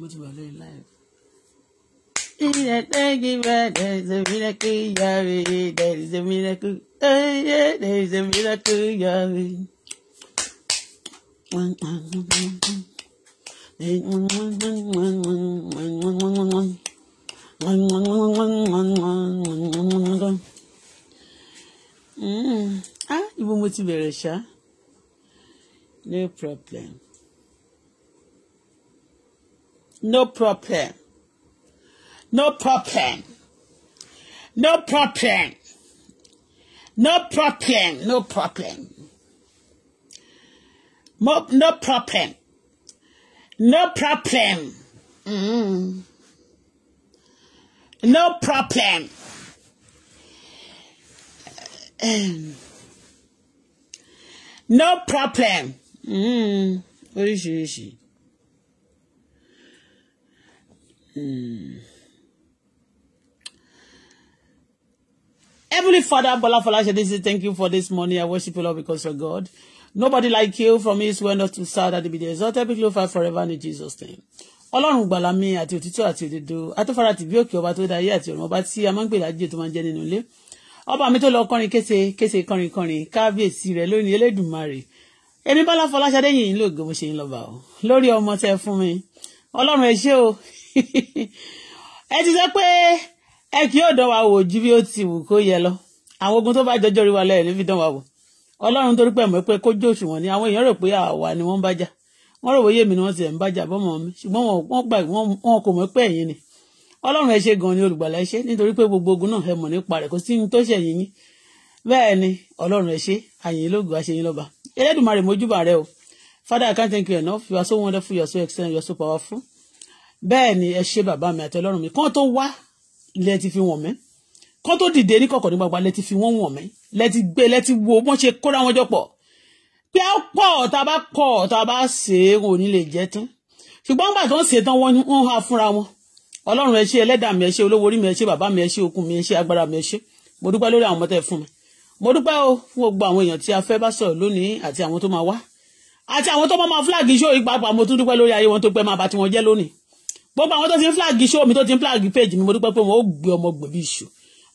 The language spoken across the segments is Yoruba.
mo ti wà live. ilẹ̀ tẹ́gì bá there is a miracle yàrá there is a miracle there is a miracle yàrá. Mm. Ah, ibo mo ti bẹ̀rẹ̀ ṣá? No problem. No problem. No problem. No problem. No problem. No problem. Mo no problem. No problem. Mm. No problem. No problem. Mm. Oríṣiríṣi. Mm. Heavenly Father, Bola is thank you for this morning. I worship you, Lord, because you're God. Nobody like you from east, west, north to south, that be the exalted, be glorified forever in Jesus' name. ọlọ́run gbàlà mi àti òtítọ́ àti òdodo atófara tìbí òkè ọba tó dáyé àti ọ̀run ọba tí a máa ń gbèlà jíjẹ tó máa ń jẹ nínú ilé ọba mi tó lọ kọrin kése kése kọrin kọrin kábíyèsí rẹ lónìí elédùnmarè èmi bọ́lá fọláṣadé yìí ń lò ṣe ń lọ́ba o lórí ọmọ tẹ fún mi ọlọ́run ẹ ṣé o ẹ ti sọ pé ẹ kì yóò wa wò ju bí ó ti wù kó yẹ lọ àwọn ogun tó bá jọjọ rí wa lẹ́yìn níbi dán wa wò ọlọ́run torí pẹ̀ mọ́ pé kó jó ni àwọn èèyàn rò pé àwa ni wọ́n ń bájà wọ́n rò wóyè mi ni wọ́n ti ẹ̀ ń bájà bọ́mọ mi ṣùgbọ́n wọ́n gbà wọn kò mọ̀ pé ẹ̀yin ni ọlọ́run ẹ ṣe gan ni olùgbàlà ẹ ṣe nítorí pé gbogbo ogun náà ẹ mọ̀ nípa rẹ̀ kò sí ní tó ṣẹ̀yìn yín bẹ́ẹ̀ ni ọlọ́run ẹ ṣe àyìn lóògùn àṣeyín lọ́ba elédùnmarè mojúbà rẹ o Father I can't thank you enough you are so wonderful you are so excellent you are so powerful bẹ́ẹ̀ ni ẹ ṣe bàbá mi àti ọlọ́run mi kán tó wá lẹ ti fi wọ̀n mí kán tó dìde ní kọ̀kọ̀ ní gbagba lẹ ti fi wọ́n wọ̀n mí lẹ ti gbé lẹ ti wo wọ́n ṣe kóra wọn jọ pọ̀ pé a pọ̀ tá a bá kọ̀ tá a bá ṣe é kò ní lè jẹ́ tán ṣùgbọ́n nígbà tó ń ṣe tán wọ́n ń ha fúnra wọn ọlọ́run ẹ ṣé ẹlẹ́dàá mi ẹ ṣé olówó orí mi ẹ ṣé bàbá mi ẹ ṣé okun mi ẹ ṣé agbára mi ẹ ṣé mo dúpẹ́ lórí àwọn ọmọ fún mi mo dúpẹ́ o fún gbogbo àwọn èèyàn tí a fẹ́ bá sọ̀rọ̀ lónìí àti àwọn tó máa wá àti àwọn tó máa máa fúlàgì ṣó ìpapà mo tún dúpẹ́ lórí ayé wọn tó pẹ́ máa bá tiwọn jẹ́ lónìí gbogbo àwọn tó ti ń flag show mi tó ti ń flag page mi mo dúpẹ́ pé wọn ó gbé ọmọ gbòbí iṣu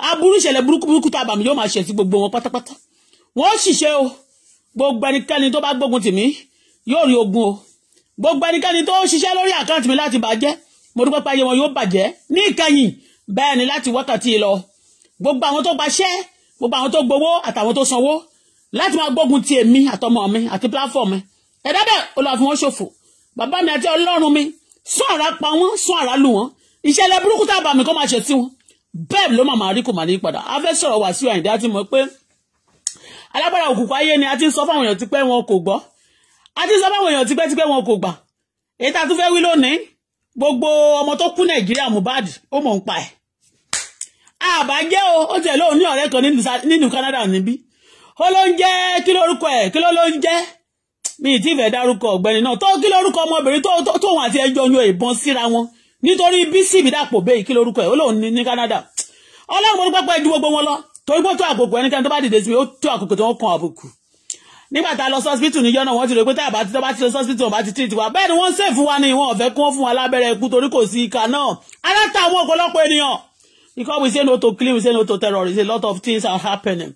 aburú ìṣẹ̀lẹ̀ burúkú burúkú tó àbàmì yóò máa ṣẹ̀ sí gbogbo wọn pátápátá wọn ó ṣiṣẹ́ o gbogbo ẹnikẹ́ni tó bá gbógun tì mí yóò rí ogun o gbogbo ẹnikẹ́ni tó ṣiṣẹ́ lórí àkáǹtì mi láti bàjẹ́ mo dúpẹ́ pé ayé wọn yóò bàjẹ́ ní ìkẹyìn bẹ́ẹ̀ ni láti wákàtí lọ gbogbo àwọn tó gbaṣẹ́ gbogbo àwọn tó gbowó àtàwọn tó sanwó láti máa ti èmi àtọmọ mi àti pláfọ̀mù ẹ̀dá bẹ́ẹ̀ olùwàfíwọ́n ṣòfò bàbá mi àti ọlọ́run mi sún àrá pa wọ́n sún àrá lù wọ́n ìṣẹ̀lẹ̀ burúkú tá a bá mi kọ́ máa ṣe sí wọn bẹ́ẹ̀ ló màmá rí kò mà ní padà a fẹ́ sọ̀rọ̀ wá sí àyìndé àti mọ̀ pé alágbára òkùnkùn ayé ni a ti ń sọ fáwọn èèyàn tipẹ́ wọn kò gbọ́ a ti ń sọ fáwọn èèyàn tipẹ́ tipẹ́ wọn kò gbà èyí tá a tún fẹ́ wí lónìí gbogbo ọmọ tó kú nàìjíríà Mohbad ó mọ̀ ń pa ẹ̀ àbájẹ́ o ó tiẹ̀ lóun ní ọ̀rẹ́ kan nínú Canada níbí ó ló ń jẹ́ kí lórúkọ ẹ̀ kí ló ló ń jẹ́ mi ì tí fẹ́ dárúkọ ọ̀gbẹ́ni náà tó kí lórúkọ ọmọbìnrin tó tóun àti ẹjọ́ yan ìbọn síra wọn nítorí bísí ìbídàpò bẹ́ẹ̀ kí lórúkọ ẹ̀ ó lóun ní Canada ọlọ́run mo dúpẹ́ pé ju gbogbo wọn lọ torí pé ó tó àkókò ẹnikẹ́ni tó bá dìde sí mi ó tó àkókò tó ń kan àbùkù nígbà tá a lọ sọ́sìbítù níjọ́ náà wọ́n ti rò pé tá a bá ti lọ sọ́sìbítù wọn bá ti tìrìtì wa bẹ́ẹ̀ ni wọ́n ń sèfún wa ní ìwọ̀n ọ̀fẹ́ kún fún wa lábẹ́rẹ́ ikú torí kò sí ìka náà aláta àwọn ọ̀pọ̀lọpọ̀ ènìyàn because we say no to killing we say no to terror we say a lot of things are happening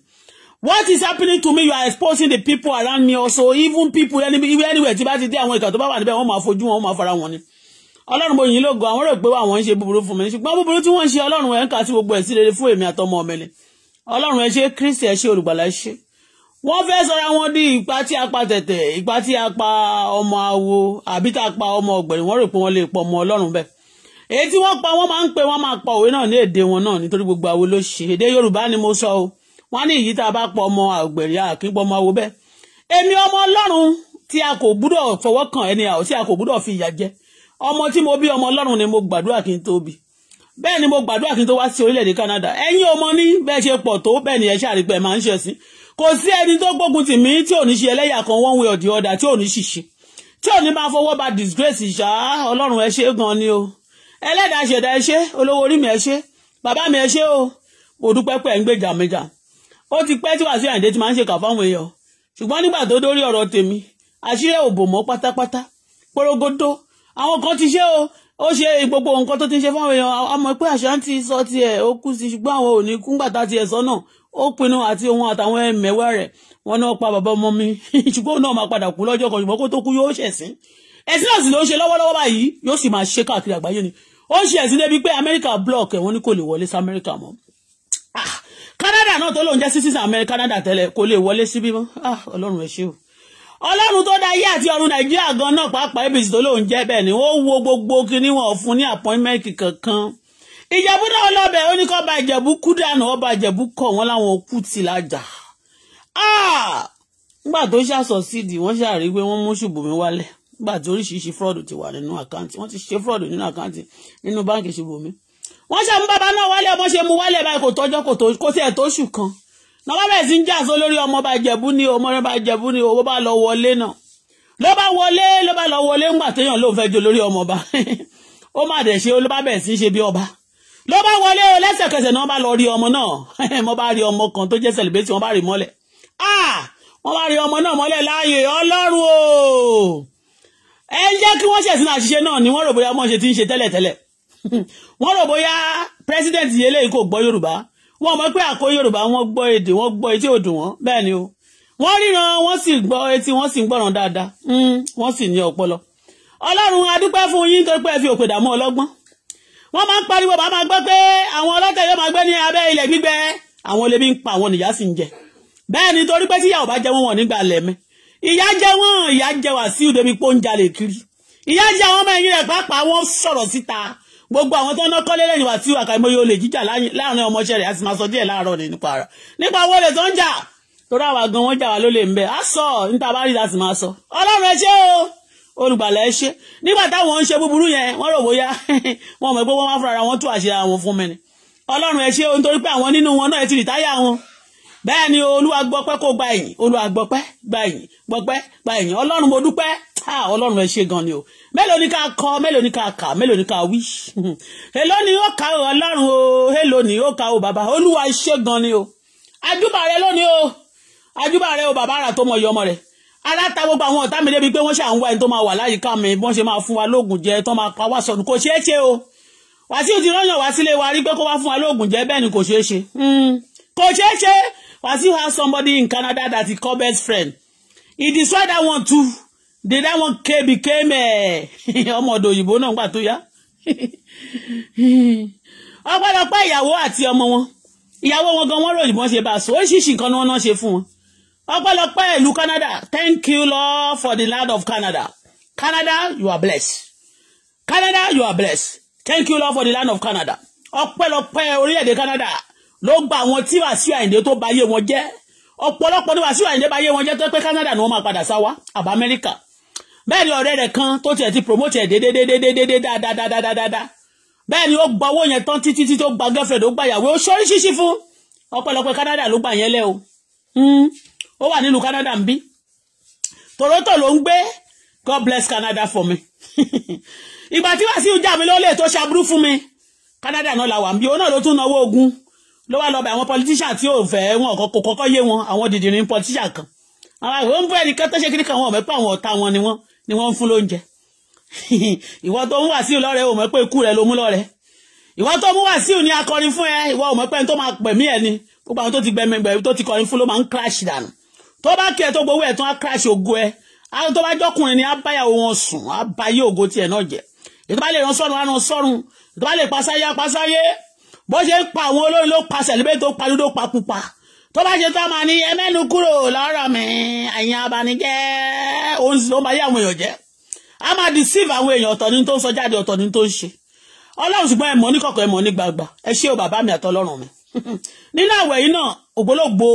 what is happening to me you are exposing the people around me also even people anywhere tí bá ti dé àwọn ìkà tó bá wà níbẹ̀ wọ́n máa fojú wọn wọ́n máa fara wọn ni ọlọ́run mo yìn lógo àwọn rò pé àwọn ń ṣe búburú fún mi ṣùgbọ́n búburú tí wọ́n ń ṣe ọlọ́run ẹ̀ ń kà sí gbogbo ẹ̀ sí rere fún èmi àtọmọ ọmọlẹ̀ ọlọ́run ẹ ṣe kristi ẹ ṣe olùgbàlà ṣe wọ́n fẹ́ sọra di ipa tí a pa ipa tí a pa awo àbí tá pa ọmọ ọ̀gbẹ̀rẹ̀ wọ́n rò pé wọ́n lè pọ̀ ọmọ ọlọ́run bẹ́ẹ̀ èyí tí wọ́n pa wọ́n máa ń pè wọ́n máa pa òwe náà ní èdè wọn náà nítorí gbogbo àwo ló ṣe èdè yorùbá ni mo sọ o wọ́n ní èyí tá a bá pọ̀ ọmọ àgbẹ̀rẹ̀ àkínpọ̀ ọmọ awo bẹ́ẹ̀ èmi ọmọ ọlọ́run tí a kò gbúdọ̀ fọwọ́ kàn ẹni àwọn tí a kò gbúdọ̀ fi ìyà jẹ ọmọ tí mo bí ọmọ ọlọ́run ni mo gbàdúrà kí n tó bí bẹ́ẹ̀ ni mo gbàdúrà kí n tó wá sí orílẹ̀-èdè Canada ẹ̀yin ọmọ ní bẹ́ẹ̀ ṣe pọ̀ tó bẹ́ẹ̀ ni ẹ ṣàrípẹ́ máa ń ṣe sí kò sí ẹni tó gbógun tì mí tí ò ní ṣe ẹlẹ́yà kan one way or the other tí ò ní ṣìṣe tí ò ní máa fọwọ́ ba disgrace ṣá ọlọ́run ẹ ṣé gan ni o ẹlẹ́dàá ṣẹ̀dá ẹ ṣé olówó orí mi ẹ ṣé bàbá mi ẹ ṣé o mo dúpẹ́ pẹ́ ń gbèjà mi jà ó ti pẹ́ tí Wàsíù Àyìndé ti máa ń ṣèkà fáwọn èèyàn ṣùgbọ́n nígbà tó dórí ọ̀rọ̀ tèmi àṣírí òbò mọ́ pátápátá porogodo àwọn kan ti ṣe o ó ṣe gbogbo nǹkan tó ti ṣe fáwọn èèyàn a mọ̀ pé àṣà ti sọ tiẹ̀ ó kú sí ṣùgbọ́n àwọn ò ní kúngbà tá tiẹ̀ sọ náà ó pinnu àti òun àtàwọn ẹ̀mẹ̀wá rẹ̀ wọn náà pa bàbá ọmọ mi ṣùgbọ́n òun náà máa padà kú lọ́jọ́ kan ṣùgbọ́n kó tó kú yóò ṣẹ̀sín ẹ̀sìn náà sì ló ń ṣe lọ́wọ́lọ́wọ́ báyìí yóò sì máa ṣe káàkiri àgbáyé ni ó ń ṣe ẹ̀sìn débi pé amẹ́ríkà block ẹ̀ wọ́n ní kò lè wọlé sí amẹ́ríkà mọ́ ah Canada náà tó lóun jẹ́ sísísà mẹ́rin Canada tẹ́lẹ̀ kò lè wọlé síbí mọ́ ah ọlọ́run ẹ̀ ṣé o ọlọ́run tó dá ayé àti ọ̀run nàìjíríà gan náà pàápàá apc tó lóun jẹ́ bẹ́ẹ̀ ni ó wo gbogbo kinní wọn fún ní àpọ́ínmẹ́ǹtì kankan ìjẹ̀bú náà lọ́bẹ̀ ó ní kó ba ìjẹ̀bú kú dànù ọba ìjẹ̀bú kọ̀ wọ́n láwọn kú ti lájà ah! nígbà tó ṣàṣọ sídìí wọ́n ṣàrí pé wọ́n mú ṣùbùmí wálẹ̀ nígbà tí oríṣiríṣi fúrọ́ọ̀dù ti wà nínú àkáǹtì wọ́n ti ṣe fúrọ́ọ̀dù nínú àkáǹtì nínú báǹkì ṣùbùmí wọ́n ṣe mú bàbá náà wálé ọmọ ṣe mú wálé báyìí kò tọ́jọ́ kò tiẹ̀ tó ṣù kan náà wọ́n bẹ̀rẹ̀ sí ń jà só lórí ọmọ bá jẹ̀bú ni ọmọ bá jẹ̀bú ni owó bá lọ wọlé náà ló bá wọlé ló bá lọ wọlé ńgbà téèyàn ló ń fẹ́ jó lórí ọmọ bá ó má dẹ̀ ṣe ló bá bẹ̀rẹ̀ sí ṣe bí ọba ló bá wọlé o lẹ́sẹ̀kẹsẹ̀ náà bá lọ rí ọmọ náà mo bá rí ọmọ kan tó jẹ́ sẹ̀lẹ̀bẹ́sì ah wọ́n bá rí ọmọ náà mọ́lẹ̀ láàyè ọlọ́run o ẹ jẹ́ kí wọ́n ni wọ́n rò bóyá wọ́n wọ́n rò bóyá president yẹlẹ yìí kò gbọ́ yorùbá wọ́n mọ̀ pé àkó yorùbá wọ́n gbọ́ èdè wọ́n gbọ́ etí ò dùn wọ́n bẹ́ẹ̀ ni o wọ́n ríran wọ́n sì gbọ́ etí wọ́n sì ń gbọ́ràn dáadáa hmm, wọ́n sì ní ọpọlọ ọlọ́run adúpẹ́ fún yín nítorí pé ẹ fi òpè dààmú ọlọ́gbọ́n wọ́n máa ń pariwo bá máa gbọ́ pé àwọn ọlọ́tẹ̀ yóò máa gbé ní abẹ́ ilẹ̀ gbígbẹ àwọn olè pa àwọn nìyá sì ń jẹ bẹ́ẹ̀ ni torí pé tíyàwó bá jẹ wọn wọn ìyá jẹ kiri ìyá jẹ àwọn ọmọ ẹ̀yìn rẹ̀ pàápàá wọn sọ̀rọ̀ síta gbogbo àwọn tó ń kọ́lé lẹ́yìn wá tí àkàìmọye olè jíjà láàrin ọmọọṣẹ́ rẹ̀ a sì máa sọ díẹ̀ láàárọ̀ ní nípa ara nípa owó olè tó ń jà torí àwa gan wọn jà wá lólè ń bẹ á sọ níta bá rí i láti máa sọ ọlọ́run ẹ ṣé o olùgbàlà ẹ ṣé nígbà táwọn ń ṣe búburú yẹn wọ́n rò bóyá wọn mọ̀ pé wọ́n máa fúnra wọn tú àṣírí àwọn fún mi ni ọlọ́run ẹ ṣé o nítorí pé àwọn nínú wọn náà ẹ ti rìtáyà wọn bẹ́ẹ̀ ni olúwa gbọ́pẹ́ kó gba ẹ̀yìn olúwa gbọ́pẹ́ gba ẹ̀yìn gbọ́pẹ́ gba ẹ̀yìn ọlọ́run mo dúpẹ́ ọlọ́run ẹ ṣe gan ni o mélòó ni ká kọ mélòó ni ká kà mélòó ni ká wí èló ni ó kà ọlọ́run o èló ni ó kà o bàbá olúwa ṣe gan ni o ajúbà rẹ lónìí o ajúbà rẹ o bàbá àrà tó mọ iye ọmọ rẹ aláta gbogbo àwọn ọ̀tá mi débi pé wọ́n ṣe àwọn ẹni tó máa wà láyìíká mi wọ́n ṣe máa fún wa lóògùn jẹ tó máa pa wá sọnù kò ṣeé ṣe o wàsíù ti rányàn wá sílé wa rí pé kó wá fún wa lóògùn jẹ bẹ́ẹ̀ ni kò ṣeé ṣe hmm. kò ṣeé ṣe wàsíù has somebody in Canada that he call best friend he destroy that one too the that one came became eh, ọmọ ọ̀dọ̀ òyìnbó náà gbà tó yá ọ̀pọ̀lọpọ̀ ìyàwó àti ọmọ wọn ìyàwó wọn gan wọn ròyìn bọ́n ṣe bá a sọ oríṣiríṣi nǹkan ni wọ́n náà ṣe fún wọn ọ̀pọ̀lọpọ̀ ìlú Canada thank you Lord for the land of Canada Canada you are blessed Canada you are blessed thank you Lord for the land of Canada ọ̀pọ̀lọpọ̀ orílẹ̀-èdè Canada ló gba àwọn tí Wàsíù Àyìndé tó bayé wọn jẹ́ ọ̀pọ̀lọpọ̀ ní Wàsíù Àyìndé bayé wọn jẹ́ tó pé Canada ni wọ́n máa padà sá wá àbá Amẹ́ríkà bẹ́ẹ̀ ni ọ̀rẹ́ rẹ̀ kan tó tiẹ̀ ti promote ẹ̀ dédédédédédé dáadáadáadáa bẹ́ẹ̀ ni ó gba owó yẹn tán títí tí ó gba girlfriend ó gba ìyàwó ó ṣorí ṣíṣí fún ọ̀pọ̀lọpọ̀ Canada ló gbà yẹn lẹ́ o hmm. ó wà nílùú Canada ń bí Toronto ló ń gbé God bless Canada for me ìgbà tí wàá sí ìjà mi ló lè tó ṣaburú fún mi Canada náà la wà ń bí òun náà ló tún náwó ogun ló wá lọ bẹ àwọn politician tí ò fẹ́ wọn kò kọ́kọ́ yé wọn àwọn dìdìrín politician kan àwọn àwọn ń bọ ẹnìkan tó ṣe kíní kan wọn ò àwọn ọ̀tá wọn ni wọn ni wọ́n ń fún lóúnjẹ ìwọ tó mú Wàsíù lọ́rẹ ò mọ̀ pé ikú rẹ ló mú lọ́rẹ ìwọ tó mú Wàsíù ni akọrin fún ẹ ìwọ ò mọ̀ pé ẹni tó máa pẹ̀mí ẹ ni gbogbo àwọn tó ti gbẹmí gbẹmí tó ti kọrin fún ló máa ń crash dànù tó bá kí ẹ tó gbowó ẹ tó á crash ògo ẹ àwọn tó bá jọkùnrin ni á báyàwó wọn sùn á bá yé ògo tiẹ̀ náà jẹ ètò lè ràn sọ́run ràn sọ́run ètò bá lè pasáyé pasáyé bó ṣe ń pa àwọn olórin ló pa sẹ̀lẹ́bẹ̀ tó pa dúdó pa pupa tó bá ṣe tó a máa ní ẹ mẹ́nu kúrò lọ́rọ̀ mi ẹ̀yin abanijẹ́ òun ló máa yé àwọn èèyàn jẹ́ a máa deceive àwọn èèyàn ọ̀tọ̀ ní tó ń sọ jáde ọ̀tọ̀ ní tó ń ṣe ọlọ́run ṣùgbọ́n ẹ ní kọ̀kọ̀ ẹ ní gbàgbà ẹ ṣé o bàbá mi àtọlọ́run mi nínú àwẹ̀ yìí náà ògbólógbò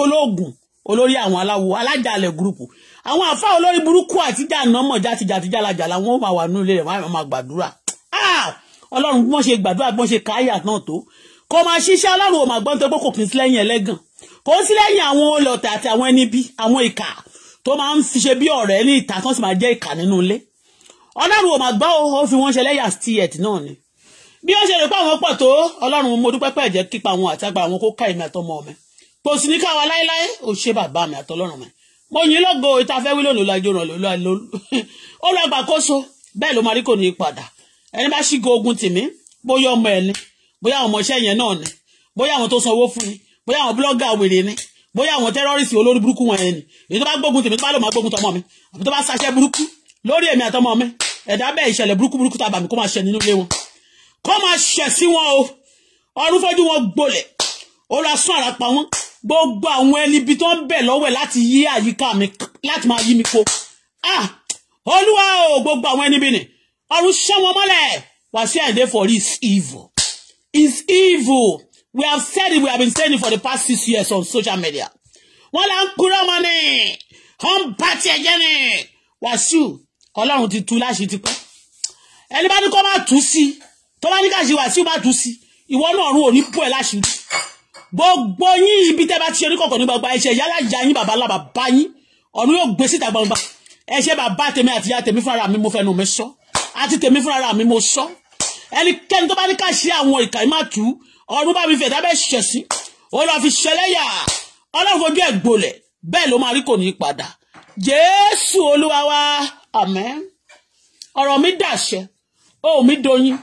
ológun olórí àwọn aláwo alájàalẹ̀ gúrùpù àwọn àfa olórí burúkú àti jàǹnàmọ̀ játijàti jálajàlá làwọn ó máa wà nínú ilé rẹ̀ wọ́n á máa gbàdúrà ah! ọlọ́run bí wọ́n ṣe gbàdúrà bí kò máa ṣiṣẹ́ ọlọ́run ò máa gbọ́n tó pé kò kì í sí lẹ́yìn ẹlẹ́gàn kò sí lẹ́yìn àwọn olọ̀tẹ̀ àti àwọn ẹni bí àwọn ìkà tó máa ń ṣe bí ọ̀rẹ́ ní ìta kan sì máa jẹ́ ìkà nínú ilé ọlọ́run ò máa gbọ́ ó fi wọ́n ṣe lẹ́yà stiet náà ni bí ó ṣe rè pé àwọn pọ̀ tó ọlọ́run mo dúpẹ́ pẹ́ jẹ́ kípa àwọn àtàgbà àwọn kó ká èmi àtọmọ mi kò sì ní káwa láéláé ò ṣe bàbá mi àtọlọ́run mi mo yìn lọ́gọ ìta fẹ́ wí lónìí lọ́jọ́ ràn lọ́lọ́ ó lọ gbàkóso bẹ́ẹ̀ ló máa rí kò ní padà ẹni bá ṣígo ogun tì mí bóyá ọmọ ẹni bóyá àwọn ọmọọṣẹ́ yẹn náà ni bóyá àwọn tó sanwó fún ni bóyá àwọn blọ́gà wèrè ni bóyá àwọn tẹ́rọ́rìsì olórí burúkú wọn yẹn ni èyí tó bá gbógun tèmi tó bá lò máa gbógun tọmọ mi àbí tó bá ṣaṣẹ́ burúkú lórí èmi àtọmọ mi ẹ̀dá bẹ́ẹ̀ ìṣẹ̀lẹ̀ burúkú burúkú tó àbàmì kó máa ṣẹ nínú ilé wọn kó máa ṣẹ̀ sí wọn o ọrùn fojú wọn gbolẹ̀ orí asún àrà pa wọn gbogbo àwọn ẹni ibi tó ń bẹ̀ lọ́wọ́ ẹ̀ láti yí àyíká mi láti máa yí mi po ah olúwa o gbogbo àwọn ẹni ibi ni ọrùn ṣẹ́ wọn mọ́lẹ̀ wàásù ẹ̀dẹ́ for this evil is evil. We have said it, we have been saying it for the past six years on social media. Wọ́n là ń kúrò ọmọ ni, wọ́n ń bá tiẹ̀ jẹ́ ni. Wàṣíù, Ọlọ́run ti tú láṣì ti pẹ́. Ẹni bá ní kó má tú sí, tó bá ní káṣí Wàṣíù má tú sí, ìwọ náà rún òní pọ̀ ẹ̀ láṣì. Gbogbo yín ibi tẹ́ bá ti ṣe oníkọ̀kọ̀ ní gbangba ẹ̀ṣẹ̀ yálà ìyá yín bàbá lábà bá yín, ọ̀run yóò gbé síta gbangba. Ẹ̀ṣẹ̀ bàbá tèmi àtìyá tèmi fúnra mi mo fẹnu mi sọ, àti tèmi fúnra mi mo sọ ẹnikẹ́ni tó bá ní ká ṣe àwọn ìkà ìmá tú ọ̀run bá mi fẹ̀ dábẹ́ ṣẹ̀ sí ó lọ́ọ́ fi ṣẹlẹ́yà ọlọ́run fojú ẹ̀ gbolẹ̀ bẹ́ẹ̀ ló máa rí kò ní í padà jésù olúwa wa àmín ọ̀rọ̀ mi dàṣẹ ohùn mi doyin.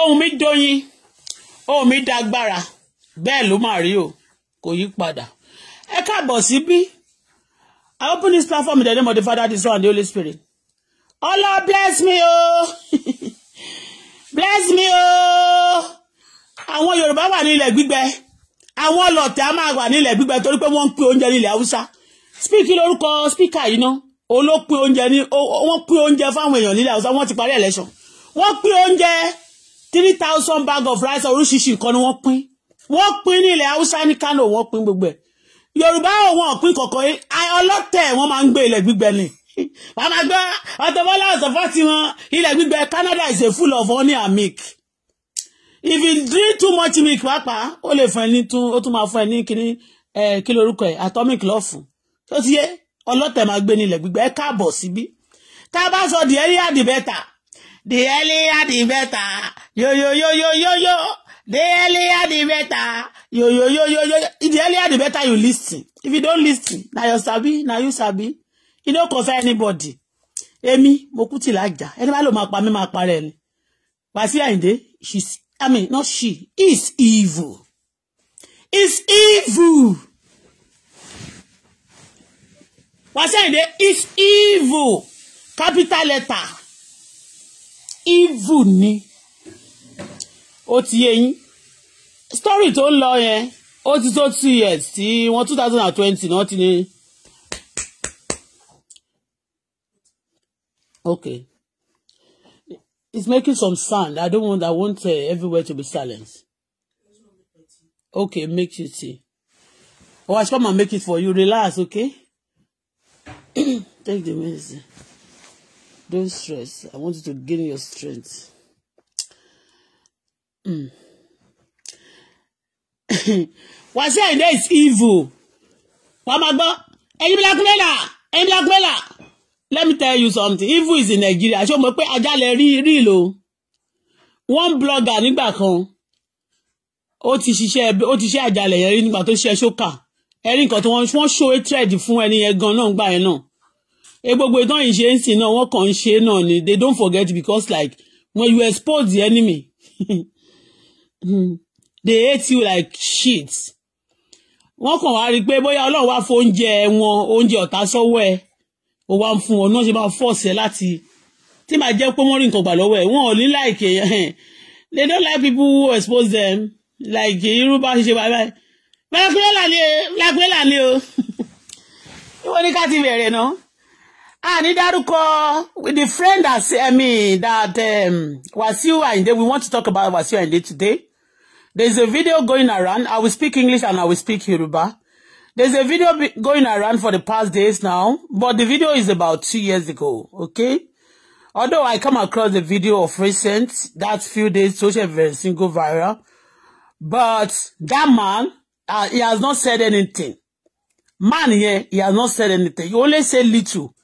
ohùn mi doyin ohùn mi dagbára bẹ́ẹ̀ ló máa rí o kò yí padà ẹ káàbọ̀ síbí. Si I open this platform in the name of the Father, the Son, and the Holy Spirit. Oh Lord, bless me, oh. bless me, oh. I want your Baba ilẹ̀ gbígbẹ. Àwọn ọlọ́tẹ̀ á máa wà ní ilẹ̀ gbígbẹ torí pé wọ́n ń pín oúnjẹ ní ilẹ̀ Haúsá. Spíkì lórúkọ spíkà yìí ná. Òun ló pín Oh, one wọ́n pín oúnjẹ fáwọn èèyàn I want to buy a election. Wọ́n pín three thousand bag of rice or nǹkan ni wọ́n pín. Wọ́n pín ní ilẹ̀ Haúsá ní Kano wọ́n pín gbogbo ẹ̀ yorùbá òun ọ̀pin kọ̀kọ́ ọlọ́tẹ̀ wọ́n máa ń gbé ilẹ̀ gbígbẹ ni wọ́n máa gbé Auto Bola ọ̀sọ̀fọ́ tí wọn ilẹ̀ gbígbẹ Canada is a full of honey and milk if you drink too much milk pàápàá ó lè fún ẹ ní tún ó tún máa fún ẹ ní kíní ẹ kí lorúkọ ẹ atomic lọ́fù tó ti yé ọlọ́tẹ̀ máa gbé ní ilẹ̀ gbígbẹ ẹ káàbọ̀ síbí tá bá sọ the earlier the better the earlier the better yoyoyoyoyoyo. Yo, yo, yo, yo, yo. The earlier the better. Yo, yo, yo, yo, yo. The earlier the better you listen. If you don't listen, now you sabi, now you sabi. You don't confess anybody. Amy, Mokuti kú ti lájà. Ẹni bá lò máa pa mí máa parẹ́ ni. she's, I mean, not she, is evil. It's evil. What's Wàsíù Àyìndé It's evil. Capital letter. Evil ni ó ti yé yín story tó ń lọ yẹn ó ti tó two years tí wọ́n two thousand and twenty náà ti ní. okay it's making some sound i don't want i want uh, everywhere to be silent okay make you see oh i come and make it for you relax okay take the medicine don't stress i want you to gain your strength. Wasiu Ayinde is evil wà á máa gbọ́ mela? blackmailer black mela? let me tell you something evil is in Nigeria ṣé o mọ̀ pé ajálẹ̀ rí rí ìlò one blogger nígbà kan ó ti ṣiṣẹ́ ó ti ṣe àjálẹ̀ yẹn rí nígbà tó ṣiṣẹ́ ṣókà ẹ̀rí nǹkan tí wọ́n wọ́n ṣó hatred fún ẹni yẹn gan náà gbà yẹn náà e gbogbo ìtàn yìí ṣe ń sìn náà wọ́n kàn ń ṣe náà ni they don't forget because like when you expose the enemy Hmm. they hate you like shit wọ́n kàn wá rí i pé bóyá ọlọ́run wá fún oúnjẹ wọn oúnjẹ ọ̀tá sọ́wọ́ ẹ̀ ó wá ń fún wọn náà ṣe máa fọ́ọ̀sẹ̀ láti tí màá jẹ́ pé wọ́n rí nǹkan gbà lọ́wọ́ ẹ̀ wọ́n ò ní láìkè they don't like people who expose them like irú bá ṣe ṣe báyìí báyìí mẹ́kúrẹ́là ni lákúrẹ́là ni o ìwọ ní ká ti bẹ̀rẹ̀ náà àní dárúkọ with the friend that I mean that um, Wasiu Ayinde we want to talk about Wasiu Ayinde today. There's a video going around. I will speak English and I will speak Yoruba. There's a video going around for the past days now, but the video is about two years ago, okay? Although I come across the video of recent, that few days, social version go viral, but that man, uh, he has not said anything. Man here, he has not said anything. He only said little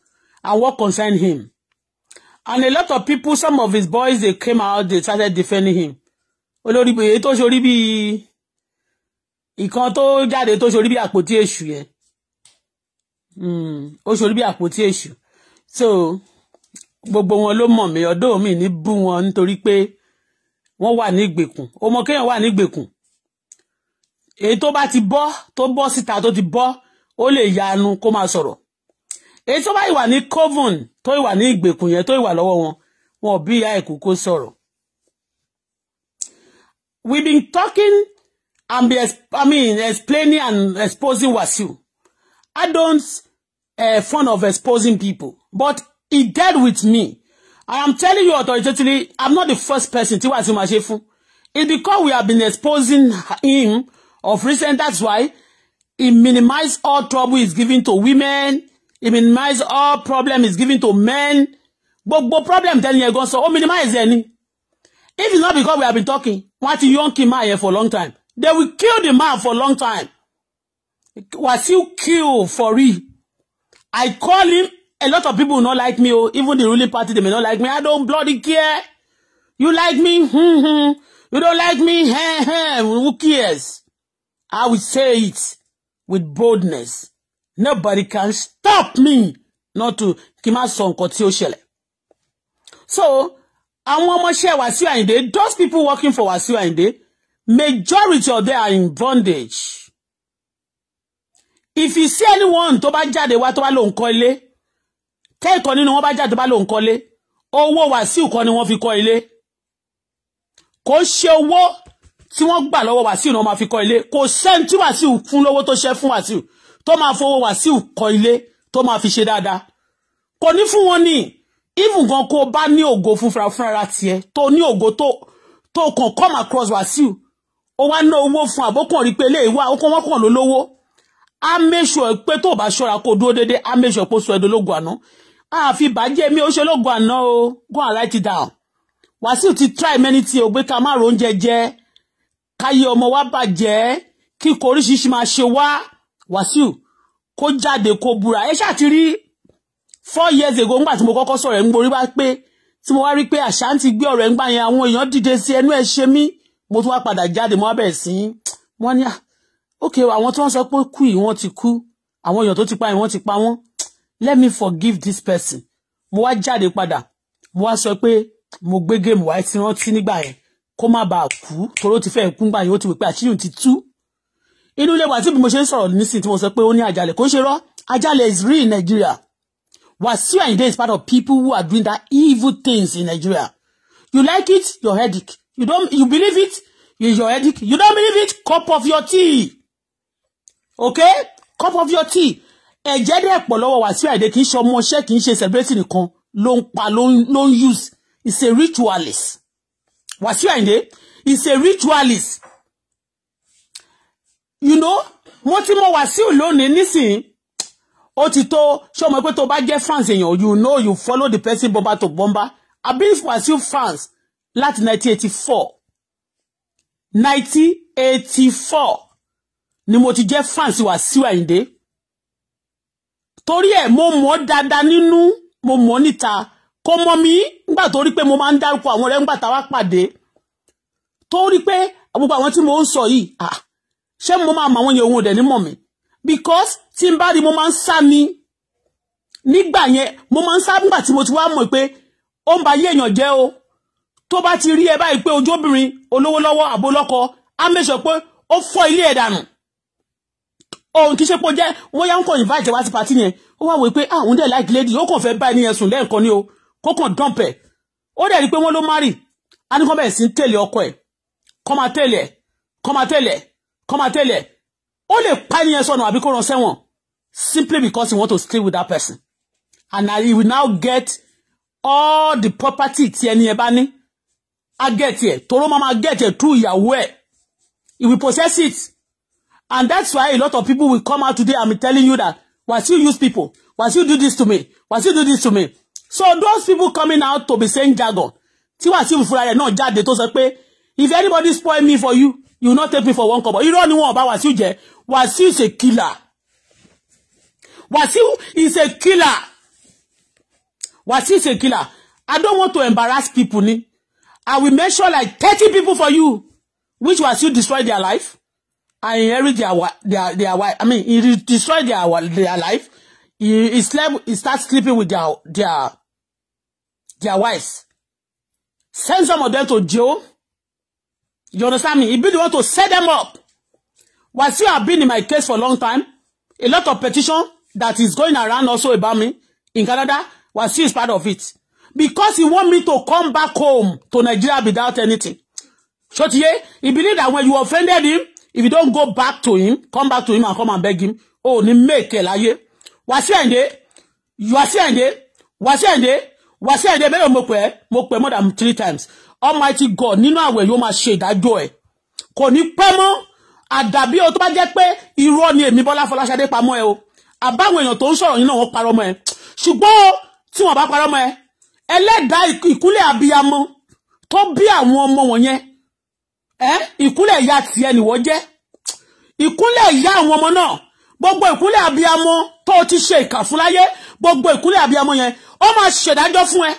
and what concerned him. And a lot of people, some of his boys, they came out, they started defending him olórí èyí tó ṣorí bí ìkan tó jáde tó ṣorí bí àpótí èṣù yẹn hmm, ó ṣorí bí àpótí èṣù so gbogbo wọn ló mọ̀ mí ọ̀dọ̀ mi ní bú wọn nítorí pé wọ́n wà ní ìgbèkùn ó mọ kéèyàn wà ní ìgbèkùn èyí tó bá ti bọ́ tó bọ́ síta tó ti bọ́ ó lè yanu kó máa sọ̀rọ̀ èyí tó bá ìwà ní coven tó ìwà ní ìgbèkùn yẹn tó ìwà lọ́wọ́ wọn wọn ò bí ìyá ẹ̀kú kó sọ̀rọ̀ we've been talking and be, I mean, explaining and exposing Wasiu. I don't uh, fond of exposing people, but he dealt with me. I am telling you authoritatively, I'm not the first person to Wasiu máa ṣe It's because we have been exposing him of recent. That's why he minimized all trouble he's giving to women. He minimized all problem he's giving to men. But but problem telling yẹn so, sọ, ó minimize ẹni. If it's not because we have been talking, wọ́n ti yọ́n kí máa yẹn for long time they will kill the man for long time Wasiu kill for real I call him a lot of people no like me Oh, even the ruling party they may not like me I don't bloody care you like me hmm, hmm. you don't like me hmm, hmm. who cares I will say it with boldness nobody can stop me not to kí n má sọ nǹkan so àwọn ọmọọṣẹ́ Wàsíù Àyìndé those people working for Wàsíù Àyìndé majority of them are in bondage if you see anyone tó bá jáde wá tó bá lòun kọ́ ilé kẹ́ẹ̀kan nínú wọn bá jáde tó bá lòun kọ́ ilé owó Wàsíù kan ni wọ́n fi kọ́ ilé kò ṣe owó tí wọ́n gbà lọ́wọ́ Wàsíù náà máa fi kọ́ ilé kò sẹ́ni tí Wàsíù fún lówó tó ṣe fún Wàsíù tó máa fowó Wàsíù kọ́ ilé tó máa fi ṣe dáadáa kò ní fún wọn nìyí even gan kó o bá ní ògo fúnfura fúnra tiẹ̀ tó ní ògo tó tó kàn come across Wàsíù ó wá ná owó fún àbókàn rí pé eléyìí wá ó kàn wọ́n kàn ló lówó á make sure pé tó o bá ṣọ́ra kó o dúró déédéé á make sure pé o sọ ẹ̀dọ́ lógun àná àfi bàjẹ́ mi ó ṣe lógun àná o go and write it down Wàsíù ti try many things ó gbé ká má ro oúnjẹ jẹ káyé ọmọ wa bàjẹ́ kíkọ oríṣiríṣi máa ṣe wá Wàsíù kó jáde kó búra ẹ ṣáà ti rí four years ago ńgbà tí mo kọ́kọ́ sọ̀rọ̀ ẹ̀ ń gborí wá pé tí mo wá rí pé àṣántì gbé ọ̀rọ̀ ẹ̀ ń gbà yẹn àwọn èèyàn dìde sí ẹnu ẹ̀ ṣe mí mo tún wá padà jáde mo wá bẹ̀rẹ̀ sí wọ́n ní ok àwọn tí wọ́n sọ pé kú yìí wọ́n ti kú àwọn èèyàn tó ti pa yìí wọ́n ti pa wọ́n let me forgive this person mo wá jáde padà mo wá sọ pé mo gbé géèmù wáyé tí rántí nígbà yẹn kó má bàa kú toró ti fẹ́ kú ńgbà yẹn ó ti wò pé àṣírí ti tú inú ilé wa tí mo ṣe ń sọ̀rọ̀ nísìnyí tí mo sọ pé ó ní àjálẹ̀ kó ṣe rọ́ àjálẹ̀ is real in Nigeria Wasu Ayinde is part of people who are doing that evil things in Nigeria. You like it, your headache. You don't, you believe it, your headache. You don't believe it, cup of your tea. Okay? Cup of your tea. Ẹ̀jẹ̀ dẹ̀ pọ̀ lọ́wọ́ Wasiu Ayinde kì í ṣe ọmọọṣẹ́ kì í ṣe celebrity nìkan ló ń use. It's a ritualist. Wasu Ayinde is a ritualist. You know, mo ti mọ Wasiu lónìí nísìnyí ó ti tó ṣé o mọ̀ pé tó bá jẹ́ fans èèyàn you know you follow the person bomba to bomba I've been Wasiu fans láti 1984 1984 ni mo ti jẹ́ fans Wasiu Àyìndé torí ẹ̀ mo mọ̀ dáadáa nínú mo mọ̀ níta kó mọ̀ mi nígbà tó rí pé mo máa ń dárúkọ àwọn ọ̀rẹ́ nígbà táwa pàdé tó rí pé gbogbo àwọn tí mo ń sọ yìí ah, ṣé mo máa mọ àwọn yẹn òun ò dẹ̀ ní mọ̀ mi because tí n bá rí mo máa ń sá ni nígbà yẹn mo máa ń sá nígbà tí mo ti wá mọ̀ pé ó ń ba ayé èèyàn jẹ́ o tó bá ti rí ẹ báyìí pé ojú obìnrin olówó lọ́wọ́ àbólọ́kọ á mẹ́sàn pé ó fọ́ ilé ẹ̀ dànù òun kì í ṣe pé ó jẹ́ wọ́n yá ń kọ́ invite wá sí party yẹn ó wá wò pé àwọn ah, dẹ̀ like lady ó kàn fẹ́ bá ẹni yẹn sùn lẹ́ẹ̀kan ni o kó kàn dump ẹ̀ ó dẹ̀ rí pé wọ́n ló marry á ní kọ́ bẹ̀rẹ̀ sí ń tẹ̀lé ọkọ ẹ̀ kọ́ máa tẹ̀lé kọ́ máa tẹ̀lé kọ́ máa tẹ̀lé ó lè pa ẹni yẹn sọnù àbí kó rán sẹ́wọ̀n simply because he want to stay with that person and I will now get all the property tí ẹni yẹn bá ní á get yẹ toró máa máa get yẹ through ìyàwó ẹ̀ he will possess it and that's why a lot of people will come out today and be telling you that you use people you do this to me you do this to me so those people coming out to be saying jargon tí Wasiu fúnra rẹ̀ náà jáde tó sọ pé if anybody spoil me for you you will not take me for one kobo You don't know about Wàsíù jẹ́ Wàsíù is a killer Wàsíù is a killer Wàsíù is a killer I don't want to embarrass people ni I will make sure like thirty people for you which Wàsíù destroy their life I inherit their their their wife I mean he destroy their their life he, he slept he start sleeping with their their their wives send some of them to jail You understand me? He be the one to set them up. Whilst you have been in my case for a long time, a lot of petition that is going around also about me in Canada, Wasiu is part of it. Because he want me to come back home to Nigeria without anything. Shotiye, he believe that when you offended him, if you don't go back to him, come back to him and come and beg him, oh, ni make láyé. Wasiu Ayinde, Wasiu you Wasiu Ayinde, Wasiu Ayinde, bẹ́ẹ̀ mo pè é, mo pè more than three times almighty god nínú àwẹ̀ yóò máa ṣe ìdájọ́ ẹ̀ kò ní pẹ́ mọ́ àdàbí o tó bá jẹ́ pé irọ́ ni èmi bọ́lá fọláṣadé pamọ́ ẹ o àbáwọn èèyàn tó ń sọ̀rọ̀ yín náà wọ́n parọ́ mọ́ ẹ ṣùgbọ́n tí wọ́n bá parọ́ mọ́ ẹ ẹlẹ́dàá ìkúnlẹ̀ abiyamọ tó bí àwọn ọmọ wọ̀nyẹn ẹ ìkúnlẹ̀ ìyá tiẹ̀ nìwọ́ jẹ́ ìkúnlẹ̀ ìyá àwọn ọmọ náà gbogbo ìkúnlẹ̀ abiyamọ tó ti ṣe ìkà fún láyé gbogbo ìkúnlẹ̀ abiyamọ yẹn ó máa ṣèdájọ́ fún ẹ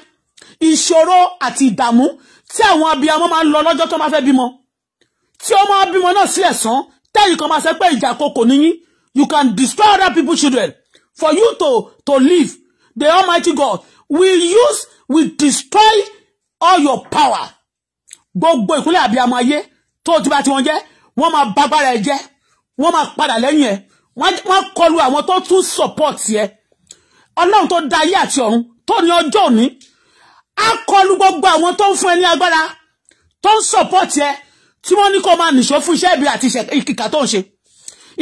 ìṣòro àti ìdààmú tí àwọn abiyamọ máa ń lọ lọ́jọ́ tó máa fẹ́ bímọ tí ọmọ abímọ náà sí ẹ̀sán tẹ́yìn kan máa ṣe pé ìjà koko níyí you can destroy other people, children for you to to live the almighty God will use will destroy all your power gbogbo ìkúnlẹ̀ abiyamọ ayé tó ti bá tiwọn jẹ́ wọ́n máa bágbára ẹ jẹ́ wọ́n máa padà lẹ́yìn ẹ wọ́n kọlu àwọn tó tún support yẹ ọlọ́run tó dá ayé àti ọ̀run tó ní ọjọ́ òní á kọlu gbogbo àwọn tó ń fún ẹ ní agbára tó ń sọ̀pọ̀tì ẹ tí wọ́n ní kó máa nìṣó fún iṣẹ́ ibi àti ìkìkà tó ń ṣe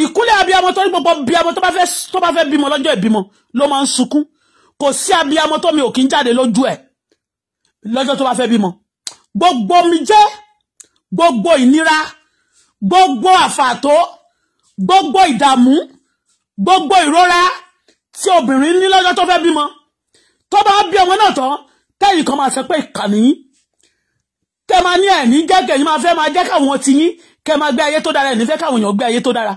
ìkúnlẹ̀ abiyamọ tó ní gbogbo abiyamọ tó bá fẹ́ tó bá fẹ́ bímọ lọ́jọ́ ìbímọ ló máa ń sunkún kò sí abiyamọ tó mi ò kí ń jáde lójú ẹ̀ lọ́jọ́ tó bá fẹ́ bímọ gbogbo omijé gbogbo ìnira gbogbo àfàtó gbogbo ìdààmú gbogbo ìrora tí obìnrin ní lọ́jọ́ tó fẹ́ bímọ tó bá bí ọmọ náà tán kẹ́yìn kan máa sọ pé ìkànnì kẹ́ máa ní ẹ̀ní jẹ́kẹ̀ yín máa fẹ́ máa jẹ́ káwọn ti yín kẹ́ máa gbé ayé tó dára ẹ̀ní fẹ́ káwọn èèyàn gbé ayé tó dára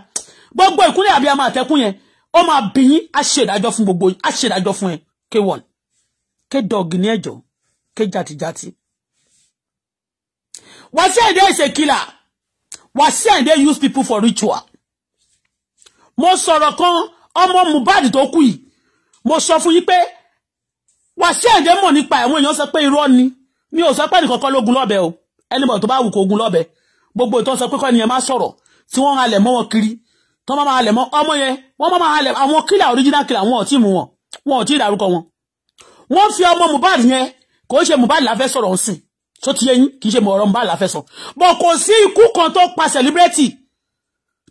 gbogbo ìkúnlẹ̀ àbí àmọ́ àtẹkùn yẹn ó máa bì yín á ṣe ìdájọ́ fún gbogbo yín á ṣe ìdájọ́ fún ẹ k1 k-dog ní ẹ̀jọ̀ k-jatijati. Wasiu Ayinde is a killer Wasiu use people for ritual. mo sọ̀rọ̀ kan ọmọ Mohbad tó kù yìí mo sọ fún yín pé Wàsíù Àyìndé mọ̀ nípa àwọn èèyàn sọ pé irọ́ ni mi ò sọ pé nìkankan lógun lọ́bẹ o ẹnìbọ̀ tó bá wù kó ogun lọ́bẹ gbogbo ìtọ́ sọ pé kọ́ nìyẹn má sọ̀rọ̀ tí wọ́n halẹ̀ mọ́ wọn kiri tó má máa halẹ̀ mọ́ ọmọ yẹn wọ́n má máa halẹ̀ àwọn kílà original kílà wọn ò tí mú wọn wọn ò tí dárúkọ wọn. wọ́n fi ọmọ Mohbad yẹn kò ṣe Mohbad láfẹ́ sọ̀rọ̀ ń sìn tó ti yẹn kì í ṣe ọ̀rọ̀ Mohbad láfẹ́ sọ bọ̀ kò sí ikú kan tó pa celebrity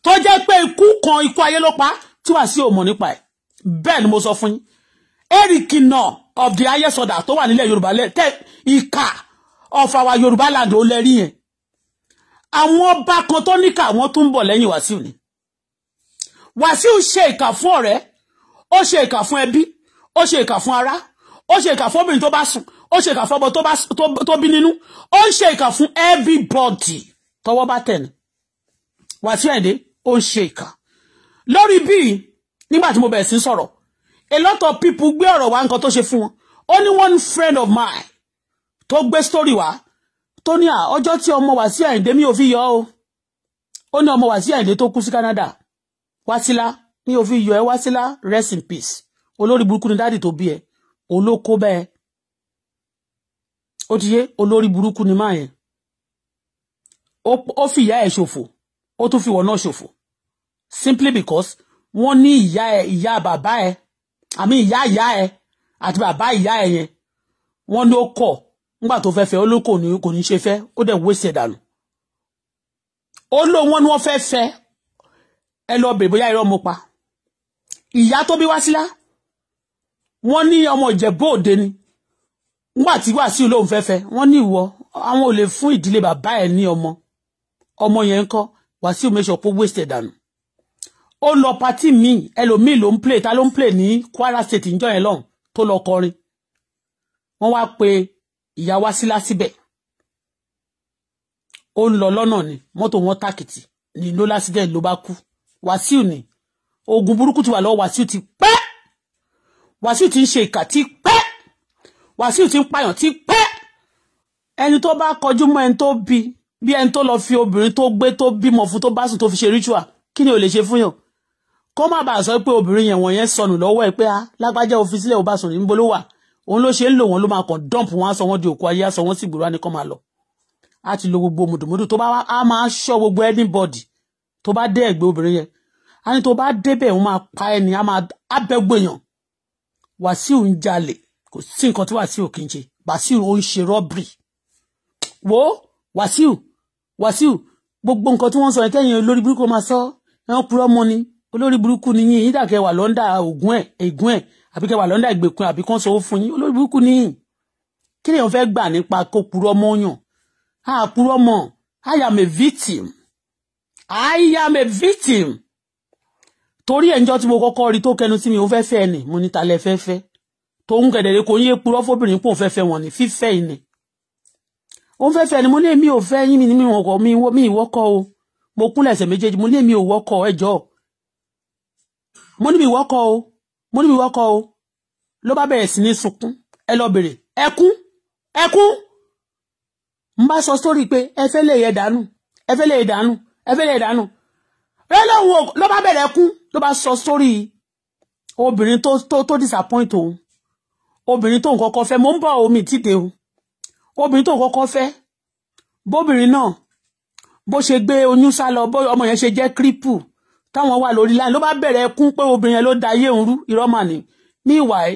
tó jẹ́ pé ikú kan ikú ayé ló pa tí wàá sí òmò nípa ẹ̀ bẹ́ẹ̀ ni mo sọ fún yín erikina of the highest order tó wà nílẹ̀ yorùbá lẹ tẹ ìka of our yorùbá land ó lẹ rí yẹn àwọn ọba kan tó níkà wọn tún ń bọ̀ lẹ́yìn wàsíù ni wàsíù ṣe ìkà fún ọ̀rẹ́ ó ṣe ìkà fún ẹbí ó ṣe ìkà fún ará ó ṣe ìkà fún obìnrin tó bá sùn ó ṣe ìkà fún ọmọ tó bí nínú ó ń ṣe ìkà fún everybody tọwọ́ bá tẹ̀ ni wàsíù ẹ̀dẹ́ ó ń ṣe ìkà lórí bíi nígbà tí mo bẹ̀rẹ̀ sí sọ̀rọ̀ a lot of people gbé ọ̀rọ̀ wá nǹkan tó ṣe fún wọn ó one friend of mine tó gbé story Wa tó ní à ah, ọjọ́ tí ọmọ Wasiu Àyìndé mi ò fi yọ o ó ní ọmọ Wasiu Àyìndé tó kú sí Canada Wasila mi ò fi yọ ẹ Wasila rest in peace olórí burúkú ni dáàdì tó bí ẹ olóko bẹ́ẹ̀ ó ti yé olórí burúkú ni máa yẹn ó fi ìyá ẹ̀ ṣòfò ó tún fi ìwọ náà ṣòfò simply because wọ́n ní ìyá ẹ̀ ìyá bàbá ẹ̀ àmì ìyá ìyá ẹ àti bàbá ìyá ẹ yẹn wọ́n ló kọ̀ nígbà tó fẹ́ fẹ́ ó ló kò ní kò ní ṣe fẹ́ ó dẹ̀ wéṣẹ̀ dànù ó ló wọn ni wọ́n fẹ́ fẹ́ ẹ lọ bèrè bóyá irọ́ mo pa ìyá tó bí wá sílá wọ́n ní ọmọ ìjẹ̀bú òde ni nígbà tí Wàsíù lóun fẹ́ fẹ́ wọ́n ní ìwọ àwọn ò lè fún ìdílé bàbá ẹ̀ ní ọmọ ọmọ yẹn ń kọ́ Wàsíù mẹ́sàn-án pọ̀ wéṣẹ̀ dànù ó lọ pati míì ẹlòmíì ló ń play ta ló ń play ní Kwara State níjọ́ yẹn lọ́hùn tó lọ kọrin wọ́n wá pe ìyá wa sílá síbẹ̀ ó ń lọ lọ́nà ni mọ́tò wọn tàkìtì ni ló lásìdẹ̀ ló bá kú Wàsíù ni oògùn burúkú ti wà lọ́wọ́ Wàsíù ti pẹ́ Wàsíù ti ń ṣe ìkà ti pẹ́ Wàsíù ti ń pààyàn ti pẹ́ ẹni tó bá kọjú mọ́ ẹni tó bí bí ẹni tó lọ fi obìnrin tó gbé tó bímọ fún tó bá sùn tó fi ṣe ritual kí ni ò lè ṣe fún kó má bàa sọ pé obìnrin yẹn wọ̀nyẹn sọnù lọ́wọ́ ẹ̀ pé ah, lágbájá òfin sílẹ̀ òbá sùn níbo ló wà òun ló ṣe ń lò wọ́n ló máa kàn dọ́ǹpù wọn aṣọ wọn di òkú ayé aṣọ wọn sì gbòòrò àníkàn máa lọ. a ti lo gbogbo mùdùmùdù tó bá wá a máa ṣọ́ gbogbo anybody tó bá dé ẹ̀gbẹ́ obìnrin yẹn a ní tó bá débẹ̀ òun máa pa ẹni a máa abẹ́gbèyàn Wàsíù ń jalè kò sí nǹkan tí Wàsíù kì í ṣe Wàsíù ó ń ṣe rọ́bìrì wo Wàsíù Wàsíù gbogbo nǹkan tí wọ́n sọ ẹ̀ tẹ́yìn burúkú máa sọ ẹ̀ ń purọ́ mọ́ olórí burúkú ni yín yín dàkẹ́ wà lọ́ndà ògùn ẹ̀ ègún ẹ̀ àbí kẹ́ wà lọ́ndà ìgbèkùn àbí kán sọ fún yín olórí burúkú ni yín kí lèèyàn fẹ́ gbà nípa kó purọ́ mọ́ yàn á purọ́ mọ́ I am a victim I am a victim torí ẹ̀ ń jọ́ tí mo kọ́kọ́ rí tó kẹnu sí mi ò fẹ́ fẹ́ ni mo ní ta lẹ fẹ́ fẹ́ tó ń kẹ̀dẹ̀rẹ́ kò ń yé purọ́ fóbìnrin pò ń fẹ́ fẹ́ wọn ni fífẹ́ ìní òun fẹ́ fẹ́ ni mo ní èmi ò fẹ́ yín mi ní mi mi ìwọ́kọ̀ o mo kúnlẹ̀ ẹsẹ̀ méjèèjì mo ní èmi ò wọ́kọ̀ ẹjọ́ mo ní mi wọ́kọ̀ o mo ní mi wọ́kọ̀ o ló bá bẹ̀rẹ̀ sí ní sunkún ẹ lọ bèrè ẹkún ẹkún n bá sọ sórí pé ẹ fẹ́ lè yẹ dànù ẹ fẹ́ lè yẹ dànù ẹ fẹ́ lè yẹ dànù rẹ lóhun ló bá bẹ̀rẹ̀ ẹkún ló bá sọ sórí obìnrin tó tó tó disappoint òun obìnrin tó ń kọ́kọ́ fẹ́ mo ń bọ̀ omi títe o obìnrin tó ń kọ́kọ́ fẹ́ bóbìnrin náà bó ṣe gbé oyún sá lọ bó ọmọ yẹn ṣe jẹ́ kírípù táwọn wà lórí láì ló bá bẹ̀rẹ̀ ẹkún pé obìnrin yẹn ló da ayé òun rú irọ́ meanwhile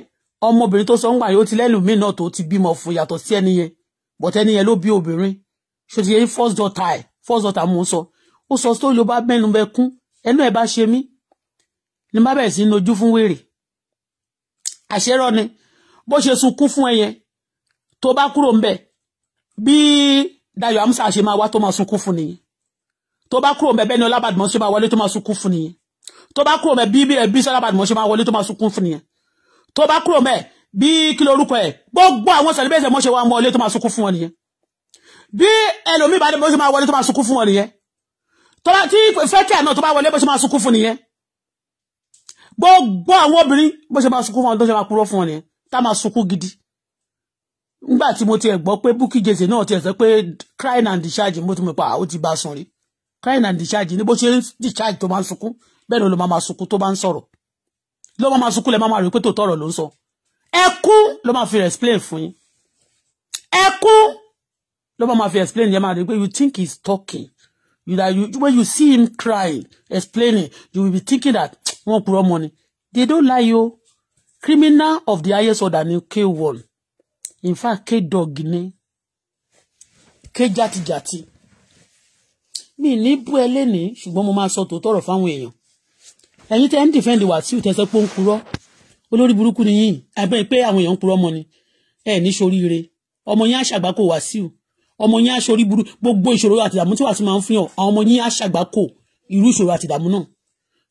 ọmọbìnrin tó sọ ń gbà yóò ti lẹ́lùmíì náà tó ti bímọ fún yàtọ̀ sí ẹni yẹn but ẹni yẹn ló bí obìnrin ṣe ti yẹ first daughter ẹ first daughter mò ń sọ ó sọ sórí ló bá mẹ́nu bẹ kún ẹnu ẹ̀ bá ṣe mí ni bá bẹ̀rẹ̀ sí ní ojú fún wèrè àṣẹrọ ni bó ṣe sunkún fún ẹ yẹn tó bá kúrò ń bẹ bí Dayọ̀ Amusa ṣe máa wá tó máa sunkún fún nìyẹn tó bá kúrò bẹ́ẹ̀ ni Ọlá Badmus ṣe máa wọlé tó máa sunkún fún nìyẹn tó bá kúrò bẹ́ẹ̀ bí bí bí Ọlá Badmus ṣe máa wọlé tó máa sunkún fún nìyẹn tó bá kúrò bẹ́ẹ̀ bí kí lorúkọ ẹ̀ gbogbo àwọn celebrate ẹ̀ mọ́ ṣe wá wọlé tó máa sunkún fún wọn nìyẹn bí ẹlòmíì bá dé bó ṣe máa wọlé tó máa sunkún fún wọn nìyẹn tó bá tí fẹ́kẹ́ náà tó bá wọlé bó ṣe máa sunkún fún nìyẹn gbogbo àwọn obìnrin bó ṣe máa sunkún fún wọn tó ṣe máa purọ́ fún wọn nìyẹn tá máa sunkún gidi nígbà mo ti ẹ̀ gbọ́ pé Bukky Jesse náà ti ẹ̀ sọ pé crying and discharge mo ti mọ̀ pa ah, ó ti bá sùn rí crying and discharge ni, bó ṣe ń discharge tó máa ń sunkún bẹ́ẹ̀ ni ló máa máa sunkún tó bá ń sọ̀rọ̀ ló máa máa sunkún lẹ́ máa máa rí pé tó tọ̀rọ̀ ló ń sọ ẹkún ló máa fi explain fún yín ẹkún ló máa máa fi explain yẹn máa rí pé you think he's talking you that you when you see him crying explaining you will be thinking that wọ́n purọ́ mọ́ ni they don't lie yo. criminal of the highest order ni k one. in fact k dog ni k jatijati mi ní bú ẹ lénìí ṣùgbọ́n mo máa sọ tòótọ́ ọ̀rọ̀ fáwọn èèyàn ẹ̀yin tẹ́ ń dìfẹ́ǹdì Wàsíù tẹ́ sọ pé ó ń purọ́ olórí burúkú ni yín àbẹ́ pé àwọn èèyàn ń purọ́ ọmọ ni ẹ ní soríire ọmọ yín àṣàgbákò Wàsíù ọmọ yín aṣorí burú gbogbo ìṣòro àti ìdààmú tí Wàsíù máa ń fihàn àwọn ọmọ yín àṣàgbákò irú ìṣòro àti ìdààmú náà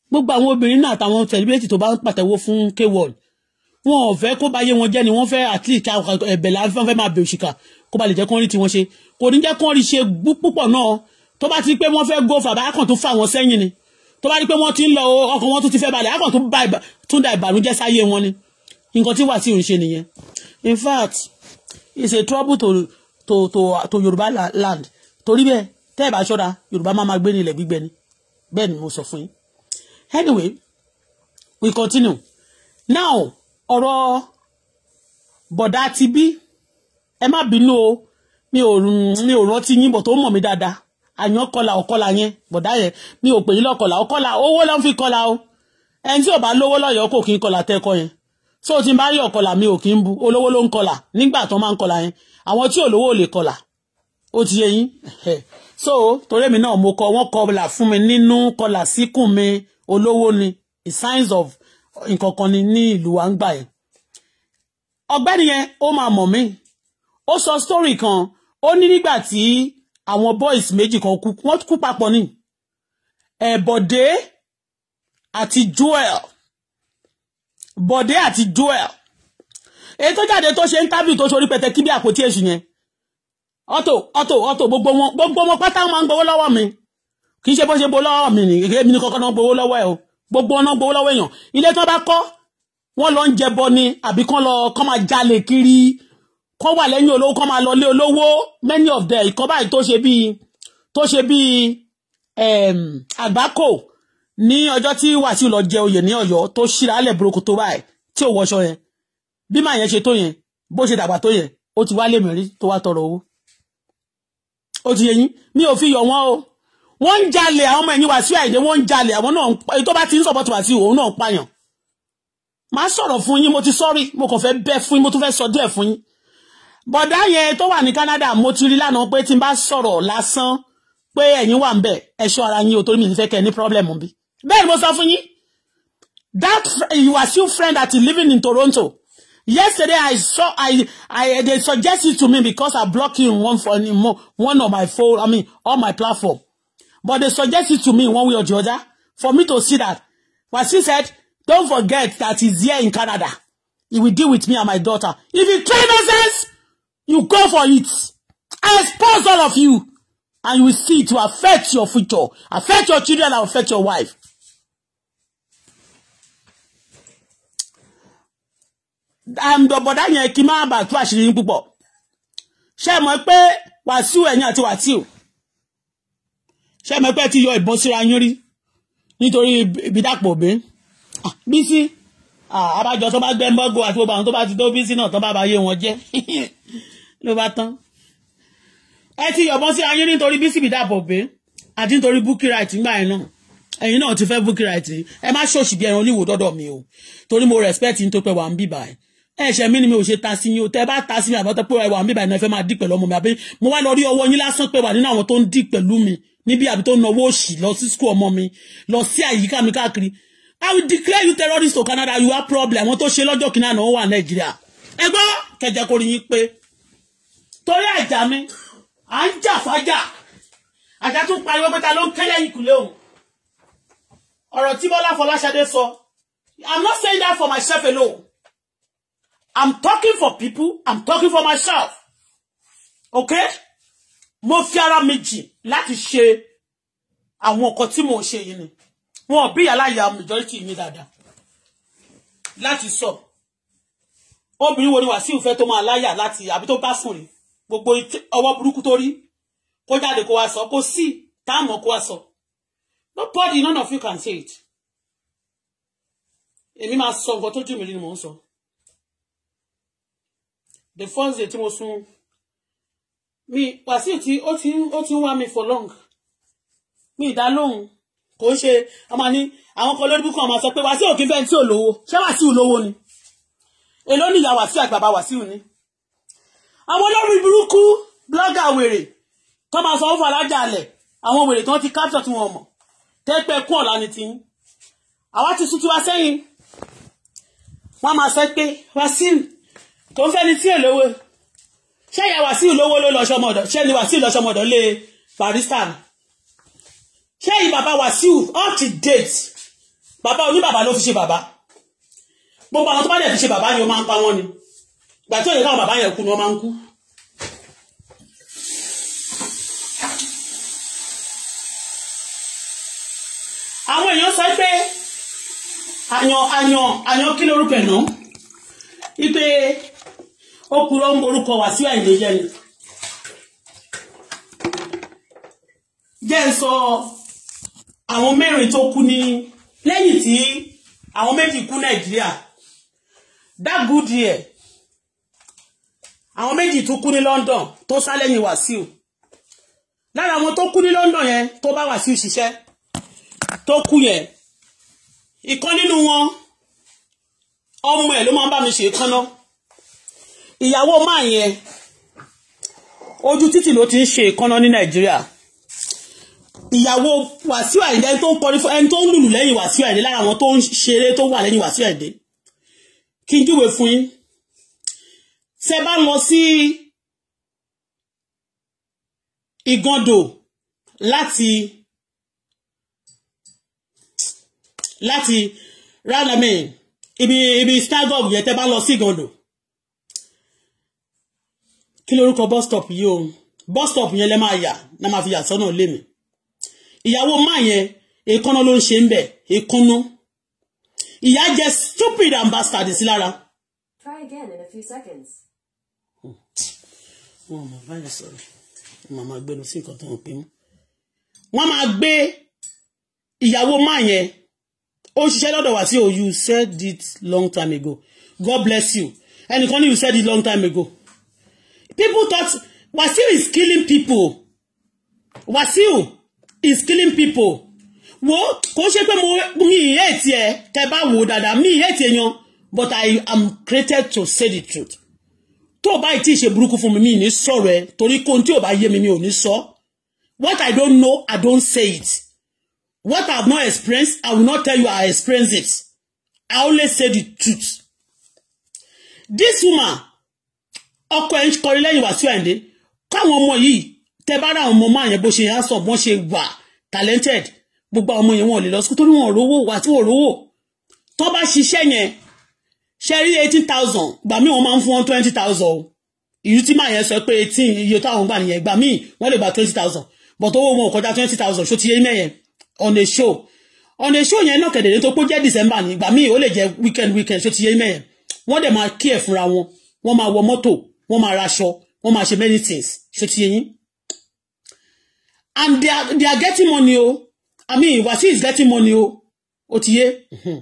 gbogbo àwọn obìnrin náà àtàwọn tẹlifíṣẹ̀tì tó bá ń pàtẹ́wọ́ fún K-World wọn ò fẹ́ kó bá yé wọn jẹ́ ni wọ́n fẹ́ àti ìka ẹ̀bẹ̀ láfẹ́ máa bẹ̀ òṣìkà kó ba lè jẹ́ kán rí tiwọn ṣe kò ní jẹ́ kán rí ṣe púpọ̀ náà tó bá ti pé wọ́n fẹ́ go fàbá akàn tó fà wọ́n sẹ́yìn ni tó bá rí pé wọ́n ti ń lọ ọkàn wọn tó ti fẹ́ balẹ̀ akàn tó bá tún da ìbànújẹ́ sáyé wọn ni nǹkan tí Wàsíù ń ṣe nìyẹn in fact it's a trouble to to to to Yorùbá land torí bẹ́ẹ̀ tẹ́ ẹ̀ bá ṣọ́ra Yorùbá máa máa gbé ní ilẹ̀ gbígbẹ ni bẹ́ẹ̀ ni mo sọ fún yín anyway we continue now ọ̀rọ̀ bọ̀dá ti bí ẹ má bínú o mi ò mi ò rántí yín bọ̀ tó mọ̀ mí dáadáa àyàn kọlà ọkọlà yẹn bọ̀dá yẹn mi ò pè yín lọ́kọlà ọkọlà owó ló ń fi kọlà o ẹni tí ò bá lówó lọ́yọ̀ọ́ kò kí ń kọlà tẹ́kọ yẹn so tí n bá rí ọ̀kọlà mi ò kí ń bu olówó ló ń kọlà nígbà tó máa ń kọlà yẹn àwọn tí olówó ò lè kọlà ó ti yé yín so torí èmi náà mo kọ wọn kọlà fún mi nínú kọlà síkùn mi olówó ni signs of nǹkan kan ni ní ìlú wa ń gbà yẹn ọ̀gbẹ́ni yẹn ó máa mọ̀ mí ó sọ story kan ó ní nígbà tí àwọn boys méjì kan kú wọ́n kú papọ̀ ni ẹ̀ eh, Bọ̀dé àti Joel Bọ̀dé àti Joel èyí tó jáde tó ṣe interview tó ṣorí pẹ̀tẹ́ kí bí àpótí èṣù yẹn ọ̀tò ọ̀tò ọ̀tò gbogbo wọn gbogbo wọn pátá máa ń gbowó lọ́wọ́ mi kì í ṣe bó ṣe gbowó lọ́wọ́ mi nìyí èmi ní kọ́kọ́ náà gbowó lọ́wọ́ ẹ̀ o gbogbo wọn náà gbowó lọ́wọ́ èèyàn ilé tí wọ́n bá kọ́ wọ́n lọ ń jẹbọ ni àbí kán lọ kán máa jalè kiri kọ́ wà lẹ́yìn olówó kọ́ máa lọ lé olówó many of them ìkọ́ báyìí tó ṣe bíi tó ṣe bíi àgbákò ní ọjọ́ tí Wàsíù lọ jẹ oyè ní Ọ̀yọ́ tó ṣíra alẹ̀ burúkú tó báyìí tí ò wọṣọ yẹn bí màá yẹn ṣe tó yẹn bó ṣe dàgbà tó yẹn ó ti wá lè mẹ́rí tó wá tọrọ owó ó ti yẹ yín mi ò fi yọ wọn o wọ́n ń jalè àwọn ọmọ ẹ̀yìn Wàsíù Àyìndé wọ́n ń jalè àwọn náà èyí tó bá ti ń sọ̀bọ̀ tó òun náà ń pààyàn màá sọ̀rọ̀ fún yín mo ti sọ́rí mo kàn fẹ́ bẹ́ fún yín mo tún fẹ́ sọ díẹ̀ fún yín bọ̀dá yẹn tó wà ní Canada mo ti rí lánàá pé tí n bá sọ̀rọ̀ lásán pé ẹ̀yin wà ń bẹ̀ ẹ̀ṣọ́ ara yín o torí mi ti fẹ́ kẹ́ ní problem bí bẹ́ẹ̀ ni mo sọ fún yín that Wasiu friend that is living in Toronto yesterday I saw I I they suggest it to me because I block him one for one of my phone I mean all my platform but they suggest it to me one way or the other for me to see that Wasiu said don't forget that he's here in Canada he will deal with me and my daughter if you try nonsense. You go for it. I expose all of you. And you will see it will affect your future, affect your children, and affect your wife. àǹdọ̀bọ̀dá yẹn kí máa bà tú àṣírí yín púpọ̀ ṣé mọ̀ pé wàsíù ẹ̀yìn àti wàsíù ṣé mọ̀ pé ti yọ ìbọn síra yín rí nítorí ìbídàpọ̀ òbí ah, bísí àbájọ ah, tó bá gbẹ́ mọ́gò àti gbogbo àwọn tó bá ti tó bísí náà tó bá bá yé wọn jẹ́ ló bá tán ẹ ti yọ̀bọ̀n sí ayé nítorí bísíbì dàbọ̀ bẹ́ẹ̀ àti nítorí búkíráìtì ńgbà yẹn náà ẹ̀yin náà ti fẹ́ búkíráìtì ẹ má ṣòṣì bí ẹran oníwò dọ́dọ̀ mi o torí mo respect ní tó pẹ́ wà ń bíbà ẹ̀ ẹ̀ṣẹ̀ mi ni mi ò ṣe ta sí yín o tẹ́ bá ta sí mi àbátọ́ pé wà ń bíbà ẹ̀ náà ẹ fẹ́ máa dì pẹ̀lú ọmọ mi àbí mo wá lọ rí ọwọ́ yín lásán pé wà nínú àwọn tó ń dì pẹ̀lú mi níbi àbí tó ń náwó òṣì lọ sí skul ọmọ mi lọ sí àyíká mi káàkiri I will declare you terrorist to Canada you have problem àwọn tó ṣe lọ́jọ́ kìnnà náà wà Nàìjíríà ẹgbọ́n kẹjẹ kórìí yín pé torí àjà mi à ń jà fájà àjà tún pariwo pé ta ló ń kẹ́lẹ́ yìí òun ọ̀rọ̀ tí Bọ́lá Fọláṣadé sọ I'm not saying that for myself alone I'm talking for people I'm talking for myself okay mo fi ara mi jì láti ṣe àwọn nǹkan tí mò ń ṣe yìí ni wọn bí aláya majority yín dáadáa láti sọ obìnrin wo ni Wàsíù fẹ́ tó máa láyà láti àbí tó bá sùn rèé gbogbo ọwọ́ burúkú tó rí kó jáde kó wá sọ kó sí táàmù kó wá sọ nobody none of you can say it èmi máa sọ nǹkan tó jù mí nínú mò ń sọ the first day tí mo sùn mi Wàsíù tí ó ti ó ti ń wá mi for long mi ìdálóhùn kò ń ṣe ọmọ ní àwọn kan lórí búkọ ọmọ sọ pé Wàsíù òkè fẹ́ẹ́ tí ò lówó ṣé Wàsíù lówó ni èló ni ìyá Wàsíù àgbàbá Wàsíù ni àwọn olórí burúkú blọ́gà wèrè tó máa sanwó fún alájà alẹ̀ àwọn wèrè tó ti capture tí wọ́n mọ̀ tẹ́pẹ́ kú ọ̀la ni ti ń àwa ti sún tiwa sẹ́yìn wọ́n máa sọ pé Wàsíù tó ń fẹ́ni tí ò lówó ṣé ìyá Wàsíù lówó ló lọ sọmọdọ̀ ṣé ni Wàsíù lọ sọmọdọ̀ lé barista ṣé ìyí bàbá Wàsíù up to date bàbá oníbàbà ló fi ṣe bàbá gbogbo àwọn tó bá dẹ̀ fi ṣe bàbá ni ó máa ń pa wọ́n ni gbà tí òye káwọn bàbá yẹn kú ni wọ́n máa ń kú. àwọn èèyàn sọ pé àyàn àyàn àyàn kí lórúkọ ẹ̀ náà wípé ó kúrò orúkọ wá sí àyè yẹn ni. jẹ́ ń sọ àwọn mẹ́rin tó kú ní lẹ́yìn tí àwọn méjì kú Nàìjíríà that good year àwọn méjì tún kú ní London tó sá lẹ́yìn Wàsíù lára àwọn tó kú ní London yẹn tó bá Wàsíù ṣiṣẹ́ tó kú yẹn ìkan nínú wọn ọmọ ẹ̀ ló máa ń bá mi ṣe kánná ìyàwó máa yẹn ojú títì ló ti ń ṣe ìkánná ní Nàìjíríà ìyàwó Wàsíù Àyìndé tó ń kọrin fún ẹni tó ń lùlù lẹ́yìn Wàsíù Àyìndé lára àwọn tó ń ṣeré tó wà lẹ́yìn Wàsíù Àyìndé kí n júwe fún yín tẹ bá lọ sí ìgàndò láti láti rádàmì ibi ibi stargub yẹn tẹ bá lọ sí ìgàndò kí lorúkọ bus stop yìí o bus stop yẹn lẹ máa yà náà máa fi yà sọ́nà lé mi ìyàwó máa yẹn èkánná ló ń ṣe ń bẹ̀ èkánná ìyá jẹ́ stupid and bastard lára. Try again in a few seconds. Hmm. wọn mọ báyìí sọ̀rọ̀ wọn máa gbẹnu sí nǹkan tó ń pín mú wọn máa gbé ìyàwó máa yẹn ó ṣiṣẹ́ lọ́dọ̀ wá sí o you said it long time ago God bless you ẹnìkan ní you said it long time ago people thought Wasiu is killing people Wasiu is killing people wo kò ṣe pé mo mi hate ẹ kẹ bá wò dáadáa mi hate èèyàn but I am created to say the truth tó bá ti ṣe burúkú fún mi mi ní sọ̀rọ̀ ẹ torí kó tí ò bá yé mi mi ò ní sọ what i don't know i don't say it what i have not experienced i will not tell you i experienced it i always say the truth this woman ọkọ ẹ ń kọrin lẹ́yìn wàásù ẹǹdẹ káwọn ọmọ yìí tẹ bá ra àwọn ọmọ máa yẹn bó ṣe yẹn sọ bọ́n ṣe wà talented gbogbo àwọn ọmọ yẹn wọn ò lè lọ sùkúl torí wọn ò rówó wà tí wọn rówó tó bá ṣiṣẹ́ yẹn ṣe rí eighteen thousand gbà mí wọ́n máa ń fún wọn twenty thousand o ìlú tí màá yẹn sọ pé eighteen iye táwọn gbà nìyẹn gbà mí wọ́n lè gba twenty thousand but owó wọn ò kọjá twenty thousand ṣó ti yé mẹ́yẹn on a show on a show yẹn náà kẹ̀dẹ̀dẹ̀ tó pé jẹ́ december ní gbà mí ó lè jẹ́ weekend weekend ṣó ti yé mẹ́yẹn wọ́n dẹ̀ máa kí ẹ̀ fúnra wọn wọ́n máa wọ mọ́tò wọ́n máa raṣọ wọ́n máa ṣe many things ṣó ti yé yín and they are, they are getting money o i mean Wasiu is getting money o ó ti yé. Mm -hmm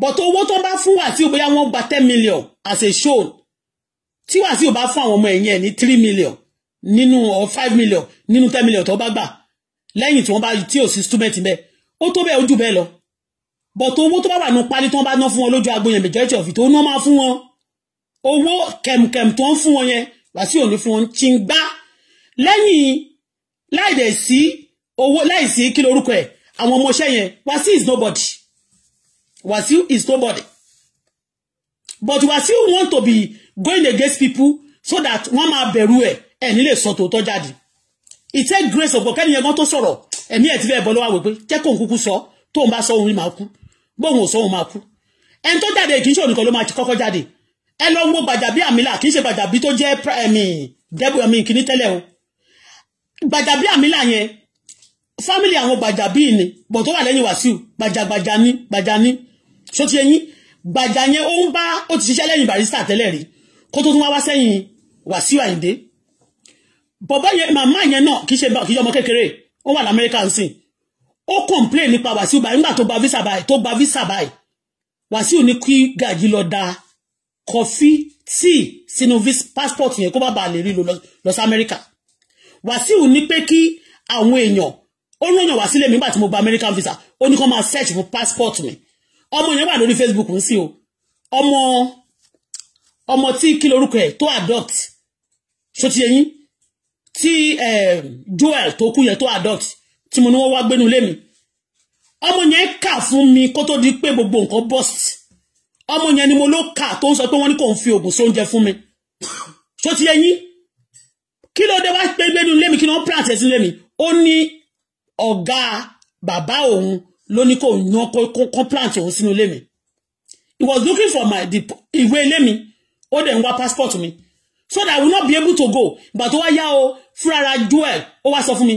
but owó tó bá fún Wàsíù bóyá wọ́n gba ten million as a show tí Wàsíù bá fún àwọn ọmọ ẹ̀yìn ẹ̀ ní three million nínú or five million nínú ten million tó bá gbà lẹ́yìn tí wọ́n bá tí ò sí student bẹ́ẹ̀ ó tó bẹ́ẹ̀ ó jù bẹ́ẹ̀ lọ but owó tó bá wà ní pálí tí wọ́n bá ná fún wọn lójú agbo yẹn majority of it ó ná máa fún wọn owó kẹ̀mkẹ̀m tó ń fún wọn yẹn Wàsíù ní fún wọn ti ń gbá lẹ́yìn láì dẹ̀ sí owó láì sí kí lórúkọ ẹ̀ àwọn ọmọọṣẹ́ yẹn Wàsíù is nobody Wasiu is nobody. But Wasiu want to be going against people so that wọ́n máa bẹ̀rù ẹ̀ ẹ̀ nílé sọ tòótọ́ It take grace of God can you tó to sorrow? And ti fẹ́ bọ́ lọ́wọ́ wípé jẹ́ kóun kúkú sọ tóun bá sọ òun máa kú bóun ò sọ òun máa kú. Ẹni tó jáde kì í ṣe ònìkan ló máa kọ́kọ́ jáde. Ẹ lọ wo Gbàjàbí Àmìlà kì í ṣe Gbàjàbí tó jẹ́ ẹ̀mí dẹ́bù ni But tó wà lẹ́yìn Wàsíù gbàjàgbàjà ni gbàjà ni ṣó ti ẹyin gbàjà yẹn ó ń bá ó ti ṣiṣẹ́ lẹ́yìn barista tẹ́lẹ̀ rí kó tó tún wá wá sẹ́yìn Wàsíù Àyìndé bọ̀bá yẹn màmá yẹn náà kì í ṣe kì í ṣe ọmọ kékeré ó wà lamẹ́ríkà ń sìn ó complain nípa Wàsíù báyìí nígbà tó gba visa báyìí tó gba visa báyìí Wàsíù ní kí gàjí lọ da kọfí tíì sínú passport yẹn kó bá bàa lè rí lọ lọ sí amẹ́ríkà Wàsíù ní pé kí àwọn èèyàn ó ròyìn wá sílé mi nígbà tí mo gba American visa ó ní kó máa search for passport mi ọmọ yẹn wà lórí Facebook ń sìn o ọmọ ọmọ tí kí lorúkọ ẹ̀ tó adopt ṣó ti yẹn tí eh, Joel tó kú yẹn tó adopt tí mo ní wọ́n wá gbénu lé mi ọmọ yẹn kà fún mi kó tó di pé gbogbo nǹkan burst ọmọ yẹn ni mo ló kà tó ń sọ pé wọ́n ní kò ń fi oògùn sóúnjẹ fún mi ṣó ti yẹn kí ló dé wá gbénu lé mi kí ló ń plant ẹ̀ sí lé mi ó ní ọ̀gá bàbá òun ló ní kò ná kó plant òun sínú ilé mi he was looking for my ìwé ilé mi ó dẹ̀ ń wá passport mi so that i will not be able to go ìgbà tó wá yá o fúnra joel ó wá sọ fún mi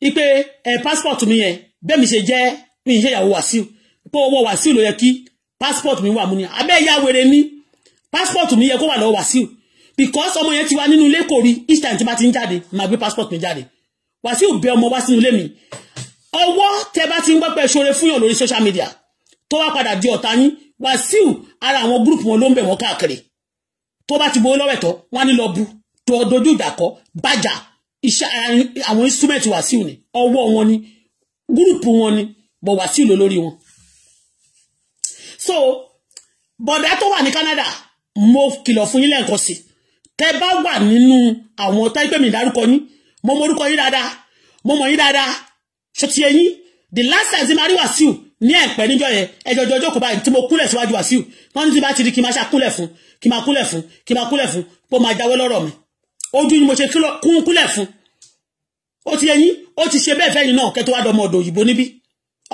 ipe ẹ passport mi yẹn bẹ́ẹ̀ mi ṣe jẹ́ mi ṣe ìyàwó wàsíù pé owó wàsíù ló yẹ kí passport mi wà mú ni abẹ́ ìyá wèrè ní passport mi yẹ kó wà lọ́wọ́ wàsíù because ọmọ yẹn ti wá nínú ilé kò rí each time tí bá ti ń jáde màá gbé passport mi jáde wàsíù bẹ ọmọ wá sínú ilé mi ọwọ́ tẹ bá ti ń gbọ́ pé ṣoore fún yàn lórí social media tó wá padà di ọ̀tá yín Wàsíù ara àwọn gúrùpù wọn ló ń bẹ̀ wọ́n káàkiri tó bá ti gbowó lọ́wọ́ ẹ̀tọ́ wọn á ní lọ bu dojú ìjà kọ bàjà iṣẹ́ eh, àwọn instrument Wàsíù ni ọwọ́ wọn ni gúrùpù wọn ni bọ̀ Wàsíù ló lórí wọn. so bọ̀dá tó wà ní Canada mo kìlọ̀ fún yín lẹ́ẹ̀kan sí tẹ bá wà nínú àwọn táìpẹ́ mi dárúkọ yín mo mọ orúkọ yín dáadáa mo mọ yín dáadáa ṣòtì ẹ̀yìn the last time tí ma rí Wàsíù ní ẹ̀pẹ́ níjọ́ yẹn ẹjọ́ ọjọ́ ọjọ́ kò báyìí tí mo kúnlẹ̀ síwájú Wàsíù wọ́n ní tí bá ti rí kí n máa ṣàkúnlẹ̀ fún kí n máa kúnlẹ̀ fún kí n máa kúnlẹ̀ fún kó máa jáwé lọ́rọ̀ mi ojú ni mo ṣe kún kúnlẹ̀ fún ó ti ẹ̀yìn ó ti ṣe bẹ́ẹ̀ fẹ́yìn náà kẹ́tọ́ wá dọmọ ọ̀dọ̀ òyìnbó níbí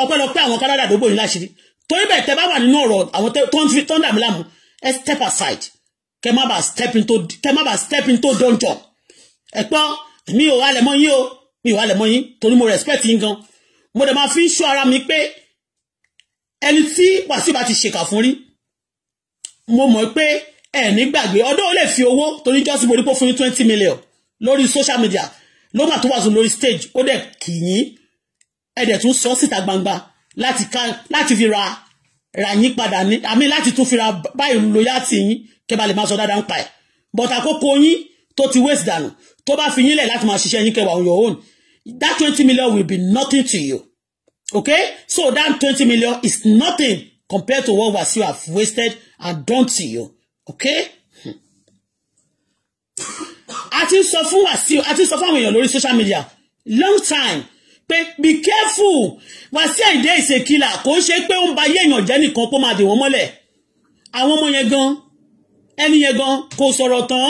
ọpẹ́lọpẹ́ àwọn Canada tó bòyìn láṣìírí torí bẹ́ẹ̀ tẹ́ bá wà nínú ọ̀rọ̀ àwọn tó ń dàmí láàmú ẹ step aside kẹ má bàa step into dungeon ẹ̀pọ́ mi ò wá lẹ̀ mọ́ yín o mi wà lẹ̀ mọ́ yín torí mo respect yín gan mo dẹ̀ máa fi ń ṣọ́ ara mi pé ẹni tí Wàsíù bá ti ṣèkà fún rí mo mọ̀ pé ẹ̀ ní gbàgbé ọdún ó fi owó torí jọ́sí mo rí pé fún yín twenty million lórí social media ló mà tó wà sùn stage ó dẹ̀ kì yín ẹ̀ dẹ̀ tún sọ síta gbangba láti ká láti fi ra ra yín padà ní àmì láti tún fi ra báyìí lóyà tì yín kẹ́bà lè máa sọ dáadáa ń pa ẹ̀ but àkókò yín tó ti waste dànù To bá fi yín lẹ̀ láti máa ṣiṣẹ́ yín kẹwàá on your own that 20 million will be nothing to you. Okay? So that 20 million is nothing compared to what was you have wasted and done to you. Okay? a ti sọ fún Wàsíù a ti sọ fún àwọn social media long time pé be careful Wàsíù Àyìndé is a killer kò ń ṣe pé ó ń ba ayé èèyàn jẹ́ nìkan kó máa dè wọ́n mọ́lẹ̀ àwọn ọmọ yẹn gan ẹni yẹn gan kò sọ̀rọ̀ tán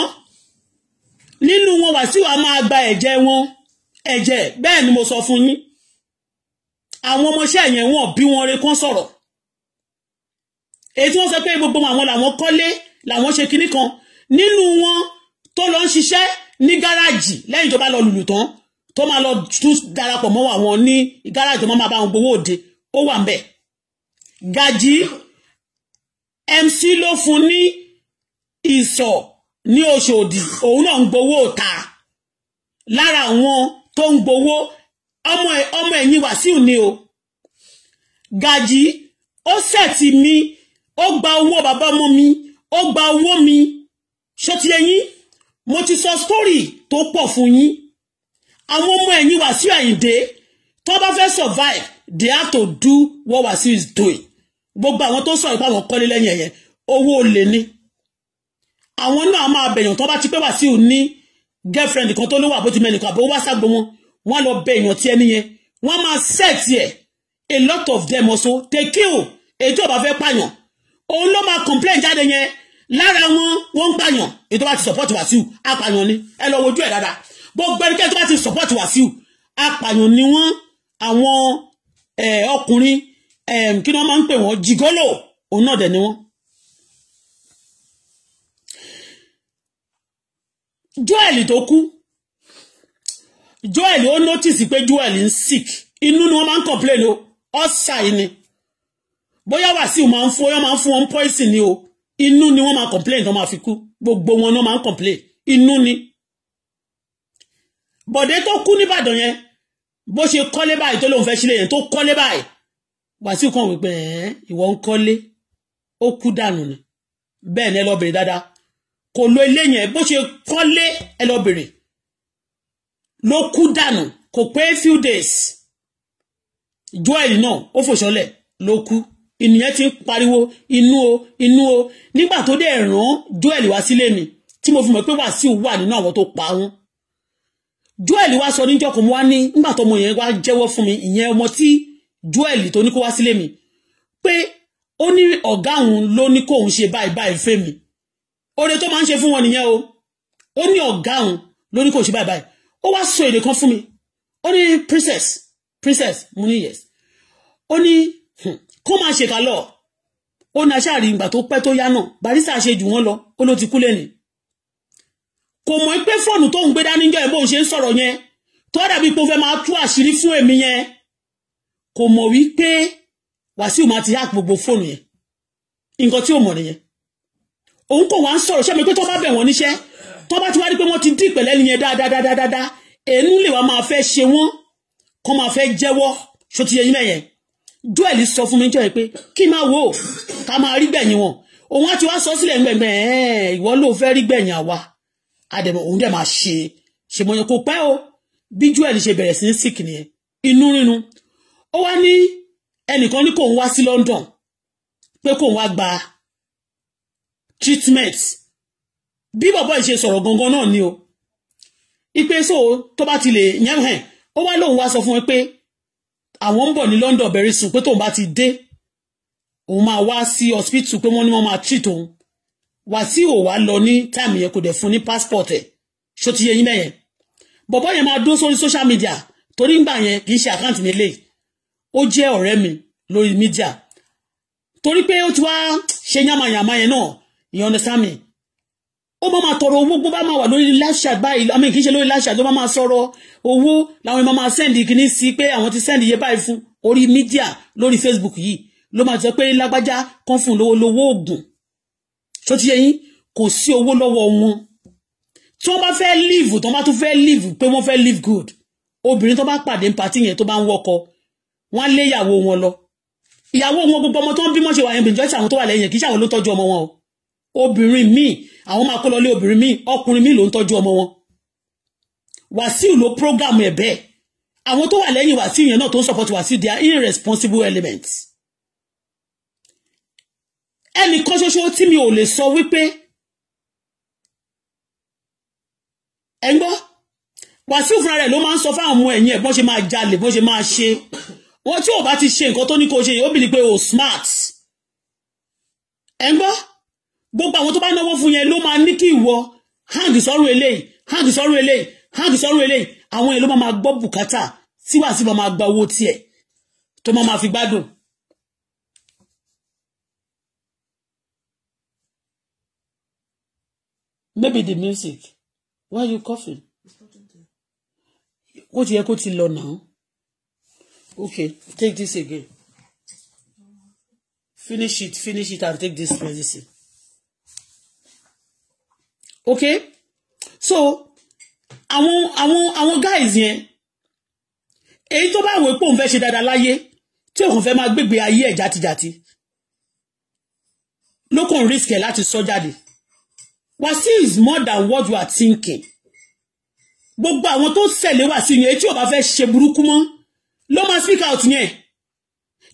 nínú wọn Wàsíù a máa gba ẹ̀jẹ̀ wọn ẹ̀jẹ̀ bẹ́ẹ̀ ni mo sọ fún yín àwọn ọmọọṣẹ́ yẹn wọ́n bí wọn re kán sọ̀rọ̀ èyí tí wọ́n sọ pé gbogbo àwọn làwọn kọ́lé làwọn ṣe kinní kan nínú wọn tó lọ ń ṣiṣẹ́ ní gáràjì lẹ́yìn tó bá lọ lùlù tán tó máa lọ tún darapọ̀ mọ́ àwọn ní gáràjì tó máa bá wọn gbowó òde ó wà ń bẹ̀ gàjí MC ló fún ní ìsọ̀ ní oṣòdì òun náà ń gbowó òta lára àwọn tó ń gbowó ọmọ ẹ ọmọ ẹ̀yìn Wàsíù ni o Gàjí ó sẹ̀tì mi ó gba owó bàbá ọmọ mi ó gba owó mi ṣó ti mo ti sọ story tó pọ̀ fún yín àwọn ọmọ ẹ̀yìn Wàsíù Àyìndé tó bá fẹ́ survive they have to do what Wàsíù is doing gbogbo àwọn tó sọ̀rọ̀ pé àwọn kọ́lé lẹ́yìn ẹ̀yẹn owó olè ni àwọn náà máa bẹ̀yàn tó bá ti pé Wàsíù ní girlfriend kan tó lówó àbótí mẹ́nìkan àbó wá ságbó wọn wọ́n lọ bẹ èèyàn tí ẹni yẹn wọ́n máa set here. a lot of them also take you. èyí tí ò bá fẹ́ pààyàn òun ló máa complain jáde yẹn lára wọn wọ́n ń pààyàn èyí tó bá ti support Wàsíù apààyàn ni ẹ lọ wojú ẹ̀ dáadáa gbogbo ẹnikẹ́ni to bá ti support Wàsíù apààyàn ni wọ́n àwọn eh, ọkùnrin eh, kí ni wọ́n máa ń pè wọ́n jìgọ́lò òun náà dẹ̀ ni wọ́n joel tó kú joel ó notice pé joel ń sick inú ni wọ́n máa ń complain o ọ́sàì ni bóyá wàsíù máa ń fún ọyọ́ máa ń fún wọn poison ni o inú ni wọ́n máa complain tó máa fi kú gbogbo wọn náà máa ń complain inú ni bọ̀dé tó kú nìbàdàn yẹn bó ṣe kọ́lé báyìí tó lóun fẹ́ sílé yẹn tó kọ́lé báyìí wàsíù kan wípé ẹ̀ ìwọ ń kọ́lé ó kú dànù ni bẹ́ẹ̀ ni ẹ lọ dáadáa kò lo eléyìn ẹ bó ṣe kọ́lé ẹ lọ bèrè ló kú dànù kò pé few days joel náà ó fòṣọlẹ̀ ló kú ènìyàn ti ń pariwo inú o inú o nígbà tó dẹ̀ rán joel wá sílé mi tí mo fi mọ̀ pé wàsíù wà nínú àwọn tó pa wọn joel wá sọ níjọ́ kan mo wá ní nígbà tó ọmọ yẹn wá jẹ́wọ́ fún mi ìyẹn ọmọ tí joel tó ní kó wá sílé mi pé ó ní ọ̀gá òun ló ní kóun ṣe báyìí báyìí fẹ́ mi oore tó máa ń ṣe fún wọn nìyẹn o ó ní ọ̀gá òun lórí kò ṣe báyìí báyìí ó wá sọ kan fún mi ó ní princess princess mo ní yes ó ní hmm, kó máa ṣèkà lọ ó ní aṣáàrí ìgbà tó pẹ́ tó yá náà barista ṣe jù wọ́n lọ ó ló ti kú lẹ́nu kò mọ̀ pé fóònù tó ń gbé dání jẹ́ bóun ṣe ń sọ̀rọ̀ yẹn tó dàbí pé ó fẹ́ máa tú àṣírí fún èmi yẹn kò mọ̀ wípé Wàsíù máa ti hack gbogbo fóònù yẹn nǹkan tí ò mọ̀ nìyẹn òun kò wá ń sọ̀rọ̀ ṣẹ́mi pé tó bá bẹ̀ wọ́n níṣẹ́ tó bá ti wá rí pé wọ́n ti dín ìpẹ̀lẹ́ nìyẹn dáadáadáadáa èénú lè wá máa fẹ́ ṣe wọ́n kó máa fẹ́ jẹ́wọ́ ṣó ti yẹ yín mẹ́yẹn joel sọ fún mi jọ́ẹ̀ pé kí n máa wò ó ká máa rí gbẹ̀yìn wọn òun á ti wá sọ sílẹ̀ gbẹ̀gbẹ̀ ìwọ ló fẹ́ rí gbẹ̀yìn àwa àdẹ̀mọ̀ òun dẹ̀ máa ṣe ṣèmọ̀yàn kò pẹ́ o bí joel ṣe bẹ̀rẹ̀ sí ní sick nìyẹn inú rírun ó wá ní ẹnìkan ní kò ń wá sí London pé kò ń wá gba treatment bí bàbá ìṣe sọ̀rọ̀ gangan náà ni o ipe so tó bá ti lè yẹn hàn ó wá lóun wá sọ fún wọn pé àwọn ń bọ̀ ní London very soon pé tóun bá ti dé òun máa wá sí hospital pé wọ́n ní wọ́n máa treat òun Wàsíù ò wá lọ ní time yẹn kò dẹ̀ fún ní passport ẹ̀ ṣó ti yẹ yín mẹ́yẹn bọ̀bọ́ yẹn máa dún sórí social media torí ngbà yẹn kì í ṣe àkáǹtì mi lè ó jẹ́ ọ̀rẹ́ mi lórí media torí pé ó ti wá ṣe yàmàyàmà yẹn náà you understand me ó máa máa tọrọ owó gbọ́dọ̀ máa wà lórí láṣà báyìí àmì kì í ṣe lórí láṣà tó máa máa sọ̀rọ̀ owó làwọn èèyàn máa sẹ́ndì kìíní sí pé àwọn ti sẹ́ndì yẹ báyìí fún orí mídíà lórí Facebook yìí ló máa sọ pé lágbájá kan fún lówó lówó oògùn So ti yẹ yín kò sí owó lọ́wọ́ wọn tí wọ́n bá fẹ́ leave tí wọ́n live tún fẹ́ leave pé good obìnrin tó bá pàdé pàtí yẹn tó bá ń wọkọ wọ́n á lé ìyàwó wọn lọ ìyàwó wọn gbogbo ọmọ tó ń bímọ ṣe wà yẹn bìnjọ́ ìṣàwọn tó wà lẹ́yìn kì í ṣàwọn ló tọ́jú ọmọ wọn o obìnrin míì àwọn máa kó lọ lé obìnrin míì ọkùnrin míì ló ń tọ́jú ọmọ wọn Wàsíù ló program ẹ̀ bẹ́ẹ̀ àwọn tó wà lẹ́yìn Wàsíù yẹn náà tó ń support Wàsíù they are irresponsible elements ẹnìkan ṣoṣo tí mi ò lè sọ wípé ẹ ń gbọ́ Wàsíù fúnra rẹ̀ ló máa ń sọ fáwọn ọmọ ẹ̀yìn ẹ̀ bọ́n ṣe máa jalè bọ́n ṣe máa ṣe wọ́n tí ò bá ti ṣe nǹkan tó ní kó ṣe yìí ó bìlí pé o smart ẹ ń gbọ́ gbogbo àwọn tó bá náwó fún yẹn ló máa ní kí ìwọ hand sọ́rùn eléyìí hand sọ́rùn eléyìí hand sọ́rùn eléyìí àwọn yẹn ló máa gbọ́ bùkátà tí wàá sì máa gba owó tiẹ̀ tó máa fi gbádùn. maybe the music why are you coughing ó ti yẹ kó ti lọ náà okay take this again finish it finish it and take this medicine okay so àwọn àwọn àwọn guys yẹn èyí tó bá wò pé òun fẹ́ ṣe dáadáa láyé tí òun fẹ́ máa gbégbé ayé ẹ̀ játijàti ló kàn risk ẹ̀ láti sọ jáde Wasiu is more than what you are thinking gbogbo àwọn tó tẹ̀lé Wasiu yẹn tí ò bá fẹ́ ṣe burúkú mọ́ ló máa speak out yẹn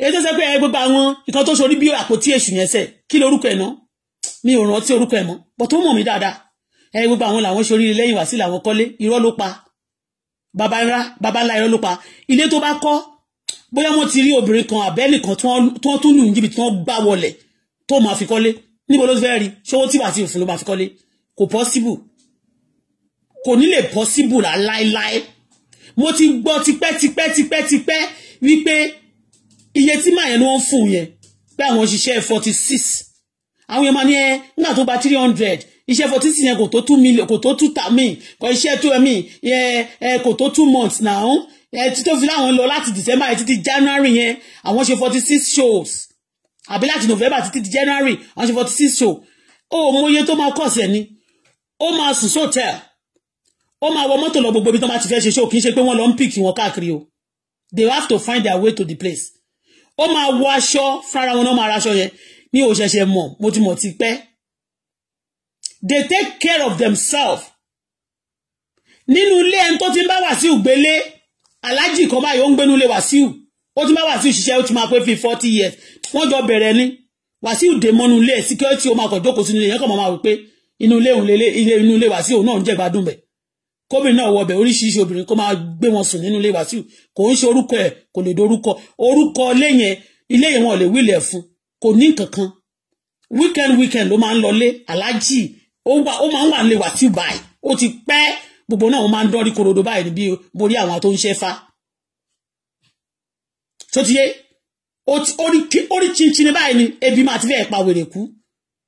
èyí tó sẹ pé gbogbo àwọn nǹkan tó ṣorí bí àpótí èṣù yẹn sẹ kí lorúkọ ẹ̀ náà mi ò rántí orúkọ ẹ̀ mọ́ bọ̀ tó mọ̀ mí dáadáa ẹ gbogbo àwọn làwọn ṣoríire lẹ́yìn wá sí làwọn kọ́lé irọ́ ló pa baba ńlá baba ńlá irọ́ ló pa ilé tó bá kọ́ bóyá wọ́n ti rí obìnrin kan àbẹ́ẹ̀lì kan tí wọ́n tún lù ní jìbìtì wọ́n gbá wọlé tó máa fi kọ́lé níbo ló fẹ́ rí ṣówó tí wàá ti fún ló máa fi kọ́lé kò possible kò ní lè possible rà láéláé mo ti gbọ́ tipẹ́ tipẹ́ tipẹ́ tipẹ́ wípé iye tí màá yẹn ni wọ́n fún yẹn pé àwọn òṣìṣẹ́ forty six àwọn yẹn máa ní ẹ nígbà tó bá three hundred iṣẹ́ forty six yẹn kò tó two million kò tó two ta mi kò iṣẹ́ two mi kò tó two months now títí tó fi láwọn lọ láti december yẹn títí january yẹn àwọn ṣe forty six shows àbí láti november títí di january àwọn ṣe forty six show ó mọ iye tó máa kọ̀ sẹ́ ni ó máa sùn sọ́tẹ̀l ó máa wọ mọ́tò lọ gbogbo ibi tó máa ti fẹ́ ṣe show kì í ṣe pé wọ́n lọ ń pìkì wọn káàkiri o they have to find their way to the place ó máa wọ aṣọ fúnra wọn náà máa ra aṣọ yẹn mi ò ṣẹ̀ṣẹ̀ mọ̀ mo ti mọ̀ ti pẹ́ they take care of themselves nínú ilé ẹni tó ti ń bá Wàsíù gbélé aláàjì kan báyìí ó ń gbénú ilé Wàsíù ó ti ń bá Wàsíù ṣiṣẹ́ ó ti máa pé fi forty years wọ́n jọ bẹ̀rẹ̀ ni Wàsíù dè mọ́nú ilé ẹ̀ síkírẹ́tì ó máa kàn jókòó sínú ilé yẹn kàn máa wò pé inú ilé òun lélẹ̀ ilé inú ilé Wàsíù náà ń jẹ́ gbádùn bẹ̀ kóbìnrin náà wọbẹ̀ oríṣiríṣi obìnrin kó máa gbé wọn sùn nínú ilé Wàsíù kò ń ṣe orúkọ ẹ̀ kò lè dorúkọ weekend weekend ló máa ń ó wà ó máa ń wà lè wà tí báyìí ó ti pẹ́ gbogbo náà ó máa ń dọ́rí korodo báyìí níbi borí àwọn tó ń ṣe fa tó ti yé orí chinchin báyìí ni ebi máa ti fẹ́ pa wèrè kú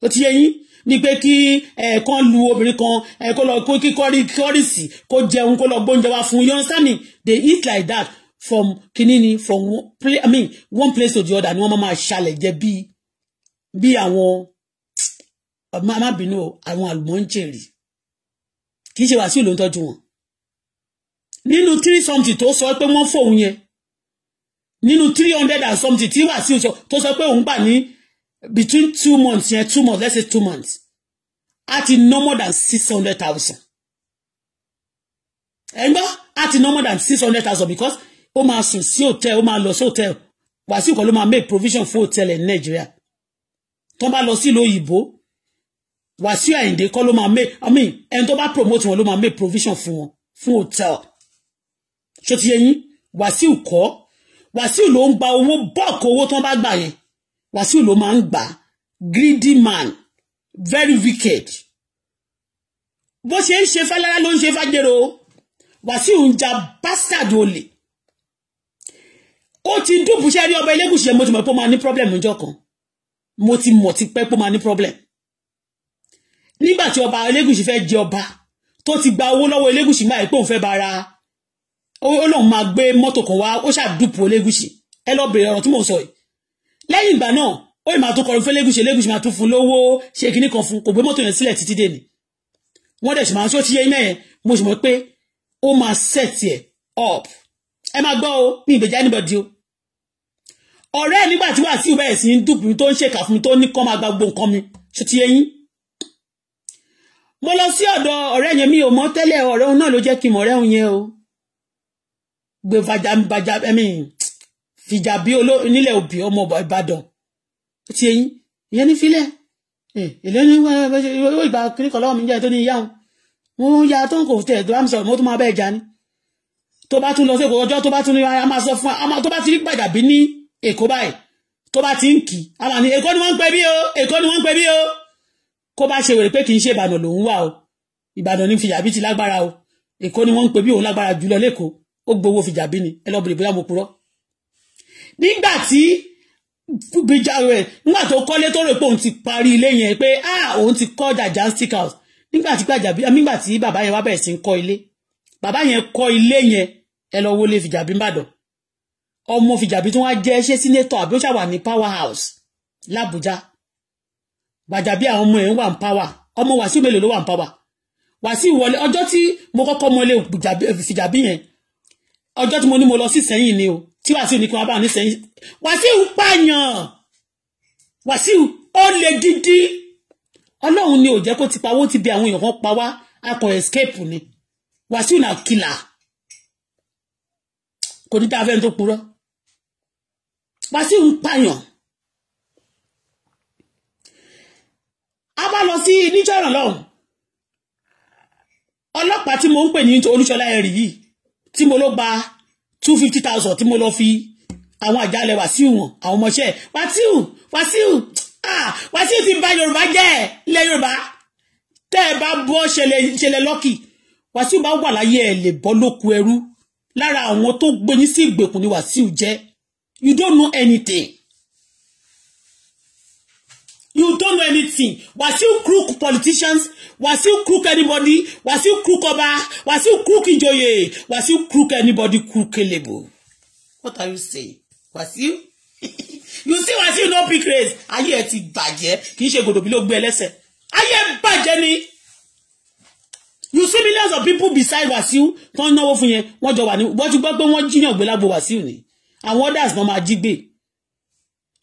tó ti yé yín ni pé kí ẹ̀ẹ̀kan lu obìnrin kan kó lọ kó kíkọ́rí kọ́rìsì kó jẹun kó lọ gbóúnjẹ wá fún you understand me they eat like that from kinini from one i mean one place to the other ni wọ́n máa ṣàlẹ̀ jẹ bíi bíi àwọn má má bínú o àwọn àlùmọ́ ń jèrè kì í ṣe wàásù ló ń tọ́jú wọn nínú three something tó sọ pé wọ́n fòun yẹn nínú three hundred and something tí wàásù sọ tó sọ pé òun gbà ní between two months yẹn two months let's say two months a no more than six hundred thousand ẹ gbọ́ no more than six hundred thousand because ó máa sùn sí hòtẹ́ẹ̀lì ó máa lọ sí hòtẹ́ẹ̀lì wàásù kan ló máa make provision fún hòtẹ́ẹ̀lì ní nàìjíríà tó bá lọ sí ìlú òyìnbó Wàsíù Àyìndé kọ́ ló máa make I mean ẹni tó bá promote wọn ló máa make provision fún wọn fún hotel ṣó ti yẹ yín Wàsíù kọ́ Wàsíù ló ń gba owó bọ́ọ̀kì owó tó ń bá gbà yẹn Wàsíù ló máa ń gbà greedy man very wicked bó ṣe ń ṣe fálára ló ń ṣe fájèrò Wàsíù ń ja bastard olè ó ti dùbùṣẹ́ rí ọba Elégùṣì mo ti mọ̀ pé ó máa ní problem níjọ́ kan mo ti mọ̀ ti pẹ́ pé ó máa ní problem nígbà tí ọba Elégùṣì fẹ́ jẹ ọba tó ti gba owó lọ́wọ́ Elégùṣì máa pé òun fẹ́ bara ó lóun máa gbé mọ́tò kan wá ó ṣàdùpù Elégùṣì ẹ lọ bèrè ọ̀rọ̀ tí mò ń sọ yìí lẹ́yìn ìgbà náà ó ì máa tún kọrin fún Elégùṣì Elégùṣì máa tún fún lówó ṣe kinní kan fún kò gbé mọ́tò yẹn sílẹ̀ títí dé ni wọ́n dẹ̀ sì máa ń ṣó ti yé iná yẹn mo sì mọ̀ pé ó máa set nígbà tí wàá sí sí ń dùpù mi tó ń ṣèkà fún mi tó ní kọ́ máa gba gbogbo nǹkan mi ṣó ti yé yín mo lọ sí ọ̀dọ̀ ọ̀rẹ́ yẹn mi ò mọ̀ tẹ́lẹ̀ ọ̀rẹ́ òun náà ló jẹ́ kí n mọ̀ ọ̀rẹ́ òun yẹn o gbé bàjá ẹ̀mí fìjà bí onílẹ̀ òbí ọmọ Ìbàdàn ti eyín ìyẹn ní filẹ̀ èlé ní wọ́n ìgbà kíríkọ̀ lọ́wọ́ mi jẹ́ tó ní ìyá wọn wọ́n ya tó ń kò tẹ̀ tó bá mi sọ̀rọ̀ mo tún máa bẹ́ẹ̀ já ní tó bá tún lọ sí èkó ọjọ́ tó bá tún ní a máa sọ fún wa tó bá ti rí gbàjà bí ní èkó báyìí tó bá ti ń kì í a máa ní èkó ni wọ́n ń pẹ́ bí o èkó ni wọ́n ń pẹ́ bí o kó má ṣe wèrè pé kì í ṣe ìbàdàn lòun wà o ìbàdàn ní fìjàbí ti lágbára o èkó ni wọ́n ń pè bí òun lágbára jùlọ lẹ́kọ̀ọ́ ó gbowó fìjàbí ni ẹ lọ bèrè bóyá mo purọ́. nígbà tí gbìjà rẹ̀ nígbà tó kọ́lé tó rò pé òun ti parí ilé yẹn pé ah òun ti kọ́ dàjà stick house nígbà tí gbàjàbí ah, nígbà tí bàbá yẹn wá bẹ̀rẹ̀ sí ń kọ́ ilé bàbá yẹn kọ́ ilé yẹn ẹ lọ wọlé fìjàbí mbàdàn ọmọ fìjàbí tó wá jẹ́ ṣé sínétọ̀ àbí ó ṣàwà ní power house làbújá gbàjàbí àwọn ọmọ ẹ̀ ń wà ń pàwà ọmọ wàsíù mélòó ló wà ń pàwà wàsíù wọlé ọjọ́ tí mo kọ́kọ́ mọlé eh, fìjàbí yẹn ọjọ́ tí mo ní mo lọ sí sẹ́yìn ni o tí wàsíù ní kí wọ́n bá ní sẹ́yìn wàsíù pààyàn wàsíù ó lè dídí ọlọ́run ni ò jẹ́ kó ti pa owó ti bí àwọn èèyàn kan pa wá akọ escape ni wàsíù náà kìlà kò ní dáa fẹ́ni tó purọ́ wàsíù ń a wá lọ sí níjọ́ràn lọ́hùn ọlọ́pàá tí mo ń pè ní olúṣọlá ẹ̀rì yìí tí mo ló gba two fifty thousand tí mo lọ fi àwọn àjálẹ̀ wàsíù wọn àwọn ọmọọṣẹ́ wàsíù wàsíù ah wàsíù ti bà yorùbá jẹ́ ilẹ̀ yorùbá tẹ́ ẹ bá bọ́ ṣẹlẹ̀ lọ́kì wàsíù bá wà láyé ẹ̀ lè bọ́ lóko ẹrú lára àwọn tó gbé yín sí ìgbèkùn ni wàsíù jẹ́ you don't know anything. You don't know anything. Was you crook politicians, Was you crook anybody, Was you crook Oba, you crook Ijoye, you crook anybody, crook Elebo. What are you saying? Was you You see Wasiu no pick race. Ayé ẹ ti bàjẹ́, kì í ṣe gòdòbí ló gbé ẹlẹ́sẹ̀. Ayé ẹ bàjẹ́ ni. You see millions of people beside Wasiu tó ń náwó fún yẹn, wọ́n jọ wà ní, wọ́n ti gbọ́ pé want jiyàn gbé lágbo you. ni. Àwọn others náà máa jí gbé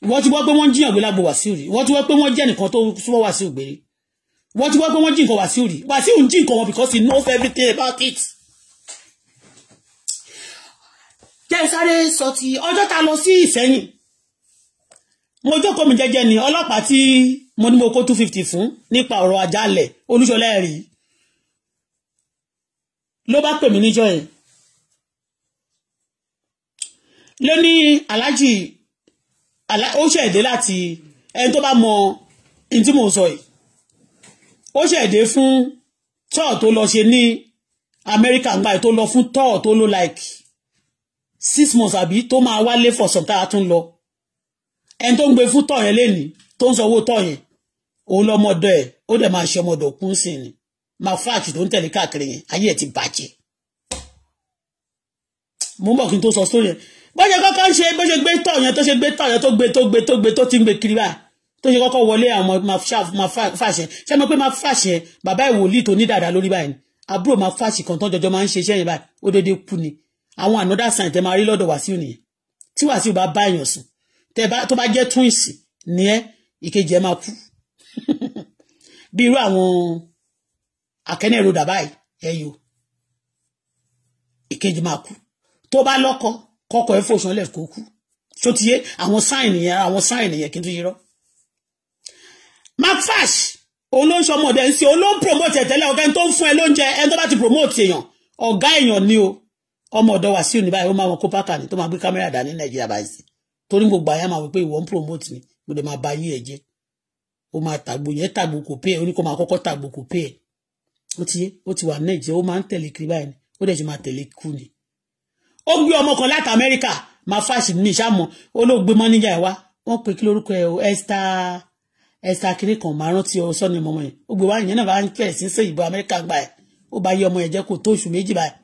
wọ́n ti wá pé wọ́n jiyàn gbé lágbo Wàsíù rí wọ́n ti wá pé wọ́n jẹ́ nìkan tó súnmọ́ Wàsíù gbére wọ́n ti wá pé wọ́n jí Wàsíù rí Wàsíù ń jí wọn because he knows everything about it. jẹ́ sáré sọ ti ọjọ́ ta lọ sí Ìsẹ́yìn mo jókòó mi jẹ́jẹ́ ni ọlọ́pàá tí mo ní mo kó two fifty fún nípa ọ̀rọ̀ àjálẹ̀ Olúṣọlá ẹ̀rí ló bá pè mí níjọ́ yẹn lóní aláàjì ó ṣẹ̀dé láti ẹni tó bá mọ ohun tí mò ń sọ yìí ó ṣẹ̀dé fún tọ́ọ̀ tó lọ ṣe ní Amẹ́ríkà gbà tó lọ fún tọ́ọ̀ tó lọ like six months àbí tó máa wálé for some time tún lọ ẹni tó ń gbé fún tọ́ọ̀ yẹn lénìí tó ń sanwó tọ́ọ̀ yẹn òun lọ́mọdọ ẹ̀ ó dẹ̀ máa ṣe ọmọdọ̀ kún sí ni máa fáàkì tó ń tẹ̀lé káàkiri yẹn ayé ẹ̀ ti bàjẹ́ mo ń bọ̀ kí n tó sọ sórí yẹn bó ṣe kọ́kọ́ ń ṣe bó ṣe gbé tọ̀ yẹn tó ṣe gbé tọ̀ yẹn tó gbé tó gbé tó gbé tó ti ń gbé kiri báyìí tó ṣe kọ́kọ́ wọlé àwọn máa fàṣẹ ṣé mo pé máa fàṣẹ bàbá ìwòlíì tó ní dàda lórí báyìí àbúrò máa fàṣì kan tán jọjọ máa ń ṣe iṣẹ́ yẹn báyìí ó dédé kú ni àwọn ànádà sàn tẹ máa rí lọ́dọ̀ Wàsíù nìyẹn tí Wàsíù bá bá èèyàn sùn tẹ bá tó bá jẹ́ twins ni ẹ ìkejì ẹ máa kú bí irú àwọn akẹ́nẹ̀rọ̀dà tó bá lọ́kọ kọ́kọ́ ẹ̀ fòṣàn lẹ̀ kó kú tó ti yé àwọn sáìn yẹn àwọn sáìn yẹn kí n tó yẹ rọ. macfash olóńsọmọdé ń ṣe olóńpromote ẹ̀ tẹ́lẹ̀ ẹni tó ń fún ẹ lóúnjẹ ẹni tó bá ti promote èèyàn ọ̀gá èèyàn ni o ọmọ ọ̀dọ́ wà sí òní báyìí ó máa wọn kó pákà ní tó máa gbé kámẹ́rà dání nàìjíríà báyìí torí gbogbo àyà máa wọ pé ìwọ ń promote ni. mo lè máa ba yí ẹ jẹ ó máa tàgbo yẹn tàgbo kò pé ẹ ó ní kó máa kọ́kọ́ tàgbo kò pé ẹ ó ti ó ti wà nàìjíríà ó máa ń tẹ̀lé kiri báyìí ó dẹ̀ ti máa tẹ̀lé kú ni ó gbé ọmọ kan láti amẹ́ríkà máa fàṣì ní ìṣàmọ́ ó ló gbé mọ́níjà ẹ̀ wá wọ́n pè kí lórúkọ ẹ̀ esther esther kiri kan máa rántí ọ sọ́ni ọmọ yẹn ó gbé wá ìyẹn náà bá ń fẹ̀rẹ̀ sí sí ìbò amẹ́ríkà gbà ẹ̀ ó bá yẹ ọmọ yẹn jẹ́ kó tó oṣù méjì báyìí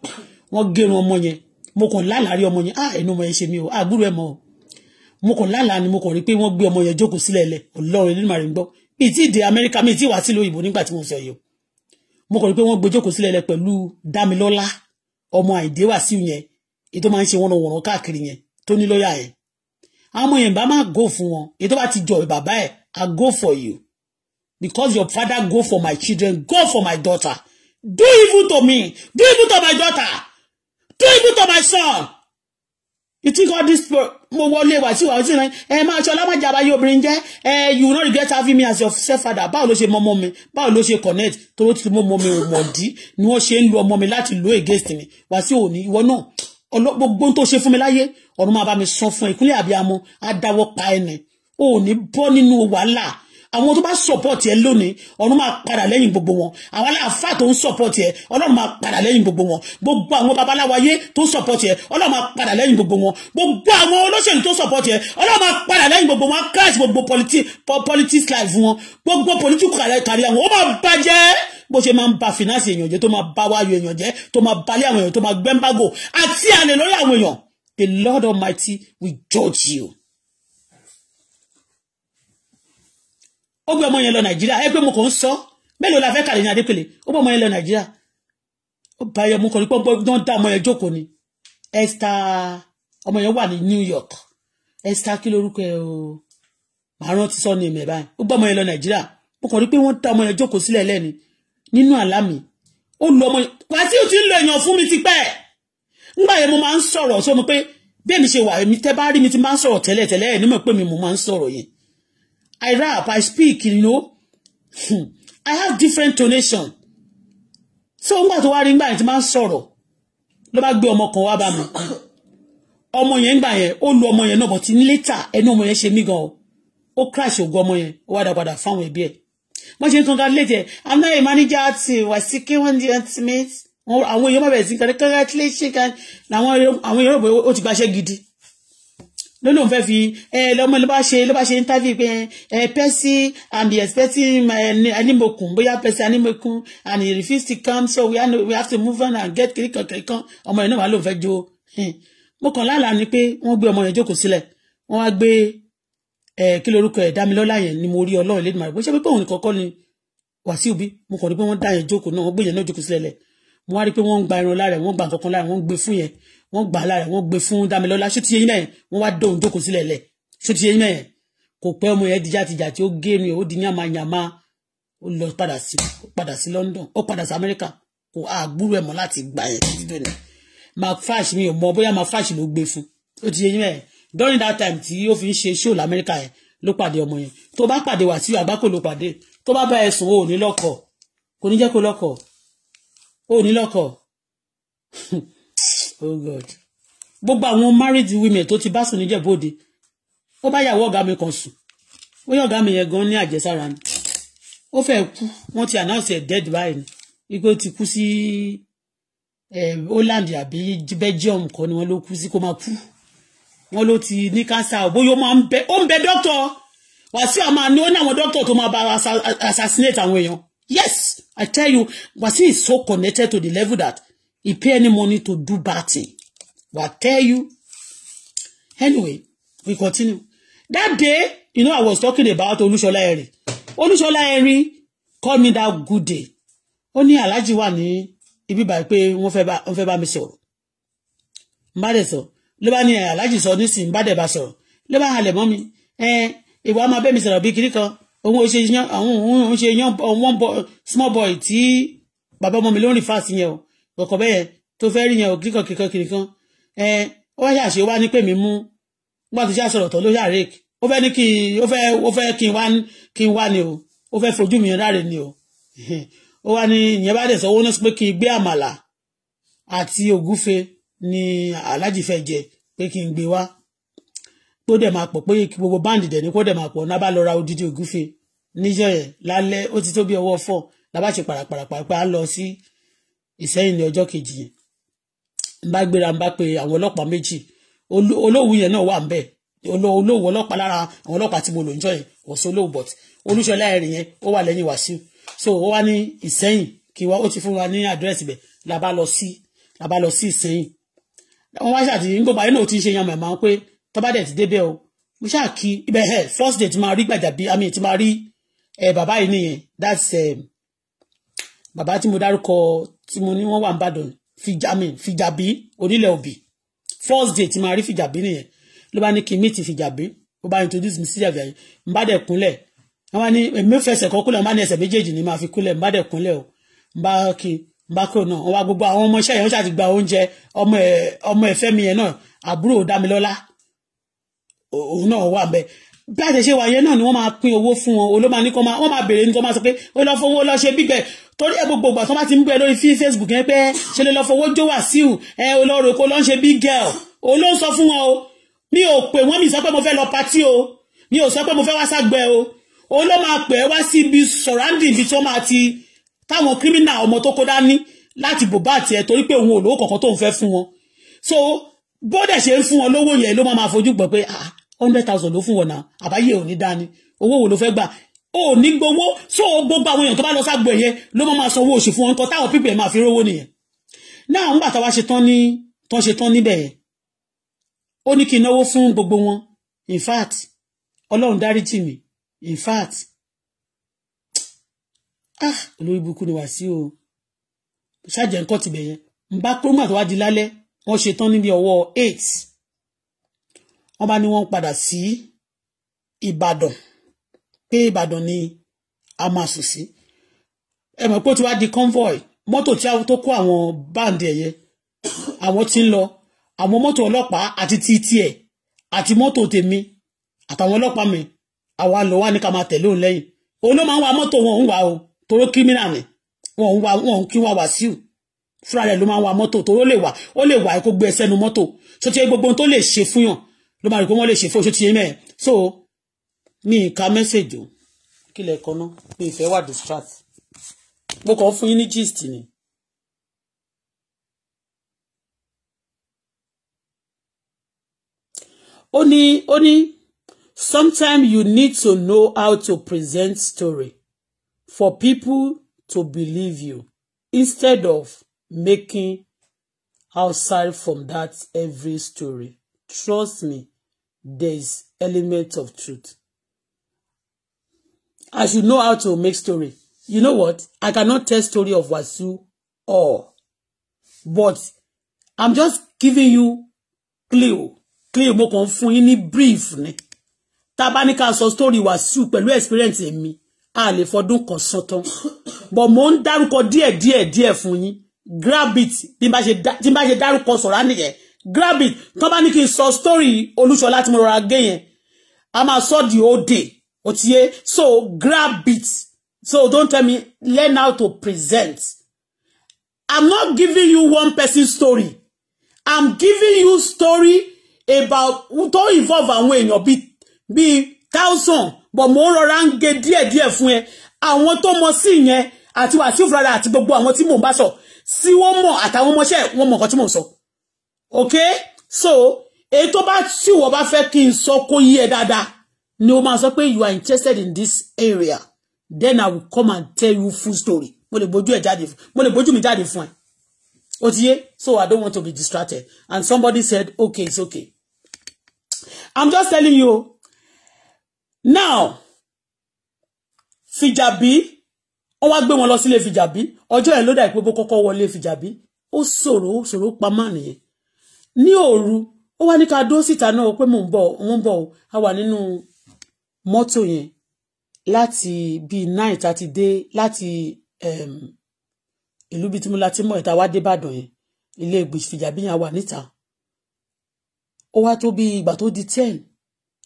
wọ́n gérun ọmọ yẹn mo kàn lálàárí ọmọ yẹn ah ẹnu ọmọ yẹn ṣe mí o àgbúrò ẹ̀ mọ́ o mo kàn lálàá ni mo kàn rí pé wọ́n gbé ọmọ yẹn jókòó sílẹ̀ lẹ̀ ọlọ́run nínú màrí ń gbọ́ mi ti dé amẹ́ríkà mi ti wá sílùú òyìnbó nígbà tí mo sọ yìí o mo kàn rí pé wọ́n gbé jókòó sílẹ̀ lẹ̀ pẹ̀lú dámilọ́lá ọmọ àìdéwàsíù yẹn èyí tó máa ń ṣe wọ́n wọ̀ràn káàkiri yẹn tó ní lọ́ọ̀yà yẹn àwọn ọmọ bá máa go fún wọn èyí tó bá ti jọ bàbá ẹ̀ I go for you because your father go for my children go for my daughter do evil to me do evil to my daughter do evil to my son you think all this mo wọlé wá sí wa sí náà ẹ máa ṣọlá má jàmbá yóò obìnrin jẹ ẹ you no regret having me as your stepfather. father báwo ló ṣe mọ ọmọ mi báwo ló ṣe connect tó ti mọ ọmọ mi ò mọ̀ dí ni wọ́n ṣe ń lu ọmọ mi láti lo against mi wá sí òní ìwọ náà gbogbo tó ṣe fún mi láyé ọ̀run máa bá mi san fún ìkúnlẹ̀ àbíamọ á dáwọ́ pa ẹni ò ní bọ́ nínú wàhálà àwọn tó bá support ẹ lónìí ọ̀run máa padà lẹ́yìn gbogbo wọn àwọn aláàfáà tó ń support ẹ ọlọ́run máa padà lẹ́yìn gbogbo wọn gbogbo àwọn babaláwo ayé tó ń support ẹ ọlọ́run máa padà lẹ́yìn gbogbo wọn gbogbo àwọn olóṣèlú tó support ẹ ọlọ́run máa padà lẹ́yìn gbogbo wọn á crash gbogbo politics life wọn gbogbo political career wọn ó máa bàjẹ́ bó ṣe máa ń ba finance èèyàn jẹ́ tó máa ba wáyọ èèyàn jẹ́ tó máa balẹ̀ àwọn èèyàn tó máa gbẹ́ńbàgò àti àlè lórí àwọn èèyàn the Lord Almighty will judge you. ó gbé ọmọ yẹn lọ nàìjíríà ẹ pé mo kàn ń sọ mélòó la fẹ́ kàlẹ́ ní adépele ó gbé ọmọ yẹn lọ nàìjíríà ó bá yẹ mo kàn ní pọ́npọ́n náà dá ọmọ yẹn jókòó ni Esther ọmọ yẹn wà ní New York Esther kí lorúkọ ẹ o màá rántí sọ ní ẹ̀mẹ̀ báyìí ó gbé ọmọ yẹn lọ nàìjíríà mo kàn ní pé wọ́n dá ọmọ yẹn jókòó sílẹ̀ lẹ́ni nínú àlá mi ó lu ọmọ Wàsíù ti ń lo èèyàn fún mi tipẹ́ ńgbà yẹn mo máa ń sọ̀rọ̀ sọ pé bẹ́ẹ̀ mi ṣe wà èmi tẹ́ bá rí mi ti máa ń sọ̀rọ̀ tẹ́lẹ̀ tẹ́lẹ̀ ẹ̀ nímọ̀ pé mi mo máa ń sọ̀rọ̀ yẹn I rap I speak you know hmm. I have different tonation so ńgbà tó wá rí ńgbà yẹn ti máa ń sọ̀rọ̀ ló bá gbé ọmọ kan wá bá mi ọmọ yẹn ńgbà yẹn ó lu ọmọ yẹn náà bọ̀ tí ní létà ẹnu ọmọ yẹn ṣe mí gan o ó crash ògùn ọmọ yẹn ó wá dá padà fáwọn ẹbí ẹ̀ wọ́n ṣe ń congratulate ẹ̀ i'm not a manager till wà sí kí wọ́n di ultimate àwọn èèyàn má bẹ̀rẹ̀ sí kan congratulation kan làwọn àwọn èèyàn rò pé ó ti gbaṣẹ́ gidi lónà òun fẹ́ fi ẹ lọ́mọ ló bá ṣe ló bá ṣe interview pé ẹ pẹ́sì and be expecting animokun bóyá pẹ́sì animokun and he refuse to come so we, have to move on and get kirikan kirikan ọmọ yẹn náà wà lóun fẹ́ jó mo kàn lálàá ni pé wọ́n gbé ọmọ yẹn jókòó sílẹ̀ wọ́n wá gbé kí lorúkọ ẹ̀ dámilọ́lá yẹn ni mo rí ọlọ́run lẹ́nu màá ṣe pé òun nìkan kọ́ ni wàsíù bí mo kàn rí pé wọ́n dá yẹn jókòó náà wọ́n gbé yẹn náà jókòó sílẹ̀ lẹ̀ mo wá rí pé wọ́n ń gba irun lára wọ́n gba nǹkan kan lára wọ́n gbé fún yẹn wọ́n gbà lára wọ́n gbé fún dámilọ́lá ṣé ti yẹn náà wọ́n wá dóhun jókòó sílẹ̀ lẹ̀ ṣé ti yẹn náà kò pẹ́ ọmọ yẹn dìjà tìjà tí ó gé ni ó di yàmàyàmà ó London ó padà sí Amẹ́ríkà kò àgbúrò ẹ̀ mọ́ láti gbà yẹn títí dòní Mark Fash mi ò during that time tí ó fi ń ṣe show lamẹ́ríkà yẹn ló pàdé ọmọ yẹn tó bá pàdé Wàsíù Àgbákò ló pàdé tó bá bá ẹ̀sùn ò ní lọ́kọ̀ kò ní jẹ́ kó lọ́kọ̀ ò ní lọ́kọ̀ oh god gbogbo àwọn married women tó ti bá sùn níjẹ̀bọ́dé ó bá yàwó ọ̀gá mi kan sùn ó yàn ọ̀gá mi yẹn gan ní àjẹsára ni ó fẹ́ kú wọ́n ti announce ẹ̀ dead báyìí ni igbó ti kú sí eh, Holland àbí Belgium kan ni wọ́n ló kú sí kó máa kú wọn ló ti ní kánsá ò máa ń bẹ ó ń bẹ dókítọ̀ Wàsíù àmà ni ó ní àwọn dókítọ̀ tó máa bá assassinate àwọn èèyàn yes I tell you Wàsíù is so connected to the level that he pay any money to do bad thing wa tell you anyway we continue that day you know I was talking about Olúṣọlá Ẹ̀rìn Olúṣọlá Ẹ̀rìn call me that good day ó ní Alhaji wà ní ibi báyìí pé wọ́n fẹ́ bá mi sọ̀rọ̀ mbàdẹ sọ̀rọ̀ ló bá ní ah, aláàjì sọ nísìnyí bá dẹ̀ bá sọ̀rọ̀ ló bá halẹ̀ mọ́ mi ìwà máa bẹ́ mi sọ̀rọ̀ bí kiri kan òun ò ṣe yan òun ò ṣe yan one boy small boy tí bàbá ọmọ mi ló ń rìn fáàsì yẹn o kọ̀kọ̀ bẹ́ẹ̀ tó fẹ́ rí yẹn o kíkan kíkan kiri kan ó wá ṣàṣe wá ní pè mí mú nígbà tó ṣe àsọ̀rọ̀ tó ló ṣàrè ó fẹ́ ní kí ó fẹ́ ó fẹ́ kí n wá kí n wá ni o ó fẹ́ fojú mi ráre ni o ó wá ní ìyẹn bá dẹ̀ sọ owó náà pé kí n gbé àmàlà àti ògúfe ni aláàjì fẹ́ jẹ pé kí n gbé wá tó dẹ̀ máa pọ̀ pé kí gbogbo báǹdì dẹ̀ ní kó dẹ̀ máa pọ̀ náà bá lọ ra odidi ògúfe níjọ́ yẹn lálẹ́ ó ti tó bí ọwọ́ fọ́ labá ṣe pàràpàràpà pé a lọ sí ìsẹ́yìn ní ọjọ́ kejì yẹn n bá gbéra n bá pe àwọn ọlọ́pàá méjì olówù yẹn náà wà ń bẹ̀ olówù ọlọ́pàá lára àwọn ọlọ́pàá tí mo lò níjọ́ yẹn ọ̀sán olówù bọ̀t olúṣọlá ẹ̀rìn yẹn ó wà lẹ́yìn wàsíù so ó wá ní ìsẹ́yìn kí wá ó ti fún wa ní àdírẹ́sì bẹ̀ labá lọ sí labá lọ sí ìsẹ́yìn wọ́n wá ṣàtì nígbà báyìí náà ti ṣe yan màmá pé tọ́ba dẹ̀ ti débẹ̀ o mo ṣáà kí ibẹ̀ ẹ̀ eh, first day ti máa rí gbàjàbí àmì ti máa rí eh, bàbá yìí nìyẹn that's eh, bàbá tí mo dárúkọ tí mo ní wọ́n wà ń bàdàn fìjàmì fìjàbí onílẹ̀ òbí first day ti máa rí fìjàbí nìyẹn ló bá ní kí n meet fìjàbí ó bá introduce mi sí ìjàbí yìí n bá dẹ̀ kúnlẹ̀ wọ́n bá ní èmi fẹsẹ̀ kọ́ kúnlẹ̀ wọ́n bá ní ẹsẹ̀ méjèèjì ni máa fi kúnlẹ̀ n bá dẹ̀ kúnlẹ̀ o n bá kí n bákò náà wọn wá gbogbo àwọn ọmọọṣẹ́ yẹn wọn ṣàti gba oúnjẹ ọmọ ẹ ọmọ ẹfẹ mi yẹn náà àbúrò Dámilọ́lá òun náà wà bẹ bí a ṣe ṣe wà yẹn náà ni wọ́n máa pín owó fún wọn olóma ní kó máa wọ́n máa béèrè ní kó máa sọ pé ó lọ fowó lọ ṣe gbígbẹ torí ẹ gbogbo ìgbà tó bá ti ń gbẹ lórí fi Facebook yẹn pé ṣe lè lọ fowó jó Wàsíù ẹ olóró kó lọ ń ṣe big girl òun ló ń sọ fún wọn o mi ò pè wọ́n mi sọ pé mo fẹ́ lọ patí o mi ò sọ pé mo fẹ́ wá ságbẹ́ o òun ló máa pè é wá sí ibi surrounding ibi tó máa ti táwọn kírímìnà ọmọ tó kó dání láti bòbá àti ẹ̀ torí pé òun ò lówó kankan tó ń fẹ́ fún wọn so bó dẹ̀ ṣe ń fún wọn lówó yẹn ló máa máa fojú gbọ́ pé ah hundred thousand ló fún wọn náà àbáyé ò ní dání owó wo ló fẹ́ gbà ó ní gbowó so gbogbo àwọn èèyàn tó bá lọ ságbo ẹ̀yẹ ló máa máa sanwó oṣù fún wọn nǹkan táwọn pípẹ́ máa fi rówó nìyẹn náà ń gbà táwa ṣe tán ní tán ṣe tán níbẹ̀ ó ní kí n náwó fún gbogbo wọn in fact ọlọ́run dáríjì mi in fact Ah, olórí burúkú ni Wàsíù o ṣáàjẹ́ nǹkan tibẹ̀ yẹn ń bá kúrò màtó wá di lálẹ́ wọ́n ṣe tán níbi ọwọ́ eight wọ́n bá ní wọ́n padà sí Ìbàdàn pé Ìbàdàn ni a máa sùn sí ẹ mọ̀ pé ó ti wá di convoy mọ́tò tí àwọn tó kó àwọn báǹdì ẹ̀yẹ àwọn tí ń lọ àwọn mọ́tò ọlọ́pàá àti ti tiẹ̀ àti mọ́tò tèmi àtàwọn ọlọ́pàá mi àwa lọ wá ní ká máa tẹ̀lé òun lẹ́yìn òun ló máa ń wa mọ́tò wọn òun wà o toró kírímínà ni wọn ń wọn ń kí wọn fúnra rẹ̀ ló máa ń wa mọ́tò toró lè wà ó lè wà kó gbé ẹsẹ̀ e nu mọ́tò so ti gbogbo ohun tó lè ṣe fún yàn ló máa rí pé wọ́n lè ṣe fún oṣù tí yẹn mẹ́ẹ̀ so mi ì ka o kí lẹ̀ kan náà mi ì wà distract mo kàn fún yín ní gist ni. ó ní ó ní sometimes you need to know how to present story for people to believe you instead of making outside from that every story. Trust me, there's is element of truth. I should know how to make story. You know what? I cannot tell story of Wasiu all. But I'm just giving you clue. Clue mo kàn fún yín ní brief ni. Tá bá ní ká sọ story Wasiu pẹ̀lú experience mi a lè fọdún kan san tán but mo ń dárúkọ díẹ̀ díẹ̀ díẹ̀ fún yín grab it bí n bá ṣe dárúkọ sọ̀rọ̀ nìyẹn grab it tán bá ní kí n sọ story olúṣọlá tí mo rọra gé yẹn a máa sọ the whole day ó so grab it so don't tell me learn how to present i'm not giving you one person story i'm giving you story about tó involve àwọn èèyàn bíi bíi thousand but mo rọra ń ge díẹ̀díẹ̀ fún ẹ àwọn tó mọ sí ìyẹn àti Wasiu Fada àti gbogbo àwọn tí mò ń bá sọ sí wọ́n mọ̀ àtàwọn ọmọọṣẹ́ wọn mọ̀ nǹkan tí mò ń sọ okay so èyí tó bá tí wọ́n bá fẹ́ kí n sọ kó yí ẹ dáadáa ni o máa sọ pé you are interested in this area then I will come and tell you full story mo lè bójú ẹ jáde mo lè bójú mi jáde fún ẹ ó ti yé so I don't want to be distracted and somebody said okay it's okay I'm just telling you now fìjàbí wọ́n wá gbé wọn lọ sílé fìjàbí ọjọ́ yẹn ló dà pé bó kọ́kọ́ wọlé fìjàbí ó ṣòro ó ṣòro pamá nìyẹn ní òru ó wá ní ká dó síta náà pé mò ń bọ̀ mò ń bọ̀ a wà nínú mọ́tò yẹn láti bíi nine thirty dé láti ehm, ìlú bíi tí mo ìta wá dé Ìbàdàn yẹn ilé fìjàbí yẹn wà níta ó wá tó bíi ìgbà tó di ten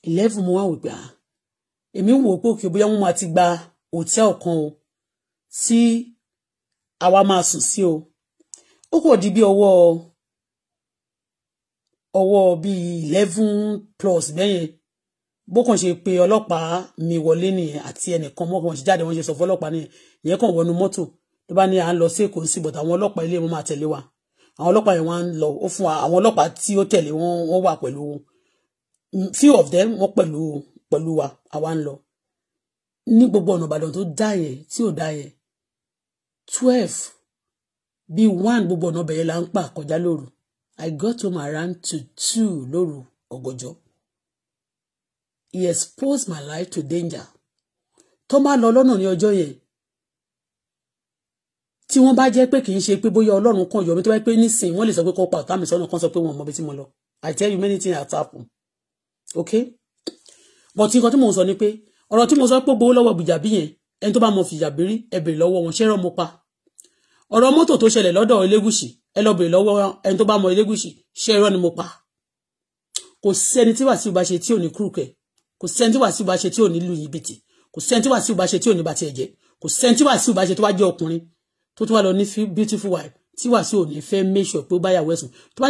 eleven mo wá wò pé ah èmi ń wò pé òkè bóyá wọ́n máa ti gba hòtẹ́ẹ̀lì kan o tí àwa máa sùn sí o ó kò di bí ọwọ́ ọwọ́ bíi eleven plus bẹ́yẹn bó kàn ṣe pé ọlọ́pàá mi wọlé nìyẹn àti ẹnìkan mọ́ kàn ṣe jáde wọ́n ṣe sọ fún ọlọ́pàá nìyẹn ìyẹn kàn wọnú mọ́tò tó bá ní à ń lọ sí èkó sí bọ̀tà ọlọ́pàá ilé wọn máa tẹ̀lé wa àwọn ọlọ́pàá yẹn wọ́n lọ ó fún wa àwọn ọlọ́pàá tí ó tẹ̀lé wọn wà pẹ̀lú few of them wọ́n pẹ̀lú pẹ̀lú wa àwa ń lọ ní gbogbo ọ̀nà ìbàdàn tó dá yẹn tí ò dá yẹn twelve bíi one gbogbo ọ̀nà ọbẹ̀ yẹn là ń pa kọjá lóru I got home around to two lóru ọ̀gànjọ́ he exposed my life to danger tó máa lọ lọ́nà ní ọjọ́ yẹn tí wọ́n bá jẹ́ pé kì í ṣe pé bóyá ọlọ́run kan yọ mí tó bá pé nísìnyí wọ́n lè sọ pé kó pa ọ̀tá sọ́nà kan sọ pé wọ́n mọ̀ bí tí mo lọ I tell you many things that okay but nǹkan tí mò ń sọ ni pé ọ̀rọ̀ tí mo sọ pé gbowó lọ́wọ́ gbìjàbí yẹn ẹni tó bá mọ fìjàbírí ẹ bèrè lọ́wọ́ wọn ṣẹ́rọ̀ mo pa ọ̀rọ̀ mọ́tò tó ṣẹlẹ̀ lọ́dọ̀ Elégùṣì ẹ lọ bèrè lọ́wọ́ ẹni tó bá mọ Elégùṣì ṣẹ́rọ̀ ni mo pa kò sẹ́ni tí Wàsíù bá ṣe tí ò ní kúrùkẹ́ kò sẹ́ni tí Wàsíù bá ṣe tí ò ní lu yìbìtì kò sẹ́ni tí Wàsíù bá ṣe tí ò ní bàtì ẹ̀jẹ̀ kò sẹ́ni tí Wàsíù bá ṣe tó wá beautiful wife tí Wàsíù ò ní fẹ́ make sure pé ó báyàwó ẹ̀sùn tó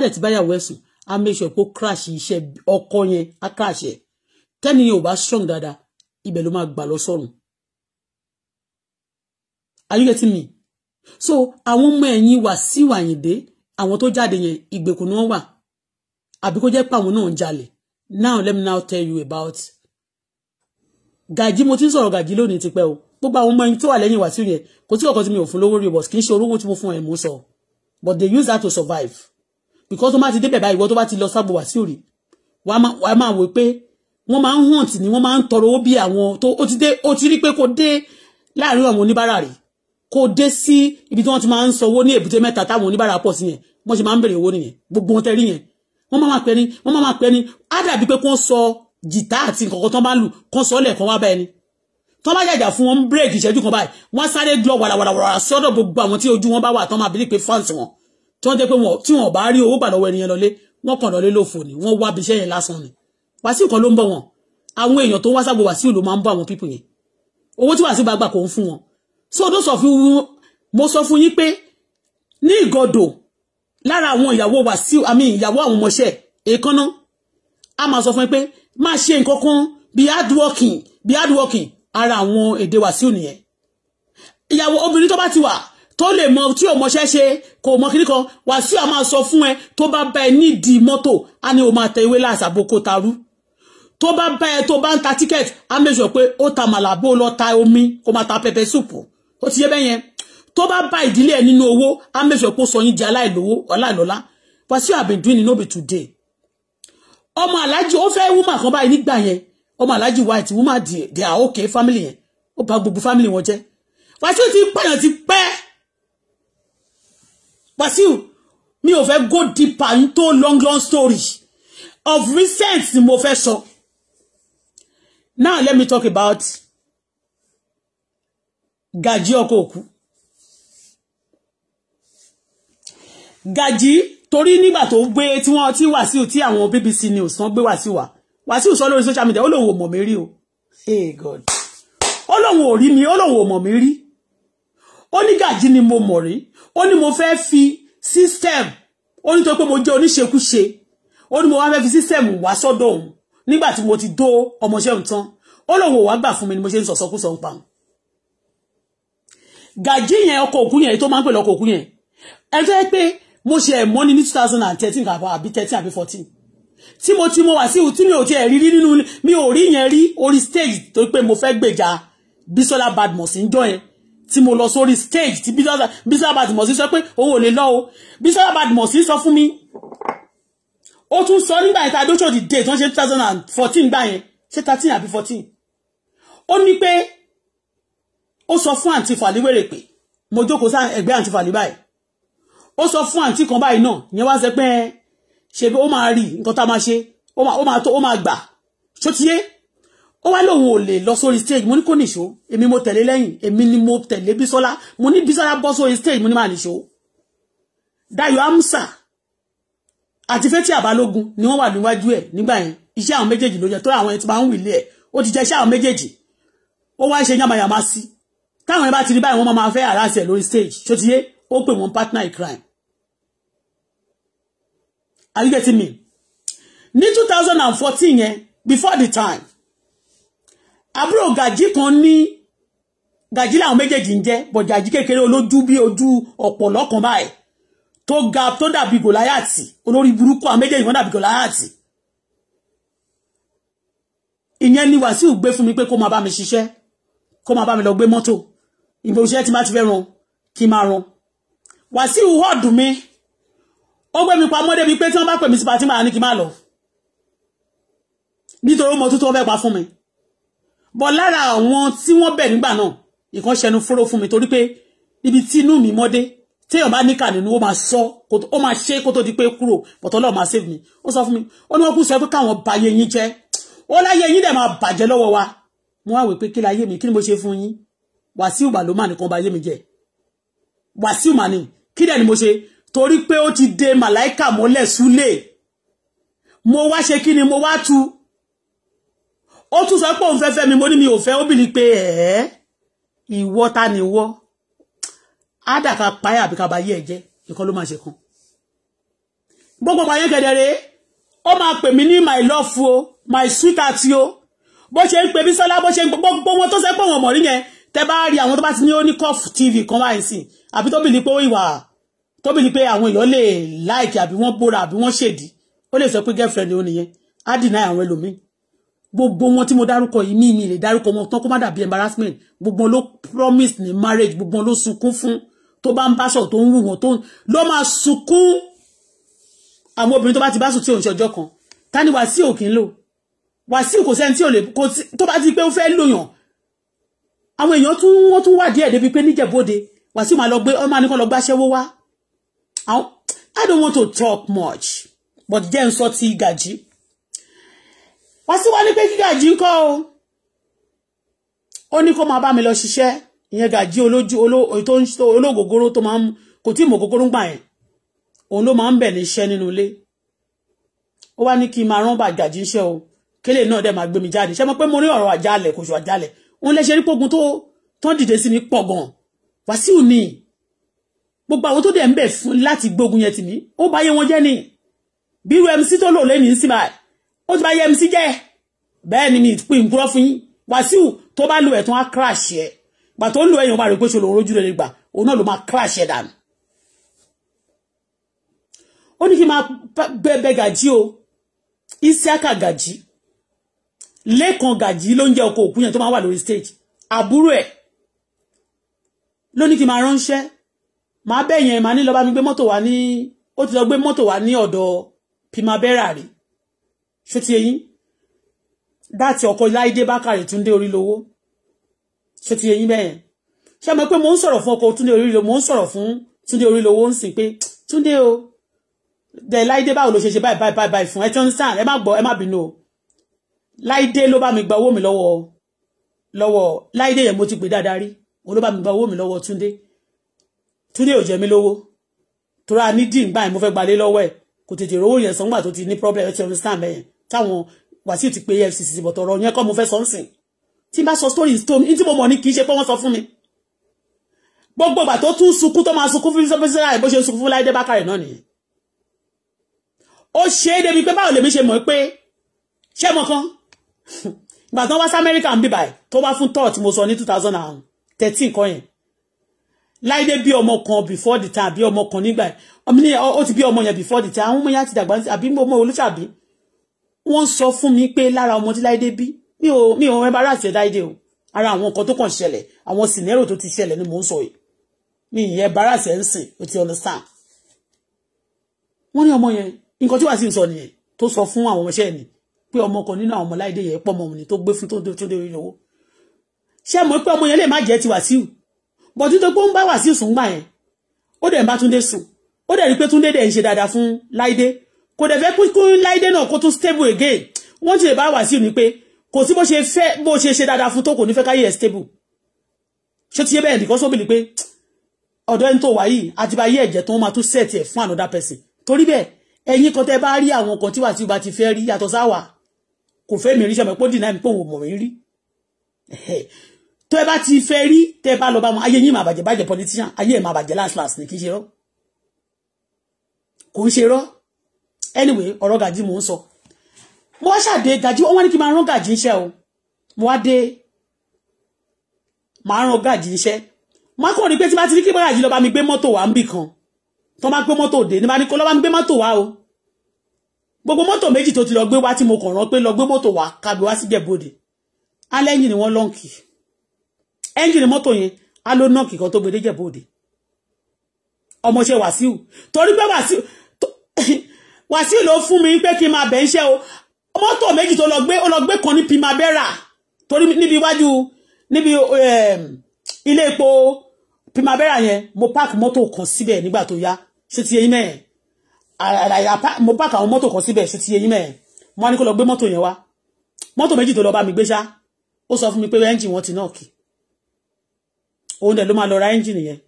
bá tẹ́ni yẹn ò bá strong dáadáa ibẹ̀ ló máa gbà lọ sọ́run are you getting me so àwọn ọmọ ẹ̀yìn Wàsíù Àyìndé àwọn tó jáde yẹn ìgbèkùn náà wà àbí kó jẹ́ pé àwọn náà ń jalè now let me now tell you about gàjí mo ti ń sọ̀rọ̀ gàjí lónìí tipẹ́ o gbogbo àwọn ọmọ ẹni tó wà lẹ́yìn Wàsíù yẹn kò tí ọkọ tí mi ò fún lówó rí but kì í ṣe orówó tí mo fún ẹ̀ mú sọ but they use that to survive because tó má ti débẹ̀ báyìí ìwọ tó bá ti lọ sábò Wàsíù rí wàá máa wò pé wọ́n máa ń hunt ni wọ́n máa ń tọrọ owó bí àwọn tó ó ti dé ó ti rí pé kò dé láàrin àwọn oníbàárà rẹ̀ kò dé sí ibi tí wọ́n ti máa ń sanwó ní èbúté mẹ́ta táwọn oníbàárà pọ̀ sí yẹn wọ́n ṣe máa ń bèrè owó nìyẹn gbogbo wọn tẹ́rí yẹn wọ́n máa máa pẹ́ni wọ́n máa máa pẹ́ni á dàbí pé kò sọ jìtá àti nǹkan kan tó bá lù kò sọ lẹ̀ kan wá bá ẹni tó bá jàjà fún wọn ń bírèkì ìṣẹ́jú kan báyìí wọ́n sáré glọ wàràwàràwàrà sí ọ̀dọ̀ gbogbo àwọn tí ojú wọn bá wà tán máa bí pé fáǹsì wọn tí wọ́n jẹ́ pé tí wọ́n bá rí owó gbà ẹni yẹn lọlé wọ́n kàn lọlé lófo ni wọ́n wá bí iṣẹ́ yẹn lásán ni wàsíù kan ló ń bọ̀ wọn àwọn èèyàn tó wá sábò wàsíù ló máa ń bọ̀ àwọn pípù yẹn owó tí wàsíù bá gbà kò ń fún wọn so ọdún sọ fún mo sọ fún yín pé ní ìgọdò lára àwọn ìyàwó wàsíù àmì ìyàwó àwọn ọmọọṣẹ́ èèkánná a máa sọ fún yín pé máa ṣe nǹkan kan bí hardworking bí hardworking ara àwọn èdè wàsíù nìyẹn ìyàwó obìnrin tó bá ti wà tó lè mọ tí o mọṣẹ́ ṣe kò mọ kíní kan wàsíù a máa sọ fún ẹ tó bá bá ẹ nídìí mọ́tò á ní o máa tẹ ewé láàṣà boko taru tó bá bá ẹ tó bá ń ta ticket á mẹ́sọ̀ pé ó ta màlàbó lọ ta omi kó máa ta pẹpẹ súpù ó ti yé bẹ́ẹ̀ yẹn tó bá bá ìdílé ẹ nínú owó á mẹ́sọ̀ pé ó sọ yín di aláìlówó aláìlọ́lá Wasiu have been doing it no be today ọmọ aláàjì ó fẹ́ wúmà kan báyìí nígbà yẹn ọmọ aláàjì white wúmà they are okay family yẹn ó bà gbogbo family wọn jẹ́ Wasiu ti pààyàn ti pẹ́ Wasiu mi ò fẹ́ go deeper into long long story of recent ni mo fẹ́ sọ. So Now let me talk about Gaji Okoku. Gaji Tori nígbà tó gbé tí wọ́n ti Wàsíù tí àwọn BBC News tán gbé wa wá. Wàsíù sọ lórí social media ó lòun ò mọ̀ mí o. Hey God. Ó lòun ò mi, ó lòun ò mọ̀ mí Gaji ni mo mọ̀ rí. Ó mo fe fi system Oni ní tó pé mo jẹ́ oníṣekúṣe ó mo wa fẹ́ fi system wa sọ́dọ̀ òun nígbà tí mo ti dó ọmọṣẹ́ òun tán ó lòun ò wá gbà fún mi ni mo ṣe ń sọ̀sọ́kùsọ ń pa gàjí yẹn ọkọ̀ òkú yẹn tó máa ń pè lọ́kọ̀ òkú yẹn ẹ tó pé mo ṣe ẹ̀mọ́ ni ní two thousand and thirteen àbí thirteen àbí fourteen tí mo ti mo wà sí tí mi ò tiẹ̀ rí rí nínú mi ò rí yẹn rí orí stage tó pé mo fẹ́ gbèjà Bisola Badmus ń jọ yẹn tí mo lọ sórí stage tí Bisola Badmus sọ pé òun ò lè lọ o Bisola Badmus sọ fún mi ó tún sọ nígbà yẹn tá a dóṣò di date wọ́n ṣe two thousand and fourteen gbà yẹn ṣé thirteen àbí fourteen ó ní pé ó sọ fún àǹtí fàlíwèrè pé mo jókòó sáà ẹ̀gbẹ́ àǹtí fàlí báyìí ó sọ fún àǹtí kan báyìí náà ìyẹn wá sọ pé ṣe ó máa rí nǹkan tá a máa ṣe ó máa tó ó máa gbà ṣó ti yé ó wá lóun ò lè lọ sórí stage mo ní kò nìṣó èmi mo tẹ̀lé lẹ́yìn èmi ni mo tẹ̀lé Bísọ́lá mo ní Bísọ́lá bọ́ sórí stage mo ní máa nìṣó Dayo Amsa àti fẹ́tí àbálógun ni wọ́n wà níwájú ẹ̀ nígbà yẹn iṣẹ́ àwọn méjèèjì ló jẹ́ tó àwọn ẹni tí máa ń wìlé ẹ̀ ó ti jẹ́ iṣẹ́ àwọn méjèèjì ó wá ń ṣe yàmàyàmà sí táwọn ẹ bá ti rí báyìí wọ́n máa fẹ́ àrásì lórí stage tó ti yé ó pè wọ́n partner in crime are you getting me ní two thousand and fourteen yẹn before the time àbúrò gàjí kan ní gàjí làwọn méjèèjì ń jẹ́ bọ̀dàjí kékeré olójú bí ojú ọ̀pọ̀lọ́ kan báyìí tó ga tó dàbí gòláyàtì olórí burúkú àwọn méjèèjì wọn dàbí gòláyàtì ìyẹn ni Wàsíù gbé fún mi pé kó máa bá mi ṣiṣẹ́ kó máa bá mi lọ gbé mọ́tò ìbò iṣẹ́ tí má ti fẹ́ ran kí máa ran Wàsíù họ́ọ̀dù mi ó gbé mi pamọ́ débi pé tí wọ́n bá pè mí sí pàtí màá ní kí má lọ nítorí ó mọ tútù wọn fẹ́ pa fún mi bọ́ lára àwọn tí wọ́n bẹ̀ nígbà náà ìkan fóró fún mi torí pé ibi tí inú mi mọ́dé téèyàn bá níkà nínú ó máa sọ ó máa ṣe kó tó di pé kúrò bọ̀tọ̀ ọlọ́run máa save mi ó sọ fún mi ó ní wọ́n kú sọ pé káwọn ba ayé yín jẹ́ ó láyé yín dẹ̀ máa bàjẹ́ lọ́wọ́ wa mo wá wò pé kí láyé mi kí ni mo ṣe fún yín wàsíù mà ló nìkan ba ayé mi jẹ́ wàsíù mà ni kí dẹ̀ ni mo ṣe torí pé ó ti de màláìkà mọ́lẹ̀ súlé mo wá ṣe kí ni mo wá tu ó tún sọ pé òun fẹ́ fẹ́ mi mo ní mi ò fẹ́ ó bìlí pé ẹ̀ẹ́ ìwọ ta ni wọ́ ádà ká páyà àbí ká ba yé ẹ jẹ ìkọ́ ló máa ṣe kan gbogbo ọmọ yẹn kedere ó máa pè mí ní my love o my sweetheart o bó ṣe ń pè mí sọlá bó ṣe ń gbogbo wọn tó ṣe pé wọn mọ̀ rí yẹn tẹ bá rí àwọn to bá ti ní ó cough tv kan báyìí sí àbí tó bì ní pé ó ìwà tó bì ní pé àwọn èèyàn lè láìkì àbí wọ́n bóra àbí wọ́n ṣèdí ó lè sọ pé girlfriend ó nìyẹn á dì náà àwọn gbogbo wọn tí mo dárúkọ yìí míì mi lè dárúkọ wọn tán kó má dàbí embarrassment gbogbo wọn promise ní marriage gbogbo wọn ló sunkún tó bá ń bá tó ń wù wọ́n tó ló máa sunkún àwọn obìnrin tó bá ti bá tí òun ṣe ọjọ́ kan tani Wàsíù ò ń lò Wàsíù kò sẹ́ni tí ò lè kò tó bá ti pé ó fẹ́ lòyàn àwọn èèyàn tún wọ́n tún wà díẹ̀ débi pé níjẹ̀bóde Wàsíù máa lọ gbé ọmọ anìkan lọ gbáṣẹ́wó wá I don't want to talk much but jẹ́ ń sọ ti Gàjí Wàsíù wá ní pé kí Gàjí ń kọ́ o ó ní kó máa bá mi lọ ṣiṣẹ́ ìyẹn gàjí olójú olóògógóró tó máa ń kò tí ì mọ ògógóró ń gbà yẹn òun ló máa ń bẹ̀ níṣẹ́ nínú ilé ó wá ní kí n máa rán bà gàjí iṣẹ́ o kélé náà dẹ̀ máa gbé mi jáde ṣé mo pé mo ní ọ̀rọ̀ àjálẹ̀ kò ṣù àjálẹ̀ òun lè ṣe rí pogun tó tán dìde sí mi pọ̀ gan Wàsíù ni gbogbo àwọn tó dẹ̀ ń bẹ̀ fún láti gbógun yẹn tì mí ó bá yé wọn jẹ́ ni bí irú mc tó lò lẹ́nu sí báyìí ó ti bá yé mc jẹ́ bẹ́ẹ̀ ni mi ìpín ìkúrọ́ fún yín Wàsíù tó bá lu ẹ̀tún á crash yẹn gbà tó ń lo ẹ̀yìn ọmọ rẹ̀ pé ṣe lòun rojú rẹ̀ gbà òun náà ló crash ẹ̀ dànù ó ní kí n máa bẹ́ẹ̀bẹ́ gàjí o isiaka gaji, lẹ́ẹ̀kan gaji, ló ń jẹ́ ọkọ̀ òkú yẹn tó máa wà stage Aburu e, ló ní kí n máa ránṣẹ́ máa bẹ́ẹ̀ yẹn máa ní lọ́ba mi gbé mọ́tò wá ní ó ti lọ gbé mọ́tò wá ní ọ̀dọ̀ primavera rí ṣó ti eyín dáàtì ọkọ̀ láìdé bákàrẹ̀ tún dé orí lówó ṣé ti eyín bẹ́ẹ̀ ṣé mo pé mo ń sọ̀rọ̀ fún ọkọ túnde orílẹ̀ mo ń sọ̀rọ̀ fún túnde orílẹ̀ owó ń sìn pé túnde o dẹ̀ láìdé báwo ló ṣe ṣe báyìí báyìí báyìí fún ẹ tí wọ́n ń sàn ẹ má gbọ́ ẹ má bínú o láìdé ló bá mi gba owó mi lọ́wọ́ lọ́wọ́ láìdé yẹn mo ti gbé dáadáa rí òun ló bá mi gba owó mi lọ́wọ́ túnde túnde ò jẹ mí lówó torí a ní dín gbà mo fẹ́ gbalé lọ́wọ́ ẹ̀ kò tètè rówó yẹn sọ́ngbà tó ti ní problem ẹ ti understand bẹ́yẹn táwọn wàsíù ti pé efcc bọ̀tọ̀ ọ̀rọ̀ yẹn kọ́ mo fẹ́ sọ́nsìn tí n bá story stone ní tí mo mọ̀ ní kì í ṣe pé wọ́n sọ fún mi gbogbo ìgbà tó tún sunkún tó máa sunkún fún bísí láì bó ṣe sunkún fún Láìdé Bákàrẹ̀ náà nìyẹn ó ṣe é débi pé báwo lèmi ṣe mọ̀ pé ṣé mo kan ìgbà tó wá sí Amẹ́ríkà ń bí báyìí tó wá fún tọ́ọ̀ tí mo sọ ní two thousand and thirteen kan yẹn Láìdé bí ọmọ kan before the time bí ọmọ kan nígbà yẹn o ti bi ọmọ yẹn before the time àwọn ọmọ yẹn ti dàgbà àbí mo mọ olùṣàbí wọ́n sọ fún mi pé lára ọmọ tí Láìdé bí mi ò mi ò embarrass ẹ̀ dáìdé o ara àwọn nǹkan tó kàn ṣẹlẹ̀ àwọn scenario tó ti ṣẹlẹ̀ ni mò ń sọ yìí mi ìyẹn embarrass ẹ̀ ń sìn o ti understand. wọ́n ní ọmọ yẹn nǹkan tí wàá sì ń sọ nìyẹn tó sọ fún àwọn ọmọọṣẹ́ ẹ̀ ni pé ọmọ kan nínú àwọn ọmọláìdé yẹn pọ̀ ọmọ òun ni tó gbé fún tó dé orí owó ṣé mo pé ọmọ yẹn lè má jẹ́ ti Wàsíù bọ̀dú tó gbó ń bá Wàsíù sùn gbà yẹn ó dẹ̀ ń bá Túndé sùn ó dẹ̀ rí pé Túndé dẹ̀ ń ṣe dáadáa fún Láìdé kò dẹ̀ fẹ́ kún Láìdé náà kó tún stable again wọ́n ti lè bá Wàsíù ni pé kò sí bó ṣe fẹ́ bó ṣe ṣe dáadáa fún tó kò ní fẹ́ káyé ẹ̀ stable ṣé ti yé bẹ́ẹ̀ nìkan sóbìlì pé ọ̀dọ́ ẹni tó wà yìí àti bá yé ẹ̀jẹ̀ tó máa tún set ẹ̀ fún another person torí bẹ́ẹ̀ ẹ̀yin kan tẹ́ bá rí àwọn kan tí wà tí o bá ti fẹ́ rí yàtọ̀ sáwà kò fẹ́ mi rí sẹ́mi pé dìnnà mi politician ayé ẹ̀ máa bàjẹ́ last last ni kì í ṣe kò ń ṣe rọ́ anyway ọ̀rọ̀ gàdí mò ń sọ wọ́n ṣàdé gàjí wọ́n wá ní kí n máa rán gàjí iṣẹ́ o mo wá dé máa rán gàjí iṣẹ́ máa kàn rí pé tí bá ti ní kí gàjí lọ bá mi gbé mọ́tò wá ń bì kan tó máa gbé mọ́tò dé ní bá ní kó lọ mi gbé mọ́tò wá o gbogbo mọ́tò méjì tó ti lọ gbé wá tí mo kàn rán pé lọ gbé mọ́tò wá kábi wá sí jẹ̀bọ́dè alẹ́yìn ni wọ́n lọ́ǹkì ẹ́ńjìnì mọ́tò yẹn á ló nọ́ọ̀kì kan tó gbé dé jẹ̀bọ́dè ọmọọṣẹ́ wàsíù torí pé wàsíù wàsíù ló fún mi pé kí n máa bẹ̀ ń ṣe o mọ́tò méjì tó lọ gbé ó lọ gbé kan ní Primavera torí níbi iwájú níbi ehm, ilé epo Primavera yẹn mo park mọ́tò kan síbẹ̀ nígbà tó yá ṣe ti eyín mẹ́ẹ̀ àlàyà mo park àwọn mọ́tò kan síbẹ̀ ṣe ti eyín mẹ́ẹ̀ mo wá ní kó lọ gbé mọ́tò yẹn wá mọ́tò méjì tó lọ bá mi gbé ṣá ó sọ fún mi pé ẹ́ńjì wọn ti náà kì òun dẹ̀ ló máa lọ ra ẹ́ńjì nìyẹn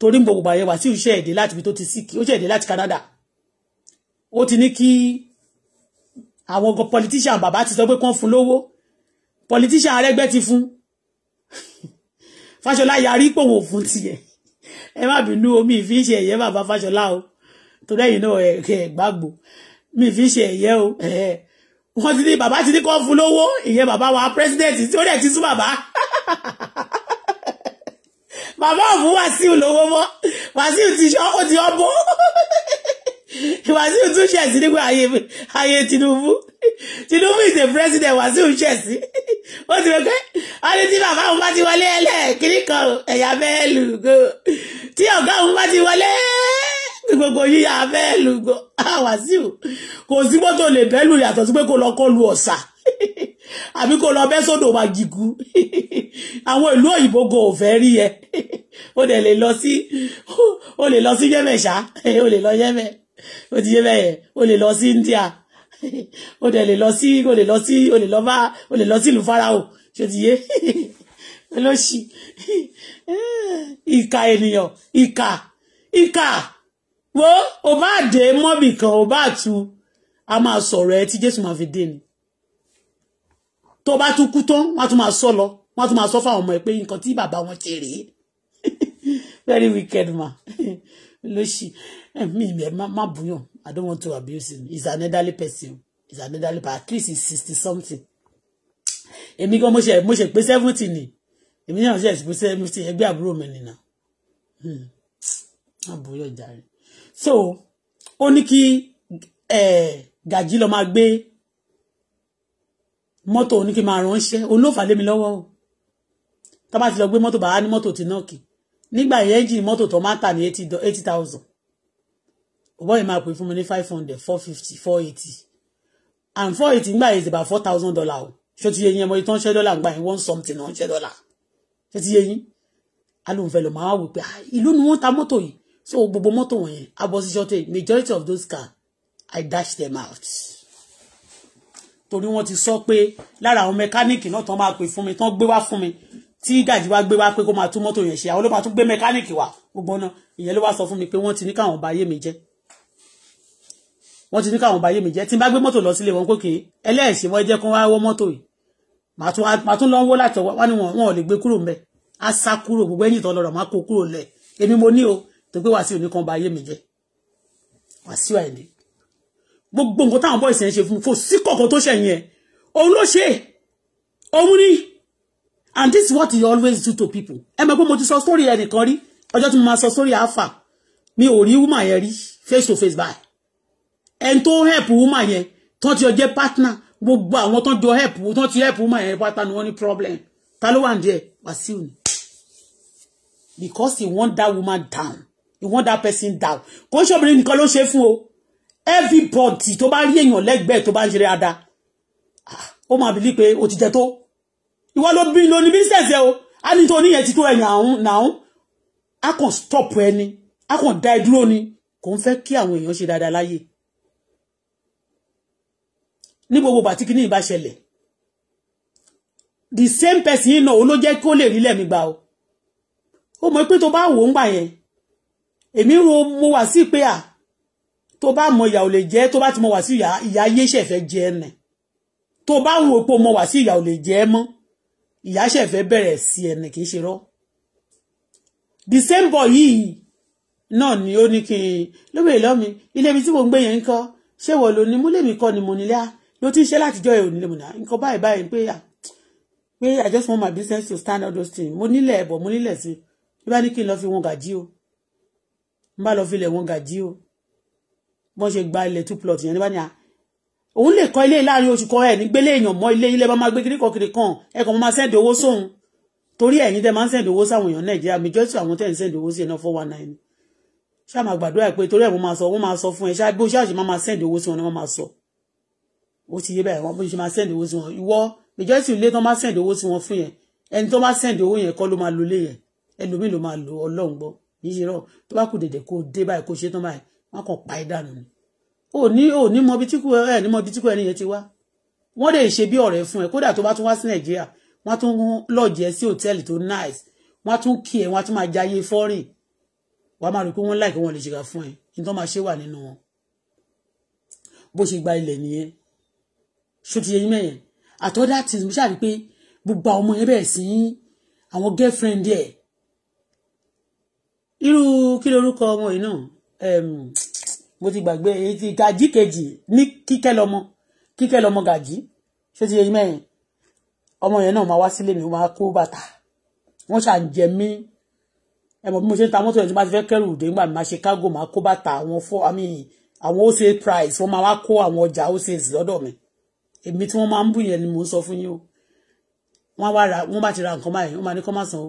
torí gbogbo àyẹ̀wò àti ìṣe èdè láti ibi tó ti sí kí ó èdè láti Canada ó ti ní kí àwọn politician bàbá ti sọ pé kán fún lówó politician Arẹ́gbẹ́ ti fún Fáṣọlá yarí pòwò fún tiẹ̀ ẹ má bínú omi ìfi ń ṣe ẹ̀yẹ bàbá Fáṣọlá o torí ẹ̀yìn náà ẹ̀ gbàgbọ́ mi ìfi ń ṣe ẹ̀yẹ o wọ́n ti ní bàbá ti ní kán fún lówó ìyẹn bàbá wa president tí ó dẹ̀ ti sún bàbá bàbá òfin Wàsíù lówó mọ́ Wàsíù ti ṣọ́ ó ti ọ́ bó. Wàsíù tún ṣẹ̀sí nígbà ayé Tinubu Tinubu is the president Wàsíù ṣẹ̀sí ó ti rẹ pé ọdún tí bàbá òun bá ti wọlé ẹlẹ́ẹ̀kiri kan ẹ̀yà bẹ́ẹ̀ lùgò tí ọ̀gá òun bá ti wọlé gbogbo yíyá bẹ́ẹ̀ lùgò ah, Wàsíù kò sí mọ́tò lè bẹ́ẹ̀ lù yàtọ̀ sí pé kò lọ kọ́ lu ọ̀sà àbí kò lọ bẹ́ sódò máa jìgú àwọn ìlú òyìnbó go ò fẹ́ rí ẹ o lè lọ o lè lọ sí yẹmẹ ṣá o lè lọ yẹmẹ o ti yé bẹ́ẹ̀ o lè lọ sí India o dẹ̀ lè lọ sí o lè lọ sí o lè lọ bá o lè lọ sí ìlú farao ṣe ti yé olóṣì ìka ènìyàn ìka ìka wo ò bá dé mọ́bì kan ò bá tu a máa sọ̀rọ̀ ẹ tí Jésù máa fi dé ni tó bá tún kú tán wọ́n á tún máa sọ lọ wọ́n á tún máa sọ fáwọn ọmọ ẹ pé nǹkan tí bàbá wọn ti rèé very wicked man olóṣì Eh, me, me, ma, ma I don't want to abuse him. He's an elderly person. He's an elderly person. At least he's 60 something. Emi gan mo ṣe mo ṣe pé 70 ni. Èmi náà ṣe pé 70 ẹgbẹ́ àbúrò mi ni náà. Hmm. Àbúrò jàre. So, ó ní eh gaji lo máa gbé mọ́tò ó ní kí máa ránṣẹ́. Ó ló fà lé mi lọ́wọ́ o. Tá bá ti lọ gbé mọ́tò bá ní mọ́tò ti náà kì. Nígbà yẹn ẹ́ńjìnì mọ́tò tó máa ń tà ní 80,000 ọwọ́ yìí máa pè fún mi ní five hundred four fifty four eighty and four eighty ngbà is about four thousand dollar o you ti yẹ yín ẹmọ yìí tó ń ṣe something náà ń ṣe dọ́là ṣé ti yẹ yín alóhùnfẹ́ lọ máa wò pé ah, ìlú ni wọ́n ta mọ́tò yìí so gbogbo mọ́tò majority of those cars I dash them out torí wọ́n ti sọ pé lára àwọn mẹkáníìkì náà tán máa pè fún mi tán gbé wá fún mi tí gàjí wá gbé wá pé kó máa tún mọ́tò yẹn ṣe àwọn ló máa tún gbé mẹkáníìkì wá gbogbo náà ìyẹn ló wá sọ fún mi pé wọ́n ti ní káwọn bà ayé mi jẹ́ wọ́n ti ní káwọn báyé mi jẹ́ tí n bá gbé mọ́tò lọ sílé wọn kókè ẹlẹ́ẹ̀ṣẹ̀ wọ́n jẹ́ kó wá wọ́ mọ́tò yìí màá tún lọ́wọ́ láti wá ní wọn wọn ò lè gbé kúrò mbẹ́ á sá kúrò gbogbo ẹ̀yìn tó lọ́rọ̀ má kó kúrò lẹ̀ èmi mo ní o tó pé Wàsíù ní kan báyé mi jẹ́ Wàsíù Àyìndé gbogbo nǹkan táwọn bọ́ọ̀sì ń ṣe fún fò sí kọ̀ọ̀kan tó ṣẹ̀yìn ẹ̀ òun ló ṣe òun ni and this is what he always do to people ẹ mọ̀ pé mo ti sọ story ẹnìkan rí ọjọ́ tí mo máa sọ story àáfà mi ò rí woman yẹn rí face to face báyìí ẹni tó help woman yẹn tán ti ọjẹ́ partner gbogbo àwọn tán jọ help tán ti help woman yẹn pátá ni wọ́n ní problem ta ló wà ní ẹ̀ Wàsíù ni because he want that woman down he want that person down kò ṣọ́bìnrin nìkan ló ṣe fún o everybody tó bá rí èèyàn lẹ́gbẹ̀ẹ́ tó bá ń ṣe dáadáa ah, ó máa bìlí pé o ti jẹ tó ìwọ ló bí lóní bísẹ̀sì o a ní tó níyẹn ti tó ẹ̀yìn àrùn nàún a kàn stop ẹni a kàn dá ẹ dúró ni kò ń fẹ́ kí àwọn èèyàn ṣe dáadáa láyè Ni gbogbo ìgbà tí ba ìbá the same person yìí náà ó ló jẹ́ kó lè rí lẹ́mi gbà o ó mọ̀ pé tó bá wò ń gbà yẹn èmi ro mo wà sí pé à tó bá mọ ìyà ò lè jẹ́ tó bá ti mọ wà sí ìyà ìyà ayé ṣẹ̀fẹ̀ jẹ́ ẹnì tó bá rò pé mo wà sí ìyà ò lè jẹ́ mọ́ ìyà ṣẹ̀fẹ̀ bẹ̀rẹ̀ sí ẹnì kì í ṣe rọ́ the same boy yìí náà ni ó ní kí n lóbìnrin lọ́mi ilé ibi tí mo ń gbé yẹn ń kọ́ lo ni mo lè mi kọ́ ni mo nílé á ló ti ń ṣe látijọ́ ẹ̀ òní lèmọ̀nà nǹkan báyìí báyìí pé pé i just want my business to stand all those things mo nílẹ̀ ẹ̀bọ̀ mo nílẹ̀ sí bí bá ní kí n lọ fi wọn gàjí o n bá lọ fi ilẹ̀ wọn gàjí o bọ́n ṣe gba ilẹ̀ two plot yẹn ní bá ní a òun lè kọ́ ilé láàrin oṣù kan ẹ̀ ní gbélé èèyàn mọ́ ilé ilé bá máa gbé kíríkọ̀ kiri kan ẹ̀ kàn máa sẹ́ǹdì owó sóhun torí ẹ̀yin tẹ́ máa ń sẹ́ǹdì owó sáwọn èèyàn nàìjíríà majority àwọn tẹ́ ń sẹ́ǹdì owó sí ẹ̀ náà four one nine ṣáà máa gbàdúrà pé torí ẹ̀ wọ́n máa sọ wọ́n máa sọ fún ẹ ṣáà bí ó ṣáà ṣe máa máa sẹ́ǹdì owó sí wọn ni wọ́n máa sọ o ti yé báyìí wọn bó ṣe máa send owó sí wọn ìwọ majority ilé tó máa send owó sí wọn fún yẹn ẹni tó máa send owó yẹn kọ́ ló máa lo ilé yẹn ẹlòmíì ló máa lo ọlọ́run gbọ́ yìí ṣe rọ tó bá kù dẹ̀dẹ̀ kó dé báyìí kó ṣe tán báyìí wọn kàn pa ẹ́ dànù ni ò ní ò ní mọ ibi tí kú ẹ ní mọ ibi tí kú ẹni yẹn ti wá wọn lè ṣe bí ọ̀rẹ́ fún ẹ kódà tó bá tún wá sí nàìjíríà wọn tún lọ́ọ̀jì sí hòtẹ́ẹ̀lì tó nice wọn tún kí ẹ wọn tún máa jayé fọ́rìn wàá máa rò pé wọn láìpẹ́ wọn lè ṣèkà fún ẹ ní tó máa ṣe wà nínú wọn bó ṣe gba ilẹ̀ nìyẹn ṣó ti yẹ yín mẹ́yẹn àtọ́dá tí mo ṣàrí pé gbogbo àwọn ọmọ yẹn bẹ̀rẹ̀ sí àwọn girlfriend ẹ̀ irú kí lorúkọ ọmọ yìí náà mo ti gbàgbé èyí ti gàjí kejì ní kíkẹ́ lọ́mọ kíkẹ́ lọ́mọ gàjí ṣó ti yẹ yín mẹ́yẹn ọmọ yẹn náà máa wá sílé mi ó máa kó bàtà wọ́n ṣà ń jẹ mí ẹ mọ̀ bí mo ṣe ń ta mọ́tò yẹn tí bá ti fẹ́ kẹ́rù dé nígbà máa ṣe kágò máa kó bàtà àwọn fọ́ àmì àwọn wholesale price wọ́n máa wá kó àwọn ọjà wholesale lọ́dọ̀ mi èmi tí wọ́n máa ń bù yẹn ni mò ń sọ fún yín o wọ́n wá ra wọ́n bá ti ra nǹkan báyìí wọ́n máa ní kọ́ máa san o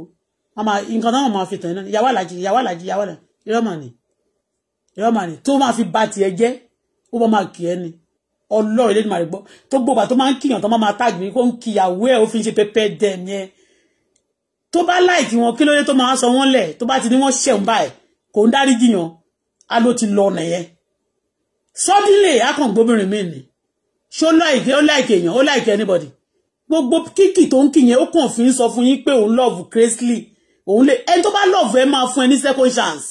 wọ́n máa nǹkan náà máa fi tàn iná ìyàwó àlàjì ìyàwó àlàjì ìyàwó àlàjì irọ́ mà irọ́ mà tó máa fi ba tiẹ̀ jẹ́ ó bá máa kì ẹ́ ni ọlọ́run lẹ́nu màrí gbọ́ tó gbọ́gbà tó máa ń kíyàn tó máa máa táàgì kó ń kíyàwó ẹ̀ ó fi ń ṣe pẹ́pẹ́ dẹ̀ yẹn tó bá suddenly akọ̀ǹgbóbìnrin mi nìí ṣó láìkẹ́ ó láìkẹ́ èèyàn ó láìkẹ́ anybody gbogbo kíkì tó ń kì yẹn ó kàn fi ń sọ fún yín pé òun love crazily òun lè ẹni tó bá love ẹ máa fún ẹ ní second chance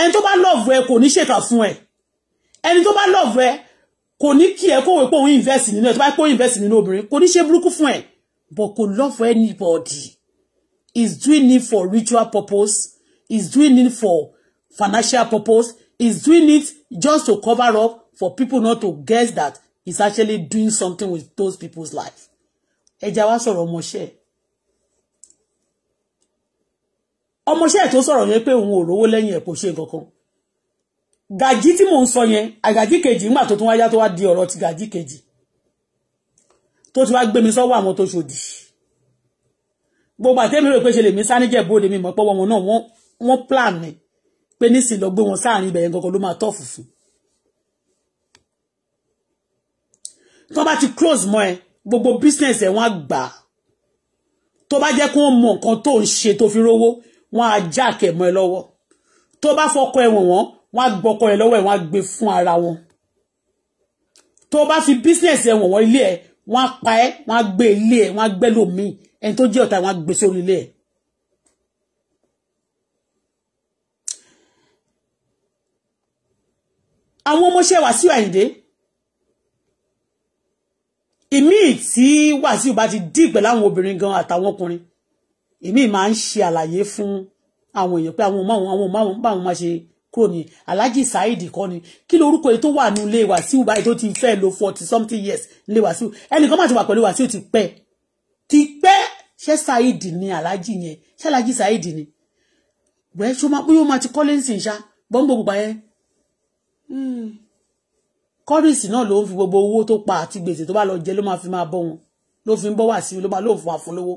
ẹni tó bá love ẹ kò ní ṣèkà fún ẹ ẹni tó bá love ẹ kò ní kí ẹ kówé pé òun invest nínú ẹ tó bá pé òun invest nínú obìnrin kò ní ṣe burúkú fún ẹ but kò love anybody is doing it for ritual purpose is doing it for financial purpose is doing it just to cover up for people not to guess that is actually doing something with those people's life ẹja wa sọ̀rọ̀ ọmọọṣẹ́ ọmọọṣẹ́ tó sọ̀rọ̀ yẹn pé òun ò rówó lẹ́yìn ẹ̀ kò ṣe nǹkan gàjí tí mò ń sọ yẹn àgàjí kejì nígbà tó tún wáyá tó wá di ọ̀rọ̀ ti gàjí kejì tó ti wá gbé mi sọ́wọ́ àwọn tó ṣòdì gbogbo àtẹ́mi rò pé ṣe lè mí sáníjẹ̀ bóde mi mọ̀ pé wọn náà wọ́n plan ni pé nísìnyí lọ gbé wọn sáàrin ibẹ̀ yẹn gangan ló máa tọ́ fùfù tó bá ti close mọ́ ẹ gbogbo business ẹ wọ́n á gbà á tó bá jẹ́ kí wọ́n mọ nǹkan tó ń ṣe tó fi rówó wọ́n á já àkẹ́mọ́ ẹ lọ́wọ́ tó bá fọkọ ẹ̀wọ̀n wọn wọ́n á gbọ́kọ ẹ lọ́wọ́ ẹ wọ́n á gbé fún ara wọn tó bá fi business ẹ̀wọ̀n wọn ilé ẹ wọ́n á pa ẹ wọ́n á gbé ilé ẹ wọ́n á gbẹ́ lómìn ẹni tó jẹ́ ọ̀tá wọ́n á gbé sórí ilé ẹ. àwọn ọmọọṣẹ́ Wàsíù Àyìndé Imi tí Wàsíù bá ti dí pẹ̀lú àwọn obìnrin gan àtàwọn ọkùnrin ìmí máa ń ṣe àlàyé fún àwọn èèyàn pé àwọn ọmọ àwọn ọmọ àwọn báwọn máa ṣe kúrò ní Alhaji Saheed kọ́ ni kí lorúkọ èyí tó wà ní ilé Wàsíù báyìí tó ti fẹ́ lo forty something years ilé Wàsíù ẹnìkan máa ti wà pẹ̀lú Wàsíù ti pe. ti pe ṣé Saheed ni Alhaji yẹn ṣé Alhaji Saheed ni bẹ́ẹ̀ ṣó máa pé yóò máa ti kọ́lé ń sìn ṣá bọ́ńgbò gbogbo yẹn. Hmm kọ́rìsì náà ló ń fi gbogbo owó tó pa àti gbèsè tó bá lọ jẹ ló máa fi máa bọ́ wọn ló fi ń bọ́ wá sí ló bá lóun fún àfọlówó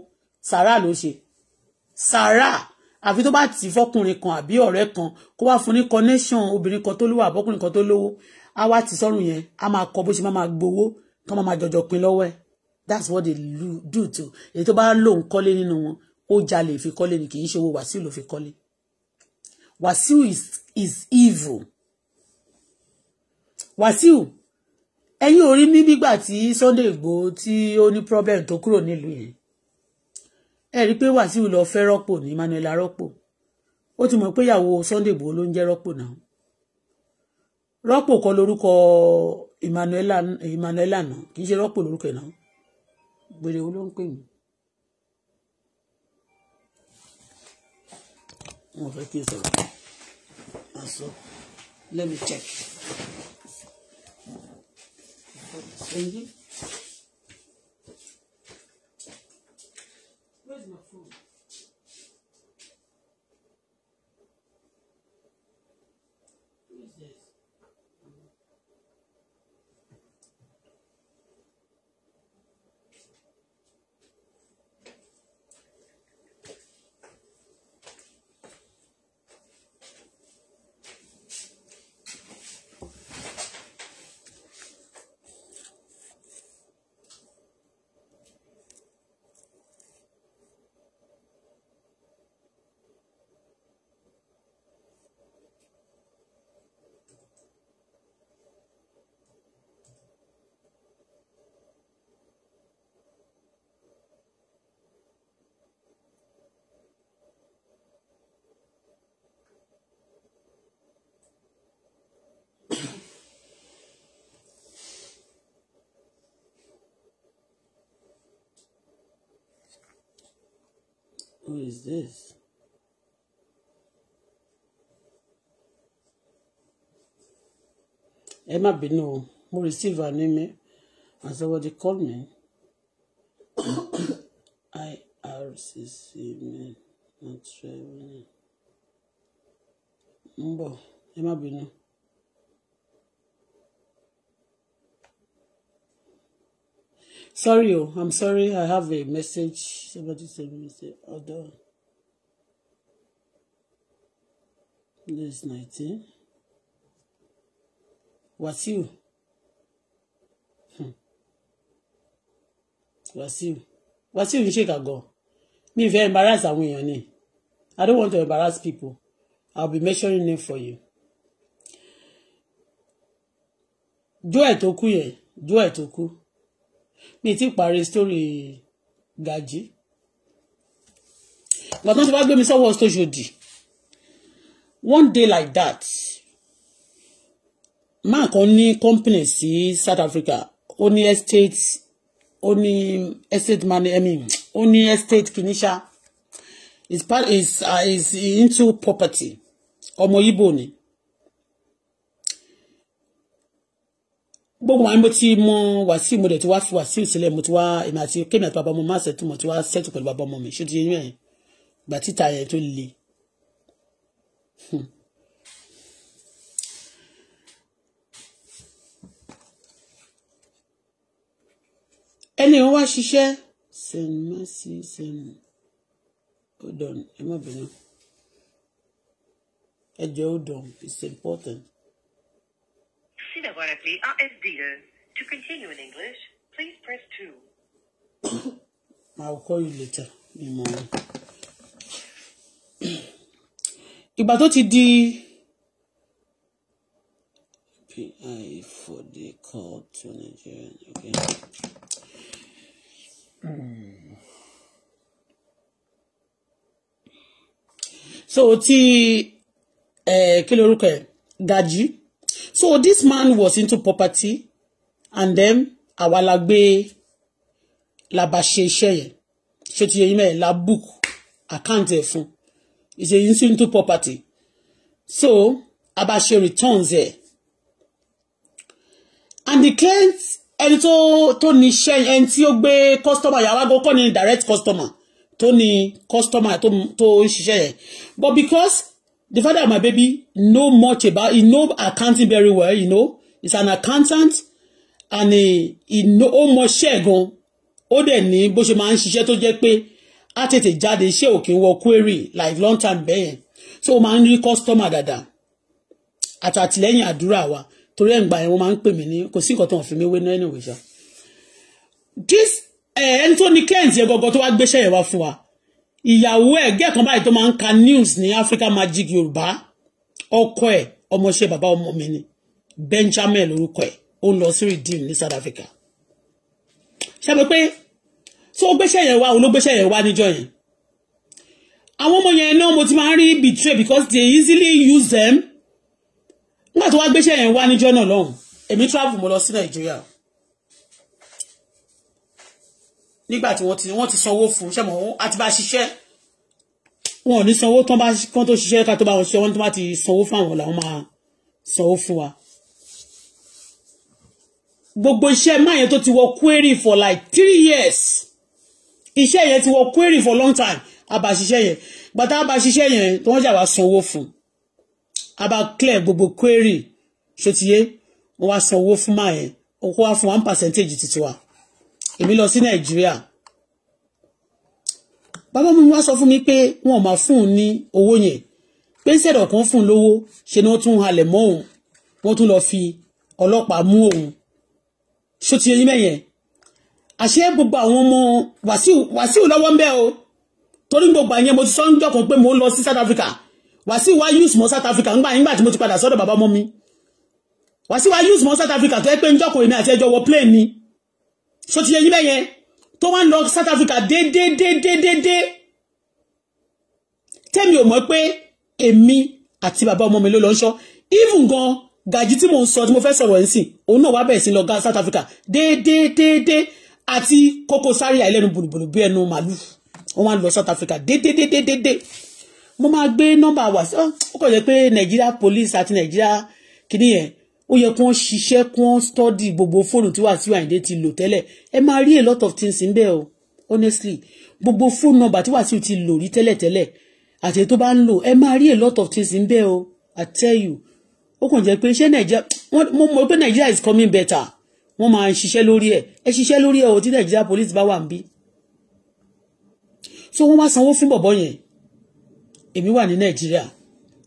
sàrà ló ṣe sàrà àfi tó bá tì fọkùnrin kan àbí ọ̀rẹ́ kan kó wá fún ní connection obìnrin kan tó lówó àbọ́kùnrin kan tó lówó á wá tì sọ́rùn yẹn á máa kọ bó ṣe máa gbowó tó máa jọjọ pin lọ́wọ́ ẹ̀ that's what they do to èyí tó bá lóun kọ́lé nínú wọn ó jalè fi kọ́lé ni kì í ṣe owó Wàsíù ló fi kọ́lé Wàsíù is is evil Wàsíù ẹ̀yin ò rí mi nígbà tí Sunday Igboho tí ó ní problem tó kúrò nílùú yẹn ẹ rí i pé Wàsíù lọ fẹ́ rọ́pò ní Manuela rọ́pò ó ti mọ̀ pé ìyàwó Sunday Igboho ló ń jẹ́ rọ́pò náà rọ́pò kọ́ lórúkọ Emmanuel, Emmanuela náà kì í ṣe rọ́pò lórúkọ ẹ̀ náà gbèrè wo ló ń pè mí. let me check. 声音。Who is this? Emma Bino. Who o mo receive an email and somebody called me ircc mail not traveling ń bọ̀ ẹ má sorry oh i'm sorry i have a message somebody send me say ọdọ this is nineteen wàsíù wàsíù wàsíù ń ṣèkà gan mi fẹ́ embarrass àwọn èèyàn ni i don't want to embarrass people i'll be measuring name for you joel tó kú yẹn joel tó kú mi ti parí story Gaji gbọ̀dọ̀ tí wọ́n gbé mi sọ́wọ́ Ọ̀ṣọ́dì one day like that máa kan ní company sí South Africa ó ní estate ó ní estate money I mean ó ní estate kìíníṣà is part is uh, is into property ọmọ Ìgbò ni gbogbo àwọn mo ti mọ wàsíù mo dẹ̀ ti wá fi wàsíù sílẹ̀ mo ti wá èmi àti kémi àti bàbá ọmọ máa ṣètò mo ti wá ṣètò pẹ̀lú bàbá ọmọ mi ṣé ti yẹn yẹn gbà títa yẹn tó le. Hmm. ẹni wọn wá ṣiṣẹ́ sẹ́nmẹ́sì sẹ́nmù hold on ẹ má bínú ẹ jẹ́ hold on it's important. Sentite agora To continue in English, please press 2. I'll call you later in morning. Ìgbà tó ti di PI for the call to Nigeria. Okay. So ti eh, kí lorúkọ ẹ̀ Gaji so this man was into property and then àwa la gbé la bá ṣe iṣẹ́ yẹn ṣe ti yẹn mẹ́ẹ̀ la book account ẹ̀ fún is a into property so a bá ṣe returns ẹ̀ and the client ẹni tó tó ní iṣẹ́ ẹni tí ó gbé customer yàrá gbọ́ kọ́ ni direct customer tó ní customer tó tó ń ṣiṣẹ́ yẹn but because the father of my baby know much about he know accounting very well you know he's an accountant and he, he know ó mọ ṣẹ́ gan ó dẹ̀ ní bó ṣe máa ń ṣiṣẹ́ tó jẹ́ pé á tètè jáde iṣẹ́ òkè wọ query like long time bẹ́yẹn so ó máa ń rí customer dáadáa àti àtìlẹ́yìn àdúrà wa torí ẹ̀ ń gbà yẹn wọ́n máa ń pè mí ní kò sí nǹkan tó ń fi mí wé ní ẹnìwé ṣá this eh, ẹni tó ní client yẹn gọgọ tó wá gbéṣẹ́ yẹn wá fún wa ìyàwó ẹ̀ gẹ́ẹ̀kan báyìí tó máa ń ka news ní Africa Magic Yorùbá ọkọ ẹ̀ ọmọọṣẹ́ bàbá ọmọ mi ni Benjamin lórúkọ ẹ̀ ó ń lọ sí redeem ní South Africa ṣàbẹ̀ pé tí ó gbéṣẹ́ yẹn wá òun ló gbéṣẹ́ yẹn wá níjọ́ yẹn àwọn ọmọ yẹn náà mo ti máa ń rí betray because they easily use them nígbà tó wá gbéṣẹ́ yẹn wá níjọ́ náà lọ́hùn èmi travel mo lọ sí Nàìjíríà nígbà tí wọ́n ti wọ́n ti sanwó fún ṣẹ́mọ̀ àti bá ṣiṣẹ́ wọn ò ní sanwó tán bá kán tó ṣiṣẹ́ ká tó bá wọn ṣiṣẹ́ wọn tó bá ti sanwó fún àwọn làwọn máa sanwó fún wa. gbogbo iṣẹ́ máa yẹn tó ti wọ query for like three years iṣẹ́ yẹn ti wọ query for long time àbá ṣiṣẹ́ yẹn gbàtà àbá ṣiṣẹ́ yẹn tí wọ́n ṣàbà sanwó fún àbá clear gbogbo query ṣòtìyé wọ́n wá sanwó fún máa yẹn wọ́n wá fún one percentage titiwa èmi lọ sí nàìjíríà bàbá mi wá sọ fún mi pé wọn ò máa fún un ní owó yẹn pé sẹ̀dọ̀ kan fún un lówó ṣe ni wọ́n tún halẹ̀ mọ́ òun wọ́n tún lọ fi ọlọ́pàá mú òun ṣó ti yẹn mẹ́yẹn àṣẹ gbogbo àwọn ọmọ wàsíù lọ́wọ́ ń bẹ́ o torí gbogbo àyẹn mo ti sọ ń jọkàn pé mo ń lọ sí South Africa wàsíù wá use mọ́ South Africa ńgbà nígbà tí mo ti padà sọ́dọ̀ bàbá ọmọ mi wàsíù wá use mọ́ South Africa tó yẹ pé ń jọkàn èmi àti ẹjọ́ wọ plane ni so ti yẹ yín bẹ́yẹn tó wá lọ South Africa dédédédédédé tẹ́mi ò mọ̀ pé èmi àti bàbá ọmọ mi ló lọ ń ṣọ́ even gan gàjí tí mò ń sọ tí mo fẹ́ sọ̀rọ̀ ẹ̀ ń sìn òun náà wá bẹ̀rẹ̀ sí lọ ga South Africa dédédédé àti Koko Zaria ẹlẹ́nu bùnùbùnù bí ẹnu màálù wọ́n wá lọ South Africa dédédédédé mo máa gbé nọ́mbà wá sí ó kọ̀ jẹ́ pé Nigeria police àti Nigeria kìnìyẹn ó yẹ kí wọ́n ṣiṣẹ́ kí wọ́n study gbogbo fóònù tí Wàsíù Àyìndé ti lò tẹ́lẹ̀ ẹ máa rí a lot of things ń bẹ̀ o honestly gbogbo fóònù nọ́mbà tí Wàsíù ti lò rí tẹ́lẹ̀tẹ́lẹ̀ àti tó bá ń lò ẹ máa rí a lot of things ń bẹ̀ o I tell you ó kàn jẹ́ pé iṣẹ́ nàìjíríà mo mọ̀ pé nàìjíríà is coming better wọ́n máa ń ṣiṣẹ́ lórí ẹ̀ ẹ ṣiṣẹ́ lórí ẹ̀ o tí nàìjíríà police bá wà ń bí so wọ́n wá sanwó fún bọ̀bọ̀ yẹn èmi wà ní nàìjíríà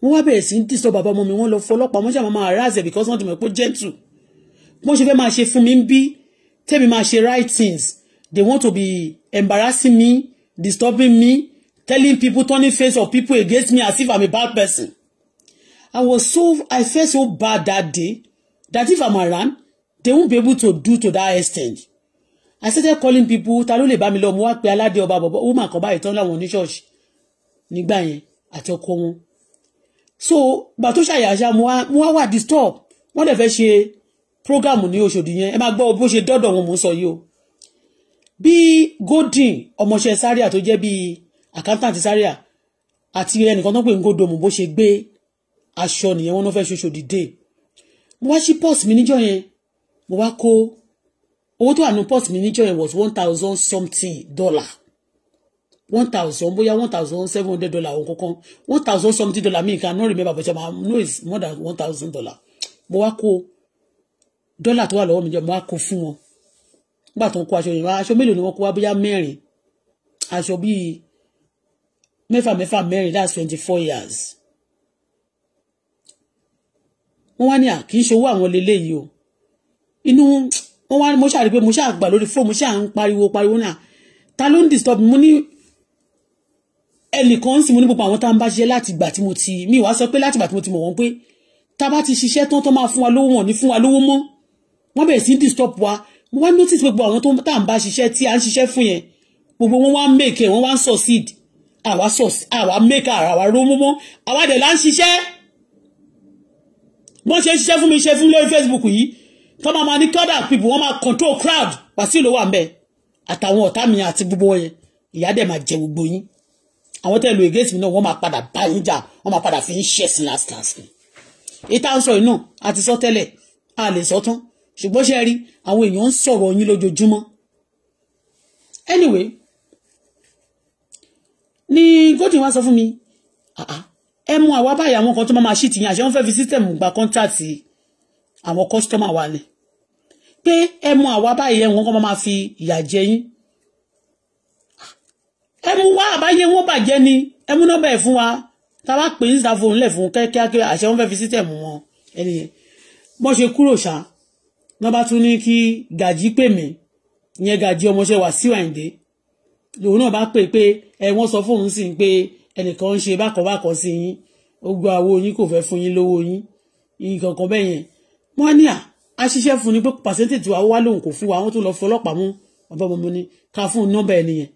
wọ́n wá bẹ̀rẹ̀ sí ń dìsọ bàbá ọmọ mi wọ́n lọ fọlọ́pàá wọ́n ṣàmà máa rà àzẹ̀ because wọ́n ti mọ̀ pé gentle wọ́n ṣe fẹ́ máa ṣe fún mi ń bí tẹ́mi máa ṣe right things they want to be embarrassing me disturbing me telling people turning face of people against me as if I'm a bad person I was so I felt so bad that day that if I'm around they won't be able to do to that extent I started calling people ta ló lè bá mi lọ mo wá pe aládé ọba bọ̀bọ̀ woman kan báyìí tán láwọn oníṣọ́ọ̀ṣì nígbà yẹn àti ọkọ wọn so gbà tó ṣàyàṣà mo wá wà disturb wọ́n dẹ̀ fẹ́ ṣe program ní Òṣòdì yẹn ẹ máa gbọ́ bó ṣe dọ́dọ̀ wọn mò ń sọ yìí o bí Godin ọmọọṣẹ́ Zaria tó jẹ́ bíi accountant Zaria àti ẹnìkan tó ń pè ní Godomu bó ṣe gbé aṣọ nìyẹn wọn ló fẹ́ ṣe Òṣòdì mo wá ṣí pọ́s mi níjọ́ yẹn mo wá kó owó tó wà nínú pọ́s mi níjọ́ yẹn was one thousand something dollar one thousand bóyá one thousand seven hundred dollar òun kankan one thousand something dollar mi nǹkan no remember but I no, it's more than one thousand dollar mo wá kó dọ́là tó wà lọ́wọ́ mi jẹ́ mo wá kó fún wọn nígbà tó ń kó aṣọ yẹn wá aṣọ mélòó ni wọ́n kó wá bóyá mẹ́rin aṣọ bíi mẹ́fà mẹ́fà mẹ́rin that's twenty four years wọ́n wá ní à kì í ṣe owó àwọn leléyìí o inú wọ́n wá mo ṣàrí pé mo ṣàgbà lórí fóònù mo ṣà ń pariwo pariwo náà ta ló ń disturb mo ní ẹnìkan ń sìn mo ní gbogbo àwọn tá à ń bá ṣiṣẹ́ láti ìgbà tí mo ti mi wá sọ pé láti ìgbà tí mo ti mọ̀ wọ́n pé tá a bá ti ṣiṣẹ́ tán tán máa fún wa lówó wọn ní fún wa lówó mọ́ wọ́n bẹ̀rẹ̀ sí disturb wa mo wá notice gbogbo àwọn tó tá à ń bá ṣiṣẹ́ tí à ń ṣiṣẹ́ fún yẹn gbogbo wọn wá make e, wọn wá succeed àwa source àwa make ara wa rómú mọ́ àwa dẹ̀ là ń ṣiṣẹ́ wọ́n ṣe ń ṣiṣẹ́ fún mi ṣe fún lórí Facebook yìí tó máa ma ní kọ́dà pipo wọ́n máa control crowd wàsíù ló wà ń bẹ̀ àtàwọn ọ̀tá mi àti gbogbo wọn yẹn ìyá dẹ̀ máa jẹ gbogbo yín àwọn tẹ́ lu against mi náà wọ́n máa padà bá yín jà wọ́n máa padà fi ń ṣẹ̀ sí last last ni ìta ń sọ iná àti sọ tẹ́lẹ̀ a lè sọ tán ṣùgbọ́n ṣe rí àwọn èèyàn ń sọ̀rọ̀ yín lójoojúmọ́ anyway ni Godwin wá sọ fún mi ẹ mú àwa báyìí àwọn kan tó máa ṣì tìyàn àṣẹ wọn fẹ́ẹ́ fi system gba contact àwọn customer wa ni pé ẹ mú àwa báyìí ẹ̀wọ̀n kan máa fi ìyà jẹ yín ẹ mú wá àbáyé wọn bàjẹ́ ni ẹ mú nọ́mbà ẹ̀ fún wa tá a bá pè é níta fòun lẹ̀ fún kíákíá àṣẹ wọn fẹ́ fi sítẹ̀ mú wọn ẹni yẹn bọ́n ṣe kúrò ṣá ní wọ́n bá tún ní kí gàjí pè mí ìyẹn gàjí ọmọọṣẹ́ Wàsíù Àyìndé lòun náà bá pè pé ẹ wọ́n sọ fóun sí pé ẹnìkan ń ṣe bákọ̀bákọ̀ sí yín ó gba owó yín kò fẹ́ fún yín lówó yín nǹkan kan bẹ́ẹ̀ yẹn wọ́n ní à á ṣiṣẹ́ fún ni pé pàṣẹ́ntì tiwa wá lòun kò fún wa wọ́n tún lọ fọlọ́pàá mú ọ̀bọ̀n mọ́mọ́ ni ká fún un nọ́mbà nìyẹn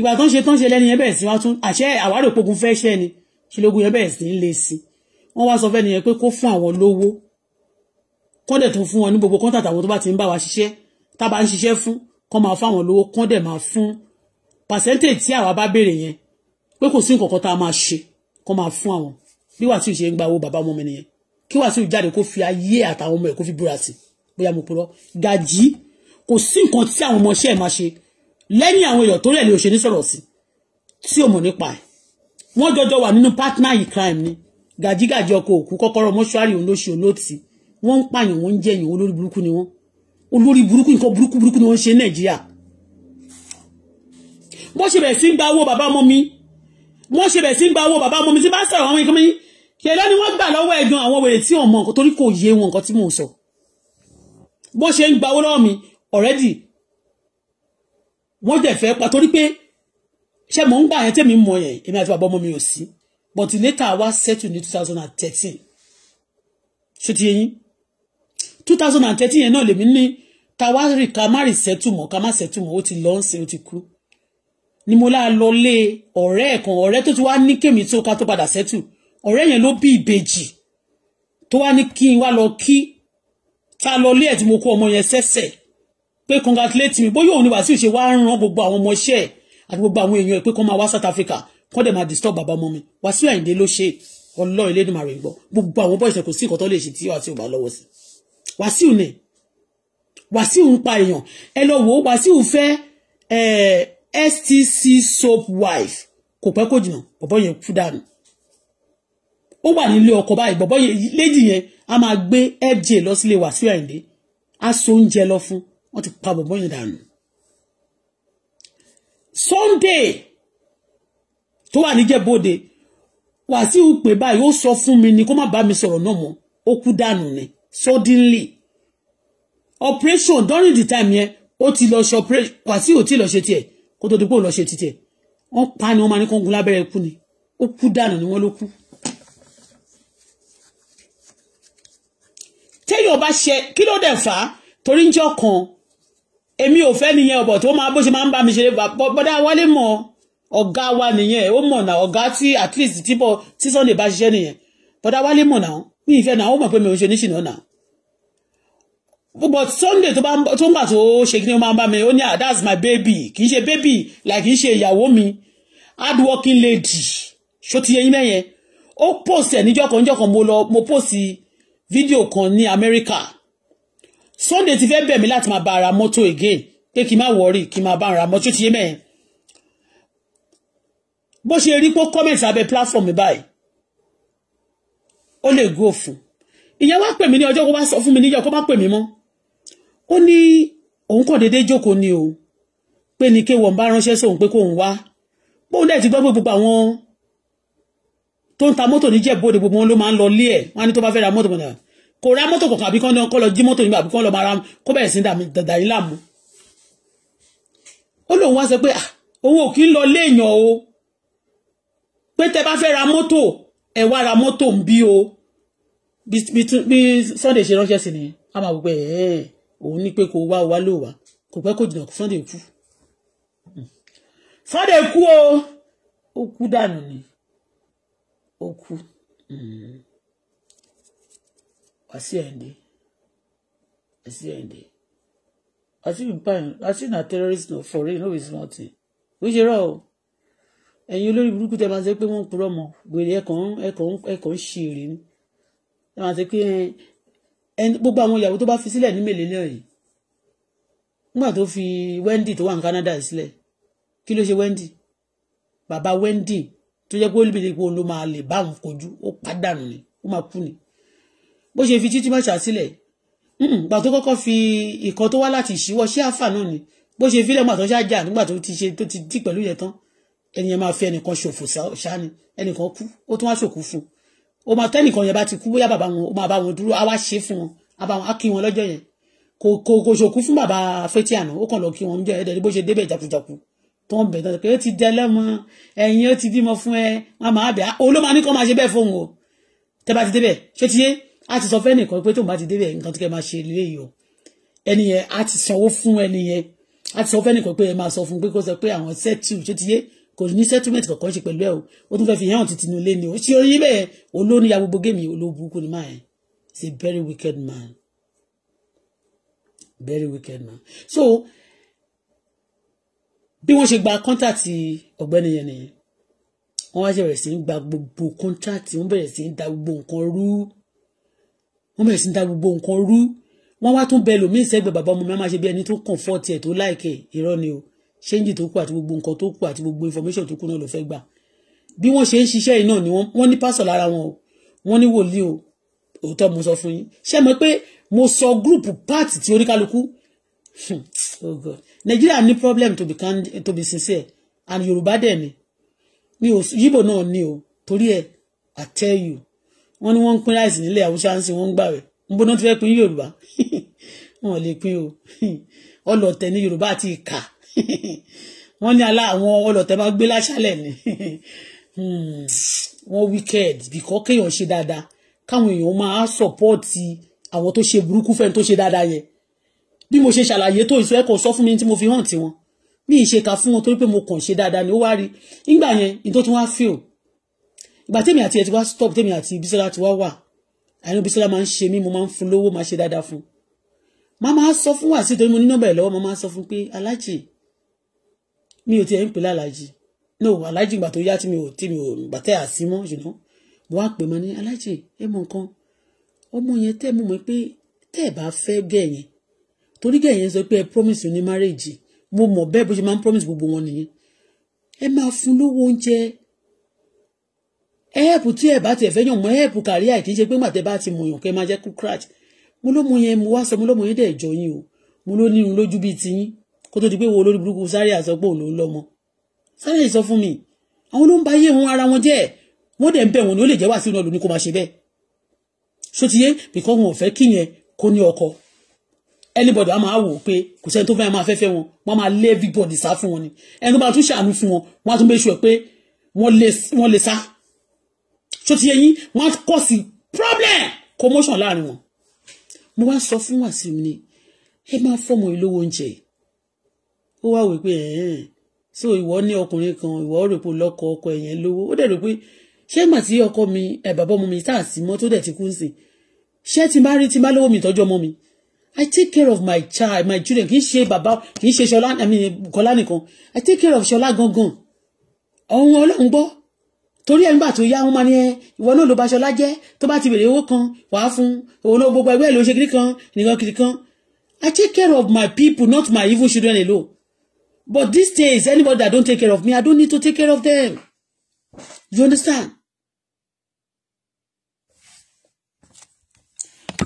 ìgbà tó ń ṣe tó ń ṣe lẹ́nu yẹn bẹ̀rẹ̀ sí wá tún àṣẹ àwárò pogun fẹ́ ṣẹ́ ni ṣe yẹn bẹ̀rẹ̀ sí ń le sí wọ́n wá sọ fẹ́ nìyẹn pé kó fún àwọn lówó kọ́ dẹ̀ tó fún wọn ní gbogbo kọ́ńtà tàwọn tó bá ti ń bá wa ṣiṣẹ́ tá a bá ń ṣiṣẹ́ fún kọ́ máa fáwọn lówó kọ́ dẹ̀ máa fún percentage tí àwa bá béèrè yẹn pé kò sí nǹkan kan tá a máa ṣe kọ́ máa fún àwọn bí Wàsíù ṣe ń gba owó bàbá ọmọ mi nìyẹn kí Wàsíù jáde kó fi ayé àtàwọn ọmọ ẹ̀ kó fi búra sí bóyá mo purọ́ gàjí kò sí nǹkan lẹ́yìn àwọn èèyàn tó rẹ̀ lè òṣèlú sọ̀rọ̀ sí tí ò mọ̀ nípa ẹ̀ wọ́n jọjọ wà nínú partner in crime ni gàjígàjí ọkọ̀ òkú kọ́kọ́rọ́ mọ́ṣúárì òun ló ṣe olóòtí wọ́n ń pààyàn wọ́n ń jẹ̀yàn olórí burúkú ni wọ́n olórí burúkú nǹkan burúkú burúkú ni wọ́n ṣe nàìjíríà wọ́n ṣe bẹ̀ sí ń gba owó bàbá ọmọ mi wọ́n ṣe bẹ̀ sí ń gba owó bàbá ọmọ mi tí bá sọ̀rọ̀ àwọn ikán mi kì í lọ́ni wọ́n gbà lọ́wọ́ ẹ̀gbọ́n àwọn wèrè tí ò mọ̀ nǹkan torí kò yé wọn nǹkan tí mò ń sọ bó ṣe ń gba owó lọ́wọ́ mi already wọ́n dẹ̀ fẹ́ pa torí pé ṣé mò ń gbà yẹn tèmi mọ̀ yẹn èmi àti bàbá ọmọ mi ò sí but later wá settle ní two thousand and thirteen ṣé ti yẹn two thousand and thirteen yẹn náà lèmi ní ta wá rí ká má rí settle mọ́ ká má settle mọ́ ó ti lọ́ ń sìn ó ti kú ni mo láà lọ lé ọ̀rẹ́ ẹ̀ kan ọ̀rẹ́ tó ti wá ní kèmí tó ká tó padà settle ọ̀rẹ́ yẹn ló bí ìbejì tó wá ní kí n wá lọ kí ta lọ lé ẹ̀ tí mo kó ọmọ yẹn sẹ́sẹ̀ pé congratulate mi bóyá òun ni Wàsíù ṣe wá ń ran gbogbo àwọn ọmọ iṣẹ́ àti gbogbo àwọn èèyàn pé kó máa wá South Africa kó dẹ̀ máa disturb bàbá ọmọ mi Wàsíù Àyìndé ló ṣe ọlọ́run lẹ́nu màrè gbọ́ gbogbo àwọn bọ́ọ̀sì kò sí ìkọ́tọ́ lè ṣe tí Wàsíù bá lọ́wọ́ sí Wàsíù ni Wàsíù ń pa èèyàn ẹ lọ wò ó Wàsíù fẹ́ eh, STC soap wife kò pẹ́ kò jìnnà bọ̀bọ́ yẹn kú dànù ó wà nílé ọkọ báyìí bọ̀bọ́ yẹn léjì yẹn a máa gbé fj lọ sílé Wàsíù Àyìndé a so oúnjẹ lọ fún wọ́n ti pa bọ̀bọ́ yẹn dànù Sunday tó wà níjẹ̀bọ́dẹ Wàsíù pé báyìí ó sọ fún mi ni kó má bá mi sọ̀rọ̀ náà mọ́ ó kú dànù ni suddenly operation during the time yẹn ó ti lọ ṣe operation Wàsíù ò tí lọ ṣe tiẹ̀ kó tó di pé òun lọ ṣe ti tiẹ̀ wọ́n pa ni wọ́n máa ní kó ń gun lábẹ́rẹ́ kú ni ó kú dànù ni wọ́n ló kú. téèyàn bá ṣe kí ló dẹ̀ fà torí ń jọ́ kan èmi ò fẹ́ nìyẹn ọ̀bọ̀ tó máa bó ṣe máa ń bá mi ṣeré bọ́dá wálé mọ̀ ọ̀gá wa nìyẹn ó mọ̀ náà ọ̀gá tí at least tíbọ̀ tí Sunday bá ṣiṣẹ́ nìyẹn bọ́dá wálé mọ̀ náà mi ìfẹ́ náà ó mọ̀ pé mi ò ṣe níṣìná náà but Sunday tó ń gbà tó ṣe kí ni ó máa ń bá mi ó ní ah, that's my baby kì í ṣe baby like kì í ṣe ìyàwó mi hard working lady ṣó ti yẹ yín mẹ́yẹn ó post ẹ̀ níjọ́ kan níjọ́ kan mo lọ mo post fídíò kan ní America. Sunday ti fẹ́ bẹ̀ mí láti máa bá ara mọ́tò again pé kí n má wọrí kí n máa bá ara mọ́tò ti yé mẹ́rin bó ṣe rí pé comment abẹ́ platform mi báyìí ó lè go fún ìyẹn wá pè mí ní ọjọ́ kó bá sọ fún mi níyọ̀ kó má pè mí mọ́ ó ní òun kàn déédéé jókòó ni o pé ní kéwọ̀n bá ránṣẹ́ sóun pé kóun wá bóun dẹ̀ ti gbọ́ pé gbogbo àwọn tó ń ta mọ́tò níjẹ̀bọ́dẹ̀ gbogbo wọn ló máa ń lọ lé ẹ̀ wọn á ní tó bá fẹ́ ra mọ́tò mọ́tò náà kò ra mọ́tò kankan àbí kán kọ́ lọ jí mọ́tò nígbà àbí kán lọ máa ra kó bẹ̀rẹ̀ sí dàdà yín láàmú ó lóun wá sọ pé òun ah, ò kí ń lọ léèyàn o pé tẹ bá fẹ́ ra mọ́tò ẹ wá ra mọ́tò ń bí o bí Sunday ṣe ránṣẹ́ sí nìyẹn a máa wò pé òun ní pé kò wá wá lò wá kò pẹ́ kò jìnnà Sunday kú Sunday kú o ó kú dànù ni ó kú. Hmm. Wasiende. Wasiende. Wasiu pààyàn Wasiu na terrorist no for real no be small thing. Wíṣẹ́ rọ̀ o. Ẹ̀yin olórí burúkú tẹ máa ń sẹ́ pé wọ́n ń purọ́ mọ́. Gbèrè ẹ̀kàn ẹ̀kàn ẹ̀kàn ṣì rí ni. Ẹ máa sẹ́ pé ẹni gbogbo àwọn ìyàwó tó bá fi sílẹ̀ ní mèlè náà yìí. Nígbà tó fi Wendy tó wà ní Canada sílẹ̀. Kí ló ṣe Wendy? Bàbá Wendy tó jẹ́ pé ó lè bí ipò ló máa lè bá àwọn kojú ó pàdánù ni ó máa kú ni bó ṣe fi títí mọ́ṣà sílẹ̀ hmm, gbà tó kọ́kọ́ fi ìkan tó wá láti ìṣíwọ́ ṣé àfà náà ni bó ṣe fi lẹ́gbà tó ṣáájà nígbà tó ti ṣe tó ti dí pẹ̀lú yẹn tán ẹnìyẹn máa fi ẹnìkan ṣòfò ṣá ni ẹnìkan kú ó tún wá ṣòkú fún un ó máa tẹ́nìkan yẹn bá ti kú bóyá bàbá wọn ó máa bá wọn dúró á wá ṣe fún wọn á bá wọn á kí wọn lọ́jọ́ yẹn kò kò kò ṣòkú fún bàbá fétí àná ó kàn lọ kí wọn ń jẹ ẹdẹ ní bó ṣe débẹ̀ jàkújàkú tó ń bẹ̀ tó pé ó ti dẹ lẹ́mọ ẹ̀yin ó ti bímọ fún ẹ wọn máa bẹ̀ ó ló máa ní kó máa ṣe bẹ́ẹ̀ fóun o tẹ́ bá ti débẹ̀ ṣé ti yé a ti sọ fẹ́ nìkan pé tóun bá ti débẹ̀ nǹkan tí kẹ́ máa ṣe léyìí o ẹni yẹn a ti sanwó fún ẹni yẹn a ti sọ fẹ́ nìkan pé ẹ máa sọ fún pé kó sọ pé àwọn settle ṣé ti yé kò ní settlement kankan ṣe pẹ̀lú ẹ o ó tún fẹ́ fi hàn títí nulẹ̀ ni o ṣé orí bẹ́ẹ̀ olóníyà gbogbo géèmì olóburúkú ni máa yẹn he's a very wicked man very wicked man so bí wọ́n ṣe gba kọ́ńtàtì ọ̀gbẹ́ni yẹn nìyẹn wọ́n wá bẹ̀rẹ̀ sí í gba gbogbo kọ́ńtàtì wọ́n bẹ̀rẹ̀ sí í da gbogbo nǹkan rú wọ́n bẹ̀rẹ̀ sí ń da gbogbo nǹkan rú wọ́n wá tún bẹ lòmíì sẹ́gbẹ̀ẹ́ bàbá ọmọ mi máa ṣe bí ẹni tó comfort ẹ̀ tó láìkẹ̀ irọ́ ni o ṣéǹjì tó kù àti gbogbo nǹkan tó kù àti gbogbo information tó kù náà ló fẹ́ gbà bí wọ́n ṣe ń ṣiṣẹ́ yìí náà ni wọ́n ní pásọ̀ lára wọn o wọ́n ní wòlíì o òótọ́ mo sọ fún yín ṣé mo pé mo sọ group part ti oníkálukú hmm, oh God Nigeria ní problem to be, kind, to be sincere and Yorùbá dẹ̀ ni mi ò yíbò náà ni o torí ẹ̀ I tell you wọ́n ní wọ́n ń pín ráìsì nílẹ̀ haúsá ń sìn wọ́n ń gbàwẹ̀ ń bóná ti fẹ́ pín yorùbá wọn ò lè pín o ọlọ̀tẹ̀ ní yorùbá àti ìkà wọ́n ní alá àwọn ọlọ̀tẹ̀ máa gbé láṣálẹ̀ ni hmm. wọ́n wicked bìkọ́ kéèyàn ṣe dáadáa káwọn èèyàn máa sọ̀pọ́ọ̀tì àwọn tó ṣe burúkú fẹ́ni tó ṣe dáadáa yẹn bí mo ṣe ṣàlàyé tó ìṣó ẹ̀kọ́ sọ fún mi tí mo fi hàn tiwọn mi ì ṣe ka fún wọn torí pé mo kàn ṣe dáadáa ni ó wá rí nígbà yẹn ní tó tún wá fíò ìgbà tèmi àti ẹ̀ ti wá stop tèmi àti Bísọ́lá ti wá wà àìní Bísọ́lá máa ń ṣe mí mo máa ń fún lówó máa ṣe dáadáa fún máa máa sọ fún wàásù torí mo ní nọ́mbà ẹ̀ lọ́wọ́ máa máa sọ fún pé aláàjì mi ò tiẹ̀ ń pè lálàjì no aláàjì ìgbà tó yá tí mi ò tí mi ò gbà tẹ́ àsí mọ́ ṣùgbọ́n mo wá pè máa ní aláàjì ẹ mọ nǹkan ọmọ yẹn tẹ́ mo mọ̀ pé tẹ́ ẹ bá fẹ́ gẹ̀yìn torí gẹ̀yìn sọ pé ẹ promise ní marriage mo mọ̀ bẹ́ẹ̀ bó ṣe máa ń promise gbogbo wọn nìyẹn ẹ máa fún lówó oúnjẹ help tí ẹ bá tiẹ̀ fẹ́ yàn mọ́ help kárí àìkí ṣe pé mà tẹ́ bá ti mọ̀ yàn kẹ́ máa jẹ́ kú crash mo ló mọ yẹn mo wá sọ mo ló mọ yẹn dẹ̀ jọ yín o mo ló nírun lójú bíi tiyín kó tó di pé wo olórí burúkú sáré àsọpọ̀ òun ló ń lọ́mọ sáré sọ fún mi àwọn ló ń ba ayé wọn ara wọn jẹ́ wọ́n dẹ̀ ń bẹ̀ wọn ni ó lè jẹ́ wá sí iná lónìí kó máa ṣe bẹ́ẹ̀ sotiye bìkọ́ wọn ò fẹ́ kí yẹn kó ní ọkọ anybody a máa wò pé kò sẹ́ni tó fẹ́ máa fẹ́ fẹ́ wọn máa lé everybody sá fún wọn ni ẹni tó bá tún ṣàánú fún wọn wọ́n á tún bẹ́ẹ̀ sọ pé wọ́n lè sá tó ti yẹ yín wọ́n sí problem commotion láàrin wọn mo wá sọ fún Wàsíù ni ẹ máa fọmọ ìlówó oúnjẹ ó wá wí pé ẹ̀ẹ́n so ìwọ ní ọkùnrin kan ìwọ rò pé lọ́kọ ọkọ ẹ̀yẹn lówó ó dẹ̀ rò pé ṣé mà tí ọkọ mi ẹ̀ bàbá ọmọ mi tá à sí mọ́ tó dẹ̀ ti kú sí ṣé tí n bá rí tí n lówó mi ìtọ́jú ọmọ mi I take care of my child my children kì í ṣe bàbá kì í ṣe ṣọlá I mean Kọ́lá nìkan I take care of ṣọlá gangan ọ̀hún ọlọ́run gbọ́ torí ẹ̀ nígbà tó yá wọn máa ní ẹ ìwọ náà ló ba aṣọlá jẹ́ tó bá ti bèrè owó kan wàá fún òun náà gbogbo ẹgbẹ́ ló ṣe kan nìkan kiri kan I take care of my people not my evil children alone but these days anybody that don't take care of me I don't need to take care of them you understand.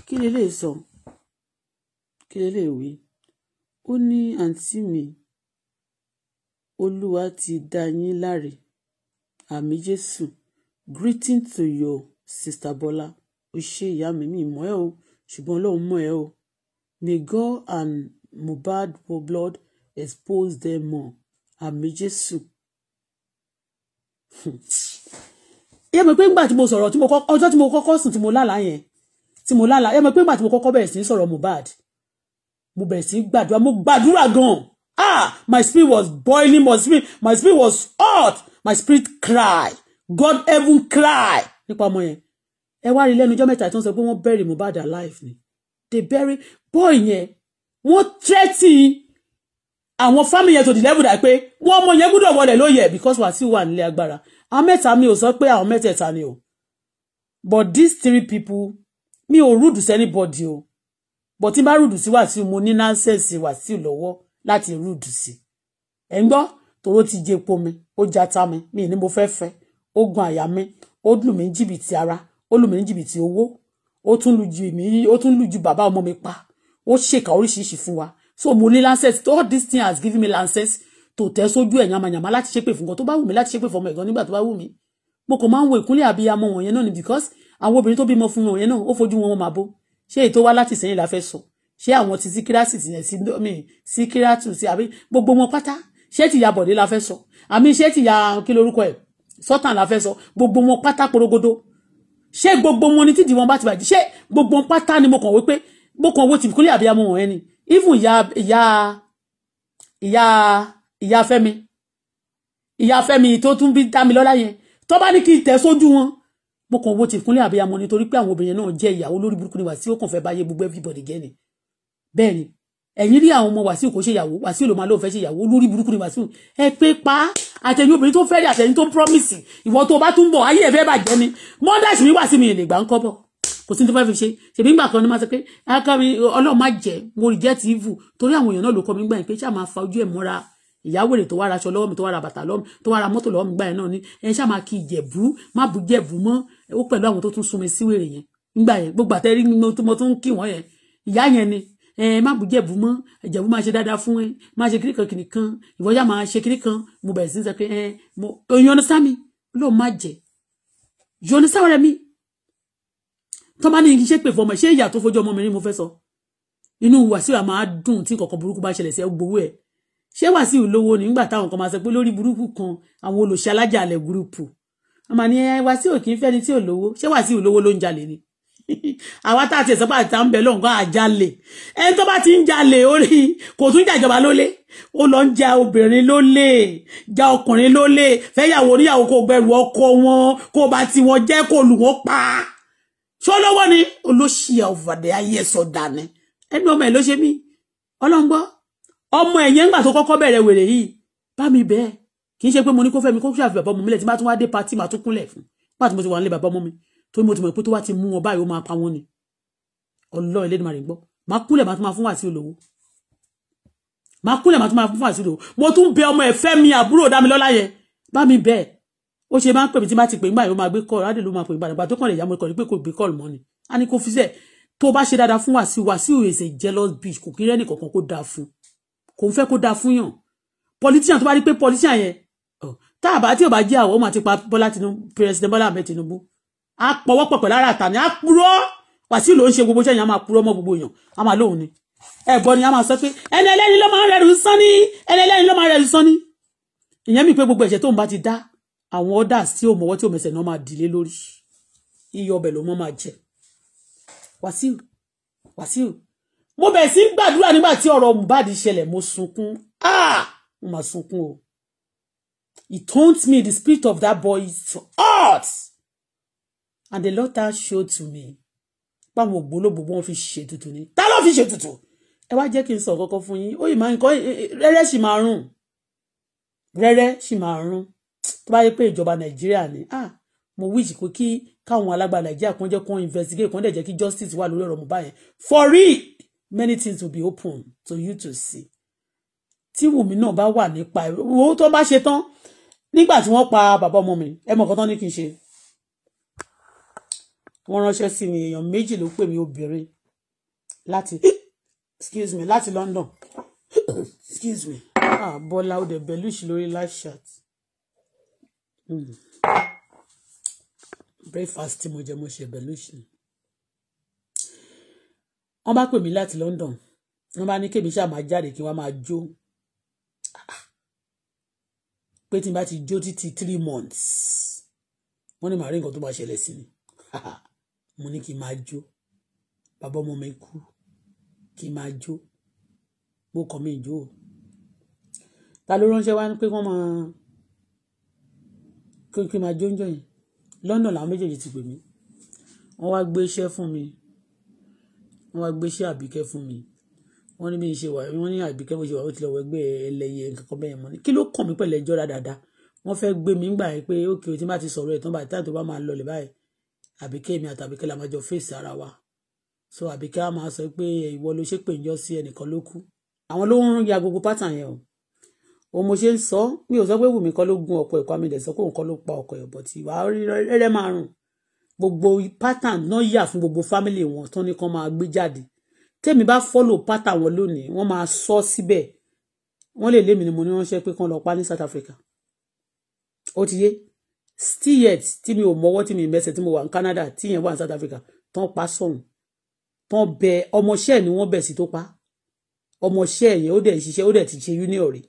kí lè lè sọ kí lè lè wí ó ní àǹtí mi olúwa ti dá yín láre àmì jésù greeting to your sister Bola o ṣé ìyá mi mi mọ̀ ẹ́ o ṣùgbọ́n ọlọ́run mọ̀ ẹ́ o may God and Mohbad blood expose them more àmì jésù. ẹ mọ̀ pé ńgbà tí mo sọ̀rọ̀ tí mo kọ́kọ́ ọjọ́ tí mo kọ́kọ́ sùn tí mo lálàá yẹn tí mo lálàá ẹ mọ̀ pé ńgbà tí mo kọ́kọ́ bẹ̀rẹ̀ sí sọ̀rọ̀ Mohbad mo bẹ̀rẹ̀ sí gbàdúrà mo gbàdúrà gan-an Ah, my spirit was boiling. My spirit, my spirit was hot. My spirit cry. God even cry. Nípa ọmọ yẹn. Ẹ wá rí lẹ́nu ọjọ́ mẹ́ta tí wọ́n sọ pé wọ́n bury Mohbad alive ni. They bury boy yẹn. Wọ́n threaten àwọn family yẹn to the level that pé wọ́n ọmọ yẹn gbúdọ̀ wọlé lóye because Wàsíù wà nílé agbára. Àwọn mẹ́ta mi ò sọ pé àwọn mẹ́tẹ̀ẹ̀ta ni o. But these three people, mi ò rúdù sí anybody o. But tí n bá rúdù sí Wàsíù, mo ní nonsense Wàsíù lọ́wọ́ láti rúdù sí ẹ̀ ń gbọ́ tòró ti jẹ epo mi ó jata mi mi ní mo fẹ́ fẹ́ ó gun àyà mi ó lù mí jìbìtì ara ó lù mí jìbìtì owó ó tún lù ju mi ó tún lù ju bàbá ọmọ mi pa ó ṣèkà oríṣiríṣi fún wa so mo ní lancet all this thing has given me lancet tó tẹ́ sójú ẹ̀ yamayama láti ṣépè fún nǹkan tó bá wù mí láti ṣépè fún ọmọ ẹ̀gbọ́n nígbà tó bá wù mí mo kò máa ń wo ìkúnlẹ̀ àbíyamọ wọ̀nyẹn náà ni because àwọn obìnrin tó bímọ fún wọn yẹn náà ó fojú wọn wọn máa bó ṣé èyí tó wá láti sẹ́yìn la fẹ́ sọ ṣé àwọn ti síkírásì ti yẹn sí mi síkírátù sí àbí gbogbo wọn pátá ṣé tìyà bọ̀dé la fẹ́ sọ àmì ṣé tìyà kí lorúkọ ẹ̀ sọ́tàn la fẹ́ sọ gbogbo wọn pátá porogodo ṣé gbogbo wọn ni tìdí wọn bá ti bàjẹ́ ṣé gbogbo wọn pátá ni mo kàn wé pé mo kàn wo tìkúlẹ̀ àbíyá mo wọ̀n ẹni even ìyá ìyá ìyá ìyá fẹ́mi ìyá fẹ́mi tó tún bí dámilọ́lá yẹn tó bá ní kí n tẹ̀ sójú wọn mo kàn wo tìkúnlẹ̀ àbíyamọ nítorí pé àwọn obìnrin náà jẹ́ ìyàwó lórí burúkú ni wà sí ó kàn fẹ́ báyé gbogbo everybody jẹ́ ni bẹ́ẹ̀ ni ẹ̀yin rí àwọn ọmọ wàsíù kò ṣe ìyàwó wàsíù ló máa lóun fẹ́ ṣe ìyàwó lórí burúkú ni wàsíù ẹ pé pa àtẹ̀yìn obìnrin tó fẹ́ rí àtẹ̀yìn tó ń promise ìwọ tó bá tún bọ̀ ayé ẹ̀ fẹ́ bàjẹ́ ni mọ́dàsì mi wà sí mi ìlẹ̀gbà ń kọ́ kò sí ní tó fẹ́ fi ṣe ṣèbí ńgbà kan ní máa sọ pé akámi ọlọ́run má jẹ́ mo rí jẹ́ ti evil torí àwọn èèyàn náà ló kọ́ mi gbà yín pé ṣáà máa fa ojú ẹ̀ ra aṣọ lọ́wọ́ ra bàtà lọ́wọ́ ra mọ́tò lọ́wọ́ mi gbà ni ẹ ṣáà máa kí ìjẹ̀bú má bu jẹ̀bú mọ́ ó pẹ̀lú àwọn tó tún súnmi síwèrè yẹn ńgbà yẹn gbogbo àtẹ́rí ìyá yẹn ni ẹ má bù jẹ̀bù mọ́ ẹ̀jẹ̀bù máa ṣe dáadáa fún ẹ máa ṣe kíríkan kìnìkan ìwọ́jà máa ṣe kíríkan mo bẹ̀rẹ̀ sí sọ pé ẹ mo oyin ọ̀nà sámi ló má jẹ yóò ní sáwọ́rẹ́ mi tó má ní kí n ṣe pè fọmọ ṣé ìyà tó fojú ọmọ mi rí mo fẹ́ sọ inú wàsíù àmà dùn tí kọ̀ọ̀kan burúkú bá ṣẹlẹ̀ sí ẹ gbowó ẹ ṣé wàsíù lówó ni nígbà táwọn kan máa sọ pé lórí burúkú kan àwọn olùṣe alájà alẹ̀ gúrúùpù àmà ni ẹ wàsíù kì í fẹ́ni tí ò lówó ṣé wàsíù lówó ló ń jalè ni àwa tá a ti sọ́pà tá ń bẹ lóhùn kan àjálè ẹni tó bá ti ń jalè orí kò tún jàjọba lólè ó lọ ń ja obìnrin lólè ja ọkùnrin lólè fẹ́yàwó oníyàwó kò gbẹrù ọkọ wọn kó bá ti wọn jẹ́ kó lù wọ́n pa ṣọlọ́wọ́ ni olóṣìyà òfàdé ayé ẹ̀sọ́ dání ẹni ọmọ ẹ̀ ló ṣe mí ọlọ́ngbọ́ ọmọ ẹ̀yẹ́ ńgbà tó kọ́kọ́ bẹ̀rẹ̀ wèrè yìí bá mi bẹ́ẹ̀ kì í ṣe pé mo ní kó fẹ́ mi kó ṣàfihàn bàbá ọmọ mi lẹ̀ tí bá tún wá dé patí màá tún kúnlẹ̀ fún pàtó mo ti wà nílé bàbá ọmọ mi tó mo ti mọ̀ pé tó wá ti mú wọn báyìí ó máa pa wọn ni ọlọ́run lẹ́nu màrí gbọ́ máa kúlẹ̀ máa tún máa fún wàásù olówó máa kúlẹ̀ máa tún máa fún wàásù olówó mo tún bẹ ọmọ ẹ̀fẹ́ mi àbúrò dámilọ́lá yẹn bá mi bẹ́ẹ̀ ó ṣe máa ń pè mí tí bá ti pè ń báyìí ó máa gbé kọ́ọ̀lù ádìlú máa pè ń báyìí tó kàn lè yá mo kàn rí pé kò gbé kọ́ọ̀lù mọ́ ni a ní kó fi sẹ́ẹ̀ tó bá ṣe dáadáa fún wàsíù wàsíù èsè jealous bitch kò kí rẹ́nì kankan kó dáa fún kò ń fẹ́ kó dáa fún yàn politician tó bá rí pé politician yẹn tá a bá tí ò bá jẹ́ àwọn ọmọ àti pa Bọ́lá Tinubu president Bọ́lá Ahmed Tinubu á pọwọ́pọ̀ pẹ̀lú ara àtàmì á purọ́ Wàsíù ló ń ṣe gbogbo iṣẹ́ yẹn á máa purọ́ mọ́ gbogbo èèyàn á máa lóhùn ni ẹ̀gbọ́n ni á máa sọ pé ẹni ẹlẹ́ni ló máa ń rẹ̀rù sánni ẹni ẹlẹ́ni ló máa ń rẹ̀rù sánni ìyẹn mi pé gbogbo ẹ̀ṣẹ̀ tó ń bá ti dá àwọn ọ́dà tí ò mọ̀wọ́ tí ò mẹsẹ̀ náà máa dìlé lórí iye ọbẹ̀ ló mọ́ máa jẹ Wàsíù Wàsíù mo bẹ̀ sí gbàdúrà nígbà tí ọ̀rọ̀ Mohbad ṣẹlẹ̀ mo sunkún ah mo máa sunkún o it taunt me the spirit of that boy is hot and the Lord that showed to me páwọn ògbólógbò wọn fi ṣètùtù ni ta ló fi ṣètùtù ẹ wá jẹ́ kí n sọ kọ́kọ́ fún yín ó yìí máa ń kọ́ rẹ́rẹ́ sì máa rùn rẹ́rẹ́ sì máa rùn tó bá yẹ pé ìjọba nàìjíríà ni ah mo wish pé kí káwọn alágbára nàìjíríà kan jẹ́ kó investigate kan dẹ̀ jẹ́ kí justice wà lórí ọ̀rọ̀ Mohbad yẹn for real many things will be open to you to see tí Wùmí náà bá wà nípa owó tó bá ṣe tán nígbà tí wọ́n pa bàbá ọmọ mi ẹ mọ̀ kan tán ní kí n ṣe wọ́n ránṣẹ́ sí mi èèyàn méjì ló pè mí obìnrin láti excuse me láti London excuse me ah Bọ́lá ó dẹ̀ Belushi lórí live chat mm. breakfast tí mo jẹ mo ṣe Belushi wọ́n bá pè mí láti London wọ́n bá ní kémi ṣáà máa jáde kí wọ́n máa jó pé tí n bá ti jó títí three months wọ́n ní màá rí nǹkan tó máa ṣẹlẹ̀ sí mi mo ní kí n máa jó bàbá ọmọ mi kú kí n máa jó mo kọ́ mi jó ta ló ránṣẹ́ wá pé wọ́n máa kí n máa jó ń jọ yẹn lọ́nà làwọn méjèèjì ti pè mí wọ́n wá gbé iṣẹ́ fún mi wọ́n wá gbé iṣẹ́ àbíkẹ́ fún mi wọ́n ní bí n ṣe wà wọ́n ní àbíkẹ́ bó ṣe wà ó ti lọ wẹgbẹ́ ẹlẹ́yẹ kankan bẹ́ẹ̀ mọ́ ni kí ló kàn mí pẹ̀lú ẹjọ́ dáadáa wọ́n fẹ́ gbé mi gbà pé ókè o ti má ti sọ̀rọ̀ ẹ̀ tán báyìí táà tó bá máa lọlẹ̀ báyìí àbíkẹ́ èmi àtàbíkẹ́ la máa jọ fèsì ara wa so àbíkẹ́ á máa sọ pé ìwọ ló ṣe pé ń jọ sí ẹnìkan ló kú àwọn ló ń ya gbogbo pátá yẹn o òun mo ṣe ń sọ mi ò sọ pé Wùmí kan ló gun ọ̀pọ̀ ẹ̀kọ́ amílẹ̀ sọ pé òun kan ló pa ọkọ̀ ẹ̀bọ̀ tí wàá rí rẹ́rẹ́ máa rùn gbogbo pattern náà yà fún gbogbo family wọn tán ní kan máa gbé jáde tèmi bá follow pattern wọn lónìí wọ́n máa sọ síbẹ̀ wọ́n lè lémi ni mo ní ránṣẹ́ pé kán lọ pa ní South Africa ó ti yé still yet tí mi ò mọwọ́ tí mi mẹsẹ̀ tí mo wà ní Canada tí yẹn wà ní South Africa tán pa sọ̀hún tán bẹ ọmọọṣẹ́ ni wọ́n bẹ̀ sí tó pa ọmọọṣẹ́ yẹn ó dẹ̀ ṣiṣẹ́ ó dẹ̀ ti ṣe union rẹ̀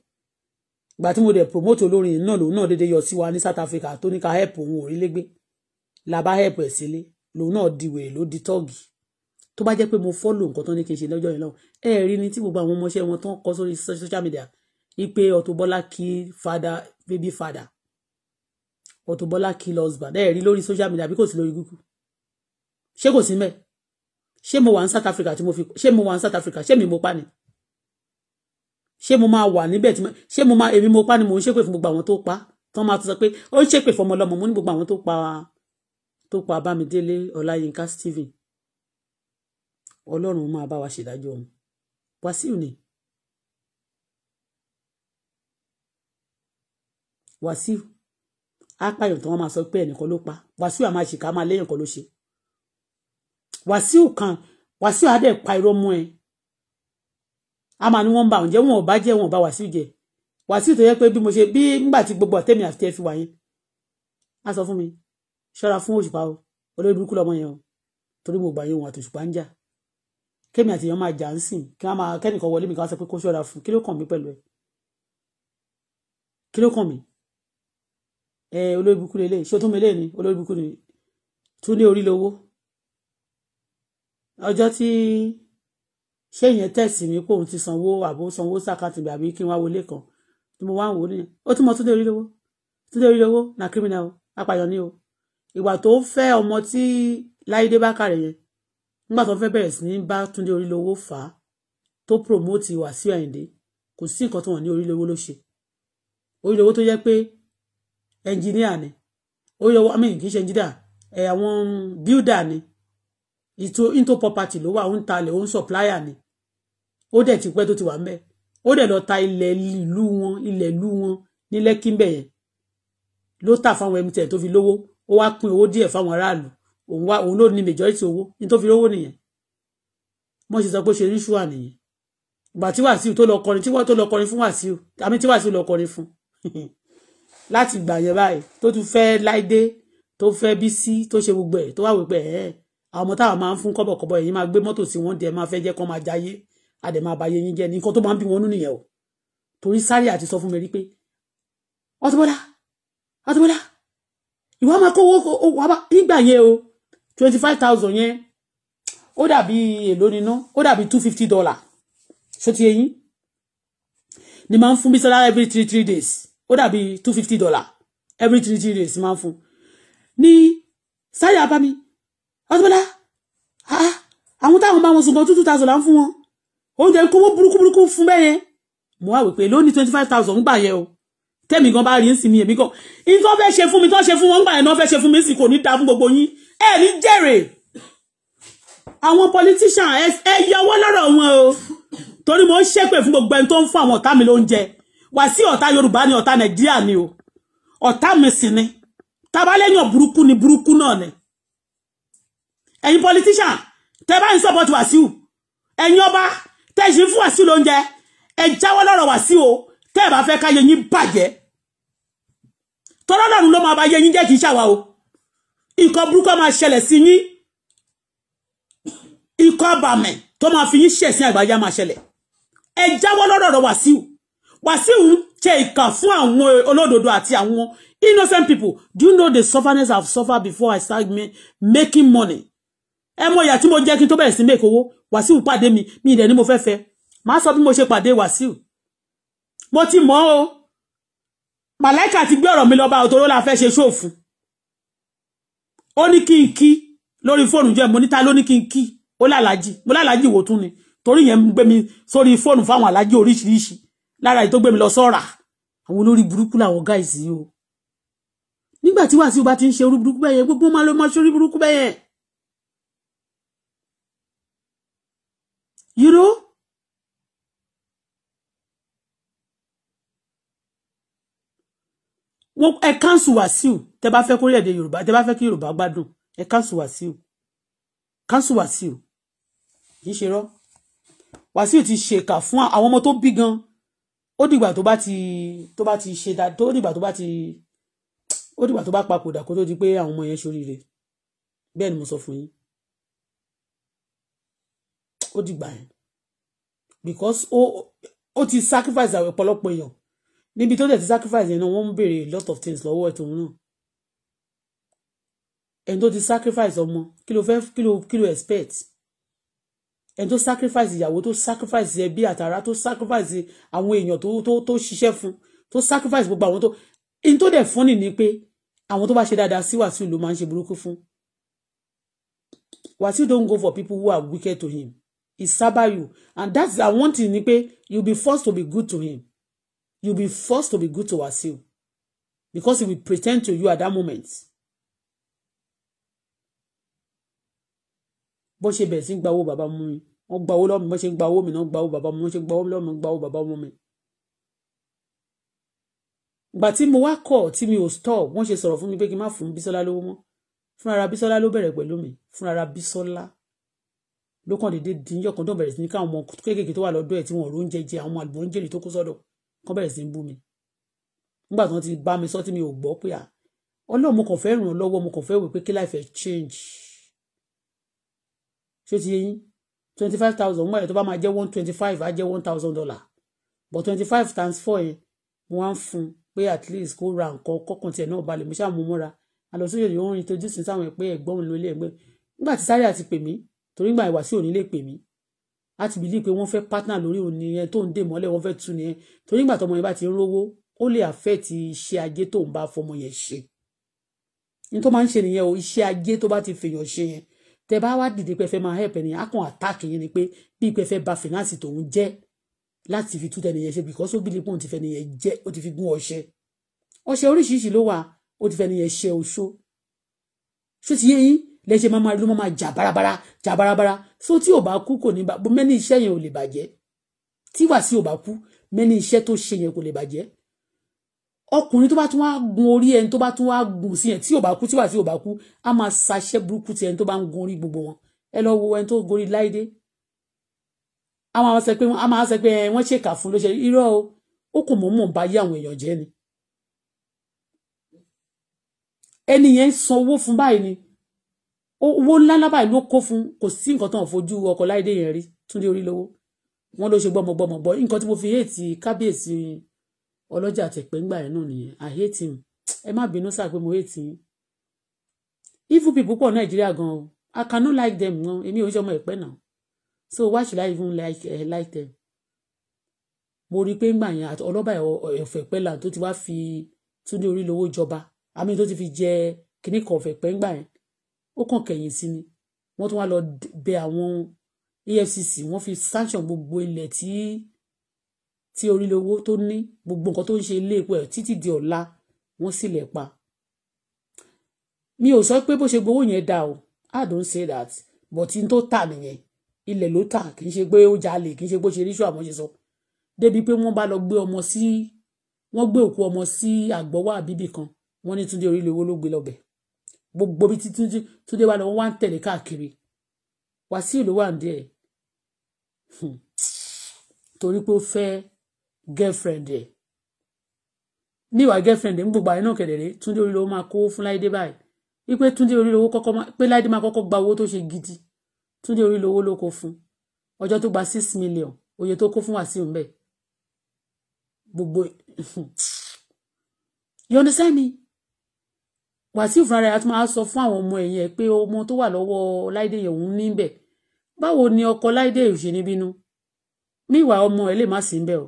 ìgbà tí mo dẹ̀ promote olórin náà lòun náà déédéé yọ sí wa ní South Africa tó ní ká help òun òrílégbé la bá help ẹ̀ sílé lòun náà di wèrè ló di tọ́ọ̀gì tó bá jẹ́ pé mo follow nǹkan tán ní kí n ṣe lọ́jọ́ yẹn lọ́wọ́ ẹ rí ni tí gbogbo àwọn ọmọọṣẹ́ wọn tán kọ́ sórí social media ipe Auto kí fada baby fada Auto Bola kill husband ẹ rí lórí social media bí kò sí lórí Google ṣé kò sí mẹ́ ṣé mo wà ní South Africa tí mo fi ṣé mo wà ní South Africa ṣé mi mo pa ni ṣé mo máa wà níbẹ̀ tí ṣé mo máa èmi mo pa ni mo ń ṣépè fún gbogbo àwọn tó pa tí wọ́n máa tún sọ pé ó ń ṣépè fún ọmọlọ́mọ mo ní gbogbo àwọn tó pa tó pa Bámidélé Ọláyínká Stephen Ọlọ́run máa bá wa ṣèdájọ́ òun Wàsíù ni Wàsíù á pààyàn tí wọ́n máa sọ pé ẹnìkan ló pa wàsíù àmà ṣìkà máa léyìn kan ló ṣe wàsíù kan wàsíù á pa irọ́ mú ẹ a máa ní wọ́n ń bà ǹjẹ́ wọn ò bá jẹ́ wọn ò bá wàsíù jẹ wàsíù tó yẹ pé bí mo ṣe bí ńgbà tí gbogbo àtẹ́mi àti tẹ́ fi wà yẹn á sọ fún mi ṣọ́ra fún òṣùpá o olórí burúkú lọmọ yẹn o torí mo gbà yẹn òun àtòṣùpá ń jà kémi àti èèyàn máa jà ń sìn kí wọn máa kẹ́nìkan wọlé mi kí wọn sọ pé kó ṣọ́ra fún kí ló kàn mí pẹ̀lú ẹ kí ló kàn mí olórí burúkú lélẹ̀ ṣótún mi lẹ́ni olórí burúkú ni tún ní orí lowó ọjọ́ tí ṣé ìyẹn tẹ̀sí mi pé òun ti sanwó àbó sanwó sàkàtì àbí kí n wá wọlé kan tí mo wá ń wò ó nìyẹn ó tún tún dé orí lowó tún dé orí lowó na kírímìnà o apàyàn ni o ìwà tó fẹ́ ọmọ tí láyédé bá kàrẹ̀ yẹn nígbà tó fẹ́ bẹ̀rẹ̀ sí ní bá túndé orí lowó fà á tó promote Wàsíù Àyìndé kò sí nǹkan tó wọ́n ní orí lowó ló ṣe orí lowó tó yẹ pé Engineer ni ó yọ I mean kì í ṣe ẹnjìníà ẹ àwọn builder ni ìtò into property ló wà ó ń talẹ̀ ó ń supplier ni ó dẹ̀ ti pẹ́ tó ti wà ń bẹ̀ ó dẹ̀ lọ ta ilẹ̀ ìlú wọn ilẹ̀ ìlú wọn ní Lẹ́kí ń bẹ̀ yẹn ló tà fáwọn MTN tó fi lówó ó wá pín owó díẹ̀ fáwọn aráàlú òun wá òun ló ní majority owó ní tó fi lówó nìyẹn mo sì sọ pé ṣe ríṣùà nìyẹn ìgbà tí Wàsíù tó lọ kọrin tí wọ́n tó lọ kọrin fún Wàsíù àmì tí Wàsíù lọ kọrin fún láti gbà yẹn báyìí tó tún fẹ́ láìdé tó fẹ́ Bísí tó ṣe gbogbo ẹ̀ tó wà wípé ẹ̀ àwọn ọmọ táwọn máa ń fún kọ́bọ̀kọ́bọ̀ yìí máa gbé mọ́tò sí wọn dẹ̀ máa fẹ́ jẹ́ kán máa jayé àdẹ̀ máa bàyé yín jẹ́ nǹkan tó máa ń bí wọn nú nìyẹn o torí sáré àti sọ fún mi rí pé Auto-Bola Auto-Bola ìwà máa kówó nígbà yẹn o twenty five thousand yẹn ó dàbí èlò nínú ó dàbí two fifty dollar ṣó ti yẹ yín ni máa ń fún Bísọ́lá every three three days ó dàbí two fifty dollar every three three days máa ń fún ní sáyà abami ọtúbọlá àwọn táwọn bá wọn sùn kan two two thousand là ń fún wọn oúnjẹ ń kówó burúkú burúkú fún bẹ́ẹ̀ yẹn mo wá wí pé lónìí twenty five thousand ń gbà yẹn o tẹ́mi gan bá rí ń sin mi èmi gan ní tó fẹ́ ṣe fún mi tó ṣe fún wọn gbà yẹn náà fẹ́ ṣe fún mi sì kò ní da fún gbogbo yín ẹ ní jèrè àwọn politician ẹ yọwọ́ lọ́rọ̀ wọn o torí mo ń ṣépè fún gbogbo ẹni tó ń fún àwọn ọ̀tá mi lóúnjẹ Wàsíù ọ̀tá Yorùbá ni ọ̀tá Nàìjíríà ni o ọ̀tá mi sì ni tabalẹ́yàn burúkú ni burúkú náà ni ẹ̀yin politician tẹ́ bá ń support Wàsíù ẹ̀yin ọba tẹ́ ṣe fún Wàsíù lóúnjẹ ẹ jáwọ́ lọ́rọ̀ Wàsíù o tẹ́ ẹ bá fẹ́ káyé yín bàjẹ́ tọ́rọ́ lọ́run ló máa bá yé yín jẹ́ kì í ṣàwà o nǹkan burúkú máa ṣẹlẹ̀ sí yín ikọ́ àbàmẹ̀ tó máa fi yín ṣẹ̀sìn àgbáyá máa ṣẹlẹ̀ ẹ jáwọ́ lọ́rọ̀ Wàsíù Wasiu ṣe ìkà fún àwọn olódodo àti àwọn innocent people do you know the sufferness have suffered before I start me, making money ẹ mọ ìyà tí mo jẹ́ kí n tó bẹ̀rẹ̀ sí make owó Wàsíù pàdé mi mi ìdẹ̀ ni mo fẹ́ fẹ́ màá sọ bí mo ṣe pàdé Wàsíù mo ti mọ̀ o màláìkà ti gbé ọ̀rọ̀ mi lọ́ba òtòrò la fẹ́ ṣe ṣòfù ó ní kí n kí lórí fóònù jẹ́ mo níta ló ní kí n kí ó lálàájì mo lálàájì wò tún ni torí yẹn ń gbé mi sórí fóònù fáwọn aláàjì oríṣiríṣi lára èyí tó gbé mi lọ sọ́ra àwọn olórí burúkú làwọn guys yìí o nígbà tí wàásù bá ti ń ṣe orí burúkú bẹ́ẹ̀ yẹn gbogbo máa ló máa ṣe orí burúkú bẹ́ẹ̀ yẹn. You know? wọ́n ẹ káńsù wàsíù tẹ bá fẹ́ kórìí èdè yorùbá tẹ bá fẹ́ kí yorùbá gbádùn ẹ káńsù wàsíù káńsù wàsíù kì í ṣe rọ wàsíù ti ṣèkà fún àwọn ọmọ tó bí gan ó dìgbà tó bá ti tó bá ti ṣe dá tó dìgbà tó bá ti ó dìgbà tó bá papòdà kó tó di pé àwọn ọmọ yẹn ṣoríire bẹ́ẹ̀ ni mo sọ fún yín ó dìgbà yẹn because ó ó ti sacrifice àwọn ọ̀pọ̀lọpọ̀ èèyàn níbi tó dẹ̀ ti sacrifice yẹn náà wọ́n ń béèrè a lot of things lọ́wọ́ ẹ̀ tòun náà ẹni tó ti sacrifice ọmọ kí ló fẹ́ kí ló kí ló expect ẹni tó sacrifice ìyàwó tó sacrifice ẹbí àtàrà tó sacrifice àwọn èèyàn tó tó tó ṣiṣẹ́ fún tó sacrifice gbogbo àwọn tó in tó dẹ̀ fún ni ni pé àwọn tó bá ṣe dáadáa sí Wàsíù ló máa ń ṣe burúkú fún Wàsíù don't go for people who are wicked to him he serve you and that's the one thing ni pé you be forced to be good to him you be forced to be good to Wàsíù because he will pretend to you at that moment. bó ṣe bẹ̀rẹ̀ sí ń gba owó bàbá mú mi wọ́n gba owó lọ́mọ bó ṣe ń gba owó mi náà gba owó bàbá mú mi wọ́n ṣe gba owó lọ́mọ gba owó bàbá mú mi. ìgbà tí mo wá kọ̀ tí mi ò stop wọ́n ṣe sọ̀rọ̀ fún mi pé kí n má fún Bísọ́lá lówó mọ́ fúnra Bísọ́lá ló bẹ̀rẹ̀ pẹ̀lú mi fúnra Bísọ́lá ló kàn déédéé di yọ̀ tó bẹ̀rẹ̀ sí ní káwọn kéékèèké tó wà lọ́dọ̀ ẹ̀ tí wọ́n rò ń àwọn àlùbọ́njẹ́lì tó kó sọ́dọ̀ kan bẹ̀rẹ̀ sí ń bú mi nígbà tí wọ́n ti bá mi sọ tí mi ò gbọ́ pé à ọlọ́run mo kàn fẹ́ ràn lọ́wọ́ mo kàn fẹ́ wò pé kí life change ṣó ti twenty five thousand mọ́ ẹ̀ tó bá máa jẹ́ one twenty five á jẹ́ one thousand dollar but twenty five times four yẹn mo wá ń fún pé at least kó ra nǹkan kọ́kàn tiẹ̀ náà balẹ̀ mo ṣáà mú mọ́ra àlọ́ sóyè ni wọ́n rin tojú sí sáwọn ẹ̀pẹ́ ẹ̀gbọ́n mi lólé ẹ̀gbẹ́ nígbà tí sáré àti pè mí torí ìgbà ìwàsí òní lè pè mí láti bìlí pé wọ́n fẹ́ partner lórí òní yẹn tó ń dè mọ́lẹ̀ wọ́n fẹ́ tu nìyẹn torí ìgbà tọmọ yẹn bá ti ń rówó ó lè affect iṣẹ́ ajé tó ń bá fọmọ yẹn ṣe ní tó máa ń ṣe nìyẹn o iṣẹ́ ajé tó bá ti fèèyàn ṣe yẹn tẹ bá wá dìde pé fẹ́ máa help ẹni akàn attack yẹn ni pé bí pé fẹ́ ba finance tòun jẹ́ láti fi tútẹ nìyẹn ṣe because ó bìlì pọ́n ti fẹ́ nìyẹn jẹ́ ó ti fi gún ọṣẹ ọṣẹ oríṣiríṣi ló wà ó ti fẹ́ nìyẹn ṣe oṣó ṣó ti yé yín lẹ́ṣẹ̀ máa máa ló máa jà bárabára jà bárabára so tí ò bá kú kò ní bá mẹ́ni iṣẹ́ yẹn ò lè bàjẹ́ tí wàásù ò bá kú mẹ́ni iṣẹ́ tó ṣe yẹn kò lè bàjẹ́ ọkùnrin tó bá tún wá gun orí ẹni tó bá tún wá gùn sí ẹ tí ò bá kú tí wà tí ò bá kú á máa ṣaṣẹ burúkú ti ẹni tó bá ń gun orí gbogbo wọn ẹ lọ wo ẹni tó gorí láìdé a máa sọ pé a máa sọ pé wọn ṣèkà fún ló ṣe o ó kò mọ̀ mọ̀ bá yé àwọn èèyàn jẹ́ ni ẹni yẹn san owó fún báyìí ni owó ńláńlá báyìí ló kó fún kò sí nǹkan tó ń fojú ọkọ̀ láìdé yẹn rí túndé orí lówó wọn ló ṣe gbọmọgbọmọ nǹkan tí mo fi hẹ́ẹ̀tì kábíyèsí ọlọ́jà tẹ̀pẹ́ ńgbà yẹn náà nìyẹn i hate him ẹ má bínú sáà pé mo hate him evil people pọ̀ nàìjíríà gan o i cannot like them gan èmi ò ń ṣọmọ ẹ̀pẹ́ náà so why should i even like, uh, like them mo rí i pé ńgbà yẹn ọlọ́ba ẹ̀fẹ̀ pẹ́lá tó ti wá fi túnde orí lówó jọba àmì tó ti fi jẹ kíní kan ọ̀fẹ́ pẹ́ ńgbà yẹn ó kàn kẹ̀yìn sí ni wọ́n tún wá lọ bẹ àwọn EFCC wọ́n fi sanction gbogbo ilẹ̀ tí. Ti tí orílẹ̀ owó tó ní gbogbo nǹkan tó ń ṣe ilé epo ẹ̀ títí di ọ̀la wọ́n sílẹ̀ pa. mi ò sọ pé bó ṣe gbowó yẹn dá o I don't say that but n tó tà nìyẹn ilẹ̀ ló tà kì í ṣe pé ó jalè kì í ṣe pé ó ṣe ríṣù àmọ́ ṣe sọ débi pé wọ́n bá lọ gbé ọmọ sí wọ́n gbé òkú ọmọ sí àgbọ̀wọ́ àbíbì kan wọ́n ní túndé orílẹ̀ owó ló gbé lọ́bẹ̀ gbogbo bí títí túndé wà lọ wọ́n wá ń tẹ̀lé káàkiri wàsíù ló wà ń dẹ̀ hmm. torí pé ó fẹ́ẹ́ girlfriend ẹ̀ níwà girlfriend ẹ̀ ń gbogbo àyè náà kẹ̀dẹ̀rẹ́ túndé orílẹ̀ owó máa kówó fún láìdé báyìí wípé túndé orílẹ̀ owó kọ́kọ́ pé láìdé máa kọ́kọ́ gba owó tó ṣe gidi túndé orílẹ̀ owó ló kó fún ọjọ́ tó gba six million oye tó kó fún wàsíù mbẹ́ gbogbo you understand me wàsíù fúnra rẹ̀ àti máa sọ fún àwọn ọmọ ẹ̀yìn ẹ̀ pé ọmọ tó wà lọ́wọ́ láìdé yẹn òun níbẹ̀ báwo ni ọkọ láìdé òṣèlú bínú míwàá ọmọ ẹ̀ lè má sí ń o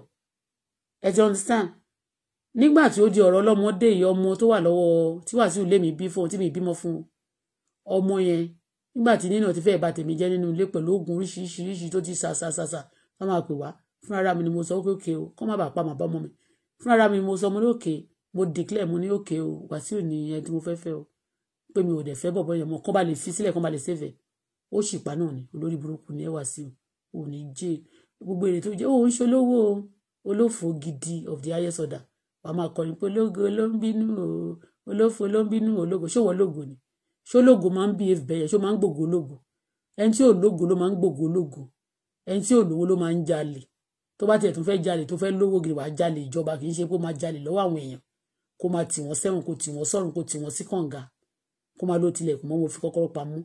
ẹ ti understand nígbà tí ó di ọ̀rọ̀ ọlọ́mọdé yìí ọmọ tó wà lọ́wọ́ tí Wàsíù lé mi bí fún tí mi bímọ fún ọmọ yẹn nígbà tí nínà ti fẹ́ẹ̀ bà tèmi jẹ́ nínú ilé pẹ̀lú oògùn oríṣiríṣi tó ti sàṣàṣàṣà tó máa pè wá fúnra mi ni mo sọ pé òkè o kọ́ má bàa pa màbá ọmọ mi fúnra mi mo sọ mo ní òkè mo declare mo ní òkè o Wàsíù ni ẹni tí mo fẹ́ fẹ́ o pé mi ò dẹ̀ fẹ́ bọ̀bọ̀ yẹn mọ́ kọ́ bá lè fi sílẹ̀ kọ́ bá lè sèfẹ̀ ó sì pa náà ni olórí burúkú ni ẹ Wàsíù ò ní jẹ́ gbogbo èrè tó jẹ́ òun ṣolówó o olófò gidi of the highest order wàá máa kọrin pé ológo ló ń bínú o olófò ló ń bínú ológo ṣé wọ́n lógo ni ṣé ológo máa ń bí efi bẹ́yẹn ṣé ó máa ń gbògo ológo ẹni tí ò lógo ló máa ń gbògo ológo ẹni tí ò lówó ló máa ń jalè tó bá tiẹ̀ tún fẹ́ jalè tó fẹ́ lówó gidi wàá jalè ìjọba kì í ṣe kó máa jalè lọ́wọ́ àwọn èèyàn kó máa tì wọ́n sẹ́wọ̀n kó tì wọ́n sọ́run kó tì wọ́n sí kànga kó máa ló tilẹ̀kùn mọ́ wọn fi kọ́kọ́rọ́ pamọ́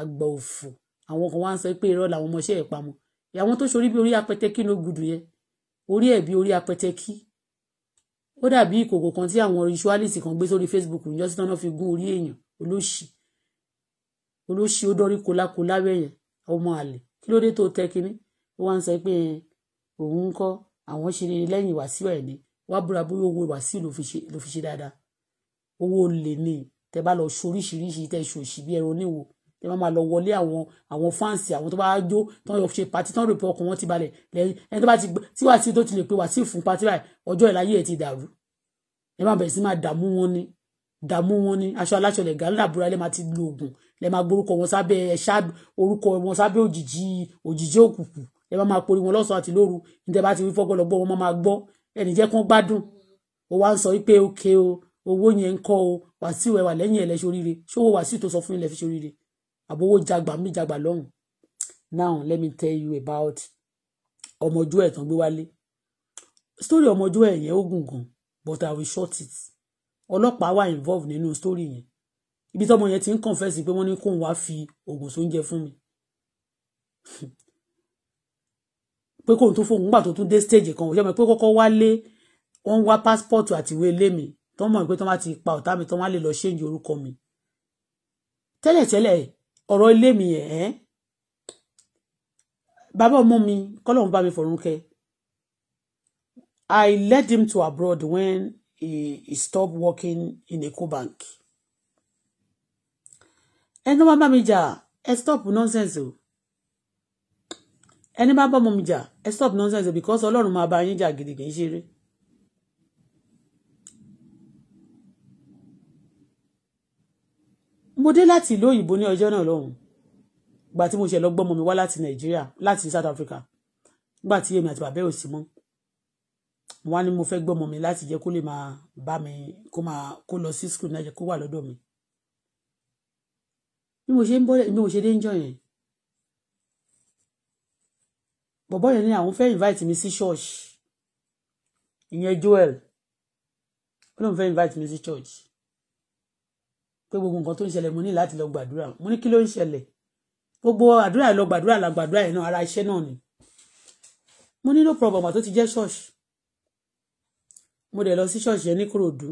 àgbà òfò àwọn kan wá ń sọ pé irọ́ làwọn ọmọọṣẹ́ ẹ̀ pamọ́ àwọn tó ṣorí bí orí apẹtẹ kí gudu yẹn orí ẹ̀ bí orí apẹtẹ kí ó dàbí ìkòkò kan tí àwọn ritualist kan gbé sórí Facebook níjọ́ sí tọ́nà fi gún orí èèyàn olóṣì olóṣì ó dọ́rí kólákólá bẹ̀yẹn ọmọ àlè kí ló dé tó tẹ kínní ó wá ń sọ pé òun ń kọ́ àwọn ṣe lẹ́yìn wàsíù ẹ̀ ní wá búra bóyá owó wàsíù ló fi ṣe dáadáa owó olè ni tẹ bá lọ ṣoríṣiríṣi tẹ ṣòṣì bí ẹran oníwo ẹ máa máa lọ wọlé àwọn àwọn fáǹsì àwọn tó bá jó tó ń ṣe pàtí tó ń rèpọ ọkàn wọn ti balẹ̀ lẹ́yìn ẹni tó bá ti tí wàá sí tó ti lè pe wàá sí fún pàtí báyìí ọjọ́ ìláyé ẹ ti dàrú ẹ máa bẹ̀rẹ̀ sí máa dààmú wọn ni dààmú wọn ni aṣọ aláṣọ lẹ̀ gàlú làbúrà lẹ́ máa ti lo oògùn lẹ́ máa gbórúkọ wọn sábẹ́ ẹ̀ṣá orúkọ wọn sábẹ́ òjìji òjìji òkùnkùn lẹ́ máa máa pori wọn lọ́sàn-án àti lóru níta bá ti wí fọ́gbọ́lọ́gbọ́ wọn máa gbọ́ ẹnì jẹ́ kán gbádùn ó wá ń sọ wípé òkè o owó yẹn ń kọ́ o wàásù ẹ̀wà lẹ́yìn ẹ̀ lẹ́ ṣoríire ṣówó wàásù tó sọ fún ilẹ̀ fi ṣoríire àbówó jagba mí jagba lọ́hùn now let me tell you about ọmọjú ẹ̀ tán gbé wálé story ọmọjú ẹ̀ yẹn ó gùn but i will short it ọlọ́pàá wà involved nínú story yẹn ibi tọ́mọ yẹn ti ń confess pé wọ́n ní kóun wá fi oògùn sóúnjẹ fún mi pé kóun tó fóun nígbà tó tún dé stage kan òṣèlú pé kọ́kọ́ wálé wọ́n wá passport àtiwé ilé mi tọ́mọ pé tọ́mọ ti pa ọ̀tá mi tọ́mọ lè lọ ṣéǹjì orúkọ mi tẹ́lẹ̀tẹ́lẹ̀ ọ̀rọ̀ ilé mi yẹn ẹ́ bàbá ọmọ mi kọ́lọ́hún bá mi fọ̀run kẹ́ I led him to abroad when he, he stopped working in Eco Bank ẹni tó bá bá mi jà ẹ stop nonsense o ẹni bá bá ọmọ mi jà ẹ stop nonsense o because ọlọ́run máa bá yín jà gidi ṣeré. mo dé láti ìlú òyìnbó ní ọjọ́ náà lọ́hùn ìgbà tí mo ṣe lọ gbọ́mọ mi wá láti nàìjíríà láti south africa nígbà tí èmi àti bàbá ò sí mọ́ wọn ni mo fẹ́ gbọ́mọ mi láti jẹ́ kó lè máa bá mi kó máa kó lọ sí school náà jẹ́ kó wà lọ́dọ̀ mi bí mo ṣe ń bọ́lẹ̀ bí mo ṣe dé ń jọ yẹn bọ̀bọ́ yẹn ni àwọn fẹ́ invite mi sí church ìyẹn joel ó lóun fẹ́ invite mi sí church pé gbogbo nǹkan tó ń ṣẹlẹ̀ mo ní láti lọ gbàdúrà mo ní kí ló ń ṣẹlẹ̀ gbogbo àdúrà lọ gbàdúrà là gbàdúrà yẹn náà ara iṣẹ́ náà ni mo ní no problem àtó ti jẹ́ ṣọ́ọ̀ṣì mo dẹ̀ lọ sí ṣọ́ọ̀ṣì yẹn ní Kòròdú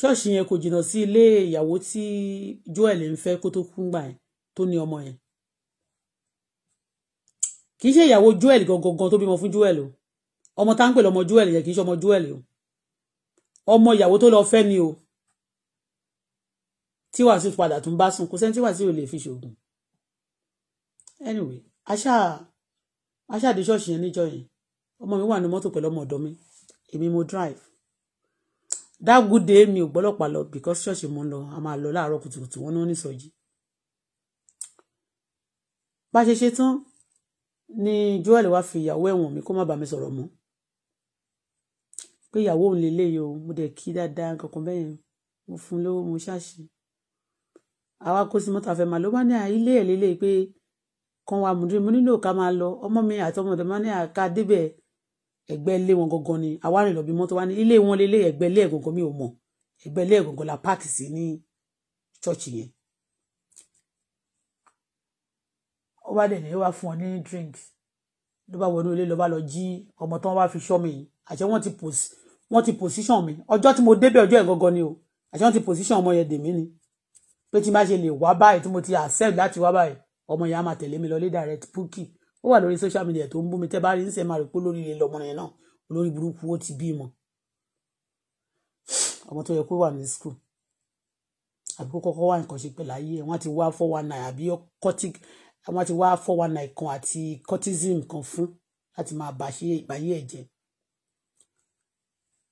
ṣọ́ọ̀ṣì yẹn kò jìnnà sí ilé ìyàwó tí Joel ń fẹ́ kó tó kú gbà yẹn tó ní ọmọ yẹn kì í ṣe ìyàwó Joel gangan tó bímọ fún Joel o ọmọ tá ń lọmọ Joel yẹn kì í ṣe ọmọ Joel o ọmọ ìyàwó tó lọ fẹ́ ni o tí wàásù padà tún bá sùn kò sẹ́ni tí wàásù ò lè fi ṣoògùn anyway aṣá aṣá àdé ṣọ́ọ̀ṣì yẹn níjọ́ yẹn ọmọ mi wà ní mọ́tò pẹ̀lú ọmọ ọ̀dọ́ mi èmi mo drive that good day mi ò gbọ́lọ́pàá lọ because ṣọ́ọ̀ṣì mo ń lọ a máa lọ láàárọ̀ kùtùkùtù wọn náà nísọjí bá ṣe ṣe tán ni Joel wá fi ìyàwó ẹ̀wọ̀n mi kó má bàa mi sọ̀rọ̀ mọ́ pé ìyàwó òun lè léyìí o mo dẹ̀ kí dáadáa kankan bẹ́yẹn mo fún lówó mo ṣáṣe àwa kó sí mọ́tò àfẹ́mà ló bá ní ilé ẹ̀ lélẹ̀ pé kan wa mùdí mo nílò ká máa lọ ọmọ mi àti ọmọ ọ̀dọ̀ máa ní àká débẹ̀ ẹ̀gbẹ́ ilé wọn gangan ni àwa lọ bí mọ́tò wa ní ilé wọn lélẹ̀ ẹ̀gbẹ́ ilé ẹ̀ mi ò mọ̀ ẹ̀gbẹ́ ilé ẹ̀ la páàkì sí ní ṣọ́ọ̀ṣì yẹn ó bá dẹ̀ ní wá fún ọ ní drink ló bá wọnú ilé ló bá lọ jí ọmọ tán wá fi ṣọ́ mi àṣẹ wọ́n ti pòsí mi ọjọ́ tí mo débẹ̀ ọjọ́ ẹ̀ gangan ni o àṣẹ wọ́n ti position ọmọ yẹn dèmí ni pé tí n bá ṣe lè wá báyìí tí mo ti accept láti wá báyìí ọmọ yẹn á máa tẹ̀lé mi lọ lé direct Bukky ó wà lórí social media tó ń bú mi tẹ́ bá rí ń sẹ́ máa rò pé lórí ilé lọmọ yẹn náà olórí burúkú ó ti bímọ ọmọ tó yẹ kó wà ní school àbí kó kọ́kọ́ wà nǹkan ṣe pẹ̀lú ayé wọn ti wá four one nine àbí cortic wọn ti wá four one nine kan àti cortism kan fún láti máa bà ṣe ìbáyé ẹ̀jẹ̀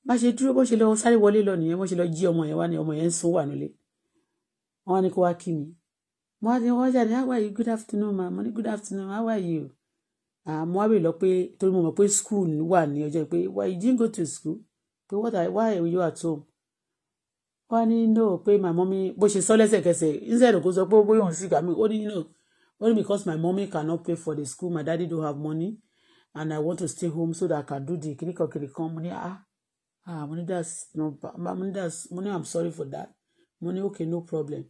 bá ṣe dúró bó ṣe lọ sáré wọlé lọ nìyẹn bó ṣe lọ jí ọmọ yẹn wá ní ọmọ yẹn ń sún wà nílé wọ́n ní kó wá kí mi mo á ti jáde how are you good afternoon ma mo ní good afternoon how are you mo á bèrè lọ pé torí mo mọ̀ pé school wà ní ọjọ́ pé why you didn't go to school pé what are why are you at home wọ́n á ní no pé my mummy bó ṣe sọ lẹ́sẹ̀kẹsẹ̀ instead kó sọ pé bóyá òun sì gbà mí ó ní no only because my mummy cannot pay for the school my daddy don't have money and I want to stay home so that I can do the kirikan kirikan mo ní ah ah mo ní that's no mo ní that's mo ní I'm sorry for that mo ní okay no problem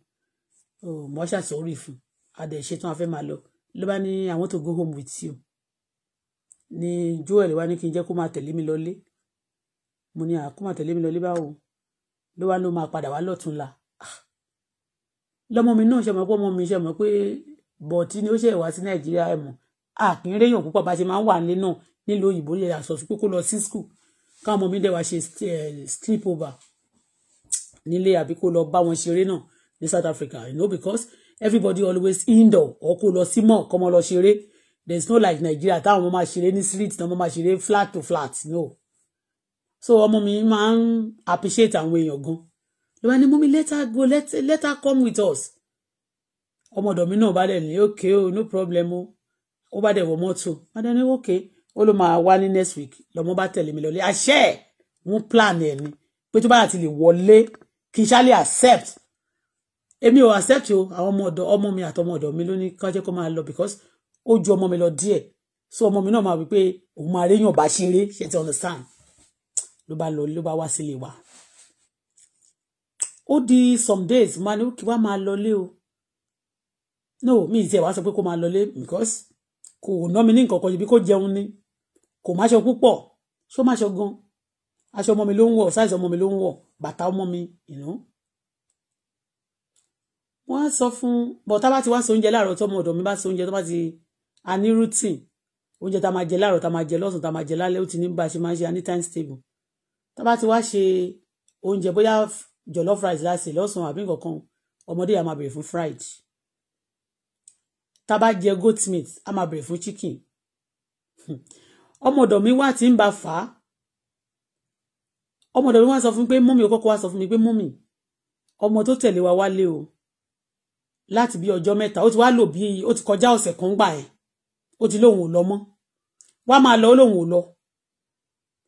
mo ṣàṣọrí fún adẹ ìṣetán afẹ́ máa lọ ló bá ní I want to go home with you ni Joel wá ní kí n jẹ́ kó máa tẹ̀lé mi lọlé mo ní àkó máa tẹ̀lé mi lọlé báwo ló wá ló máa padà wá lọ́túnla ah! lọ́mọ mi náà ṣe mọ̀ pé ọmọ mi ṣe mọ̀ pé bọ̀tí ni ó ṣe wá sí Nàìjíríà ẹ̀ mọ̀ àkín réyàn púpọ̀ bá ṣe máa ń wà nílé náà nílùú òyìnbó lè aṣọ sí kókó lọ sí skul káwọn ọmọ mi dẹ̀ ṣe eh, strip over nílé àbí kó lọ bá wọn ṣeré náà ní South Africa you know because everybody always indoor or kó lọ sí mall kọ́mọ lọ ṣeré there is no like Nigeria táwọn ọmọ máa ṣeré ní street táwọn ọmọ máa ṣeré flat to flat no so ọmọ mi máa ń appreciate àwọn èèyàn gan ló bá ní mú mi let her go let, let her come with us ọmọ ọ̀dọ̀ mi náà bá dẹ̀ ní okay o no problem o ó bá dẹ̀ wọ mọ́tò bá dẹ̀ ní okay ó ló máa wá ní next week lọ́mọ bá tẹ̀lé mi lọ́lé àṣẹ wọn plan ẹ̀ ni pé tó bá ti lè wọlé kí n ṣáà lè accept èmi ò accept o àwọn ọmọ ọ̀dọ̀ ọmọ mi àtọmọ ọ̀dọ̀ mi ló ní ká jẹ́ kó máa lọ because ó ju ọmọ mi lọ díẹ̀ so ọmọ mi náà máa wí pé òun máa réyàn bá ṣeré ṣe ti understand ló bá lọ ló bá wá sílé wa ó di some days máa ní kí wá máa lọlé o no mi ìtì ẹ̀ wá sọ pé kó máa lọlé because kò ná mi ní nǹkan kan ibi kó jẹun ni kò máṣọ púpọ̀ ṣó máṣọ gan aṣọ ọmọ mi ló ń wọ̀ size ọmọ mi ló ń wọ̀ bàtà ọmọ mi you know wọ́n á sọ fún bọ̀ tá bá ti wá sí oúnjẹ láàárọ̀ tọ́mọ ọ̀dọ̀ mi bá sí oúnjẹ tó bá ti a ní routine oúnjẹ tá máa jẹ láàárọ̀ tá máa jẹ lọ́sàn tá máa jẹ lálẹ́ ó ti ní bá ṣe máa ń ṣe a time stable tá bá ti wá ṣe oúnjẹ bóyá jollof rice láṣẹ lọ́sàn àbí nǹkan ọmọdé yà máa bèrè fún fried tá bá jẹ goat meat a máa bèrè fún chicken ọmọ ọ̀dọ̀ mi wá ti ń ba fà á ọmọ ọ̀dọ̀ mi wá sọ fún mi pé mọ́mì ó kọ́kọ́ wá sọ fún mi pé mọ́mì ọmọ tó tẹ̀lé wa wálé o láti bí ọjọ́ mẹ́ta ó ti wá lò bí ó ti kọjá ọ̀sẹ̀ kan gbà ẹ̀ ó ti lóun ò lọ mọ́ wá máa lọ ó lóun ò lọ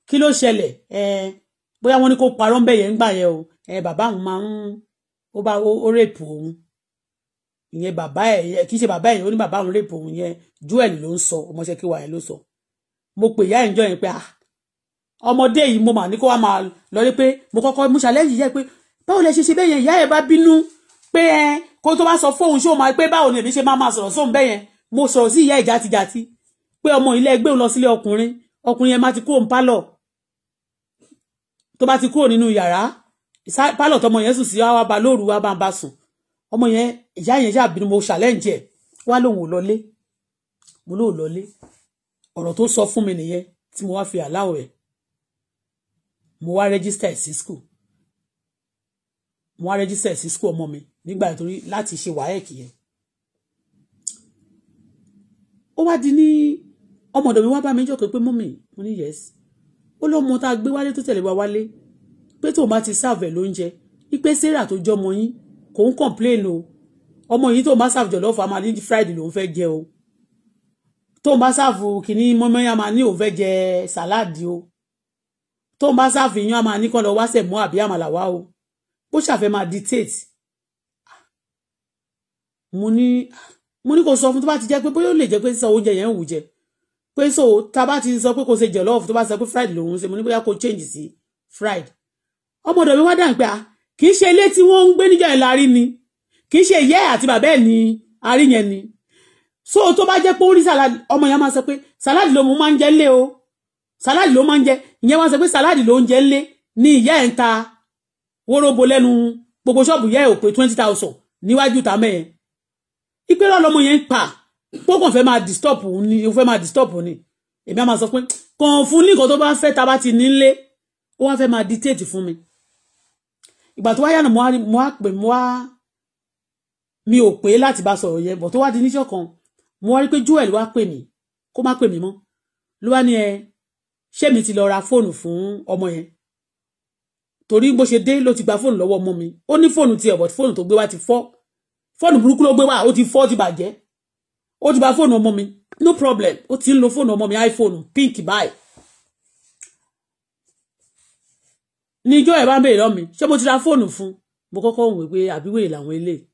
kí ló ṣẹlẹ̀ ẹ bóyá wọ́n ní kó parọ́ ń bẹ̀yẹ̀ ń gbà yẹ o ẹ bàbá òun máa ń ó bá ó rèpù òun ìyẹn bàbá ẹ kì í ṣe bàbá ẹ ó ní bàbá òun rèpù òun yẹn Joel ló ń sọ ọmọọṣẹ́ kí wà ẹ ló sọ mo pè ìyá ìjọ yẹn pé ah ọmọdé yìí mo mà ní kó wá máa lọ rí pé mo kọ́kọ́ mú ṣàlẹ́yìn yẹ pé báwo lẹ ṣe ṣe bẹ́yẹn ìyá ẹ bá bínú pé ẹ kó tó bá sọ fóun ṣé o máa pé báwo ni èmi ṣe máa máa sọ̀rọ̀ sóun bẹ́ẹ̀ yẹn mo sọ̀rọ̀ sí ìyá ẹ̀ játijàti pé ọmọ ilé ẹgbẹ́ òun lọ sílé ọkùnrin ọkùnrin yẹn máa ti kúrò ní pálọ̀ tó bá ti kúrò nínú yàrá pálọ̀ tọmọ yẹn sùn sí wá ba lóru wá bá ń ba sùn ọmọ yẹn ìyá yẹn yà bínú mo ṣàlẹ́ǹjì ẹ̀ wá lòun ò lọlé mo lóò lọlé ọ̀rọ̀ tó sọ fún mi nìyẹn tí mo wá fi àláwọ̀ ẹ̀ mo wá rẹ́gísítà ẹ̀ school mo wá rẹ́gísítà ẹ̀ school ọmọ mi nígbà torí láti ṣe wáyẹ̀kì yẹn ó wá di ní ọmọdọ̀ mi wá bá mi jọ́ pé mọ́mì mo ní yẹ́sì ó lọ́mọ tá a gbé wálé tó tẹ̀lé wa wálé pé tó máa ti sáàfẹ̀ lóúnjẹ ipe sarah tó jọmọ yín kò ń complain o ọmọ yìí tó máa sáàfù jọ̀lọ́fù àmà ní fried lòún fẹ́ jẹ o tó máa sáàfù kìíní mọ́mọ́ yẹn àmà ní òun fẹ́ jẹ sàláàdì o tó máa sáàfù yín àmà ní kọ́ lọ wá àbí àmàlà wá o bó ṣàfẹ́ máa dictate mo ní mo ní kò sọ fún tó bá ti jẹ́ pé bóyá ó lè jẹ́ pé sísọ oúnjẹ yẹn wù jẹ pé so ta bá ti sọ pé kò ṣe jollof tó bá sọ pé fried lòun ṣe mo ní bóyá kò change sí fried ọmọdé mi wá dáhùn pé a ah, kì í ṣe ilé tí wọ́n ń gbé níjọ́ ẹ̀ lárí ni kì í ṣe ìyá ẹ̀ àti bàbá ẹ̀ ni arí yẹn ni so tó bá jẹ́ pé ó rí salad ọmọ yẹn máa sọ pé salad ló mo máa ń jẹ lé o salad ló máa ń jẹ ìyẹn máa sọ pé salad ló ń jẹ lé ní ìyá ẹ̀ ń ta wóróbo lẹ́nu gbogbo ṣọ́ọ̀bù ìyá ẹ̀ twenty thousand níwájú tàmẹ́ yẹn ipe lọ́lọ́mọ yẹn pa pé ó kàn fẹ́ máa disturb ni ó fẹ́ máa disturb ni èmi á máa sọ pé kàn fún ní nǹkan tó bá fẹ́ ta bá ti nílé ó wá fẹ́ máa dictate fún mi ìgbà tó wá yànnà mo wá pè mo wá mi ò pé láti bá sọ̀rọ̀ yẹn bọ̀ tó wá di níjọ́ kan mo wá rí pé Joel wá pè mí kó má pè mí mọ́ ló wá ní ẹ ṣé mi ti lọ ra fóònù fún ọmọ yẹn torí bó ṣe dé ló ti gba fóònù lọ́wọ́ ọmọ mi ó ní fóònù tiẹ̀ bọ̀ fóònù tó gbé wá ti fọ́ fóònù burúkú ló gbé wá ó ti fọ́ ti bàjẹ́ ó ti bà fóònù ọmọ mi no problem ó ti ń lo fóònù ọmọ mi iphone pink báyìí níjọ́ ẹ̀ bá ń béèrè lọ́ mi ṣé mo ti ra fóònù fún mo kọ́kọ́ wò pé àbíwèrè làwọn eléyìí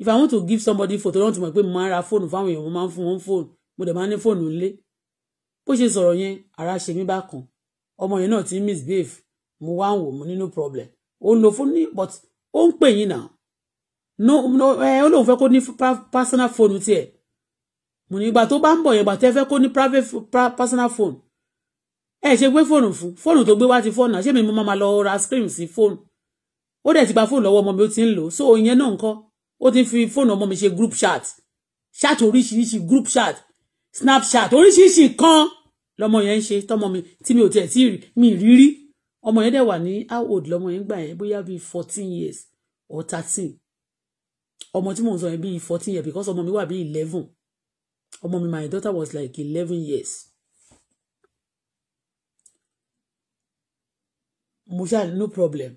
if i want to give somebody photo lọ́n ti mọ̀ pé mo máa ń ra fóònù fáwọn èèyàn mo máa ń fún wọn fóònù mo dẹ̀ máa ń ní fóònù ńlé bó ṣe sọ̀rọ̀ yẹn ara ṣe mí bákan ọmọ yẹn náà ti misbehave mo wá ń wò mo ní no problem ó ń lo fóònù but ó ń pè yín náà no no Eh, ó lóun fẹ́ kó ní personal phone tiẹ̀ mo ní ìgbà tó bá ń bọ̀ yẹn ìgbà tẹ́ fẹ́ kó private personal phone Eh, ṣe gbé phone, fún Phone, tó gbé wá ti fóònù náà ṣé mi mo máa lọ ra screen sí phone. ó dẹ̀ ti bà phone? lọ́wọ́ ọmọ mi ó ti ń so ìyẹn náà nǹkan ó ti fi phone? ọmọ mi ṣe group chat chat oríṣiríṣi group chat snapchat oríṣiríṣi kan lọmọ yẹn ń ṣe tọmọ mi tí mi ò tiẹ̀ tí mi rírí ọmọ yẹn dẹ̀ wà ní how old lọmọ yẹn gbà yẹn bóyá bíi fourteen years or thirteen ọmọ tí mò ń sọ yẹn bíi fourteen years because ọmọ mi wà bíi eleven ọmọ mi my daughter was like eleven years. mo ṣáà no problem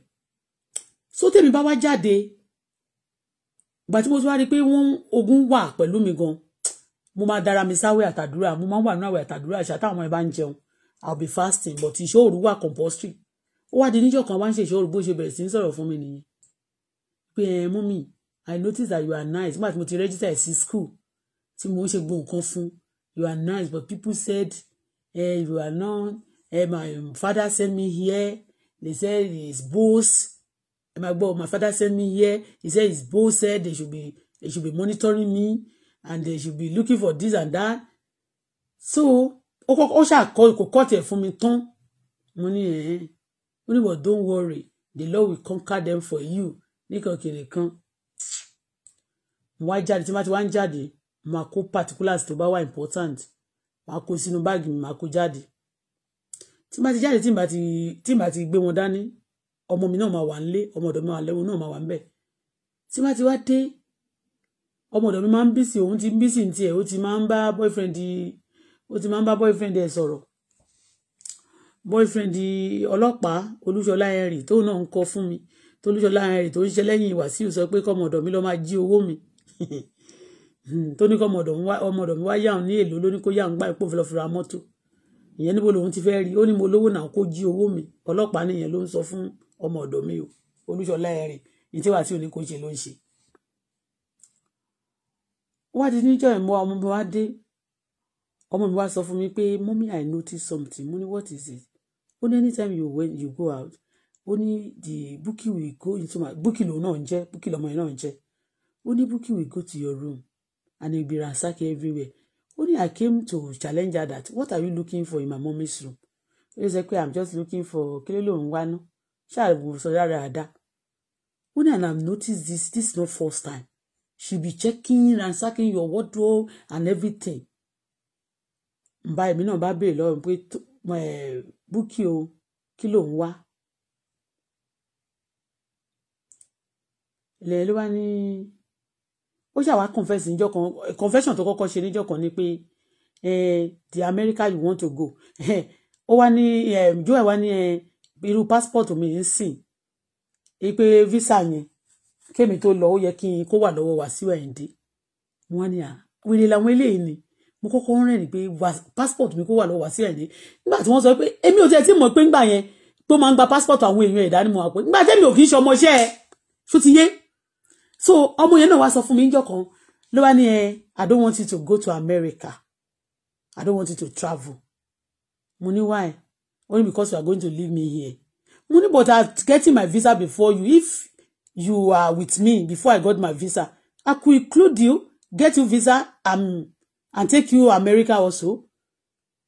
so tèmi bá wá jáde ìgbà tí mo tún wá rí i pé wọ́n ogun wà pẹ̀lú mi gan mo máa dára mi sáwé àtàdúrà mo máa ń wà nínú àwẹ̀ àtàdúrà àṣà táwọn ọmọ ẹ bá ń jẹun i'll be fasting but ìṣòro wà compulsory ó wá di níjọ́ kan wá ń ṣe ìṣòro bó ṣe bẹ̀rẹ̀ sí ń sọ̀rọ̀ fún mi nìyẹn pé ẹ mú mi i notice that you are nice nígbà tí mo ti register sí school tí mo ń ṣe gbogbo nǹkan fún you are nice but people said eh, you are not eh, my father send me here they said his boss ẹ máa gbọ́ my father send me here he said his boss said they should be they should be monitoring me and they should be looking for this and that so ó kọ́ ó ṣàkọ kò kọ́ tiẹ̀ fún mi tán mo ní ẹ̀ ẹ́ ó ní but don't worry the Lord will conquer them for you nìkan kìnìkan mo wá jáde tí mo bá ti wá ń jáde màá kó particulars tó bá wà important màá kó sínú báàgì mi màá kó jáde tí mo bá ti jáde tí mo bá ti tí mo bá ti gbé wọn dání ọmọ mi náà máa wà nílé ọmọ ọ̀dọ̀ mi máa lẹ́wọ̀n náà máa wà níbẹ̀ tí mo ti wá dé ọmọ ọ̀dọ̀ mi máa ń bísí òun ti ń bísí ní tiẹ̀ ó ti máa ń bá boyfriend ó ti máa ń bá boyfriend ẹ̀ sọ̀rọ̀ boyfriend ọlọ́pàá olúṣọlá henry tóun náà ń kọ fún mi tolúṣọlá henry tó ń ṣe lẹ́yìn ìwàsíù sọ pé kọ́mọ ọ̀dọ̀ mi lọ́ọ́ máa jí owó mi tó ní kọ́ ọmọdọ̀ mi wá yáhùn ní èlò lóní kó yáhùn gbá ipò fẹlẹ́ mọ́tò ìyẹn níbo lòun ti fẹ́ rí ó ní mo lówó náà kó jí owó mi ọlọ́pàá nìyẹn ló ń sọ fún ọmọ mi o olúṣọlá ẹ̀rìn ìtẹ́wà tí òní ṣe ló ń ṣe. wá di níjọ́ ìmọ̀ ọmọ mi wá dé ọmọ mi wá sọ fún mi pé mommy i notice something mo ní what is it ó ní anytime you, when you go out ó ní the bookie will go into my bookie lòun náà ń jẹ́ bookie lọmọ yẹn náà ń jẹ́ ó ní Bukky will go to your room and he'll be ransacking everywhere ó ní I came to challenge her that what are you looking for in my mommy's room ó lè sọ pé I'm just looking for kílé lòun wá ná ṣáàbù sọ dára àdá ó ní and I've noticed this this is not first time she be checking ransacking your wardrobe and everything mba èmi náà bá béèrè lọ́wọ́ pé Bukky o kí lòun wá ilẹ̀ ló wá ní ó ṣàwá confess níjọ́ kan confession tó kọ́kọ́ ṣe níjọ́ kan ni pé eh, the America you want to go ó wá ní joel wá ní eh, irú passport mi ń sìn pé visa yẹn kémi tó lọ ó yẹ kí n kó wà lọ́wọ́ Wàsíù Àyìndé wọ́n ní à ah, wílé làwọn eléyìí ni mo kọ́kọ́ ń rẹ́rìn pé passport mi kó wà lọ́wọ́ Wàsíù Àyìndé nígbà tí wọ́n sọ pé èmi ò tiẹ̀ tí mọ̀ pé ńgbà yẹn tó máa ń gba passport àwọn èèyàn ẹ̀dá ni mo wà pé nígbà tẹ́mi ò kì í ṣe ọmọọṣẹ́ ẹ ṣó ti yé so ọmọ yẹn náà wá sọ fún mi níjọ́ ló wá ní ẹ eh, i don't want you to go to America i don't want you to travel mo ní why only because you are going to leave me here mo ní but i'm getting my visa before you if you are with me before i got my visa i could include you get you visa um, and take you America also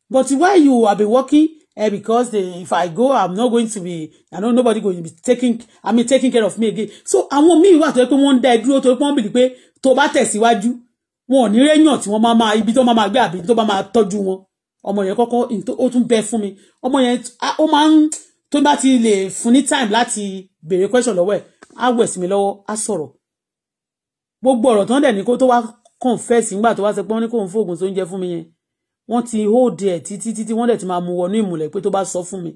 but why you have been working eh, because they, if I go, I'm not going to be, I know nobody going to be taking, I mean, taking care of me again. So I want me tó to open one day. dá ẹ dúró tó yẹ pé wọ́n bìlì pé tó bá tẹ̀síwájú wọn ò ní réyàn tí wọ́n máa máa ibi tó máa máa gbé àbí tó bá máa my. wọn. ọmọ yẹn kọ́kọ́ ó tún bẹ fún mi ọmọ yẹn ó máa ń tó bá ti lè fún ní time láti béèrè question lọ́wọ́ ẹ̀ á wẹ̀ sí mi lọ́wọ́ á sọ̀rọ̀ gbogbo ọ̀rọ̀ tó ń dẹ̀ ní kó tó wá confess nígbà tó wá sọ pé wọ́n ní kó wọ́n ti hold ẹ̀ títí títí wọ́n dẹ̀ ti máa mú wọnú ìmùlẹ̀ pé tó bá sọ fún mi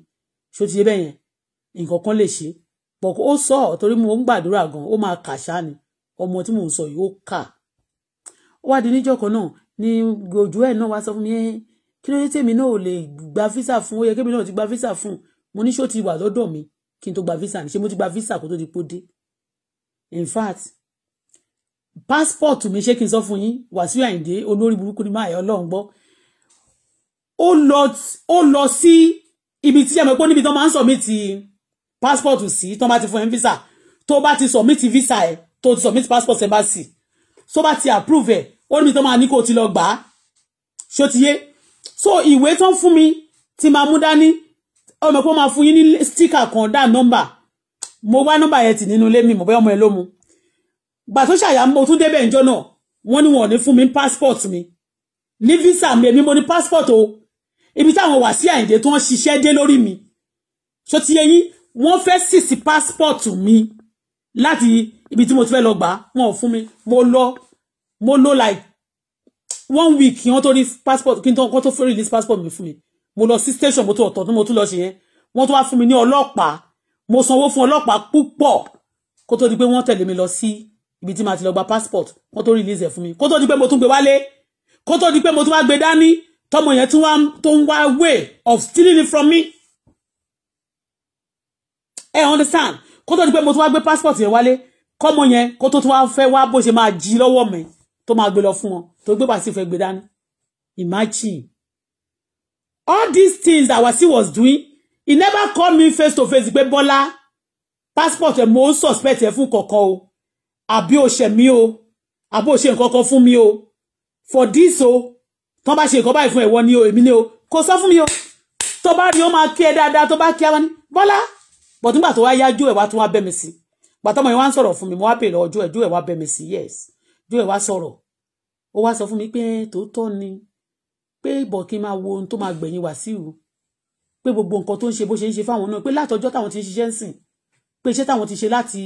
ṣó ti yé bẹ́yẹn nǹkan kan lè ṣe pọ̀ ó sọ ọ̀ torí mo ń gbàdúrà gan ó máa kà ṣá ni ọmọ tí mò ń sọ yìí ó kà ó wá di níjọ́ kan náà ni ojú ẹ̀ náà wá sọ fún mi kí ló dé tèmi náà ò lè gba visa fún ó yẹ kémi náà ti gba visa fún mo ní ṣó ti wà lọ́dọ̀ mi kí n tó gba visa ni ṣé mo ti gba visa kó tó di pó dé in fact passport mi ṣé kí n sọ fún yín Wàsíù Àyìndé olórí burúkú ni máa yọ Ọlọ́run gbọ́ ó lọ ó lọ sí ibi tí ẹmọ pé níbi tó máa ń submit passport sí tó bá ti fún visa tó bá ti submit visa ẹ tó submit passport embassy tó bá ti approve ẹ ó níbi tó máa ní kó o ti lọ gbà á ṣó so ìwé tó ń fún mi ti máa mú dání ọmọ pé ó máa fún yín ní sticker kan dá number. mo wá nọ́mbà yẹn tì nínú ilé mi mo bẹ́ ọmọ ẹ ló mu to tó ṣàyà mo tún débẹ̀ ìjọ náà wọ́n ní wọn ò ní fún mi passport mi ní visa mi èmi mo ní passport o ibi táwọn wà sí àyìndé tó ń ṣiṣẹ́ dé lórí mi ṣó ti yẹ yín wọ́n fẹ́ sísì passport mi láti ibi tí mo ti fẹ́ lọ gbà wọn ò fún mi mo lọ mo lọ like one week kí wọ́n tó rí passport kí wọ́n tó fẹ́ release passport mi fún mi mo lọ sí station mo tó ọ̀tọ̀ tí mo tún lọ ṣe yẹn wọ́n tó wá fún mi ní ọlọ́pàá mo sanwó fún ọlọ́pàá púpọ̀ kó tó di pé wọ́n tẹ̀lé mi lọ sí ibi tí màá ti lọ gba passport kó tó release ẹ̀ fún mi kó tó di pé mo tún gbé wálé kó tó di pé mo tún wá gbé dání tọmọ yẹn tún wá tó ń wá way of stealing it from me ẹ hey, understand kó tó di pé mo tún wá gbé passport yẹn wálé kọ́mọ yẹn kó tó tún wá fẹ́ wá bó ṣe máa jí lọ́wọ́ mi tó máa gbé lọ fún wọn tó gbé wàásù fẹ́ gbé dání imagine all these things that wàásù was doing he never call me face to face pé Bọ́lá passport ẹ̀ mo ń suspect ẹ̀ fún kọ̀ọ̀kan o àbí o ṣẹ̀ mí o àbí o ṣe nǹkan kan fún mi o for this o tọ́n bá ṣe nǹkan báyìí fún ẹ̀wọ́ ni o èmi ni o kò sọ fún mi o tó bá rí ó máa kí ẹ dáadáa tó bá kí ẹ wá ní bọ́lá bọ̀ nígbà tó wá yájú ẹ̀ wá tún wá bẹ́ mi sí gbàtọ́ mọ̀ yẹn wá ń sọ̀rọ̀ fún mi mo wá bèèrè ọjọ́ ẹ̀ jó ẹ̀ wá bẹ́ mi sí yes jó ẹ̀ wá sọ̀rọ̀ ó wá sọ fún mi pé tòótọ́ ni pé ìbọ̀ kí n máa wo ohun tó máa gbẹ̀yìn Wàsíù pé gbogbo nǹkan tó ń ṣe bó ṣe ń ṣe fáwọn náà pé látọjọ́ táwọn ti ń ṣiṣẹ́ ń sìn pé iṣẹ́ táwọn ti ṣe láti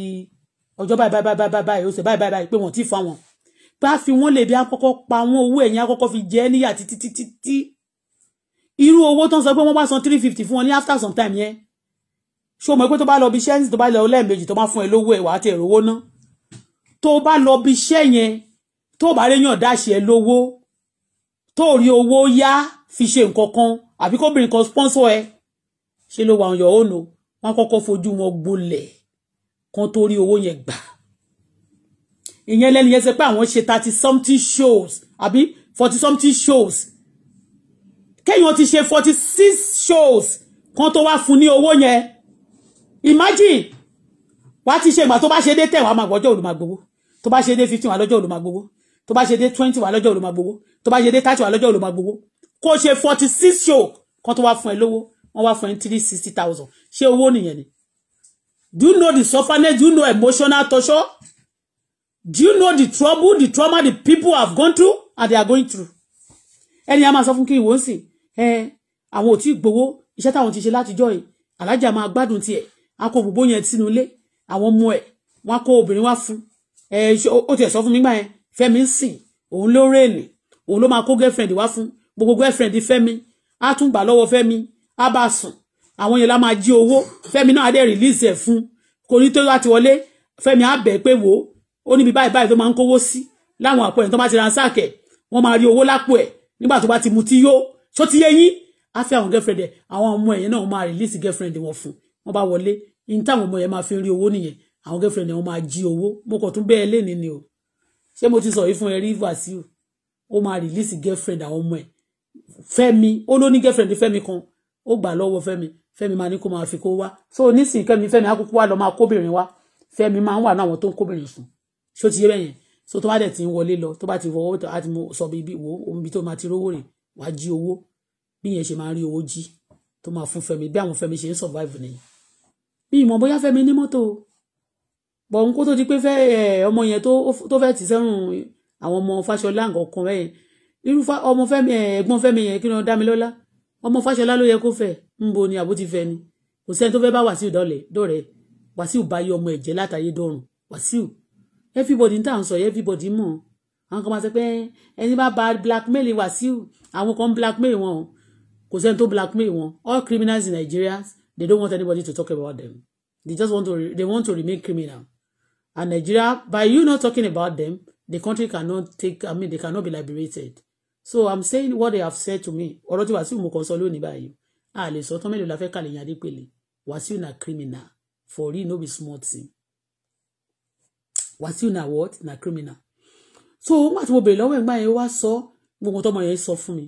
ọjọ́ báyìí báyìí báyìí báyìí oṣù báyìí báyìí pé wọ́n ti fáwọn bá fi wọ́n lè bí akọ́kọ́ pa wọ́n owó ẹ̀yìn akọ́kọ́ fi jẹ́ níyà títí títí tí irú owó tó ń sọ pé wọ́n bá san three fifty fún wọn ní after some time yẹn ṣé o mọ̀ pé tó bá lọ bí iṣẹ́ tó bá lọ lẹ́ẹ̀mejì tó bá fún ẹ lówó ẹ̀ wàá tẹ̀ rówó ná tó bá lọ bí iṣẹ́ to tó bá réyàn dáṣì ẹ lówó tó rí owó yá fi ṣe nǹkan kan àbí kóbìnrin kan sponsor ẹ ṣe ló wà on your own o wọn kọ́kọ́ fojú wọn gbolẹ̀ kan tó rí owó yẹn gbà ìyẹn lẹ́nu yẹn ṣe pé àwọn ṣe thirty something shows àbí forty something shows kéèyàn ti ṣe forty six shows kan tó wá fún ní owó yẹn imagine wàá ti ṣe ìgbà tó bá ṣe dé ten wàá máa gbọ́jọ́ olùmọ̀gbowó tó bá ṣe dé fifteen wàá lọ́jọ́ olùmọ̀gbowó tó bá ṣe dé twenty wàá lọ́jọ́ olùmọ̀gbowó tó bá ṣe dé thirty wàá lọ́jọ́ olùmọ̀gbowó kó ṣe forty six show kan tó wá fún ẹ lówó wọ́n wá fún ẹ three sixty thousand ṣé owó nìyẹn ni do you know the suffering do you know emotional torture do you know the trouble the trauma the people have gone through and they are going through ẹni a máa sọ fún kí ìwọ ń sìn ẹ àwọn ò tí ì gbowó iṣẹ́ táwọn ti ṣe látijọ́ yìí alájà máa gbádùn tiẹ̀ a kó gbogbo yẹn sínú ilé àwọn ọmọ ẹ̀ wọ́n kó obìnrin wá fún ẹ ó tiẹ̀ sọ fún mi gbà yẹn Fẹ́mi ń sìn òun ló rèèní òun ló máa kó girlfriend wá fún gbogbo girlfriend Fẹ́mi á tún gbà lọ́wọ́ Fẹ́mi á bá sùn àwọn yẹn la máa jí owó Fẹ́mi náà á dẹ release ẹ fún kò ní tó láti wọlé Fẹ́mi á bẹ̀ pé wò ó níbi báyìí báyìí tó máa ń kówó sí láwọn àpò ẹ̀ tó bá ti ransack ẹ̀ wọ́n máa rí owó lápò ẹ̀ nígbà tó bá ti mutí yó ṣó ti yé yín á fẹ́ àwọn girlfriend ẹ̀ àwọn ọmọ ẹ̀yẹn náà máa release girlfriend wọn fún wọn bá wọlé in táwọn ọmọ yẹn máa fi rí owó nìyẹn àwọn girlfriend ẹ̀ wọ́n máa jí owó mo kàn tún bẹ́ẹ̀ lénìí ni o ṣé mo ti sọ yìí fún ẹ rí Wàsíù ó máa release girlfriend àwọn ọmọ ẹ̀ Fẹ́mi ó ló ní girlfriend Fẹ́mi kan ó gbà lọ́wọ́ Fẹ́mi Fẹ́mi máa ní kó máa fi kó wá so nísìnyí Kẹ́mi Fẹ́mi á kúkú wá lọ máa kóbìnrin wá Fẹ́mi máa ń wà náà àwọn tó ń kóbìnrin sùn ṣó ti yé bẹ́ẹ̀ so tó bá dẹ̀ ti ń wọlé lọ tó bá ti fọwọ́ tó àti sọ bíbí wo omi tó máa ti rówó rè wá jí owó bí yẹn ṣe máa rí owó jí tó máa fún Fẹ́mi bí àwọn Fẹ́mi ṣe ń survive nìyẹn bí ìmọ̀ bóyá Fẹ́mi ní mọ́tò bọ̀ n kó tó di pé fẹ́ ọmọ yẹn tó fẹ́ ti sẹ́rùn àwọn ọmọ Fáṣọlá nǹkan kan bẹ́ẹ̀ irú ọmọ Fẹ́mi ẹ̀gbọ́n Fẹ́mi yẹn kí ni wọ́n dá mi lọ́lá ọmọ Fáṣọlá ló yẹ kó fẹ́ ń bo ni àbó ti fẹ́ ni kò sẹ́ni tó fẹ́ bá Wàsíù dọ̀lẹ̀ dọ̀rẹ́ Wàsíù bá yí ọmọ ẹ̀jẹ̀ látàyé dọ̀rùn Wàsíù everybody ń tà ń sọ yẹ everybody mọ̀ àwọn kan máa sọ pé ẹni bá ba blackmail Wàsíù àwọn kan blackmail wọn o kò sẹ́ni tó blackmail wọn all criminals in Nigeria they don't want anybody to talk about them they just want to they want to remain criminal and Nigeria by you not talking about them the country cannot take I mean they cannot be liberated so I'm saying what they have said to me ọ̀rọ̀ tí Wàsíù mo kàn sọ lónìí báyìí a lè sọ tán mélòó la fẹ́ kàlẹ́ yín adépèlé Wàsíù na criminal for real no be small thing Wàsíù na what na criminal so nígbà tí mo bèrè lọ́wọ́ ẹ̀gbọ́n yẹn wá sọ gbogbo tọmọ yẹn sọ fún mi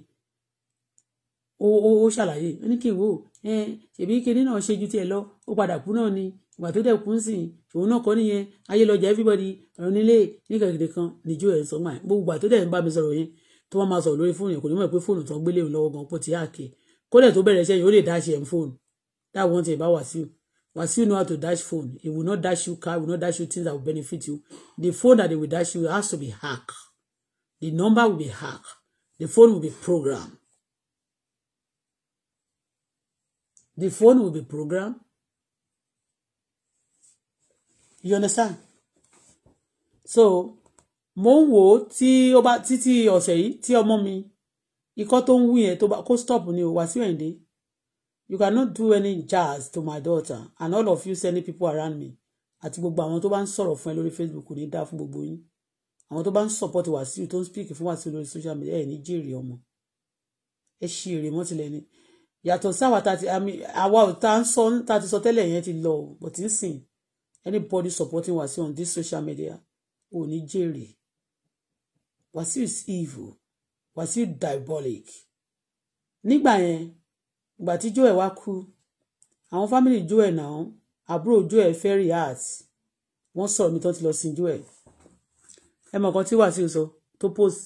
ó ó ó ṣàlàyé ó ní kí n wò ẹ ṣèbí kinní náà ṣe ju tiẹ̀ lọ ó padà kú náà ni ìgbà tó dẹ̀ kú ń sìn òun náà kọ́ nìyẹn ayé lọ́jà everybody ọ̀rọ̀ nílé ní kẹ̀kẹ́ kan níjó ẹ̀ sọ́gbà yẹn gbogbo ìgbà tó dẹ̀ ń bá mi sọ̀rọ̀ yẹn tó wọ́n máa sọ̀rọ̀ lórí fóònù yẹn kò ní mọ̀ pé fóònù tán gbélé òun lọ́wọ́ gan pọ̀ tí àkè kólẹ̀ tó bẹ̀rẹ̀ iṣẹ́ yìí ó lè dá ṣe ẹ̀ ń fóònù dáwọn tiẹ̀ bá wà sí i Wasiu know how to dash phone. It will not dash you car, it will not dash you things that will benefit you. The phone that they will dash you has to be hacked. The number will be hacked. The phone will be programmed. The phone will be programmed. You understand? So, mo ń wò ó tí ó bá títí ọ̀sẹ̀ yìí tí ọmọ mi ikọ́ tó ń wú yẹn tó bá kó stop ni o Wasiu Ayinde you cannot do any jazz to my daughter and all of you sending people around me àti gbogbo àwọn tó bá ń sọ̀rọ̀ fún ẹ lórí facebook ní dá fún gbogbo yín àwọn tó bá ń support wàsíù tó ń speak fún wàsíù lórí social media ẹ̀ ní jèrè ọmọ ẹ ṣe èrè mọ́ tilẹ̀ ni yàtọ̀ sáwà tàti àmì àwa ò tá ń sọ tá ti sọ tẹ́lẹ̀ yẹn ti lọ but n anybody supporting wàsíù on this social media ò ní jèrè wàsíù is evil wàsíù diabolic nígbà yẹn ìgbà tí Joel wá kú àwọn fámìlì Joel náà àbúrò Joel ferry art wọ́n sọ̀rọ̀ mi tó ti lọ sin Joel ẹ mọ̀ kan tí Wàsíù sọ tó post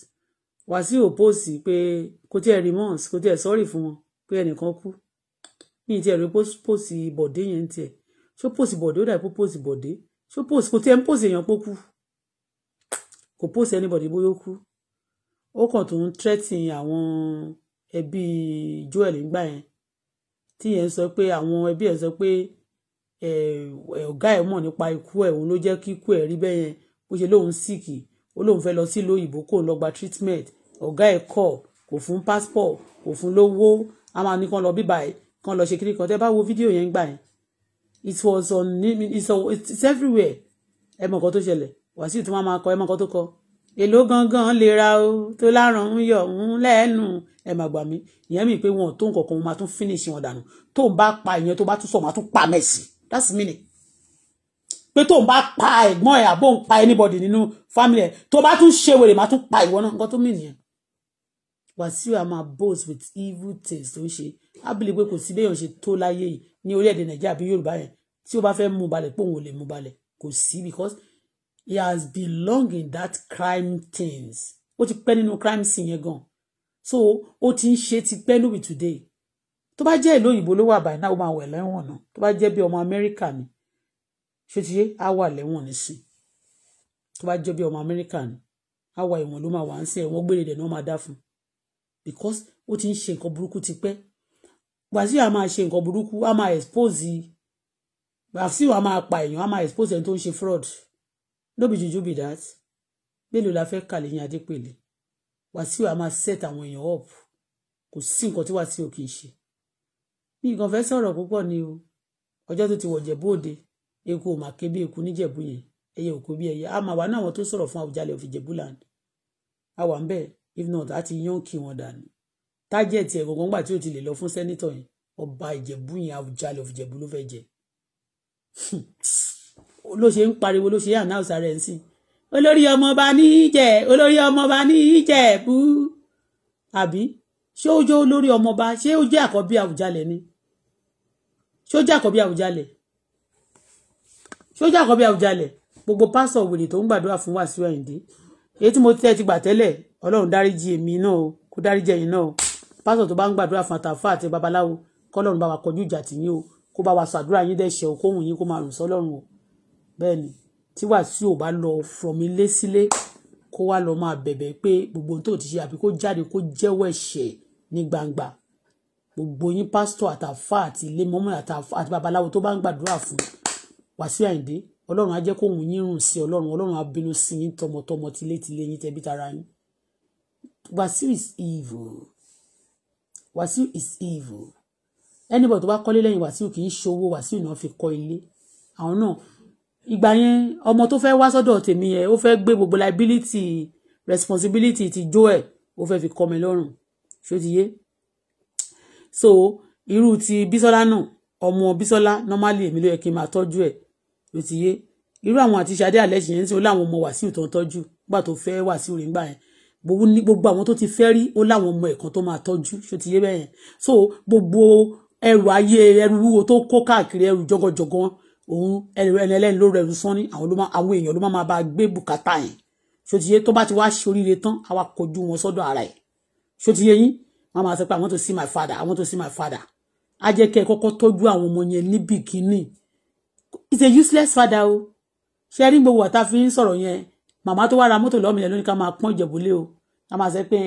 Wàsíù post pé kò tiẹ̀ remorse kò tiẹ̀ sọ́ọ̀rì fún wọn pé ẹnìkan kú ní ìtì ẹ̀rí post bọ̀dé yẹn ń tiẹ̀ ṣó post bọ̀dé ó dà pé post bọ̀dé ṣó post kò tiẹ̀ ń post èèyàn pé ó kú kò post anybody bóyá ó kú ó kàn tó ń threatening àwọn ẹbí Joel nígbà yẹn tí yẹn sọ pé àwọn ẹbí ẹ̀ sọ pé ọ̀gá ẹ̀ mọ̀ nípa ikú ẹ̀ òun ló jẹ́ kí ikú ẹ̀ rí bẹ́ẹ̀ yẹn bó ṣe lóun síkì ó lóun fẹ́ lọ sílùú òyìnbó kó lọ gba treatment ọ̀gá ẹ̀ kọ̀ kò fún passport kò fún lówó a máa ní kán lọ bíbà ẹ̀ kán lọ ṣe kiri kan tẹ́ bá wo fídíò yẹn gbà yẹn it was on it's, on, it's everywhere ẹ mọ̀ nǹkan tó ṣẹlẹ̀ wàásù tó máa ma kọ ẹ mọ̀ nǹkan tó kọ èló gangan lè ra o tó láràn ń yọ ń lẹ́nu ẹ mà gbà mí ìyẹn mi pé wọn ò tó nǹkan kan máa tún finish wọn dànù tó ń bá pa ìyẹn tó bá tún sọ máa tún pa mẹ́sì that's meaning pé tó ń bá pa ẹ̀gbọ́n ẹ̀ àbó ń pa anybody nínú family ẹ̀ tó bá tún ṣe wèrè máa tún pa ìwọ náà nǹkan tó mì nìyẹn Wàsíù àmà boast with evil taste? tó ń ṣe ábìlẹ̀ pé kò sí béèyàn ṣe tó láyé yìí ní orílẹ̀-èdè Nàìjíríà bí Yorùbá yẹn tí ó bá fẹ́ mú balẹ̀ pé ò lè mú balẹ̀ kò sí because he has been long in that crime things ó ti pẹ́ nínú crime scene yẹn gan so ó ti ń ṣe ti pẹ́ lóbi today tó bá jẹ́ ìlú òyìnbó ló wà báyìí náà ó máa wẹ̀ lẹ́wọ̀n náà tó bá jẹ́ bí ọmọ amẹ́ríkà ni ṣé ti ṣe á wà lẹ́wọ̀n nísìn tó bá jẹ́ bí ọmọ amẹ́ríkà ni á wà ìwọ̀n ló máa wà ń sẹ́ ẹ̀wọ̀n gbére dẹ̀ ni máa dá fún because ó ti ń ṣe nǹkan burúkú ti pẹ́ Wàsíù a máa ṣe nǹkan burúkú a máa expose Wàsíù a máa pa èèyàn a máa expose ẹni tó ń ṣe fraud no be juju be that mélòó la fẹ́ kà lẹ́yìn adépèlé wàsíù a máa set àwọn èèyàn up kò sí nǹkan tí wàsíù kì í ṣe mi nǹkan fẹ́ sọ̀rọ̀ púpọ̀ ni o ọjọ́ tó ti wọ̀jẹ̀ bóde eku ò mà ké bí eku níjẹ̀bú yẹn ẹyẹ òkú bí ẹyẹ a máa wà náà wọn tó sọ̀rọ̀ fún àwùjalẹ̀ òfin jẹ̀búland a wà ń if not a ti yán kí wọn dànù tájẹ̀tì ẹ̀ gbọ̀ngàn gbà tí ò ti lè lọ fún sẹ́nítọ̀ yẹn ọba ìjẹ̀bú yẹn àwùjalẹ̀ òfin jẹ̀bú ló fẹ́ jẹ. ló ṣe ń pariwo ló ṣe ànáùsà rẹ̀ ń sìn olórí ọmọọba ní ìjẹ olórí ọmọọba ní ìjẹ bú àbí ṣé ó jẹ́ olórí ọmọọba ṣé ó jẹ́ àkọ́bí àwùjalẹ̀ ni ṣé ó jẹ́ àkọ́bí àwùjalẹ̀ ṣé ó jẹ́ àkọ́bí àwùjalẹ̀ gbogbo pásọ̀ wèrè tó ń gbàdúrà fún Wàsíù Àyìndé èyí tí mo tẹ́ ti gbà tẹ́lẹ̀ ọlọ́run dáríjì èmi náà o kó dáríjì ẹ̀yin náà o pásọ̀ tó bá ń gbàdúrà fún àtàfà àti babaláwo kọ́lọ́run bá wa kọjú ìjà tì yín o kó bá wa sàdúrà yín dẹ́ṣẹ̀ o yín kó máa rùn sọ́lọ́run o bẹ́ẹ̀ ni tí Wàsíù bá lọ from ilé sílé kó wá lọ máa bẹ̀bẹ̀ pé gbogbo ohun tó ti ṣe àbí kó jáde kó jẹ́wọ́ ẹ̀ṣẹ̀ ní gbangba gbogbo yín pásítọ̀ àtàfà àti ilé mọ́mọ́ àti babaláwo tó bá ń gbàdúrà fún Wàsíù Àyìndé ọlọ́run á jẹ́ kó òun yín rùn sí ọlọ́run ọlọ́run á bínú sí yín tọmọtọmọ tilétilé yín tẹbí tara yín Wàsíù is evil Wàsíù is evil anybody tó bá kọ́lé lẹ́yìn Wàsíù kì í ṣòwò Wàsíù náà fi kọ́ ilé àwọn náà ìgbà yẹn ọmọ tó fẹ́ wá sọ́dọ̀ tèmi yẹn ó fẹ́ gbé gbogbo liability responsibility ti jó ẹ̀ ó fẹ́ fi kọ́ mi lọ́rùn ṣó ti yé so irú ti Bísọ́lá náà ọmọ Bísọ́lá normally èmi ló yẹ kí n máa tọ́jú ẹ̀ ló ti yé irú àwọn àti Ṣadé àlẹ́sìn yẹn ń sọ láwọn ọmọ Wàsíù tó ń tọ́jú nígbà tó fẹ́ Wàsíù rẹ̀ ńgbà yẹn gbogbo àwọn tó ti fẹ́ rí ó láwọn ọmọ ẹ̀kan tó máa tọ́jú ṣó ti yé bẹ́ẹ̀ yẹn so gbogbo ẹrù ayé ẹrù wúwo tó kó káàkiri ẹrù jọgọjọgọ òun ẹni ẹlẹ́ni ló rẹrù sánni àwọn èèyàn ló máa bá gbé bùkátà yẹn ṣòtìyẹ tó bá ti wá ṣoríire tán àwa kojú wọn sọ́dọ̀ ara ẹ̀ ṣòtìyẹ yín wọn máa sọ pé àwọn tó sí my father àwọn tó sí my father á jẹ́ kẹ́ ẹ kọ́kọ́ tọ́jú àwọn ọmọ yẹn ní bìkínì it's a useless father o ṣe rí gbogbo ọ̀tá fi ń sọ̀rọ̀ yẹn màmá tó wá ra mọ́tò lọ́mìnira lónìí ká máa pọ́n ìjẹ̀bùlé o a máa sọ pé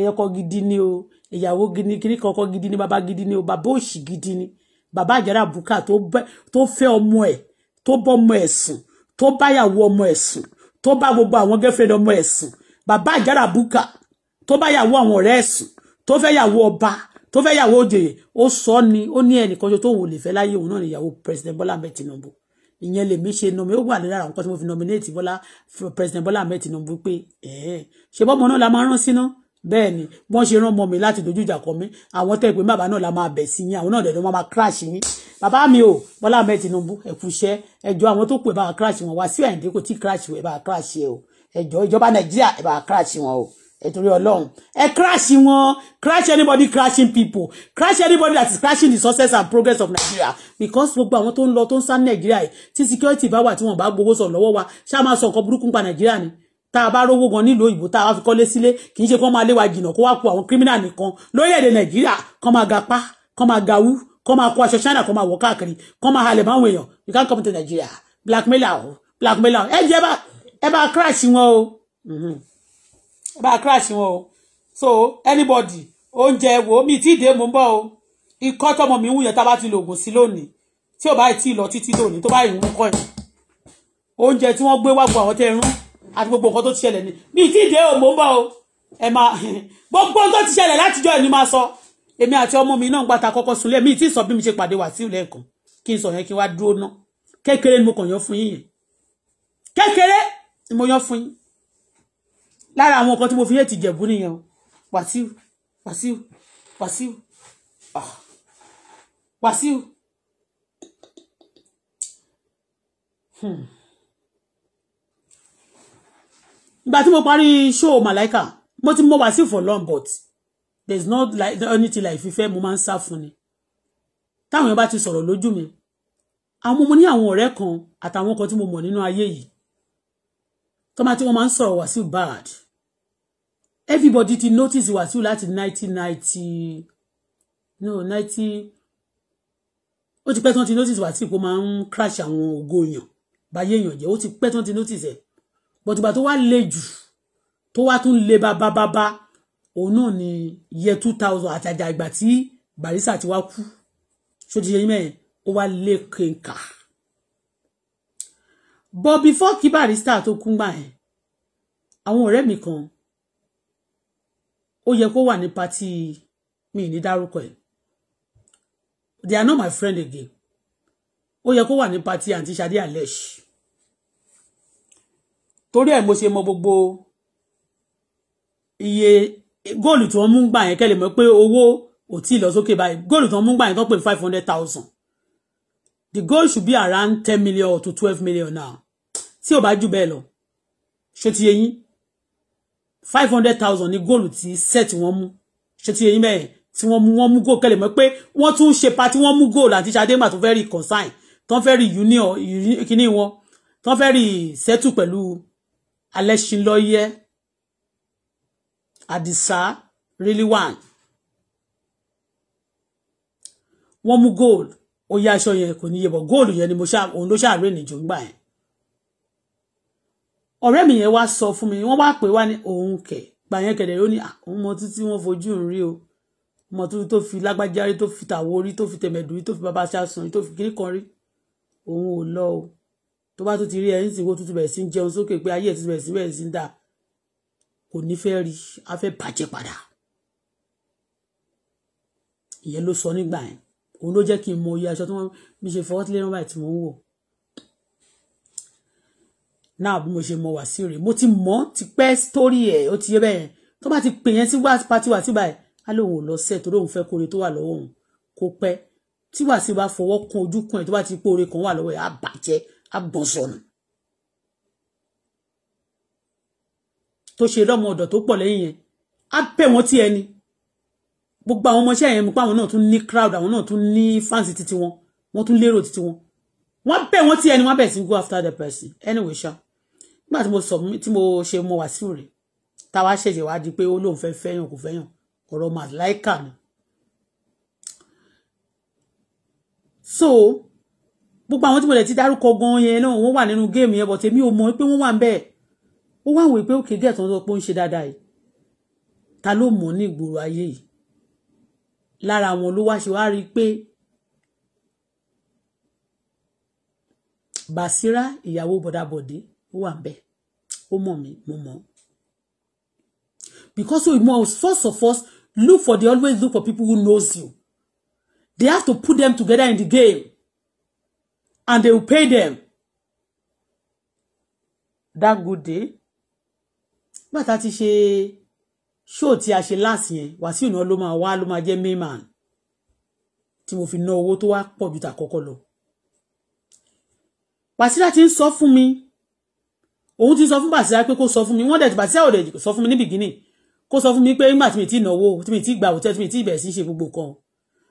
ẹyọkọ gidi ni o ìyàwó gidi kíní kọkọ gidi ni bàbá gidi ni o bàbá òṣì gidi ni bàbá àjàrà bùkà tó fẹ́ ọmọ ẹ̀ tó bọ́mọ ẹ̀ sùn tó báyàwó ọmọ ẹ̀ sùn tó bá gbogbo àwọn gẹ́fẹ́rẹ́ ọmọ ẹ̀ sùn bàbá àjàrà bùkà tó báyàwó àwọn ọ̀rẹ́ ẹ̀ sùn tó fẹ́ yàwó ọba tó fẹ́ yàwó òjòyè ó sọ ni ó ní ẹnìkan tó wò lè fẹ́ láyé òun náà ni ìyàwó president Bọ́lá Ahmed Tinubu ìyẹn lèmi ṣe nomi ó wà lára àwọn nǹkan tí mo fi nominate Bọ́lá president Bọ́lá Ahmed Tinubu pé ṣe bọ́mọ náà la máa rán sí bẹ́ẹ̀ ni wọ́n ṣe rán ọmọ mi láti dojú ìjà kọ mí àwọn tẹ́ pé bàbá náà la máa bẹ̀ sí yín àwọn náà dẹ̀dọ̀ máa crash yín bàbá mi ò Bọ́lá Ahmed Tinubu ẹ̀kú iṣẹ́ ẹjọ́ àwọn tó pè bá crash wọn wá sí àyíndé kò tí crash wọn ẹ̀ bá crash ẹ o ẹjọ́ ìjọba Nàìjíríà ẹ̀ bá crash wọn o ẹ̀tọ́rí ọlọ́run ẹ crash wọn crash anybody crashing people crash anybody that is crashing the success and progress of Nigeria because gbogbo àwọn tó ń lọ tó ń sá Nàìjíríà yìí tí security bá wà tí wọ́n bá gbowó sọ lọ́wọ́ wa ṣá máa sọ nǹkan burúkú pa Nàìjíríà ni tá a bá rówó gan nílùú òyìnbó tá a fi kọ́lé sílé kì í ṣe kó máa lé wa jìnnà kó wá ku àwọn kírímínà nìkan lórílẹ̀‐èdè nàìjíríà kó máa ga pa kó máa ga wú kó máa china kó máa wọ̀ káàkiri kó máa halẹ̀ báwọn èèyàn you can come to nigeria blackmailer o blackmailer ẹ jẹ́ ẹ bá crash wọn o mhm. ẹ bá crash wọn o so anybody oúnjẹ wo mi tí ìdè mò ń bọ̀ o ikọ́ tọmọ mi ń wúyẹn tá ti lo oògùn sí lónìí tí ò bá ì tí ì lọ títí lónìí tó bá ì ń wúkọ́ ẹ̀ oúnjẹ tí wọ́n gbé wá gbọ́ àti gbogbo nǹkan tó ti ṣẹlẹ̀ ni mi ì tí ì dé o mò ń bọ̀ o ẹ máa gbogbo nǹkan ti ṣẹlẹ̀ látijọ́ ẹ̀ ni máa sọ èmi àti ọmọ mi náà ń gbàtà kọ́kọ́ sunlé mi ì tí ì sọ bí mi ṣe pàdé Wàsíù lẹ́ẹ̀kan kí n sọ yẹn kí n wá dúró ná kékeré ni mo kàn yọ fún yín yẹn kékeré ni mo yọ fún yín lára àwọn nǹkan tí mo fi yé ti jẹ̀bú nìyẹn o Wàsíù Wàsíù Wàsíù ah. Wàsíù. Hmm. ìgbà tí mo parí show màláìkà mo ti mọ Wasiu for long but there's not like anything like fífẹ́ mo máa ń sá fún ni táwọn èèyàn bá ti sọ̀rọ̀ lójú mi àwọn ọmọ ní àwọn ọ̀rẹ́ kan àtàwọn kan tí mo mọ̀ nínú ayé yìí tọ́mọ tí wọ́n máa ń sọ̀rọ̀ Wasiu bad everybody ti notice Wasiu láti nineteen ninety no ninety ó ti pẹ́ tí ti notice Wasiu kó máa ń crash àwọn ògo èèyàn báyé èèyàn jẹ́ ó ti pẹ́ tí ti notice ẹ̀ but ìgbà tó wá le jù tó wá tún le bábábábá òun náà ni year two thousand àjàjà ìgbà tí Barrister ti wá kú ṣó ti ṣe yín mẹ́rin ó wá lé kéńkà but before kí Barrister tó kú gbà yẹn àwọn ọ̀rẹ́ mi kan ó yẹ kó wà ní pati mi ní dárúkọ ẹ̀ they are not my friend again ó yẹ kó wà ní pati àǹtí Ṣadé Alesh torí ẹ̀ mo ṣe mọ gbogbo iye góòlù tí wọ́n mú gbà yẹn kẹ́lẹ̀ mọ̀ pé owó ò tí ì lọ sókè báyìí góòlù tí wọ́n mú gbà yẹn tó pè five hundred thousand the goal should be around ten million to twelve million now tí ò bá jù bẹ́ẹ̀ lọ ṣé ti yẹn five hundred thousand ni góòlù tí set wọ́n mú ṣé ti yẹn bẹ́ẹ̀ tí wọ́n mú wọ́n mú góòlù kẹ́lẹ̀ mọ̀ pé wọ́n tún ṣe party wọ́n mú góòlù àti Ṣadé mà tó fẹ́ rí consign tó fẹ́ rí union kíní wọn tó fẹ́ rí settle pẹ̀lú Alẹ́ṣinlọ́yẹ Àdìsá Rilwan wọ́n mú gold ó yá aṣọ yẹn kò níye bọ̀ gold yẹn ni mo ṣá òun ló ṣàárẹ̀ nìjọ ńgbà yẹn ọ̀rẹ́ mi yẹn wá sọ fún mi wọ́n wá pè wá ní òun kẹ̀ gbà yẹn kẹ̀dẹ̀ ó ní àwọn ah, ọmọ títí wọ́n fojú ń rí o ọmọ tuntun tó fi lágbájá rí tó fi tàwo rí tó fi tẹ̀mẹ̀dù rí tó fi babaṣá sùn rí tó fi kiri kan rí òun ò lọ o tó bá tún ti rí ẹni tí wọ́n tún ti bẹ̀rẹ̀ sí ń jẹun sókè pé ayé ẹ̀ tún bẹ̀rẹ̀ sí bẹ̀rẹ̀ sí ń dà kò ní fẹ́ rí a fẹ́ bàjẹ́ padà ìyẹn ló sọ nígbà yẹn òun ló jẹ́ kí n mọ iye aṣọ tí wọ́n mi ṣe fọwọ́ tilẹ̀ nọ́mbà tí mò ń wò náà bí mo ṣe mọ Wàsíù rèé mo ti mọ̀ ti pẹ́ sítórì ẹ̀ ó ti yé bẹ́ẹ̀ tó bá ti pè yẹn sí pati wà síbà ẹ̀ á lóun ò lọ sẹ́ẹ̀ torí òun fẹ́ kóore tó wà lọ́wọ́ òun kó pẹ́ tí Wàsíù bá fọwọ́ kan ojú kan ẹ̀ tó bá ti pé kan wà lọ́wọ́ ẹ̀ á bàjẹ́ abọ̀sọ̀nù tó ṣe lọ́mọ ọ̀dọ̀ tó pọ̀ lẹ́yìn yẹn á pẹ̀ wọ́n tí ẹni gbogbo àwọn ọmọọṣẹ́ yẹn mú pa àwọn náà tún ní crowd àwọn náà tún ní fans títí wọn wọ́n tún lérò títí wọn wọ́n pẹ̀ wọ́n tí ẹni wọ́n bẹ̀ sí go after the person anyway ṣá nígbà tí mo sọ tí mo ṣe mo wà sí òrè táwa ṣẹ̀ṣẹ̀ wá di pé ó lóun fẹ́ fẹ́yàn kò fẹ́yàn ọ̀rọ̀ màláìkà ni so gbogbo àwọn tí mo lè ti dárúkọ gan yẹn náà wọ́n wà nínú géèmù yẹn bọ̀tẹ̀ mi ò mọ̀ pé wọ́n wà ń bẹ́ẹ̀ ó wà wò pé òkè gẹ̀ tó ń sọ pé ó ń ṣe dáadáa yìí ta ló mọ̀ ní ìgboro ayé yìí lára àwọn ló wá ṣe wá rí i pé Basira ìyàwó bọ̀dàbọ̀dé ó wà ń bẹ́ẹ̀ ó mọ̀ mí mo mọ̀ because we must first of all look for the always look for people who knows you they have to put them together in the game and they will pay them that good day bàtà ti ṣe ṣóò tí a ṣe láàsì yẹn wàsíù náà ló máa wá ló máa jẹ́ main man tí mo fi ná owó tó wá pọ̀ ju tàkọ́kọ́ lọ bàtìrà ti ń sọ fún mi òun ti sọ fún bàtìrà pé kó sọ fún mi wọ́n dẹ̀ bàtìrà ò dẹ̀ sọ fún mi ní bìgínì kó sọ fún mi pé nígbà tí mi ti náwó tí mi ti gbà òtẹ́ tí mi ti bẹ̀rẹ̀ sí ṣe gbogbo kan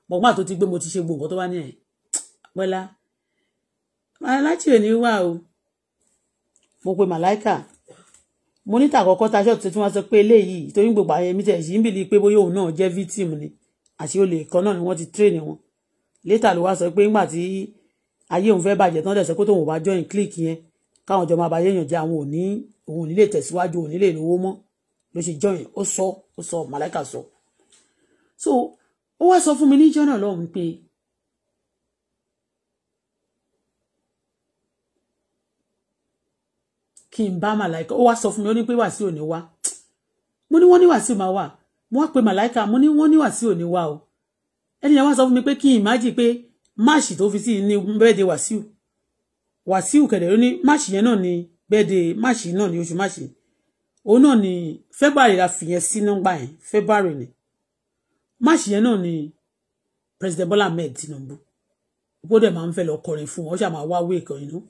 mọ̀gbọ́n àti tó ti gbé mo ti ṣe gbogbo nǹkan tó bá ní ẹ̀ bọ́lá aláti ò ní wà o mo pe màláìkà mo níta àkọ́kọ́ ta ṣọ́ọ̀tì tí wọ́n sọ pé eléyìí torí gbogbo àyẹ̀mí tẹ̀ sí ń bìlí pé bóyá òun náà jẹ́ victim ni àti olè kan náà ni wọ́n ti train wọn létà ló wá sọ pé ńgbà tí ayé òun fẹ́ bàjẹ́ tán dẹ̀ sọ pé tóun ò bá join click yẹn káwọn jọ máa bá yéèyàn jẹ àwọn òní òun ò ní lè tẹ̀síwájú òun ò ní lè lówó mọ́ ló ṣe join ó sọ ó sọ màláìkà sọ so ó wá sọ fún mi níjọ́ náà lọ́hùn-ún pé kí n bá màláìka ó wá sọ fún mi ó ní pé Wàsíù ò ní wá mo ní wọ́n ní Wàsíù máa wà wọ́n pe màláìka mo ní wọ́n ní Wàsíù ò ní wá o ẹni yẹn wá sọ fún mi pé kí n májì pé máàṣì tó fi sí ní bẹ́ẹ̀dẹ̀ Wàsíù Wàsíù kẹ̀dẹ̀ ló ní máàṣì yẹn náà ní bẹ́ẹ̀dẹ̀ máàṣì náà ní oṣù máàṣì òun náà ní February la fìyẹn sí nọ́mbà yẹn February ni máàṣì yẹn náà ní President Bola Ahmed Tinubu ó dẹ̀ máa ń fẹ́ lọ kọrin fún wọn ó ṣàmà wá wé ìkànnì náà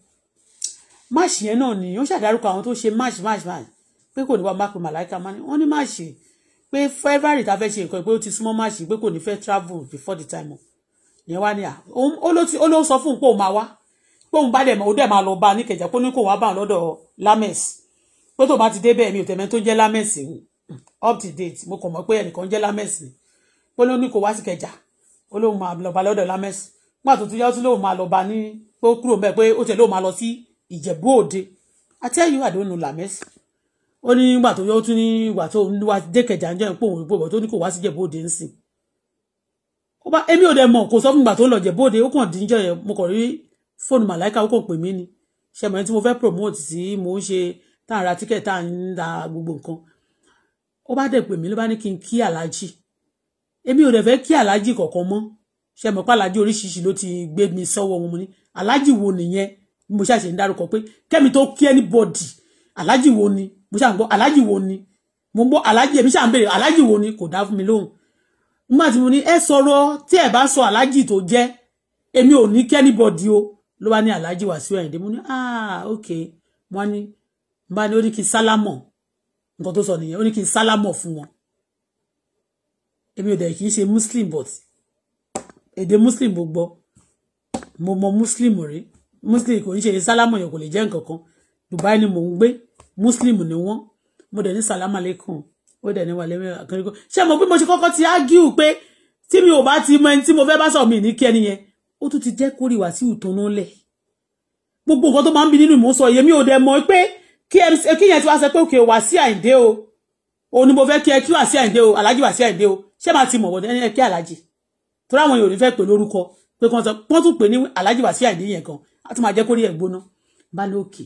máàṣì yẹn náà ni ó ṣàdárúkọ àwọn tó ṣe máàṣì máàṣì máàṣì pé kò ní wá má pe màláìka má ní wọ́n ní máàṣì pé february ta fẹ́ ṣe nǹkan pé ó ti súnmọ́ máàṣì pé kò ní fẹ́ travel before the time yẹn wá ní à ó ló sọ fún un pé òun máa wá pé òun bá dẹ̀ mọ́ ó dẹ̀ máa lọ bá a ní kẹjà pé ó ní kò wá bá a lọ́dọ̀ lames pé tó bá ti dé bẹ́ẹ̀ mi ò tẹ̀mẹ́ tó jẹ́ lames up to date mo kàn mọ́ pé ẹnìkan jẹ́ lames ni pé ló ní kò wá sí kẹjà ó lóun máa lọ bá lọ́dọ̀ lames nígbà tó tún yá ó tún lóun máa lọ bá ní pé ó kúrò mẹ́ pé ó tẹ̀ lóun máa lọ sí Ìjẹ̀bú Òde I tell you I don't know Lamex ó ní ìgbà tó yọ ó tún ní ìgbà tó ń wá dékẹjà ń jẹ́ ìpò òun ìpò tó ní kò wá sí Ìjẹ̀bú Òde ń sìn ó bá èmi ò dẹ̀ mọ̀ kò sọ fún ìgbà tó ń lọ Ìjẹ̀bú Òde ó kàn dín jẹ́ yẹn mo kàn rí fóònù màláìka ó kàn pè mí ni ṣe mọ̀ ní tí mo fẹ́ promote sí mo ń ṣe tá à ń ra tíkẹ̀ tá à ń ra gbogbo nǹkan ó bá dẹ̀ pè mí ló bá ní kí n kí aláàjì èmi ò dẹ̀ fẹ́ kí aláàjì kọ̀ọ̀kan mọ́ ṣe mọ̀ pé aláàjì oríṣiríṣi ló ti gbé mi sọ́wọ́ wọn mo ní aláàjì wo nìyẹn mo ṣàṣẹ ń dárúkọ pé kẹ́mi tó kí anybody aláàjì wo ni mo ṣà ń gbọ́ aláàjì wo ni mo ń gbọ́ aláàjì èmi ṣà ń béèrè aláàjì wo ni kò dá fún mi lóhùn nígbà tí mo ní ẹ sọ̀rọ̀ tí ẹ bá sọ aláàjì tó jẹ́ èmi ò ní kí anybody o ló bá ní aláàjì Wàsíù Àyìndé mo ní ah ok wọ́n ní bá ní ó ní kí n sálámọ̀ nǹkan tó sọ nìyẹn ó ní kí n sálámọ̀ fún wọn èmi ò dẹ̀ kì í ṣe muslim but èdè muslim gbogbo mo mọ muslim rí muslim kò ń ṣe sálámù yẹn kò lè jẹ́ nǹkan dubai ni mò ń gbé muslim ni wọ́n mo dẹ̀ ní sàlámù aleikum ó dẹ̀ ní wàlẹ́ àkànríkò ṣé mo bí mo ṣe kọ́kọ́ ti ágíù pé tí mi ò bá ti mọ ẹni tí mo fẹ́ bá sọ̀rọ̀ mi ní kí ẹni yẹn ó tún ti jẹ́ kórìíwá sí ìtọ́nú lẹ̀ gbogbo nǹkan tó máa ń bi nínú ìmúsọ yèmi ò dẹ̀ mọ̀ pé kí yẹn ti wá sọ pé òkè wá sí àìndé o òun ni mo fẹ́ kí ẹ kí wá sí àìndé o alájì wá sí àìndé o ṣé máa ti mọ̀ wọ́n ẹni ẹ kí alájì torí àwọn yòó fẹ́ pè lórúkọ pé kí wọ́n tún pè ní alájì wá sí àìndé yẹn gan á máa jẹ́ kó rí ẹ̀ bá lókè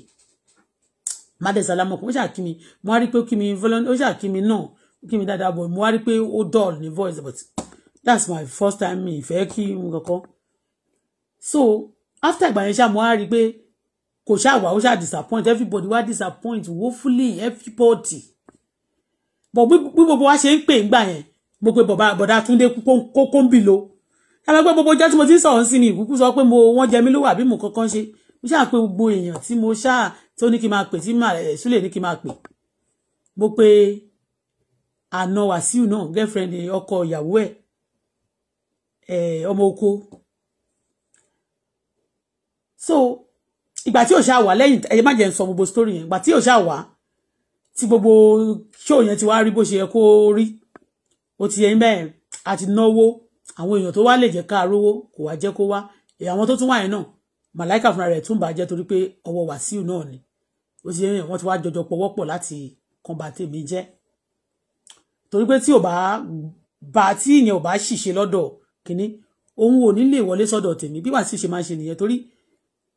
má dẹ̀ ó ṣáà kí mi mo wá rí pé ó ṣáà kí mi náà kí mi dáadáa bọ̀ mo wá rí pé ó dull ní voice but that's my first time Me ìfẹ́ kí n kankan so after ìgbà yẹn ṣáà mo wá rí pé kò ṣáà wà ó ṣáà disappoint everybody wá disappoint woefully everybody bọ̀ bí gbogbo wa ṣe ń pè ń gbà yẹn mo pe bọ̀dá Túndé kókóńbì lo ẹ máa gbọ́ gbogbo jẹ́ tí mo ti ń sọ̀rọ̀ sí mi ìkúkú sọ pé mo wọ́n jẹ mí lówó àbí mo kankan ṣe mo ṣáà pé gbogbo èèyàn tí mo ṣáà tó ní kí n máa pè tí mà eh, ní kí n máa pè mo pe àna Wàsíù náà girlfriend ọkọ ìyàwó ẹ̀ eh, ọmọ oko so ìgbà tí òṣà wà lẹ́yìn ẹ̀yẹ má jẹ́ ń sọ gbogbo story yẹn ìgbà tí òṣà wà tí gbogbo show yẹn ti wá rí bó ṣe yẹ kó rí ó ti yẹ ń bẹ́ẹ̀ àti náwó àwọn èèyàn tó wá lè jẹ́ ká rówó kò wá jẹ́ kó wá àwọn tó tún wà yẹn náà màláìkà fúnra rẹ̀ tún bàjẹ́ torí pé ọwọ́ wàsíù náà ni ó ti yẹn wọ́n ti wá jọjọ pọwọ́pọ̀ láti kan bá tèmi jẹ́ torí pé tí ò bá bá tí ìyẹn ò bá ṣìṣe lọ́dọ̀ kínní òun ò ní lè wọlé sọ́dọ̀ tèmi bí wàsíù ṣe máa ṣe nìyẹn torí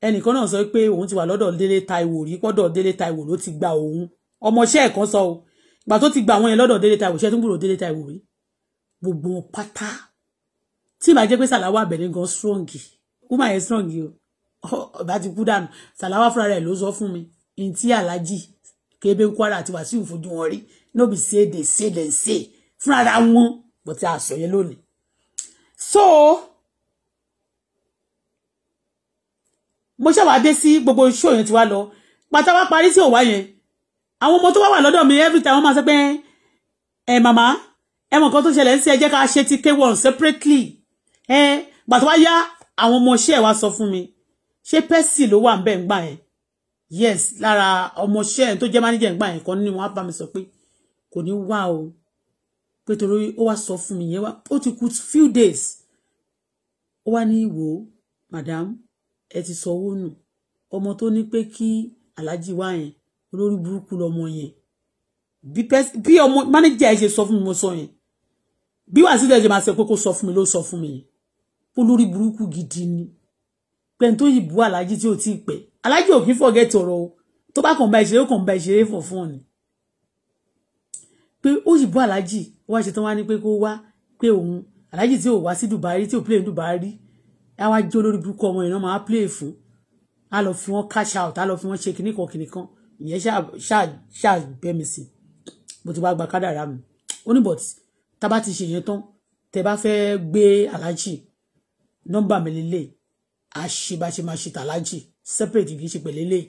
ẹnìkan náà sọ pé òun ti wà lọ́dọ̀ délé taiwo rí pọ́dọ̀ délé taiwo ló ti gba òun ọmọọṣẹ́ ẹ̀kan sọ o ìgbà tó ti gba àwọn yẹn lọ́dọ̀ délé taiwo ṣẹ́ tún gbúrò délé taiwo rí gbogbo pátá tí ìbá jẹ́ pé sàláwà àbẹ̀rẹ̀ gan strong woman yẹn strong o ba ti kú dànù sàláwà fúnra rẹ̀ ló sọ fún mi ní tí aláàjì kébé kwara àti wàsíù fojú wọn rí nóbi ṣe dè ṣe dè ṣe fúnra wọn bó ti àṣọ yẹn lónìí. so mo wa dé sí gbogbo iṣu òyìn tí wàá lọ pátá wá parí sí wa yẹn àwọn ọmọ tó wá wà lọ́dọ̀ mi every time wọ́n máa sọ pé ẹ màmá ẹ mọ̀ nǹkan tó ṣẹlẹ̀ ń ṣe ẹ jẹ́ ti k1 separately ẹ gbà tó wá yá àwọn ọmọọṣẹ́ ẹ̀ wá sọ fún mi ṣé pẹ́sì ló wà níbẹ̀ ńgbà yẹn yes lára ọmọọṣẹ́ ẹ̀ tó jẹ́ máníjà ńgbà yẹn kan nínú wọn á bá mi sọ pé kò ní wá o pé torí ó wá sọ fún mi yẹn wá ó ti kú few days ó wá ní ìwò madam ẹ ti sọ owó nù ọmọ tó ní pé kí aláàjì wá yẹn olórí burúkú lọmọ yẹn bí ọmọ mánéjà ẹ ṣe sọ fún mi mo sọ yẹn bí wàásù ẹ ṣe máa sọ pé kó sọ fún mi ló sọ fún mi yẹn olórí burúkú gidi ni pẹ̀lú tó yìí bú alájí tí ò tí ì pẹ́ alájí ò kí forget ọ̀rọ̀ o tó bá kàn bá ìṣeré ó kàn bá ìṣeré fọ̀ fún ọ ni pé ó yìí alájí ó wá ṣe tán wá ní pé kó wá pé òun alájí tí ò wá sí Dubai tí ò play Dubai rí á wá jẹ́ olórí burúkú ọmọ ìran máa play fún á lọ fi wọ́n cash out á lọ fi wọ́n ṣe kìnnìkan kìnnìkan ìyẹn ṣáà bẹ́mi sí mo ti wá gba kádàrá mi ó ní bọ̀t tá bá ti ṣèyẹn tán tẹ bá fẹ́ gbé alájí nọ́mbà mi lélẹ̀ àṣebàṣe máa ṣe tàlájì separate kì í ṣe pẹ̀lẹ́lẹ̀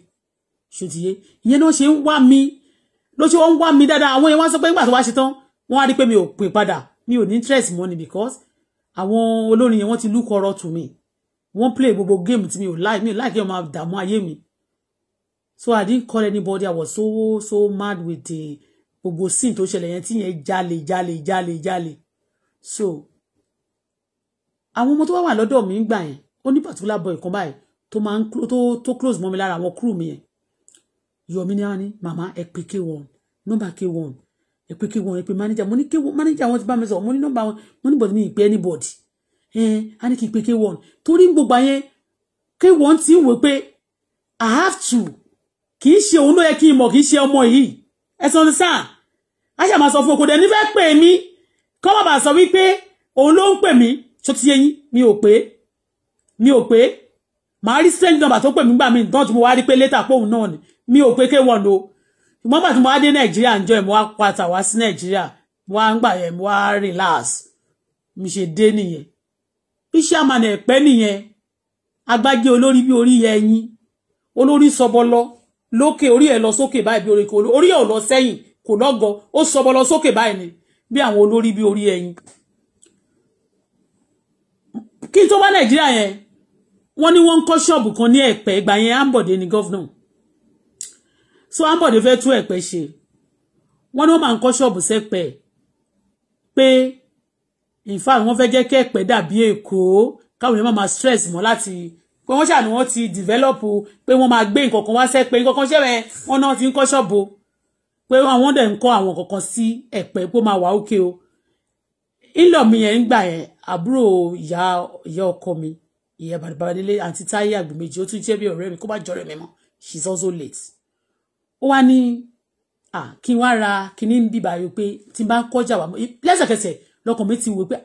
ṣòtìyé ìyẹn ló ṣe ń wá mi ló ṣe ń wá mi dáadáa àwọn èèyàn wá sọ pé nígbà tó wá ṣe tán wọ́n á rí pé mi ò pè padà mi ò ní interest money ni because àwọn olórin yẹn wọ́n ti look ọ̀rọ̀ to me wọ́n play gbogbo game tí mi ò like mi ò like kí wọ́n máa dààmú ayé mi so I didn't call anybody I was so so mad with the gbogbo sin tó ṣẹlẹ̀ yẹn tí yẹn jalè jalè jalè jalè so àwọn ọmọ tó wá wà lọ́dọ̀ mi ń gbà yẹn ó ní particular boy kan báyìí tó máa ń tó tó close mọ́ mi lára àwọn crew mi yẹn yọmi ní àní màmá ẹ pé k1 nọ́mbà k1 ẹ pé k1 ẹ pé manager mo ní k1 manager wọn ti bá mi sọ mo ní nọ́mbà wọn mo ní bọ̀dọ̀ mi ìpè anybody ẹn á ní kí n pé k1 torí gbogbo àyẹn k1 ti wò pé i have to kì í ṣe òun ló yẹ kí n mọ̀ kì í ṣe ọmọ yìí ẹ sọ ní sáà a ṣàmà sọ fún okòdẹ nífẹ̀ẹ́ pè mí kọ́ bàbà sọ wípé òun ló ń pè mí ṣó ti yé mi ò pé mi ò pé màá rí strange number tó pè mí gbà mí nǹkan tí mo wá rí pé later póun náà ni mi ò pé kéwọn o ṣùgbọ́n bàtí mo wá dé nàìjíríà ǹjọ́ ẹ̀ mo wá pàtà wá sí nàìjíríà mo wá ń gbà yẹn mo wá relax mi ṣe dé nìyẹn iṣẹ́ àmàlà ẹ̀pẹ́ nìyẹn agbájé olórí bí orí ẹyin olórí sọbọlọ lókè orí ẹ̀ lọ sókè báyìí bí orí kò orí ẹ̀ ò lọ sẹ́yìn kò lọ́gọ ó sọbọlọ sókè ni bí àwọn olórí bí orí ẹyin kí n tó wá nàìjíríà yẹn wọ́n ní wọ́n ń kọ́ ṣọ́ọ̀bù kan ní ẹ̀pẹ́ ìgbà yẹn ambode ni gọ́vnà so ambode fẹ́ tú ẹ̀pẹ́ ṣe wọ́n ní wọ́n máa ń kọ́ ṣọ́ọ̀bù sẹ́pẹ́ pé in fact wọ́n fẹ́ kí ẹ̀pẹ́ dàbí èkó káwọn èèyàn máa stress mọ́ láti pé wọ́n ṣàní wọ́n ti develop pé wọ́n máa gbé nǹkan kan wá sẹ́pẹ́ nǹkan kan ṣẹ́wẹ̀ wọ́n náà ti ń kọ́ ṣọ́ọ̀bù pé àwọn dẹ̀ ń kọ́ àwọn kankan sí ẹ̀pẹ́ pé ó máa wà ókè o ńlọ mi yẹn ń gbà yẹn àbúrò ìyá ìyá ọkọ mi ìyá bàbá nílé àti táyé àgbèméjì ó tún jẹ́ bí ọ̀rẹ́ mi kó má jọ̀rẹ́ mi mọ́ she is also late ó wá ní à kí n wá ra kíní ń bíbá yìí pé tí n bá kọjá wà lẹ́sẹ̀kẹsẹ̀ lọ́kàn mi ti wò pé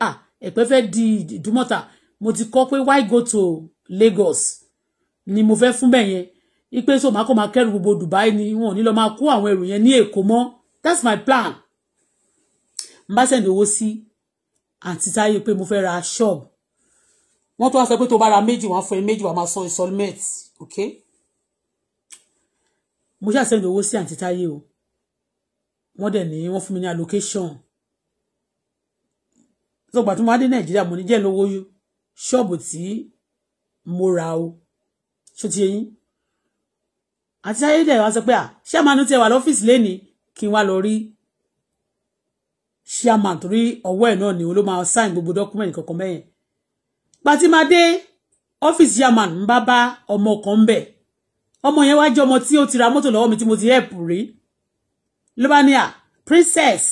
ẹ̀pẹ́ fẹ́ di ìdúmọ̀ta mo ti kọ́ pé why go to Lagos ni mo fẹ́ fún bẹ́ẹ̀ yẹn ipe so màá kọ́ máa kẹ́rù gbogbo Dubai ni wọn ò ní lọ máa kó àwọn ẹrù yẹn ní Èkó mọ́ that's my plan n bá sẹ́ni owó sí àǹtí táyé pé mo fẹ́ ra ṣọ́ọ̀bù wọ́n tún wá sọ pé tó bá ra méjì wọ́n á fún ẹ méjì wọ́n á máa san installment ok mo ṣàṣẹ́yìn owó sí àǹtí táyé o wọ́n dẹ̀ ní wọ́n fún mi ní allocation so gbàtú mo wá dé nàìjíríà mo ní jẹ́ lówó ṣọ́ọ̀bù tí mo ra o ṣó ti yẹyìn àti sáyé dẹ̀ wá sọ pé à ṣé àmàánú tiẹ̀ wà lọ́fíìsì lẹ́ni kí n wá lọ rí chairman torí ọwọ́ ẹ̀ náà ni ló máa sign gbogbo document kankan mẹ́yẹn gbàtímadé ọ́fíìsì chairman ń bá bá ọmọ kan ń bẹ̀ ọmọ yẹn wá ọmọ tí ó ti ra mọ́tò lọ́wọ́ mi tí mo ti help rí ló bá ní à ah, princess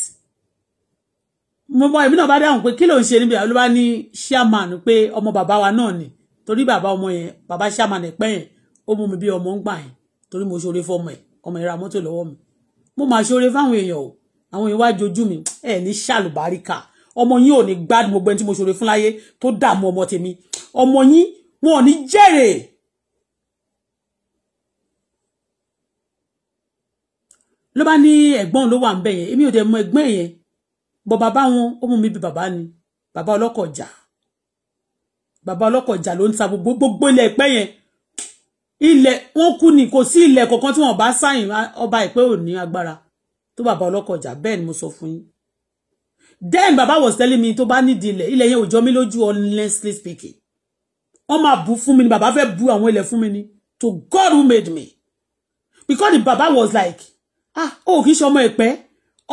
mo mọ èmi náà bá dáhùn pé kí ló ń ṣe níbi àwọn bá ní chairman pé ọmọ bàbá wa náà ni torí bàbá ọmọ yẹn bàbá chairman ẹ̀ pẹ́yìn ó mú mi bí ọmọ ń gbà yẹn torí mo ṣoore fọmọ ẹ̀ ọmọ yẹn mọ́tò lọ́wọ́ mi mo máa ṣoore fáwọn èèyàn o àwọn yẹn wá jojú mi ẹ ní ṣàlùbáríkà ọmọ yín ò ní gbádùn gbogbo ẹni tí mo ṣòro fún láyé tó dààmú ọmọ tèmi ọmọ yín wọn ò ní jèrè ló bá ní ẹ̀gbọ́n ló wà ń bẹ yẹn èmi ò dẹ̀ mọ ẹ̀gbọ́n yẹn bọ bàbá wọn ó mú mi bí bàbá ni bàbá ọlọ́kọ̀ọ̀jà bàbá ọlọ́kọ̀ọ̀jà ló ń ta gbogbo gbogbo ilẹ̀ ìpẹ́ yẹn ilẹ̀ wọn kú ni kò sí ilẹ̀ kankan tí wọn bá sáyìn ọba ìpẹ́ ò ní agbára tó bàbá ọlọ́kọ̀ ọjà bẹ́ẹ̀ mo sọ fún then Baba was telling me tó bá nídìí ilẹ̀ Ile yẹn ò jọ mí honestly speaking wọ́n máa bu fún mi Baba bàbá bu àwọn ilẹ̀ fún mi ni to God who made me because the baba was like ah oh, kì í ṣe ọmọ ẹ̀pẹ́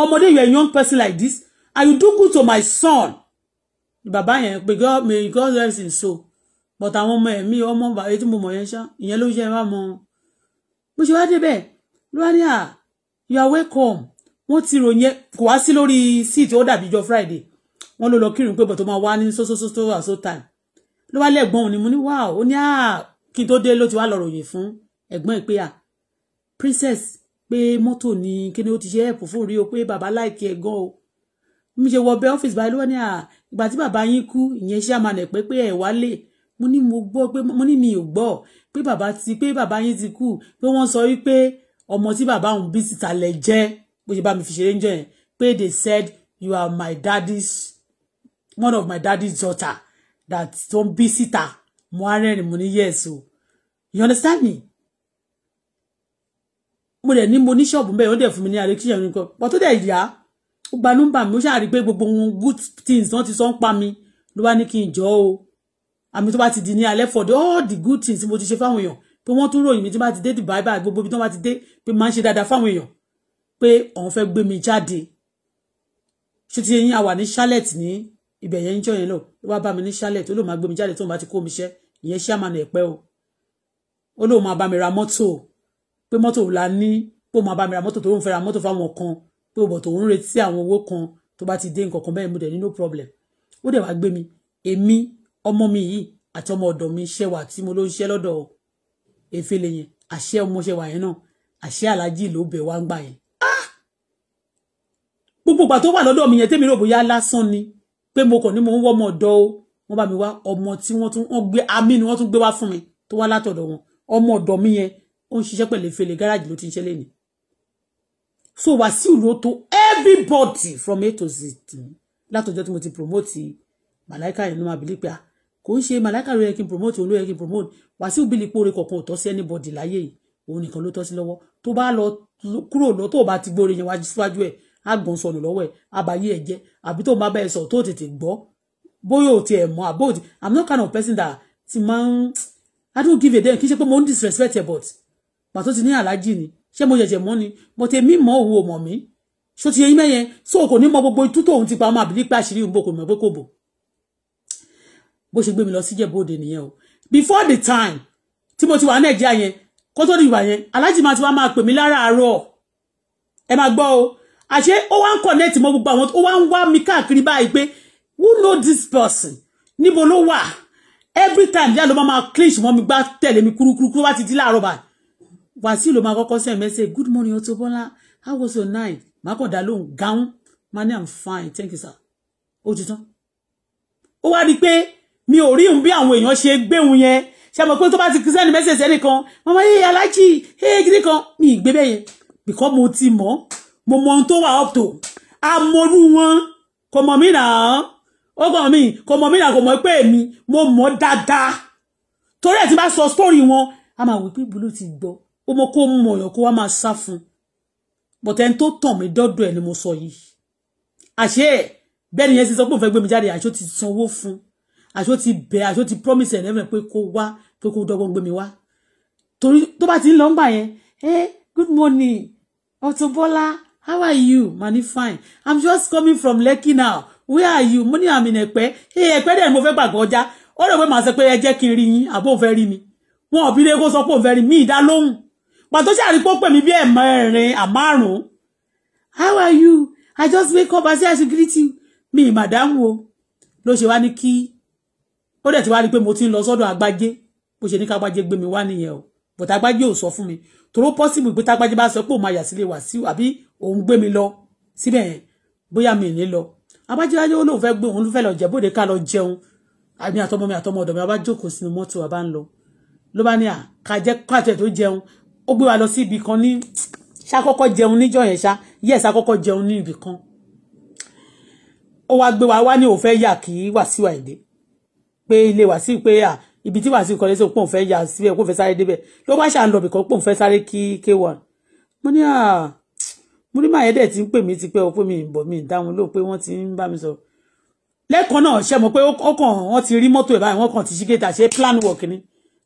ọmọdé you a young person like this and you do good to my son baba yẹn pe God may God rest his soul but àwọn ọmọ ẹ̀mí ọmọ bàbá tí mo mọ̀ yẹn ṣá ìyẹn ló ń ṣe wá mọ́ bó ṣe wá débẹ̀ ló wá ní ah, you are welcome wọ́n ti ròyìn kò wá sí lórí síì tí ó dàbí jọ friday wọ́n ló lọ kírun pé bọ̀tọ̀ máa wá ní sósósósó àsó time ló wá lẹ́gbọ́n òní mo ní wá ó ní àá ah, kí n tó dé ló ti wá lọ ròyìn fún ẹ̀gbọ́n ìpè à ah, princess pé mọ́tò ni kí ni ó ti ṣe ẹ̀pù fún rí o pé bàbá láìkí ẹ̀ gan o mi ṣe wọ bẹ ọ́fíìsì báyìí lọ́wọ́ ní à ah, ìgbà tí bàbá yín kú ìyẹn ṣé àmàlẹ̀ pé pé ẹ̀ wálé mo ní mo gbọ́ pé mo ní mi ò gbọ́ pé bàbá ti pé bàbá yín ti kú pé wọ́n sọ wípé ọmọ tí bàbá òun bí síta lẹ̀ jẹ́ bó ṣe bá mi fi ṣeré ń yẹn pé they said you are my daddy's one of my daddy's daughter that tó be bí síta mo á rẹ́rìn mo ní yes o you understand me mo dẹ̀ ní mo ní ṣọ́ọ̀bù mbẹ́ ó dẹ̀ fún mi ní alekíṣẹ́ mi kan pọ̀ tó dẹ̀ yá ó gba nọ́mbà mi ó ṣàrí pé gbogbo ohun good things wọ́n ti sọ ń pa mi ló bá ní kí n jọ o àmì tó bá ti di ní alẹ́ for the all the good things mo ti ṣe fáwọn èèyàn pé wọ́n tún ròyìn mi tí bá ti dé Dubai báyìí gbogbo ibi tí wọ́n bá ti dé pé máa ń ṣe dáadáa fáwọn èèyàn pé òun fẹ́ gbé mi jáde ṣé ti yín a wà ní Charlotte ní ibẹ̀ yẹn ń jọ yẹn lọ ló wá bá mi ní Charlotte ó lóun máa gbé mi jáde tóun bá ti kó mi ṣẹ́ ìyẹn ṣíàmánu ẹ̀pẹ́ o ó lóun máa bá mi ra mọ́tò pé mọ́tò la ní pé òun máa bá mi ra mọ́tò tó ń fẹ́ ra mọ́tò fáwọn kan pé òbọ̀ tó retí àwọn owó kan tó bá ti dé nǹkan bẹ́ẹ̀ mo dẹ̀ ní no problem ó dẹ̀ wá gbé mi èmi ọmọ mi yìí àti ọmọ ọ̀dọ̀ mi ṣẹwà tí mo ló ń ṣẹ́ lọ́dọ̀ efele yẹn àṣẹ ọmọ ṣẹwà yẹn náà àṣẹ aláàjì ló bẹ̀ wá ń gbà yẹn gbogbo ìgbà tó wà lọ́dọ̀ mi yẹn tèmi rò bóyá lásán ni pé mo kàn ní mo ń wọ́ ọmọ ọ̀dọ́ o wọ́n bá mi wá ọmọ tí wọ́n tún gbé amí ni wọ́n tún gbé wá fún mi tó wá látọ̀dọ̀ wọn ọmọ ọ̀dọ̀ mi yẹn ó ń ṣiṣẹ́ pẹ̀lú ìfẹ́lẹ̀ gáràjì ló ti ń ṣe lẹ́nu so Wàsíù ló to everybody from A to Z látọjọ́ tí mo ti promote màláìka yẹn ló máa bìlí pé à ah, kò ń ṣe màláìka ló yẹ kí n promote òun ló yẹ kí n promote Wàsíù bìlí pé orin kọ̀ọ̀kan ò tọ́ sí anybody láyé yìí òun nìkan ló tọ́ sí lọ́wọ́ tó bá lọ kúrò lọ tó bá ti gbóore yẹn wájú síwájú ẹ̀ á gbọ̀n sọnù lọ́wọ́ ẹ̀ àbáyé ẹ̀ jẹ́ àbí tó máa bá ẹ sọ̀rọ̀ tó tètè gbọ́ bóyá ò tiẹ̀ mọ̀ àbó òtí i'm not kind of person that ti máa ń i don't give a damn kì í ṣe pé mo ń disrespect ẹ but pàtó ti ní aláàjì ni ṣé mo ṣẹ̀ṣẹ̀ mọ́ ni mo ti mí mọ́ òwò mọ̀ mí ṣó ti yẹn mẹ́yẹn so kò ní mọ gbogbo itú tóun ti pa ọmọ àbílí pé àṣírí òun bò kò mọ̀ pé kò bò bó ṣe gbé mi lọ sí Ìjẹ̀bú-Òde nìyẹn o before the time tí mo ti wà Nàìjíríà yẹn kó tó di ìwà yẹn aláàjì máa ti wá máa pè mí láràárọ̀ ẹ máa gbọ́ o àṣé ó wá ń connect mọ́ gbogbo àwọn ó wá ń wá mi káàkiri báyìí pé who know this person níbo ló wà every time yá ló máa máa clinch mọ́ mi gbá tẹ̀lé mi kúrúkúrú kúrú wá ti di láàárọ̀ báyìí wàsíù ló máa kọ́kọ́ send message good morning Auto how was your night màá kàn dá lóhùn gáún màá ní i'm fine thank you sir ó ti tán ó wá rí i pé mi ò rí bí àwọn èèyàn ṣe gbéhùn yẹn ṣe mọ̀ pé tó bá ti send message ẹnìkan mama yéé aláàjì yéé gidi kan mi ì gbé bẹ́ẹ̀ yẹn because mo ti mọ̀ ọ́ mo mọ ohun tó wà up to amorú wọn kò mọ̀ mí nà án ó kàn mí kò mọ̀ mí nà kò mọ̀ pé èmi mo mọ̀ dáadáa torí ẹ̀ tí bá sọ story wọn a máa wí pé ìbúlò ti gbọ́ ó mọ kó mọ̀yàn kó wá máa sá fún un bọ̀tẹ́ni tó tàn mí dọ́dọ̀ ẹ̀ ni mo sọ yìí àṣé bẹ́ẹ̀ni yẹn ti sọ pé òun fẹ́ gbé mi jáde àṣó ti sanwó fún àṣó ti bẹ̀ àṣó ti promise ẹ̀ lẹ́fẹ̀ẹ́ pé kó wá pé kó dọ́gbọ́n gbé mi wá torí tó bá ti ń lọ ń gbà yẹn ẹ eh, good morning Auto Bola how are you mani fine i'm just coming from lekki now where are you mo ní àmì ẹ̀pẹ́ ẹ ẹ̀pẹ́ dẹ̀ ni mo fẹ́ gbàgbọ́ ọjà ó rẹ̀ pé màá sọ pé ẹ jẹ́ kí n rí yín àbó òun fẹ́ rí mi wọn òbí lè kó sọ pé òun fẹ́ rí mi ìdá lóhùn pàtó ṣàrí pé ó pè mí bí ẹ̀mẹ́rin àmárùn-ún how are you i just wake up as i should greet you mi madam wo ló ṣe wá ní kí ó dẹ̀ ti wá rí pé mo ti ń lọ sọ́dọ̀ àgbájé bó ṣe ní ká àgbájé gbé mi wá nìyẹn o but agbájé ò sọ fún mi tòró pọ́sibù pé tágbájé bá sọ pé òun máa yà sílé Wàsíù àbí òun gbé mi lọ síbẹ̀ yẹn bóyá mi ní lọ abájáde ó lóun fẹ́ gbé òun fẹ́ lọ jẹ bóde ká lọ jẹun àmì àtọmọ mi àtọmọ ọ̀dọ̀ mi abájókòó sínú mọ́tò àbá ń lọ ló bá ní à ká jẹ káàtẹ tó jẹun ó gbé wa lọ sí ibì kan ní ṣàkọ́kọ́ jẹun níjọ yẹn ṣá yẹ ṣàkọ́kọ́ jẹun ní ibì kan ó wá gbé wa wá ní òun fẹ́ yà kí Wàsíù Àyìndé pé ilé Wàsíù pé à ibi tí wàásù kọ́lé sí òpóǹfẹ́ yà síbẹ̀ òpóǹfẹ́ sáré débẹ̀ ló bá ṣàn lọ bìkọ́ òpóǹfẹ́ sáré kí k1 mo ní à ah, mo ní màá ẹ̀dẹ̀ tí ń pè mí ti pẹ́ o pé mi ń bọ̀ mi ń dáhùn lóhùn pé wọ́n ti ń bá mi sọ lẹ́ẹ̀kan náà ṣe mọ̀ pé ó kàn ti rí mọ́tò ẹ̀ báyìí wọ́n kàn ti ṣí géètà ṣe plan work ni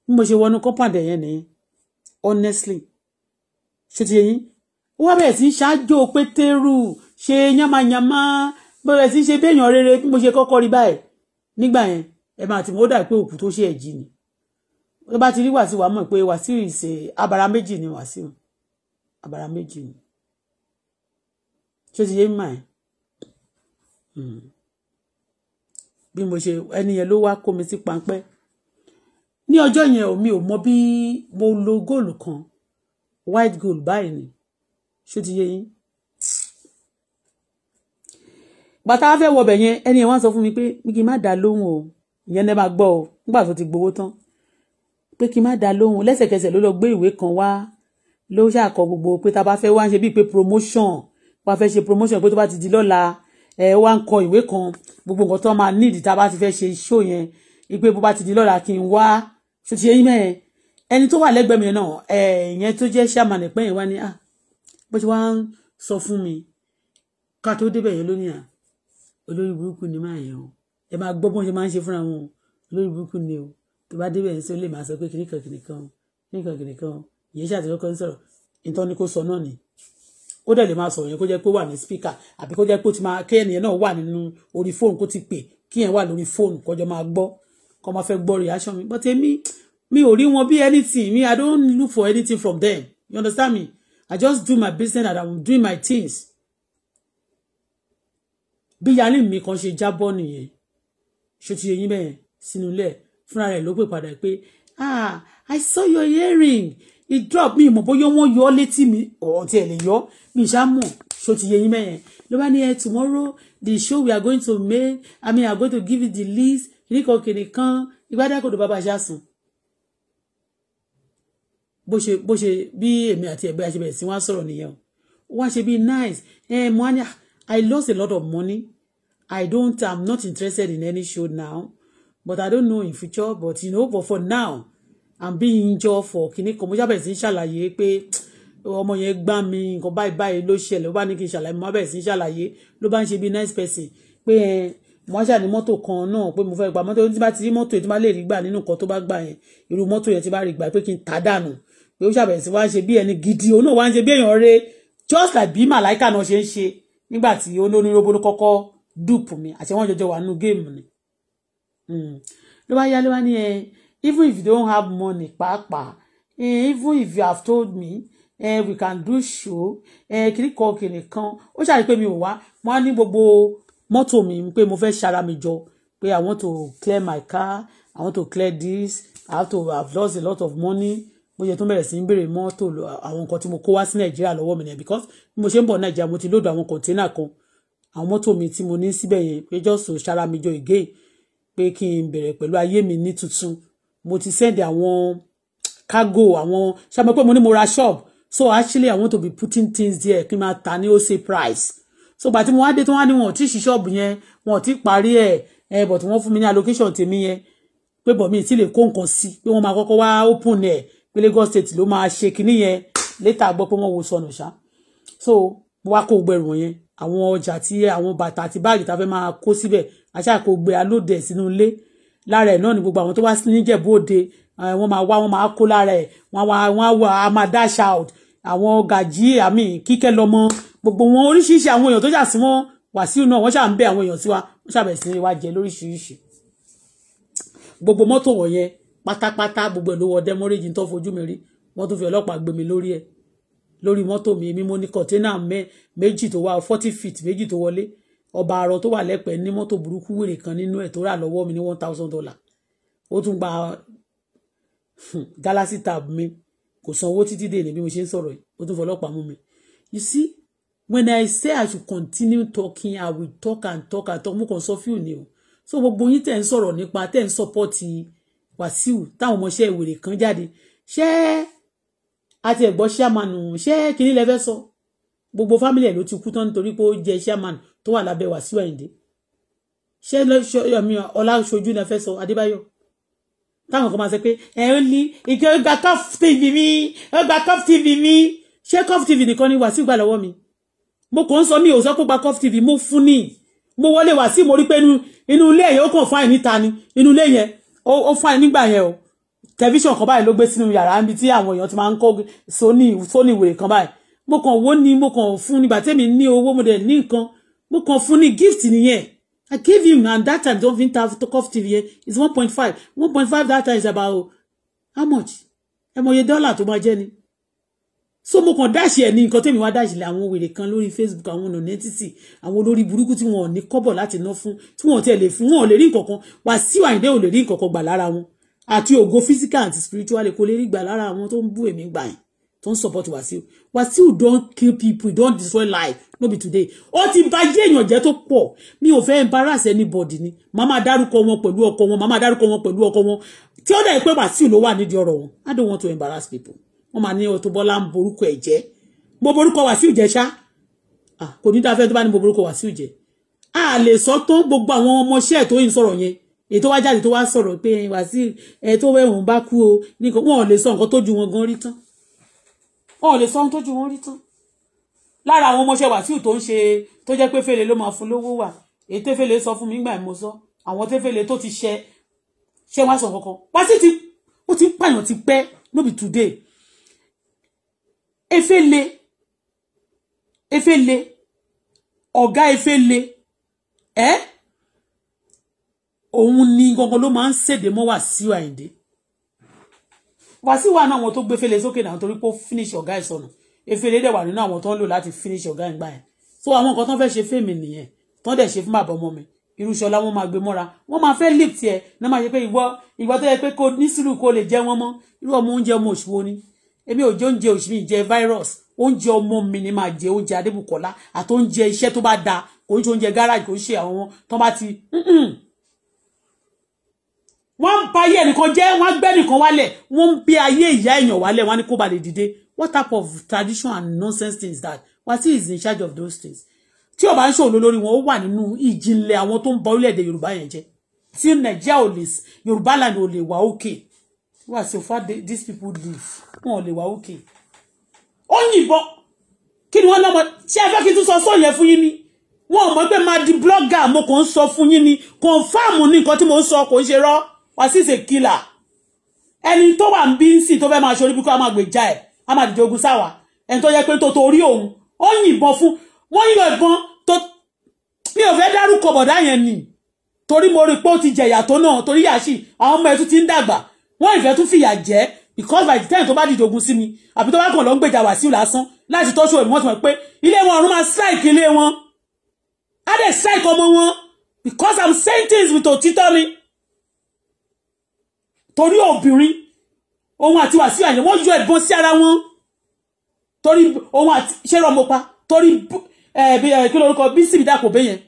bí mo ṣe wọnú compound ẹ̀yẹn nìyẹn honestly ṣe ti yẹn ó wá bẹ̀rẹ̀ sí ń ṣáájú pétérù ṣe yamayama bẹ̀rẹ̀ sí ń ṣe béèyàn rere bí mo ṣe kọ́kọ́ rí báyìí nígbà yẹn ẹ máa ti wọ́n dà pé òkú tó ṣe ẹ̀jì ni tó bá ti rí wàsíù wàá mọ̀ pé wàsíù ìṣe abara méjì ni wàsíù abara méjì ni ṣé ti yé mi mà ẹ́ hmm. bí mo ṣe ẹni yẹn ló wá kó mi sí pańpẹ́ ní ọjọ́ yẹn mi ò mọ bí mo lo góòlù kan white gold báyìí ni ṣé ti yé yín bàtà wá fẹ́ wọbẹ̀ yẹn ẹni yẹn wá sọ fún mi pé mi kì í má dá lóhùn o ìyẹn lè máa gbọ́ ọ nígbà tó ti gbowó tán pé kí n má da lóhùn lẹ́sẹ̀kẹsẹ̀ ló lọ gbé ìwé kan wá ló ṣàkọ gbogbo pé tá bá fẹ́ wá ṣe bíi pé promotion wá fẹ́ ṣe promotion pé tó bá ti di lọ́la ẹ wá ń kọ ìwé kan gbogbo nǹkan tó máa nídìí tá bá ti fẹ́ ṣe show yẹn ipe bó bá ti di lọ́la kí n wá ṣó ti yẹn mẹ́ẹ̀ ẹni tó wà lẹ́gbẹ̀ẹ́ mi náà ẹ ìyẹn tó jẹ́ chairman ẹ̀pẹ́ yẹn wá ní à ah, bó ti wá ń sọ fún mi ká tó débẹ̀ yẹn lónìí à olórí burúkú ni máa yẹn o ẹ máa gbọ́ bọ́n ṣe máa ń ṣe fúnra wọn lórí burúkú ni o tó bá débẹ̀ ṣé ó lè máa sọ pé kìnìkan kìnìkan kìnìkan kìnìkan ìyẹn ṣàtìlọ́ kan sọ̀rọ̀ ìtọ́ni kò sọ náà ni ó dẹ̀ lè máa sọ̀rọ̀ yẹn kó jẹ́ pé ó wà ní spíkà àbí kó jẹ́ pé ó ti máa kéèyàn yẹn náà wà nínú orí fóònù kó ti pè kíyàn wà lórí fóònù kọjọ máa gbọ́ kó máa fẹ́ gbọ́ reaction mi but èmi mi ò rí wọn bí anything mi i don't look for anything from them you understand me i just do my business and i'm doing my things bí yarí mi kan ṣe jábọ́ nìyẹn ṣó ti yẹ yín bẹ́ẹ̀ sínú ilẹ̀ fúnra rẹ̀ ló pè padà pé ah i saw your earring it drop mi ìmọ̀ bóyá wọ́n yọ ọ́ létí mi ọ̀tí ẹ̀ lè yọ mi ìṣá mọ̀ ṣó ti yẹ yín bẹ́ẹ̀ ló bá ní ẹ eh, tomorrow the show we are going to make i mean i am going to give you the list kìnìkan kìnìkan ìgbádàkọ̀dọ̀ bàbá ṣáà sùn bó ṣe bó ṣe bí èmi àti ẹgbẹ́ àṣebẹ̀ sí wọn sọ̀rọ̀ nìyẹn o wọ́n ṣe bí nice ẹ̀ eh, money ah, i lost a lot of money I don't, I'm not interested in any show now, but I don't know in future, but you know, but for now, I'm being injured for kìnní kan, mo ṣàbẹ̀ sí ṣàlàyé pé ọmọ yẹn mi nǹkan bye báyìí ló ṣẹlẹ̀ ó bá ní kí n ṣàlàyé mo bẹ̀rẹ̀ sí ṣàlàyé ló bá ń ṣe bí nice person pé ẹ mo ṣà ní mọ́tò kan náà pé mo fẹ́ gba mọ́tò tí bá ti rí mọ́tò yẹn tí bá lè rí gbà nínú nǹkan tó bá gbà yẹn irú mọ́tò yẹn tí bá rí gbà pé kí n tà dànù pé ó ṣàbẹ̀ sí wá gidi òun náà wá ń ṣe bí just like bí màláìkà náà ṣe ń ṣe nígbà ni olóníróbó koko dupe mi àti àwọn jọjọ wà nù géèmù ni hmm. ló bá yá ló bá ní ẹ eh, even if you don't have money pàápàá eh, even if you have told me eh, we can do show eh, kìnnìkan kìnnìkan ó ṣàrí pé mi ò wá mo á ní gbogbo mọ́tò mi pé mo fẹ́ ṣara mi jọ pé I want to clear my car I want to clear this I have to have lost a lot of money mo yẹ tó bẹ̀rẹ̀ sí ń béèrè mọ́tò àwọn nǹkan tí mo kó wá sí nàìjíríà lọ́wọ́ mi nìyẹn because bí mo ṣe ń bọ̀ nàìjíríà mo ti lóòdù àwọn kọ̀ǹténà kan àwọn mọ́tò mi tí mo ní síbẹ̀ yẹn pé jọ́sọ̀ ṣara mi jọ ìgé pé kí n bẹ̀rẹ̀ pẹ̀lú ayé mi ní tuntun mo ti send àwọn cargo àwọn ṣàmọ́ pé mo ní mo ra shop so actually I want to be putting things there kí n máa ta ní ó ṣe price so gbàtí mo wá dé tí wọ́n á ní wọn ò tí ì ṣí ṣọ́ọ̀bù yẹn wọn ò tí parí ẹ̀ ẹ̀ but wọ́n fún mi ní allocation tèmi yẹn pé bọ̀ mi ì tí lè kó nǹkan sí pé wọ́n máa kọ́kọ́ wá open ẹ̀ pé Lagos state ló máa ṣe kinní yẹn later gbọ́ pé wọ́n wo sọnù ṣá so wá kó gbẹrù yẹn àwọn ọjà tí àwọn bàtà àti báàgì tá a fẹ́ máa kó síbẹ̀ aṣáàkó gbé alóde sínú ilé lára ẹ̀ náà ni gbogbo àwọn tó wá sí níjẹ̀bú òde eh, wọ́n máa wá wọ́n máa kó lára ẹ̀ wọ́n wá wọ́n wá a máa dash out àwọn gàjí àmì kíkẹ́ lọ́mọ gbogbo wọn oríṣiríṣi àwọn èèyàn tó jà sí wọn wàsíù náà wọ́n ṣà ń bẹ àwọn èèyàn sí wa wọ́n ṣàbẹ̀ sí wa jẹ lóríṣiríṣi gbogbo mọ́tò wọ̀nyẹn pátápátá gbogbo ẹ̀ ló wọ dẹ́mọ́rẹ́jì tó fojú mi rí wọ́n tún fi ọlọ́pàá gbé mi lórí ẹ̀ lórí mọ́tò mi èmi mo ní kọ̀tẹ́nà méjì tó wá forty feet méjì tó wọlé ọba àrọ tó wà lẹ́pẹ̀ẹ́ ní mọ́tò burúkú wèrè kan nínú ẹ̀ tó rà lọ́wọ́ mi ní one thousand dollar ó tún gba hmm, galaxy tab mi kò sanwó títí dé ní bí mo ṣe ń sọ̀rọ̀ yìí ó tún fọlọ́pàá mú mi you see when i say i should continue talking i will talk and talk and talk mo kàn sọ fíù ni o so gbogbo yín tẹ̀ ń sọ̀rọ̀ nípa tẹ̀ ń sọ́pọ́ọ̀tì wàsíù táwọn ọmọọṣẹ́ ìwèrè kan jáde ṣé àti ẹ̀gbọ́ chairman ṣé kínní lẹ fẹ́ sọ gbogbo family ẹ̀ ló ti kú tán nítorí pé ó jẹ́ chairman tó wà lábẹ́ Wàsíù Àyìndé ṣé lọ́sọ̀yọ̀mí ọláṣojú lẹ fẹ́ sọ Adébáyọ̀ táwọn kan máa sọ pé ẹ ń ní ìkẹ́ ó gba cup tv mi ó gba cup tv mi ṣé cup tv nìkan ni Wàsíù gbà lọ́wọ́ mi mo kàn ń sọ mi ò sọ pé gba cup tv mo fún ni mo wọlé Wàsíù mo rí pé inú ilé yẹn ó kàn fáìn níta ni inú ilé yẹn ó fáìn nígbà yẹn o tẹlifíṣàn kan báyìí ló gbé sínú yàrá níbi tí àwọn èèyàn ti máa ń kó sóní sóní ìwé kan báyìí mo kàn wó ni mo kàn fún nígbà tẹ́mi ní owó mo dẹ̀ ní nǹkan mo kàn fún ní gift nìyẹn I gave him and that time don't vinta cough tv yẹn is one point five one point five that time is about how much ẹ mọ iye dọ́là tó máa jẹ́ ni so mo kàn dáṣì ẹ ní nǹkan tẹ́mi wá dáṣì lé àwọn wèrè kan lórí facebook àwọn ọ̀nà nẹ́tìtì àwọn olórí burúkú tí wọn ò ní kọ́bọ̀ láti ná fún tí wọn ò tiẹ̀ lè fún wọn ò lè rí nǹkan kan wàsíù àyìndé ò lè rí nǹkan kan gbà lára wọn àti ògo physical and spiritual kò lè rí gbà lára àwọn tó ń bú èmi gbà yẹn tó ń support Wasiu Wasiu don kill people don destroy life no be today ó ti bà yé èèyàn jẹ́ tó pọ̀ mi ò fẹ́ embarrass anybody ni màá máa dárúkọ wọn pẹ̀lú ọkọ wọn màá máa dárúkọ wọn pẹ̀lú ọkọ wọn tí ó dẹ̀ pé Wasiu ló wà nídìí ọ̀rọ̀ wọn I don't want to embarrass people wọ́n máa ní Auto Bola ń borúkọ ẹ̀ jẹ́ mo borúkọ Wasiu jẹ́ ṣá ah, kò ní dáfẹ́ tó bá ní mo borúkọ Wasiu jẹ́ a lè sọ tán gbogbo àwọn ọmọọṣẹ́ tó ń sọ̀rọ̀ yẹn èyí tó wá jáde tó wá sọ̀rọ̀ pé Wàsíù ẹ tó wẹ̀ òun bá kú o nìkan wọn ò lè sọ nǹkan tó ju wọn gan rí tán wọn ò lè sọ ohun tó ju wọn rí tán lára àwọn ọmọọṣẹ́ Wàsíù tó ń ṣe tó jẹ́ pé fèlè ló máa fún lówó wà èyí tó fèlè sọ fún mi gbà mo sọ àwọn tó fèlè tó ti ṣe ṣé wá sọ kankan Wàsíù ti ó ti ń pààyàn ti pẹ́ no be today efele efele ọ̀gá efele eh? òun ni gangan ló máa ń ṣèdè mọ́ Wàsíù Àyìndé Wàsíù wà náà àwọn tó gbé fèlè sókè náà torí pé ó finish ọ̀gá ẹ̀ sọnù efèlè dẹ̀ wà nínú àwọn tó ń lò láti finish ọ̀gá ẹ̀ gbà ẹ̀ so àwọn nǹkan tó ń fẹ́ ṣe fèmí nìyẹn tó ń dẹ̀ ṣe fún bàbá ọmọ mi irúṣọlá wọn máa gbé mọ́ra wọn máa fẹ́ lift ẹ̀ náà máa ṣe pé ìwọ ìwọ tó yẹ pé kò ní sùúrù kó lè jẹ wọn mọ́ irú ọmọ oúnjẹ ọmọ òṣùwò ni èmi ò jẹ oúnjẹ òṣùwò jẹ virus oúnjẹ ọmọ mi ni máa jẹ oúnjẹ adébùkọ́lá àti oúnjẹ iṣẹ́ tó bá dáa kò ń ṣe oúnjẹ gáràjì kò ń ṣe àwọn tó bá ti wọ́n ń ba ayé ẹnìkan jẹ́ wọ́n gbẹ́ nìkan wálẹ̀ wọ́n ń bí ayé ìyá èèyàn wálẹ̀ wọ́n ní kó ba lè dìde what type of tradition and nonsense things that What is in charge of those things tí ó bá ń ṣòro lórí wọn ó wà nínú ìjìnlẹ̀ àwọn tó ń ba orílẹ̀-èdè Yorùbá yẹn jẹ́ tí Nàìjíríà ò lè Yorùbá land ò lè wà òkè wà so far these people live wọn ò lè wà òkè ó yìnbọn kí ni wọ́n lọ́mọ tí ẹ fẹ́ kí n tún sọ sóò yẹn fún yín ni wọn ò mọ̀ pé máa di blogger mo kàn ń sọ fún yín ni confam ní nǹkan tí mo ń sọ kò ń ṣe rọ́ọ́. Wàsíù is a killer ẹni tó wà ń bí ń sìn tó fẹ́ máa ṣorí bíkọ́ a máa gbèjà ẹ̀ a máa dìde ogun sáwà ẹni tó yẹ pé tó torí òun ó yìnbọn fún wọ́n yọ ìbọn tó mi ò fẹ́ dárúkọ bọ̀dá yẹn nì torí mo rí pé ó ti jẹ̀yà tó náà torí yàṣì àwọn ọmọ ẹ̀ tún ti ń dàgbà wọ́n ìfẹ́ tún fìyà jẹ because by the time tó bá dìde ogun sí mi àbí tó bá kàn lọ ń gbèjà Wàsíù lásán láti tọ́ṣù ẹ̀mí wọ́n ti mọ̀ pé ilé wọn ọ̀run máa strike ilé wọn á dẹ̀ strike ọmọ wọn because I'm saying things with òtítọ́ ni torí obìnrin òun àti Wàsíù Àyìndé wọ́n yọ ẹ̀gbọ́n sí ara wọn torí òun àti ṣẹ́rọ̀ mo pa torí kí lórúkọ bísí ìdàpọ̀ bẹ́yẹn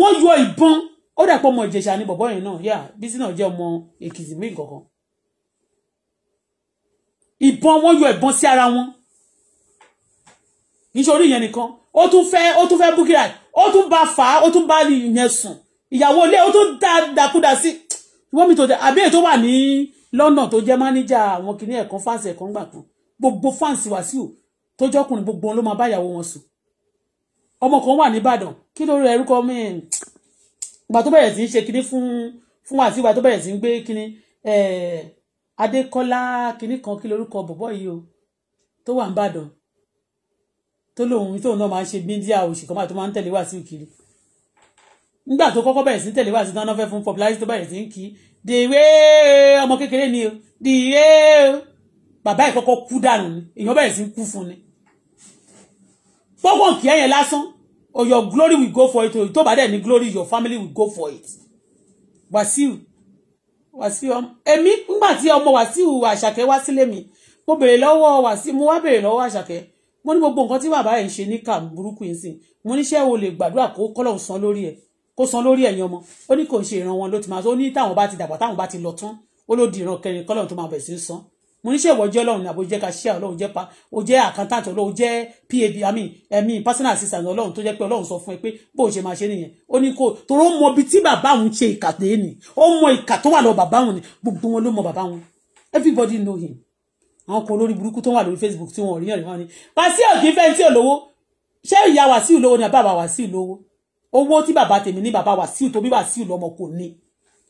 wọ́n yọ ìbọn ó dà pé ọmọ Ìjẹ̀ṣà ni bọ̀bọ́ yẹn náà yà bísí náà jẹ́ ọmọ Èkìtì mí kankan ìbọn wọ́n yọ ìbọn sí ara wọn nítorí ìyẹn nìkan ó tún fẹ́ ó tún fẹ́ búkìrà ó tún bá fà á ó tún bá ìyẹn sùn ìyàwó ilé ó tún dá dàkúdà sí wọ́n mi tó dé àbí ètò wà ní London tó jẹ́ mánéjà àwọn kìíní ẹ̀kan fáǹsì ẹ̀kan gbà kan gbogbo fáǹsì Wàsíù tó jọ́kùnrin gbogbo ló máa báyàwó wọn sùn ọmọ kan wà nìbàdàn kí ló rẹ ẹrúkọ mi ìgbà tó bẹ̀rẹ̀ sí í ṣe kinní fún fún Wàsíù ìgbà tó bẹ̀rẹ̀ sí í gbé kinní Adékọ́lá kinní kan kí lórúkọ bọ̀bọ́ yìí o tó wà nìbàdàn tó lóun tóun náà máa ń ṣe bíndíà òṣìkọ́mà tó máa ń tẹ̀lé Wàsíù kiri nígbà tó kọ́kọ́ bẹ̀rẹ̀ sí tẹ̀lé wá sí tán náà fẹ́ fún popularity tó bẹ̀rẹ̀ sí ń kí dèrè ọmọ kékeré ni o dèrè bàbá ẹ̀ kọ́kọ́ kú dànù ni èèyàn bẹ̀rẹ̀ sí ń kú fún ni. pọ́pọ̀ kí ẹ̀yẹn lásán o oh, your glory will go for it o tó bá dẹ̀ ní glory your family will go for it. Wàsíù Wàsíù ọmọ èmi ńgbà tí ọmọ Wàsíù Àṣàkẹ́ wá sílé mi mo béèrè lọ́wọ́ Wàsíù mo wá béèrè lọ́wọ́ Àṣàkẹ́ mo ní gbogbo nǹkan tí bàbá ẹ̀ ń ṣe ní kàm burúkú yìí sìn mo níṣẹ́ wo lè gbàdúrà kó kọ́lọ̀ sán lórí ẹ̀ kó san lórí ẹ̀yin ọmọ ó ní kò ń ṣe ìran wọn ló ti máa sọ ó ní táwọn bá ti dàgbà táwọn bá ti lọ tán ó ló di ìran kẹrin kọ́lọ́run tó máa bẹ̀ sí í san mo ní ṣe jẹ́ ọlọ́run ní àbò jẹ́ kàṣíà ọlọ́run jẹ́ pa ó jẹ́ àkántáǹtì ọlọ́run jẹ́ pab àmì ẹ̀mí personal assistant ọlọ́run tó jẹ́ pé ọlọ́run sọ fún ẹ pé bó o ṣe máa ṣe nìyẹn ó ní kó toró mọ ibi tí bàbá òun ṣe ìkà dé nì ó mọ ìkà tó wà lọ bàbá òun ni gbogbo wọn ló mọ bàbá wọn everybody know him àwọn kan olórí burúkú tó wà lórí facebook tí wọn ò rí ẹ̀rí wọn ni wàsíù kì í fẹ́ tí olówó ṣé ìyá wàsíù lówó owó tí bàbá tèmi ní bàbá Wàsíù tó bí Wàsíù lọ́mọ kò ní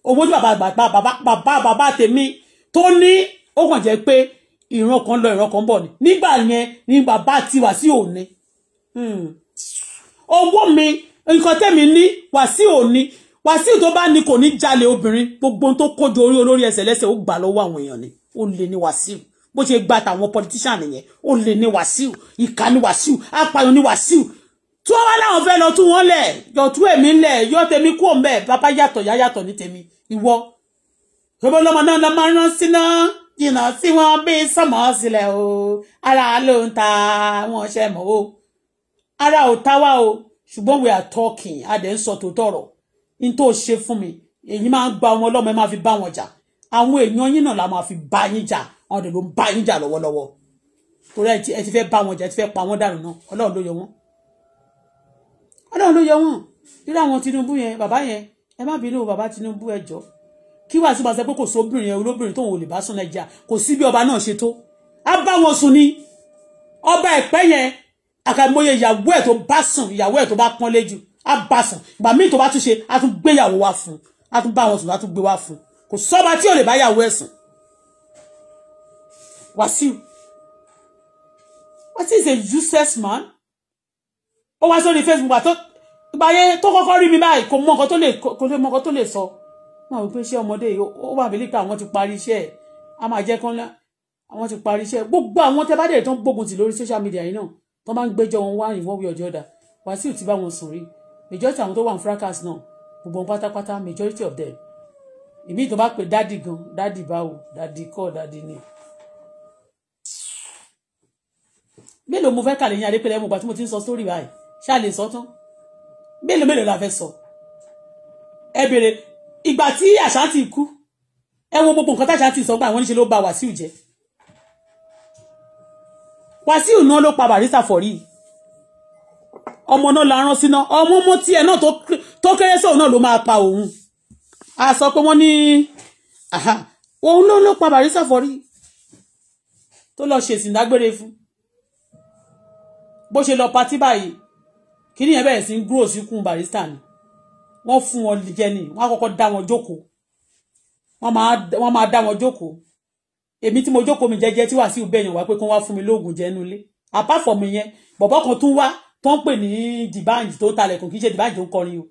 owó tí bàbá bàbá bàbá bàbá tèmi tó ní ó kàn jẹ́ pé ìran kan lọ ìran kan bọ̀ ni nígbà yẹn ni bàbá ti Wàsíù ò ní hmm. owó mi nǹkan tèmi ní Wàsíù ò ní Wàsíù tó bá ní kò ní jalè obìnrin gbogbo tó kójú orí olórí ẹsẹ̀ lẹ́sẹ̀ ó gbà lọ́wọ́ àwọn èèyàn ni ó lè ní Wàsíù bó ṣe gba tàwọn politician nìyẹn ó lè ní Wàsíù ìkà ní Wàsíù apààyàn ní Wàsíù tí wọ́n wá láwọn fẹ́ lọ tú wọn lẹ̀ yọ tú èmi lẹ̀ yọ tèmi kú òun bẹ́ẹ̀ bàbá yàtọ̀ yá yàtọ̀ ní tèmi ìwọ gbogbo lọmọ náà lọ máa rán síná jìnnà sí wọn bí sọmọ sílẹ̀ o ara ló ń ta wọn ṣe mọ o ara ò ta wá o ṣùgbọ́n we are talking adẹ̀ ń sọ tòótọ́ ọ̀rọ̀ ní tó ṣe fún mi èyí máa ń gba wọn lọ́mọ ẹ máa fi bá wọn jà àwọn èèyàn yín náà la máa fi bá yín jà àwọn ọ̀dọ́ ló ń bá yín jà lọ́wọ́lọ́wọ́ torí ẹ ti fẹ́ bá wọn jà ẹ ti fẹ́ pa wọn dànù náà ọlọ́run ló yọ wọn ọlọ́run ló yọ wọ́n irú àwọn Tinubu yẹn bàbá yẹn ẹ má bínú bàbá Tinubu ẹ jọ kí wàásù bá sọ pé kò sóbìnrin yẹn olóbìnrin tóun ò lè bá sùn nàìjíríà kò sí bí ọba náà ṣe tó á bá wọn sùn ni ọba ẹ̀pẹ́ yẹn àkàìmọye ìyàwó ẹ̀ tó bá sùn ìyàwó ẹ̀ tó bá pọ́n léjù á bá sùn ìgbà míì tó bá tún ṣe á tún gbéyàwó wá fún á tún bá wọn sùn á tún gbé wá fún kò sọ́ba tí ò lè bá yàwó ẹ̀ sùn Wàsíù Wàsíù is a useless man ó wá sórí facebook àtó ìgbà yẹn tó kọ́kọ́ rí mi báyìí kò mọ nǹkan tó lè kò lè mọ nǹkan tó lè sọ wọn àwọn ìpèsè ọmọdé yìí ó wà mí lípa àwọn ti parí iṣẹ́ ẹ̀ a máa jẹ́ kán lá àwọn ti parí iṣẹ́ gbogbo àwọn tẹ́ bá dẹ̀ tó ń gbógun tì lórí social media yìí náà tó máa ń gbẹ́jọ́ wọn wá ìwọ́n wí ọjọ́ dà wàásù ti bá wọn sùn rí majority àwọn tó wà ní fracas náà gbogbo wọn pátápátá majority of them èmi tó bá pè dádì gan dádì báwo dádì kọ́ dádì ni. mélòó mo fẹ́ kàlẹ́ yín adépẹ́lẹ́ mo gbà tí mo ti ń sọ sórí báyìí ṣáà lè sọ tán mélòó mélòó la fẹ́ sọ ẹ bèrè ìgbà tí àṣántì kú ẹ wo gbogbo nǹkan táṣántì sọ gbà wọ́n níṣe ló ba Wàsíù jẹ́ Wàsíù náà ló pa Barrister Fọ̀rí ọmọ náà la rán síná ọmọ ọmọ tiẹ̀ náà tó kéré sóun náà ló máa pa òun a sọ pé wọ́n ní òun ló ló pa Barrister Fọ̀rí tó lọ ṣèsìn dágbére fún bó ṣe lọ patí báyìí kíní yẹn bẹ̀rẹ̀ sí ń grow síkún barista ni wọ́n fún wọn jẹ ni wọ́n á kọ́kọ́ dá wọn jókòó wọ́n máa dá wọn jókòó èmi tí mo jókòó mi jẹ́jẹ́ tí Wàsíù bẹ̀yàn wá pé kí wá fún mi lóògùn jẹ́ nulẹ̀ apart from yẹn bọ̀bọ́ kan tún wá tó ń pè ní dìbáǹjì tó talẹ̀kùn kì í ṣe dìbáǹjì tó ń kọrin o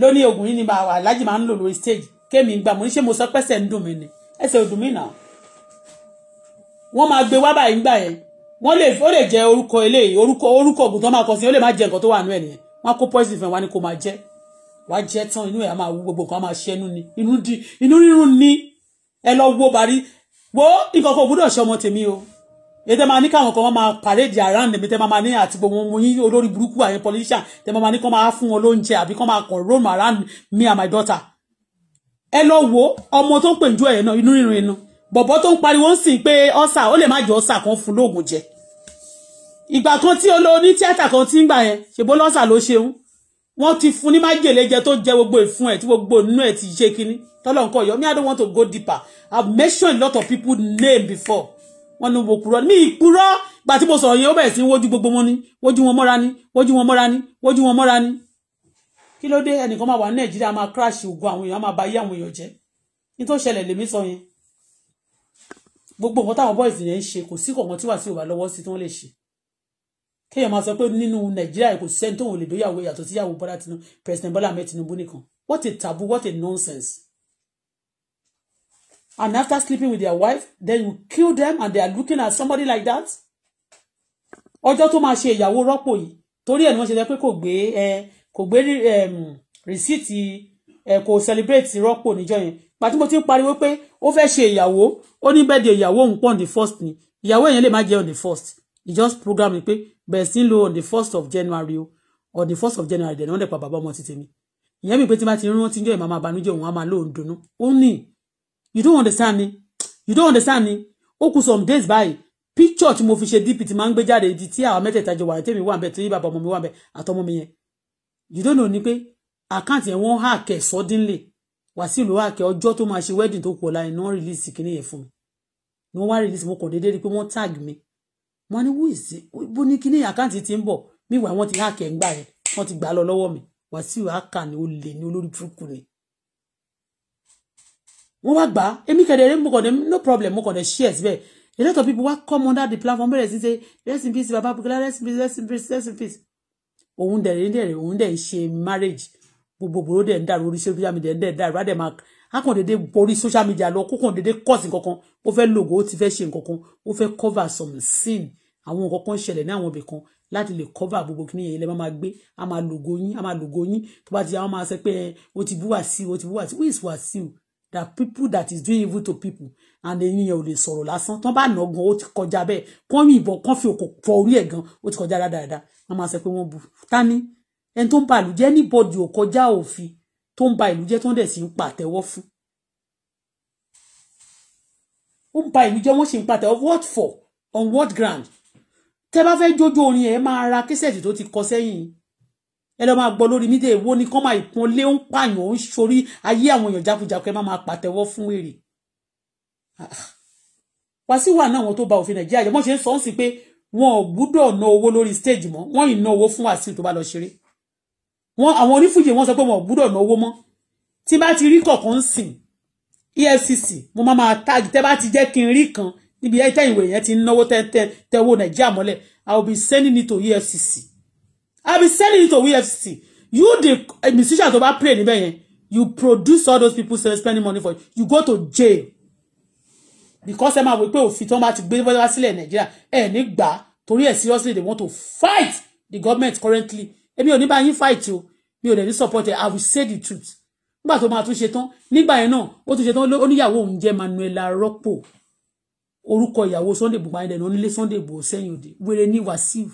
lónìí oògùn yìí ni aláàjì máa ń lò lórí stage kémi ń gbà mo ní ṣé mo sọ pẹ́sẹ̀ ń dùn mí ni ẹsẹ̀ ò dùn mí nà wọ́n máa gbé wá báyìí ń gbà yẹn wọ́n lè ó lè jẹ orúkọ eléyìí orúkọ orúkọ ògùn tó máa kọ sí ó lè má jẹ nǹkan tó wà nú ẹ̀ nìyẹn wọ́n á kó poison fún ẹ wá ní kó máa jẹ wá jẹ tán inú ẹ̀ á máa wú gbogbo nǹkan á máa ṣẹ́nu ni inú di inú rírun ni ẹ lọ wo bàrí wo nǹkan kan ògbúdọ̀ ṣe ọmọ tèmi o ètè máa ní káwọn kan máa parade around mi tẹ máa ní àti gbogbo wọn yín olórí burúkú àyẹn politician tẹ máa ní kán máa fún wọn lóúnjẹ àbí kán máa kàn roam around me and my daughter ẹ lọ wo ọmọ tó ń pè ń jó ẹ̀yẹ náà inú rírun inú bọ̀bọ́ tó ń pariwo ń sìn pé ọ́sà ó lè má jẹ́ ọ́sà kan fún lóògùn jẹ ìgbà kan tí olóní tíátà kan ti ń gbà yẹn ṣèbó lọ́sà ló ṣeun wọ́n ti fún ní májèlé jẹ tó jẹ gbogbo ìfun ẹ̀ tí gbogbo inú ẹ̀ ti ṣe kínní tọ́lọ́nkọ yọ me I don't want to go deeper I've mentioned a lot of people name before wọ́n ní mo kúrọ́ ní ìkúrọ́ gbà tí mo sọ̀rọ̀ yẹn ó bẹ̀rẹ̀ sí ń wojú gbogbo wọn ni wojú wọn mọ́ra ni wojú wọn mọ́ra ni wojú wọn mọ́ra ni kí ló dé ẹnìkan máa wà ní Nàìjíríà máa crash ògùn àwọn èèyàn máa bà ayé àwọn èèyàn jẹ́ ní tó ṣẹlẹ̀ lèmi sọ yẹn gbogbo nǹkan táwọn boys yẹn ń ṣe kò sí kọ̀ọ̀kan tí wà sí òbá lọ́wọ́ sí tí wọ́n lè ṣe kéèyàn máa sọ pé nínú nàìjíríà kò sẹ́ni tóun lè dóyàwó yàtọ̀ síyàwó bọ́lá tinubu president bọ́lá ahmed tinubu nìkan what a taboo what a nonsense and after sleeping with their wife then you kill them and they are looking at somebody like that ọjọ́ tó máa ṣe ìyàwó rọ́pò yìí torí ẹ̀ ni wọ́n ṣe sọ pé kò gbé eh, kò gbé rìsíìtì eh, kò celebrate rọ́pò níjọ́ yẹn pàtí mo ti ń pariwo pé ó fẹ́ ṣe ìyàwó ó ní bẹ́ẹ̀ di ìyàwó òun pọ̀ on the first ni ìyàwó yẹn lè má jẹ́ on the first he just program mi pé bẹ̀rẹ̀ sí ń lo on the first of January o on the first of January dẹ̀ ni wọ́n dẹ̀ pa bàbá ọmọ ti tèmi ìyẹn mi pé tí bá ti rán tí ń jọ ìmọ̀ àbánújẹ́ òun á máa lóun dunnú ó ní you don't understand me you don't understand me ó kù some days báyìí picture tí mo fi ṣe dp tí máa ń gbé jáde di tí àwọn mẹ́tẹ̀ẹ̀ta jọ wà tèmi wà ń tí bàbá ọmọ mi wà ń àtọmọ mi yẹn you don't know ni pé àkáǹtì yẹn wọ́n hà kẹ̀ suddenly Wàsíù ló wà kẹ ọjọ́ tó máa ṣe wedding tó kù ọ̀la iná release kìíní yẹn fún mi ni wọ́n wá release mo kàn déédéé rí pé wọ́n tag mi wọ́n ní who is it bó ní kíní àkáǹtì ti ń bọ̀ míwà wọ́n ti háàkẹ́ ń gbà yẹn wọ́n ti gbà lọ lọ́wọ́ mi Wàsíù háàkà ni ó lè ní olórí burúkú ni. wọ́n wá gbà èmi kẹ̀dẹ̀ẹ́rẹ́ mo kàn dé no problem mo kàn dé share síbẹ̀ a lot of people wá come under the platform bẹ̀rẹ̀ sí say rest in peace baba Bukola rest in peace rest in peace rest in peace òun dẹ̀ ń dẹ̀ òun dẹ̀ ń ṣe marriage gbogbo gbòòrò dẹ̀ ń dàrú orí social media dẹ̀ dàrú adẹ̀ máa akọ̀dédé borí social media lọ kókàndédé kọ́ọ̀sì kankan ó fẹ́ lògó ó ti fẹ́ ṣe nǹkankan ó fẹ́ cover some sin àwọn nǹkan kan ṣẹlẹ̀ ní àwọn ibì kan láti lè cover gbogbo kí nìyẹn lè máa gbé a máa lògó yín a máa lògó yín tó bá ti yà wọ́n máa sọ pé o ti bú Wàsíù o ti bú Wàsíù who is Wàsíù The people that is doing evil to people and ẹ̀yin yẹn ò lè sọ̀rọ̀ lásán tán bá nà gan ó ti kọjá bẹ́ẹ̀ kán yìnbọn kán fi òkò fọ orí ẹ̀ gan ó ti kọjá dáadáa wọ́n máa sọ pé wọ́n bu tani ẹni tó ń ba ìlú jẹ́ anybody ò kọjá òfin tó ń ba ìlú jẹ́ tó ń dẹ̀ sì ń pàtẹ́wọ́ fún ó ń ba ìlú jẹ́ sì ń pàtẹ́wọ́ what for on what ground tẹ́ bá fẹ́ jójó orin ẹ̀ máa ra késẹ̀tì tó ti kọ sẹ́yìn ẹ lọ́ máa gbọ́ lórí mídíà èwo ni kán máa ìpọn lé ń pààyàn ó ń sorí ayé àwọn èèyàn jákujàku ẹ má máa pàtẹ́wọ́ fún èrè ah, ah. Wàsíù wà náà àwọn tó ba òfin Nàìjíríà jẹ́ wọ́n ṣe ń sọ ọ́n sí pé wọn ò gbúdọ̀ ná owó lórí stage mọ́ wọ́n ì ná owó fún Wàsíù tó bá lọ ṣeré wọn àwọn onífújì wọn sọ pé wọn ò gbúdọ̀ náwó mọ́ tí bá ti rí kọ̀ọ̀kan sìn EFCC mo máa máa tag tẹ́ bá ti jẹ́ kí n rí kan níbi ẹ̀ tẹ́yìnwó yẹn ti ń náwó tẹ́wọ́ Nàìjíríà mọ́lẹ̀ I will be sending it to EFCC I will be sending it to EFCC you the musician tó bá play níbẹ̀ yẹn you produce all those people say spending money for you you go to jail because ẹ máa wò pé òfin tó ń bá ti gbé bọ́lá sílẹ̀ Nàìjíríà ẹ̀ nígbà torí ẹ̀ seriously they want to fight the government currently èmi ò ní bá yín fight o mi ò dẹ̀ ní support ẹ̀ i will say the truth nígbà tó máa tún ṣe tán nígbà yẹn náà ó tún ṣe tán oníyàwó òun jẹ́ Manuela Rọ́pò orúkọ ìyàwó Sunday Igboho ayẹyẹ náà nílé Sunday Igboho sẹ́yìn òde wèrè ní Wàsíù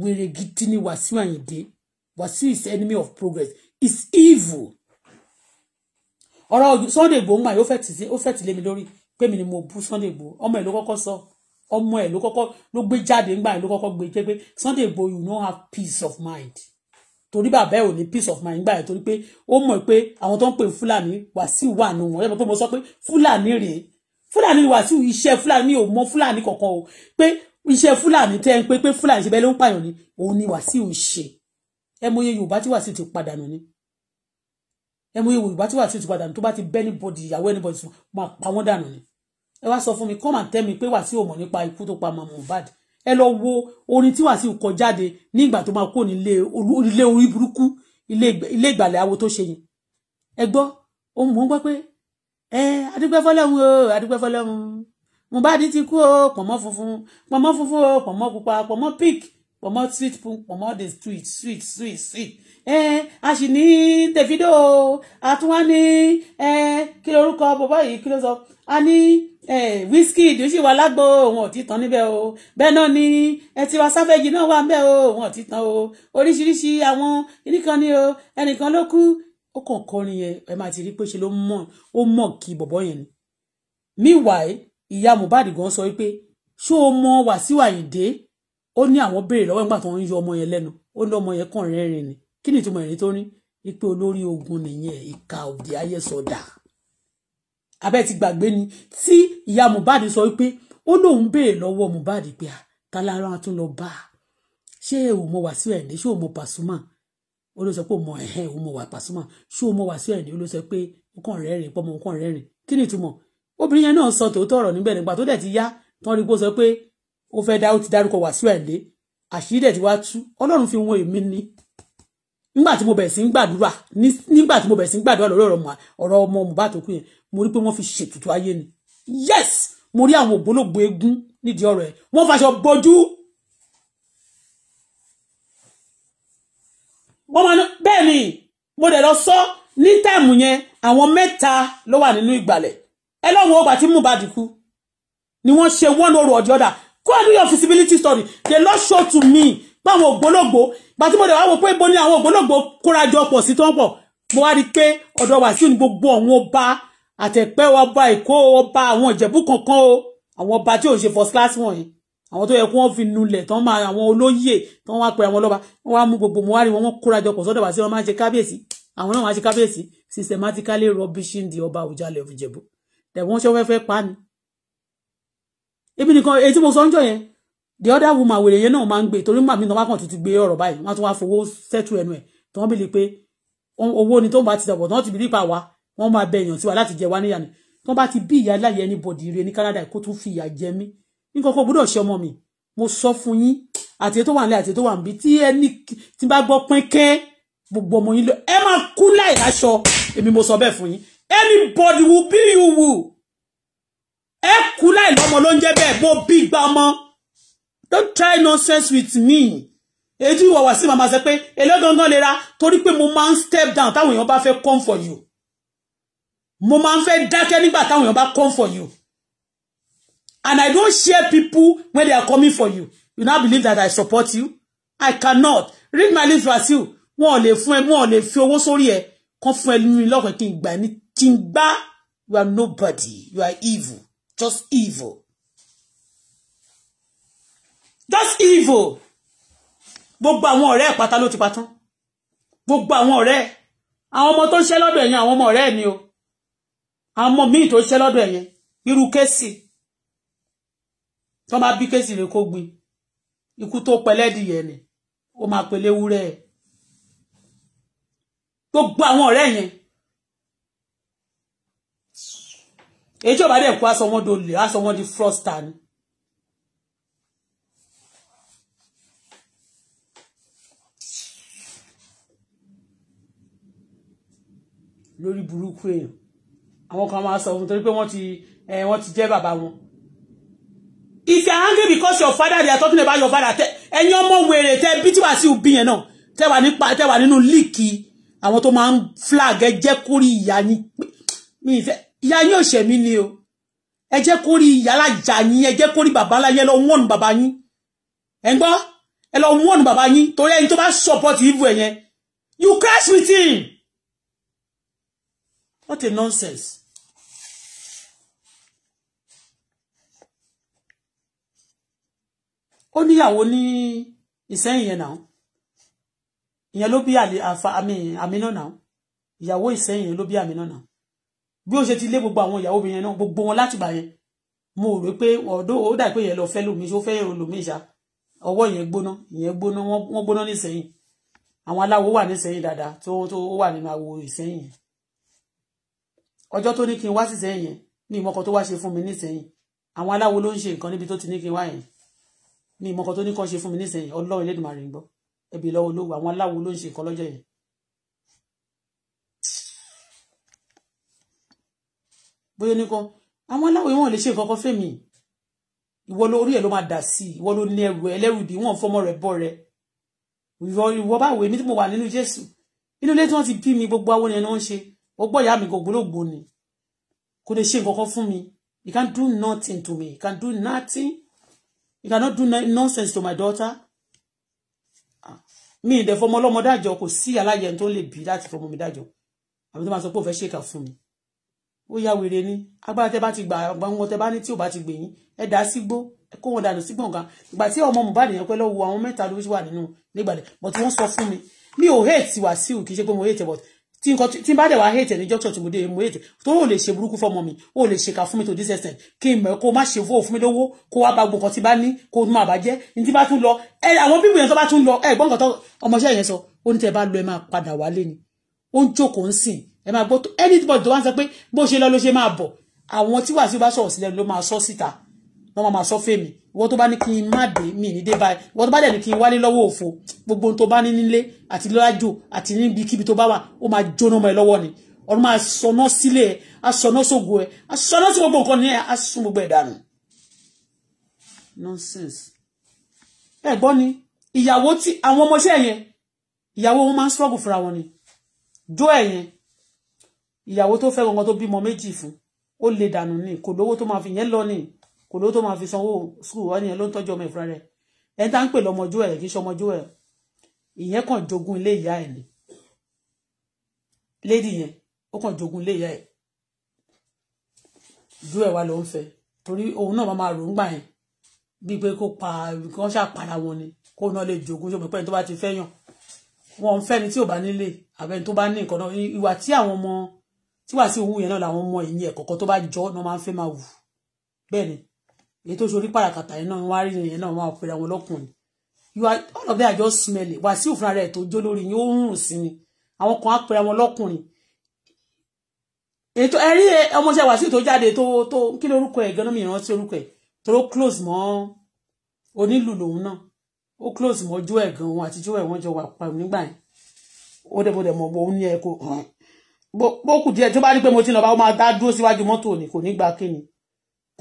wèrè gidi ní Wàsíù Àyìndé Wàsíù is enemy of progress is evil ọ̀rọ̀ Sunday Igboho ń mà yóò fẹ́ tì lé mi lórí pé mi ni mo bú Sunday Igboho ọmọ ìlú kọ́kọ́ sọ. So ọmọ ẹ̀ ló kọ́kọ́ ló gbé jáde ńgbà ló kọ́kọ́ gbé jẹ́ pé Sunday Igboho you no have peace of mind torí bàbá ẹ̀ ò ní peace of mind ńgbà ẹ̀ torí pé ó mọ̀ pé àwọn tó ń pè Fúlàní Wàsíù wà nù wọ́n yẹ́n tó mọ sọ pé Fúlàní rèé Fúlàní Wàsíù iṣẹ́ Fúlàní ò mọ Fúlàní kọ̀ọ̀kan o pé iṣẹ́ Fúlàní tẹ́ ń pé pé Fúlàní ṣe bẹ́ẹ̀ ló ń pààyàn ni òun ni Wàsíù ń ṣe ẹ mọ iye Yorùbá tí Wàsíù ti padà nù ni ẹ mọ iye Yorùbá tí Wàsíù ti padà nù tó bá ti bẹ́ẹ̀ anybody ìyàwó anybody sùn máa pa wọ́n dànù ni ẹ wá sọ fún mi come and tell me pé Wàsíù ò mọ̀ nípa ikú tó pa mamu bad ẹ lọ wo orin tí Wàsíù kọ jáde ní ìgbà tó máa kó ní ilé orí burúkú ilé ìgbàlẹ̀ awo tó ṣe yẹn ẹ gbọ́ ohun mò ń gbọ́ pé ẹ adúgbẹ́fọ́lẹ́hun o adúgbẹ́fọ́lẹ́hun Mohbad ti kú o pọ̀mọ́ funfun pọ̀mọ́ funfun o pọ̀mọ́ pupa pọ̀mọ́ pink pọ̀mọ́ sweet pọ̀mọ́ the sweet sweet sweet sweet ẹ a sì ní Davido a tún wá ní kí lorúkọ bọ̀bọ̀ yìí kí ló sọ a ní. Wizkid ó sì wà lágbo òun ò ti tán níbẹ̀ o bẹ́ẹ̀ náà ni Tiwa Savage náà wà níbẹ̀ o òun ò ti tán o oríṣiríṣi àwọn nìkan ni o ẹnìkan ló kú ó kàn kọrin yẹn ẹ máa ti rí pé ṣe ló mọ̀ ó mọ̀ kí bọ̀bọ̀ yẹn ni meanwhile ìyá Mohbad gan sọ pé ṣó o mọ Wàsíù Àyìndé ó ní àwọn béèrè lọ́wọ́ nígbà tó ń yọ ọmọ yẹn lẹ́nu ó lọ́mọ yẹn kàn rẹ́rìn ni kí ni ìtumọ̀ ìrètí tó ní wípé olórí ogun nìyẹn ìka òdì ayé sọdà. So abẹ́ ti gbàgbé ni tí ìyá Mohbad sọ pé ó lóun béèrè lọ́wọ́ Mohbad pé ta lára wọn tún lọ bá a ṣé òun mọ wàásù ẹ̀ ní ṣé òun mọ Pasuma ó ló sọ pé òun mọ ẹ̀hẹ́ òun mọ wà Pasuma ṣé òun mọ wàásù ẹ̀ ní ó ló sọ pé ó kàn rẹ́rìn pọ́mọ ó kàn rẹ́rìn kí ni ìtumọ̀ obìnrin yẹn náà sọ tòótọ́ ọ̀rọ̀ níbẹ̀ nígbà tó dẹ̀ ti yá tán rí pé ó sọ pé ó fẹ́ dá ó ti dárúkọ wàásù ẹ̀ lé àṣírí dẹ̀ ti wá tú ọlọ́run fi wọn èmi ni nígbà tí mo bẹ̀rẹ̀ sí ń gbàdúrà nígbà tí mo bẹ̀rẹ̀ sí ń gbàdúrà lórí ọmọ Mohbad tó kú yẹn mo rí pé wọ́n fi ṣètùtù ayé ni yes mo rí àwọn ògbólógbò eégún nídìí ọ̀rọ̀ ẹ̀ wọ́n faṣọ bojú wọ́n máa bẹ́ẹ̀ ni mo dẹ̀ lọ sọ ní táìmù yẹn àwọn mẹ́ta ló wà nínú ìgbàlẹ̀ ẹ lọ́wọ́ ọgbà tí Mohbad kú ni wọ́n ṣe one or the other go and your feasibility study the Lord show to me pé àwọn ògbólógbò ìgbà tí mo dẹ̀ wá wò pé ibo ni àwọn ògbólógbò kórajọ pọ̀ sí tó ń pọ̀ mo wá rí i pé ọ̀dọ̀ wàsíù ni gbogbo ọ̀hún ó àtẹ̀pẹ́ ọba èkó ọba àwọn ìjẹ̀bú kankan o àwọn ọba tí ò ń ṣe first class wọ̀nyí àwọn tó yẹ kí wọ́n fi nulẹ̀ tán máa àwọn olóyè tán wá pe àwọn ọlọ́ba wọ́n wá mú gbogbo mo wá rí wọn wọ́n kóra jọ pọ̀ sọ́dọ̀ wá sí wọn máa ń ṣe kábíyèsí àwọn náà máa ń ṣe kábíyèsí systematically rubbishing the ọba òjàlẹ̀ of Ìjẹ̀bú dẹ̀ wọ́n ṣe wọ́n fẹ́ pa ni. ibi nìkan èyí tí mo sọ ń jọ yẹn the other woman wèrè yẹn náà máa ń gbé torí màmí náà wá kàn tuntun gbé ọ̀rọ̀ báyìí wọ́n tún wá fowó sẹ́tù ẹnu ẹ̀ tí wọ́n bìlì pé owó ni tó ń bá ti dàbọ̀ tí wọ́n ti bìlì pa wá wọ́n máa bẹ èèyàn sí wa láti jẹ wá níyà ni tí wọ́n bá ti bí ìyá láyé anybody rẹ ní Canada kó tún fi ìyà jẹ mí nǹkan kò gbọ́dọ̀ ṣe ọmọ mi mo sọ fún yín àti ètò wà nílẹ̀ àti ètò wà níbi tí ẹni tí bá gbọ́ pínkẹ́ gbogbo ọmọ yín lọ ẹ máa kú láì aṣọ èmi mo sọ bẹ́ẹ̀ fún yín anybody will be you will ẹ kú láì lọ́mọ ló ń jẹ́ bẹ́ẹ̀ mo bí gba ọmọ don't try nonsense with me èyí tí ìwọ wà sí màmá sẹ pé èlé gangan lera torí pé mo máa ń step down táwọn èèyàn bá fẹ́ come for you mo máa ń fẹ́ dákẹ́ nígbà táwọn èèyàn bá come for you and I don't share people when they are coming for you you now believe that I support you I cannot read my lips Wasiu wọn ò lè fún ẹ wọn ò lè fi owó sórí ẹ kán fún ẹ lórí lọ́kàn kí n gbà ní you are nobody you are evil just evil That's evil gbogbo àwọn ọ̀rẹ́ ẹ̀ pátá ti patán gbogbo àwọn ọ̀rẹ́ àwọn ọmọ tó ń ṣe lọ́dọ̀ ẹ̀yìn àwọn ọmọ ni o àwọn ọmọ míì tó ṣiṣẹ́ lọ́dọ̀ ẹ̀yẹn irú kéèsì tó máa bí kéèsì rẹ̀ kó gbin ikú tó pẹlẹ́dìyẹ ni ó máa pẹlẹ́ ewúrẹ́ ẹ̀ gbogbo àwọn ọ̀rẹ́ yẹn èyí tí ò bá dẹ̀ kú aṣọ wọn dolè aṣọ wọn di frosta ni. lórí burúkú èèyàn àwọn kan máa sọ fún torí pé wọ́n ti wọ́n ti jẹ́ bàbá wọn. if you are angry because your father they are talking about your father tẹ ẹ̀yin ọmọ wèrè tẹ bí tí wàá sí ubí yẹn náà tẹ wà nípa tẹ wà nínú líìkì àwọn tó máa ń flag ẹ jẹ́ kórì ìyá yín mi ìfẹ́ ìyá yín ò ṣẹ̀mí ni o ẹ jẹ́ kórì ìyá alájà yín ẹ jẹ́ kórì bàbá ńlá yín ẹ lọ wọ́n bàbá yín ẹ ń gbọ́ ẹ lọ wọ́n bàbá yín torí ẹni tó bá support ìbú ẹ̀ yẹn you crash with him what a nonsense. ó níyàwó ní ìsẹ́yìn yẹn náà ìyẹn ló bí àmínà náà ìyàwó ìsẹ́yìn yẹn ló bí àmínà náà bí ó ṣe ti lé gbogbo àwọn ìyàwó obìnrin náà gbogbo wọn láti gbà yẹn mo rò pé ọ̀dọ́ ó dà pé yẹn lọ fẹ́ lómi ṣó fẹ́ èrò lómi ìṣá ọwọ́ yẹn gbóná ìyẹn gbóná wọ́n gbóná nísẹ́yìn àwọn aláwo wà nísẹ́yìn dáadáa tó tó wà nínú àwo ìsẹ́yìn yẹn ọjọ́ tó ní kí n wá sísẹ́yìn yẹn ní ìmọ̀kan tó wá ṣe fún mi nísẹ́yìn àwọn aláwo ló ń ṣe nǹkan níbi tó ti ní kí n wá yẹn ní ìmọ̀kan tó ní kàn ṣe fún mi nísìnyí ọlọ́run Elédùmarè ń gbọ́ ẹbí lọ́wọ́ olówó àwọn aláwo ló ń ṣe nǹkan lọ́jọ́ yẹn. bóyá ní kan àwọn aláwo yìí wọ́n lè ṣe nǹkan kan fẹ́mi ìwọ ló orí ẹ̀ ló máa dà sí ìwọ ló ní ẹrù ẹlẹ́rù dì wọ́n fọmọ rẹ̀ bọ́ rẹ̀ ìwọ ìwọ báwo èmi tí mo wà nínú Jésù inú ilé tí wọ́n ti bí mi gbogbo awo ni ẹni wọ́n ń ṣe gbogbo ìyá mi gbogbológbò ni kò lè ṣe nǹkan kan fún mi do nothing to me you can do nothing you cannot do nonsense to my daughter ah, Me, the fọmọ ọlọ́mọ dájọ́ kò sí aláyẹ tó lè bí láti fọmọ mi dájọ́ àbí tó máa sọ pé ò fẹ́ ṣèkà fún mi ó yá wèrè ni agbára tẹ bá ti gbà àgbà wọn tẹ bá ní tí ò bá ti gbè yín ẹ dá sígbó ẹ kó wọn dànù sí gbọ̀ngàn ìgbà tí ọmọ Mohbad yẹn pẹ́ lọ́wọ́ àwọn mẹ́ta ló wà nínú nígbàlẹ̀ but wọ́n sọ fún mi mi ò hate Wàsíù kì í ṣe pé hate but tí nǹkan tí bá dẹ̀ wá hate ní jọ́kítọ̀ tí mo dé mo hate tó ò lè ṣe burúkú fọmọ mi ò lè ṣèkà fún mi tó dísẹ̀ sẹ̀n kí n mọ̀ kó má ṣe fún òfin mi lówó kó wá bá gbọ̀ngàn tí bá ní kó tún máa bàjẹ́ ní tí bá tún lọ ẹ àwọn bíbù yẹn tó bá tún lọ ẹ gbọ́ngàn tó ọmọọṣẹ́ yẹn sọ ó ní tẹ bá lọ ẹ máa padà wálé ni ó ń jókòó ń sìn ẹ máa gbọ́ anybody tó wá ń sọ pé bó ṣe lọ ló ṣe máa bọ̀ àwọn tí wàásù bá sọ̀rọ̀ sílẹ̀ ló máa sọ síta wọ́n máa sọ fèmí ìwọ tó bá ní kí n má dé mi ní dé báyìí ìwọ tó bá dẹ̀ ní kí n wálé lọ́wọ́ òfo gbogbo ohun tó bá ní nílé àti lájò àti níbikíbi tó bá wà ó máa jóná mọ́ ẹ lọ́wọ́ ni ọ̀run máa sọná sílé ẹ asọná sógo ẹ asọná sí gbogbo nǹkan ní ẹ asún gbogbo ẹ dànù. nonsense ẹ gbọ́ ni ìyàwó tí àwọn ọmọọṣẹ́ yẹn ìyàwó wọn máa ń struggle fúnra wọn ni jó ẹ̀ yẹn ìyàwó tó fẹ́ gangan tó bímọ méjì fún ó le dànù ni kò lówó tó máa fi yẹn lọ ni kò ló tó máa fi sanwó skul wọn nìyẹn ló ń tọ́jú ọmọ ìfúnra rẹ̀ ẹ tá ń pè lọ́mọjú ẹ̀ kì í ṣọmọjú ẹ̀ ìyẹn kàn jogún ilé ìyá ẹ̀ ni lédi yẹn ó kàn jogún ilé ìyá ẹ̀ ju ẹ̀ wa ló ń fẹ́ torí òun náà máa rò ń gbà yẹn bíi pé kó pa kó ṣàpàrà wọn ni kó náà lè jogún ṣọmọ pẹ́ni tó bá ti fẹ́yàn wọn fẹ́ ni tí ò bá nílé àbẹ́ni tó bá ní nǹkan náà ìwà tí àwọn ọmọ tí wàá sí òun yẹn náà làwọn ọmọ ìyẹn kọ̀ọ̀kan tó bá jọ náà máa ń fẹ́ máa wù bẹ́ẹ̀ ni èyí tó ṣorí pàràkàtà yẹn náà wọ́n rí yẹn náà wọ́n á àwọn ọlọ́kùnrin you are all of them are just smelly Wàsíù fúnra rẹ̀ tó jó lórí yín ó ń rùn sí ni àwọn kan á pèrè àwọn ọlọ́kùnrin ètò ẹrí ọmọọṣẹ́ Wàsíù tó jáde tó tó kí lórúkọ ẹ̀ gan-an mi ìrántí orúkọ ẹ̀ tó close mọ́ onílù lòun náà ó close mọ́ jó ẹ̀ gan-an àti jó ẹ̀ wọ́n jọ wà pàrọ̀ nígbà yẹn ó dẹ̀ bó dẹ̀ mọ̀ bó ń ní ẹ kó bó kù díẹ̀ tó bá rí pé mo ti lọ bá ó máa dá dúró síwájú mọ́tò ni kò ní gba kíni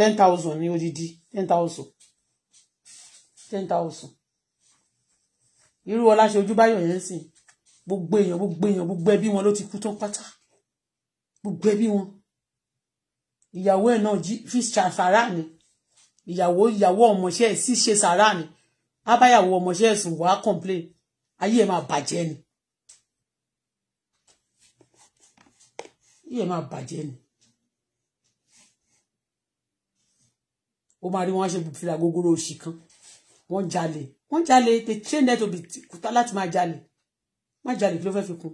ten thousand ní odidi ten thousand ten thousand irú ọlá ṣe ojú báyọ̀ yẹn sì gbogbo èèyàn gbogbo èèyàn gbogbo ẹbí wọn ló ti kú tán pátá gbogbo ẹbí wọn ìyàwó ẹ̀ náà fi ṣàṣàrà ni ìyàwó ìyàwó ọmọọṣẹ́ ẹ̀ sì ṣe sàrà ni abáyàwó ọmọọṣẹ́ ẹ̀sùn wàá complain ayé ẹ̀ máa bàjẹ́ ni ayé ẹ̀ máa bàjẹ́ ni ó máa rí wọn ṣe fìlà gogoro òṣì kan wọ́n jalè wọ́n jalè they train them to be kúta láti máa jalè má jalè kí ló fẹ́ fi kún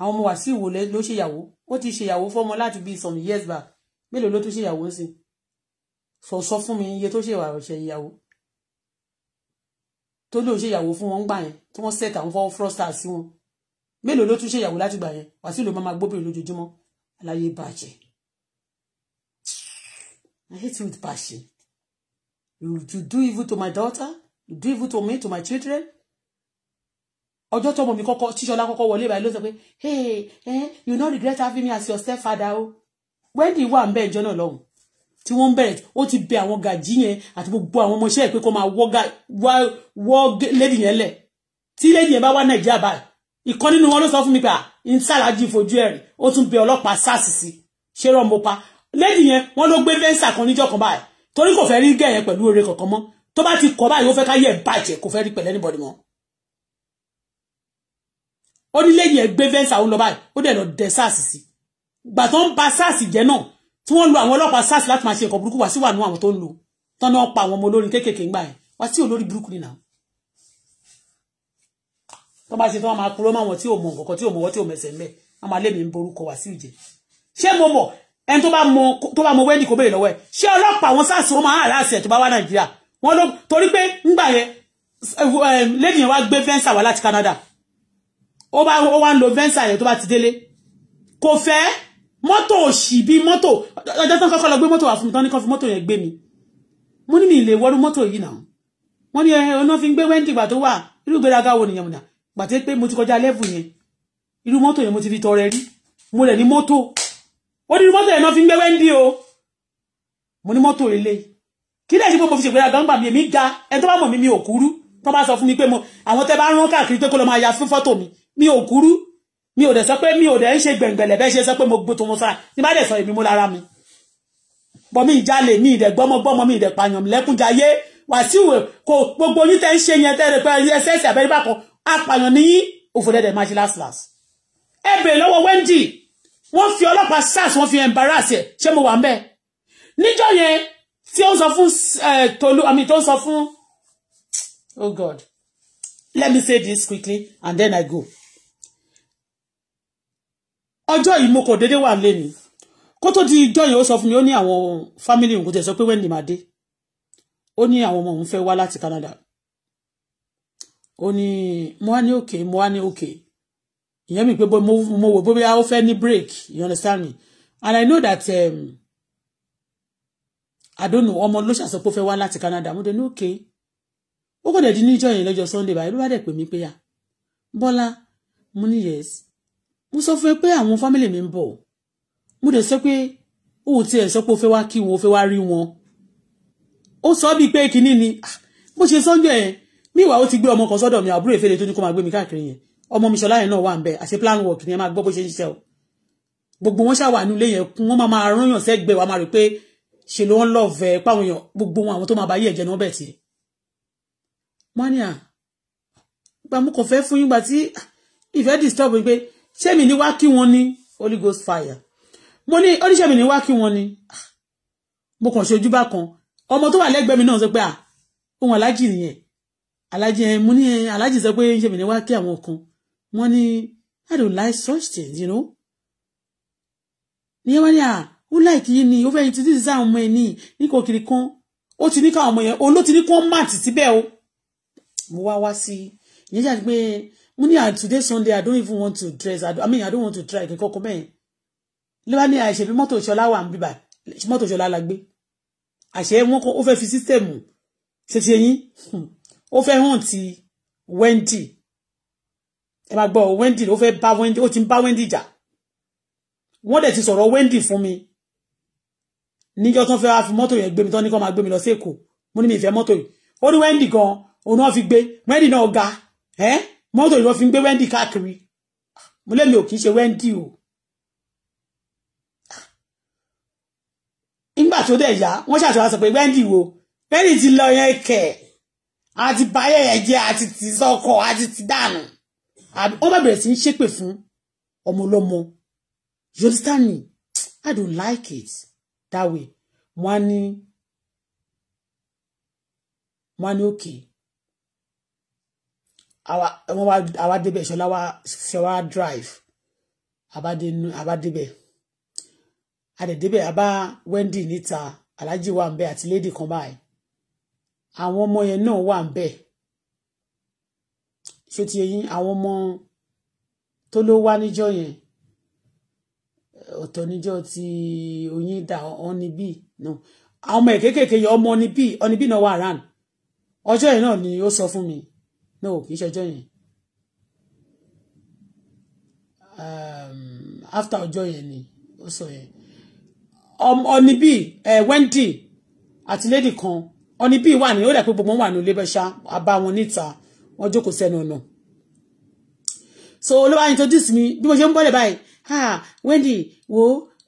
àwọn ọmọ wàsíù wò ló ṣèyàwó ó ti ṣèyàwó fọ́mọ láti bíi some years back mélòó ló tún ṣèyàwó sí sọ sọ fún mi iye tó ṣèwà ọ̀ṣẹ̀ ìyàwó tó lóun ṣèyàwó fún wọn gbà yẹn tí wọ́n set àwọn fọwọ́ frosters sí wọn mélòó ló tún ṣèyàwó láti gbà yẹn wàsíù ló máa gbóbìnrin lójoojúmọ́ aláyé bàjẹ́ I hate you with passion. You, you do evil to my daughter. You do evil to me, to my children. ọjọ́ tọmọ mi kọ́kọ́ tíṣọlá kọ́kọ́ wọlé báyìí ló sọ pé hey eh, you not regret having me as your stepfather o wendy wà ń bẹ ìjọ náà lọ́hùn tí wọ́n ń bẹ̀rẹ̀ ó ti bẹ àwọn gàjí yẹn àti gbogbo àwọn ọmọọṣẹ́ ẹ̀ pé woga máa wọ́ lady yẹn lẹ̀ tí lady ba wa wá nàìjíríà báyìí ìkan nínú wọn ló sọ fún mi pé à ah, ń sàlájì fojú ẹ̀rí ó tún pa ọlọ́pàá sars sí ṣé rọ́mọpa lady yẹn wọ́n ló gbé fẹ́ǹsà kan níjọ́ kan báyìí torí kò fẹ́ rí gẹ̀ yẹn pẹ̀lú oore kankan mọ́ tó bá ti kọ̀ báyìí ó fẹ́ káyé ẹ̀ bàjẹ́ kò fẹ́ rí pẹ̀lú anybody mọ́. ó ní lady yẹn gbé fẹ́ǹsà ó lọ báyìí ó dẹ̀ lọ dẹ sars sí gbà tó ń ba sars jẹ́ náà tí wọ́n lo àwọn ọlọ́pàá sars láti máa ṣe nǹkan burúkú wá sí wàánú àwọn tó ń lo tọ́nà pa àwọn ọmọ ẹni ba mo to ba bá mọ wẹ́ndì kò béèrè lọ́wọ́ ẹ̀ ṣé ọlọ́pàá àwọn sars wọn máa hàn láàṣẹ tó bá wá nàìjíríà wọn ló torí pé ńgbà yẹn eh, lẹ́yìn yẹn wá gbé fẹ́ǹsà wá láti Canada o ba o wá ń lo fẹ́ǹsà yẹn tó bá ti délé kò fẹ́ mọ́tò òṣì bí moto ọjọ́ tán kọ́kọ́ lọ gbé mọ́tò wà fún mi tán ní kọ́fí mọ́tò yẹn gbé mi mo ní mi lè wọ́rú mọ́tò yìí náà wọ́n ní ọ̀nà eh, fi ń gbé wẹ́ndì gbà tó wà irú ìgbéraga wo nìyẹn múnà gbà tí pé mo ti kọjá lẹ́fù yẹn irú mọ́tò yẹn mo ti fi tọrẹ rí mo lẹ̀ ní mọ́tò ó ní mọ́tò ẹ̀ náà fi ń gbé wẹ́ndì o mo ní mọ́tò ilé kí lẹ́yìn mo fi ṣègbéra gbangba mi èmi ga ẹ tó bá mọ̀ mi mi ò kúrú tó bá sọ fún mi pé mo àwọn tẹ́ bá rán káàkiri pé kó lọ máa ya fún fọ́tò mi mi ò kúrú mi ò dẹ̀ sọ pé mi ò dẹ̀ ń ṣe gbẹ̀ngbẹ̀lẹ̀ bẹ́ẹ̀ ṣe sọ pé mo gbó tó mo sára tí bá dẹ̀ sọ èmi mo lára mi bọ́ mi ìjálè mi ìdẹ̀ gbọ́mọ gbọ́mọ mi ìdẹ̀ pààyàn lẹ́kúnjayé wàsíù kò gbogbo yín tẹ́ ń ṣe yẹn tẹ́rẹ pé ẹsẹ̀ ẹsẹ̀ abẹ́rẹ́ bá kan apààyàn níyí òfòdẹ́dẹ̀ máa ṣe láṣìláṣì ẹ bèè lọ́wọ́ Wendy wọ́n fi ọlọ́pàá sars wọ́n fi embarrass ẹ̀ ṣé mo wà ń bẹ́ẹ̀ níjọ́ yẹn tí ó ń sọ fún eh, tolu àmì tó ń sọ fún oh god let me say this quickly and then i go ọjọ́ yìí mo kò déédé wà lẹ́nu kó tó di ìjọ́ yìí ó sọ fún mi ó ní àwọn family òun kò tẹ̀ sọ pé wẹ́ndì máa dé ó ní àwọn ọmọ òun fẹ́ wá láti Canada ó ní mo wá ní òkè mo wá ní òkè ìyẹn mi pé mo wò bóyá ó fẹ́ ní break you understand me and I know that um, I don't know ọmọ ló ṣàṣọ pé ó fẹ́ wá láti Canada mo dé ní okay ó kò dẹ̀ di níjọ́ yẹn lọ́jọ́ Sunday báyìí ló bá dẹ̀ pè mí pé yà ah, Bọ́lá mo ní yes mo sọ fún ẹ pé àwọn fámìlì mi ń bọ̀ mo dẹ̀ sọ pé ó ti ẹ̀ sọ pé ó fẹ́ wá kí wọn ó fẹ́ wá rí wọn ó sọ bíi pé kínní ni ah, bó ṣe sọ́njọ́ yẹn míwàá ó ti gbé ọmọ kan sọ́dọ̀ mi àbúrò ìfẹ́lẹ́ tó ní kó máa gbé mi káàkiri yẹn ọmọ mi ṣọlá yẹn náà wà ń bẹ àṣẹ plan work ni ẹ máa gbọ́ bó ṣe ń ṣiṣẹ́ o gbogbo wọn ṣàwà nílé yẹn kún wọn máa rányàn sẹ́gbẹ̀ẹ́ wa máa rí pé ṣe ló ń lọ vẹ páwọn èèyàn gbogbo wọn àwọn tó máa bá yí ẹ̀jẹ̀ ni wọ́n bẹ̀ tiẹ̀. wọ́n ní à gba mú kò fẹ́ fún yín gba tí ìfẹ́ disturb mi pé ṣé mi ní wá kí wọn ní Holy Ghost fire mo ní oníṣẹ́ mi ní wá kí wọn ní mo kàn ṣojú bá kan ọmọ tó wà lẹ́gbẹ̀ẹ́ mi náà sọ pé à òun alájì nìyẹn alájì ẹ̀ mo ní alájì sọ pé ṣé mi ní wá kí àwọn kan Money. I don't like such things you know. níyẹn wọ́n ní à ah, ó láìkí yìí ni ó fẹ́ yìí ti dídí sáà ọmọ ẹ̀ ní ní kò kiri kan ó ti ní káwọn ọmọ yẹn oló ti ní kó má tì síbẹ̀ o. mo wá wá sí i ìyẹn ṣáà pé mo ní à ah, today Sunday I don't even want to dress I, mean I don't want to try kí n kọ́kọ́ mẹ́rin lọ́wọ́ ní àṣẹ ah, bí mọ́tò ìṣọ́lá wà ń bíbà mọ́tò ìṣọ́lá la gbé àṣẹ wọn kọ́ ó fẹ́ fi sísítẹ̀mù ṣe ti ẹyin ó fẹ́ hàn ti Wendy ẹ máa gbọ́ Wendy ló fẹ́ bá Wendy ó ti ń Wendy jà wọ́n dẹ̀ ti sọ̀rọ̀ Wendy fún mi níjọ́ tó fẹ́ wá fi mọ́tò yẹn gbé mi tó ní kó máa gbé mi lọ sí mo ní mi ìfẹ́ mọ́tò yìí ó ní Wendy gan òun náà fi gbé Wendy náà ga ẹ́ mọ́tò yìí wọ́n fi ń Wendy káàkiri mo lé mi ò kì í Wendy o nígbà tó dẹ̀ yá wọ́n ṣàtúnwá sọ pé Wendy wo Wendy ti lọ yẹn kẹ̀ àti báyẹ̀ yẹn jẹ́ àti ti sọ́kọ̀ àti ti dànù ó bá bẹ̀rẹ̀ sí ń ṣépè fún ọmọ ọlọ́mọ you understand me I don't like it that way wọ́n á ní wọ́n á ní òkè àwa débẹ̀ ṣọlá wa ṣọlá drive àbádébẹ̀ àdẹ̀débẹ̀ àbá Wendy níta aláàjì wà ń bẹ àti lady kan báyìí àwọn ọmọ yẹn náà wà ń bẹ́ẹ̀ ṣé ti eyín àwọn ọmọ tó ló wá níjọ́ yẹn ọ̀tọ̀ níjọ́ ti oyin dà ọ́nibí náà àwọn ọmọ ẹ̀ kéékèèké yẹn ọmọ ọ́nibí ọ́nibí náà wà rán ọjọ́ yẹn náà ni ó sọ fún mi náà kì í ṣọjọ́ yẹn um, after ọjọ́ yẹn ni ó sọ yẹn ọ́nibí ẹ̀ eh, Wendy àti lady kan ọ́nibí wà ní ó dẹ̀ pé gbogbo wọn wà ní ilé bẹ́ẹ̀ wọn níta wọ́n jókòó sẹ́nu ọ̀nà so ló bá introduce mi bí mo ṣe ń bọ́lẹ̀ báyìí ah Wendy wo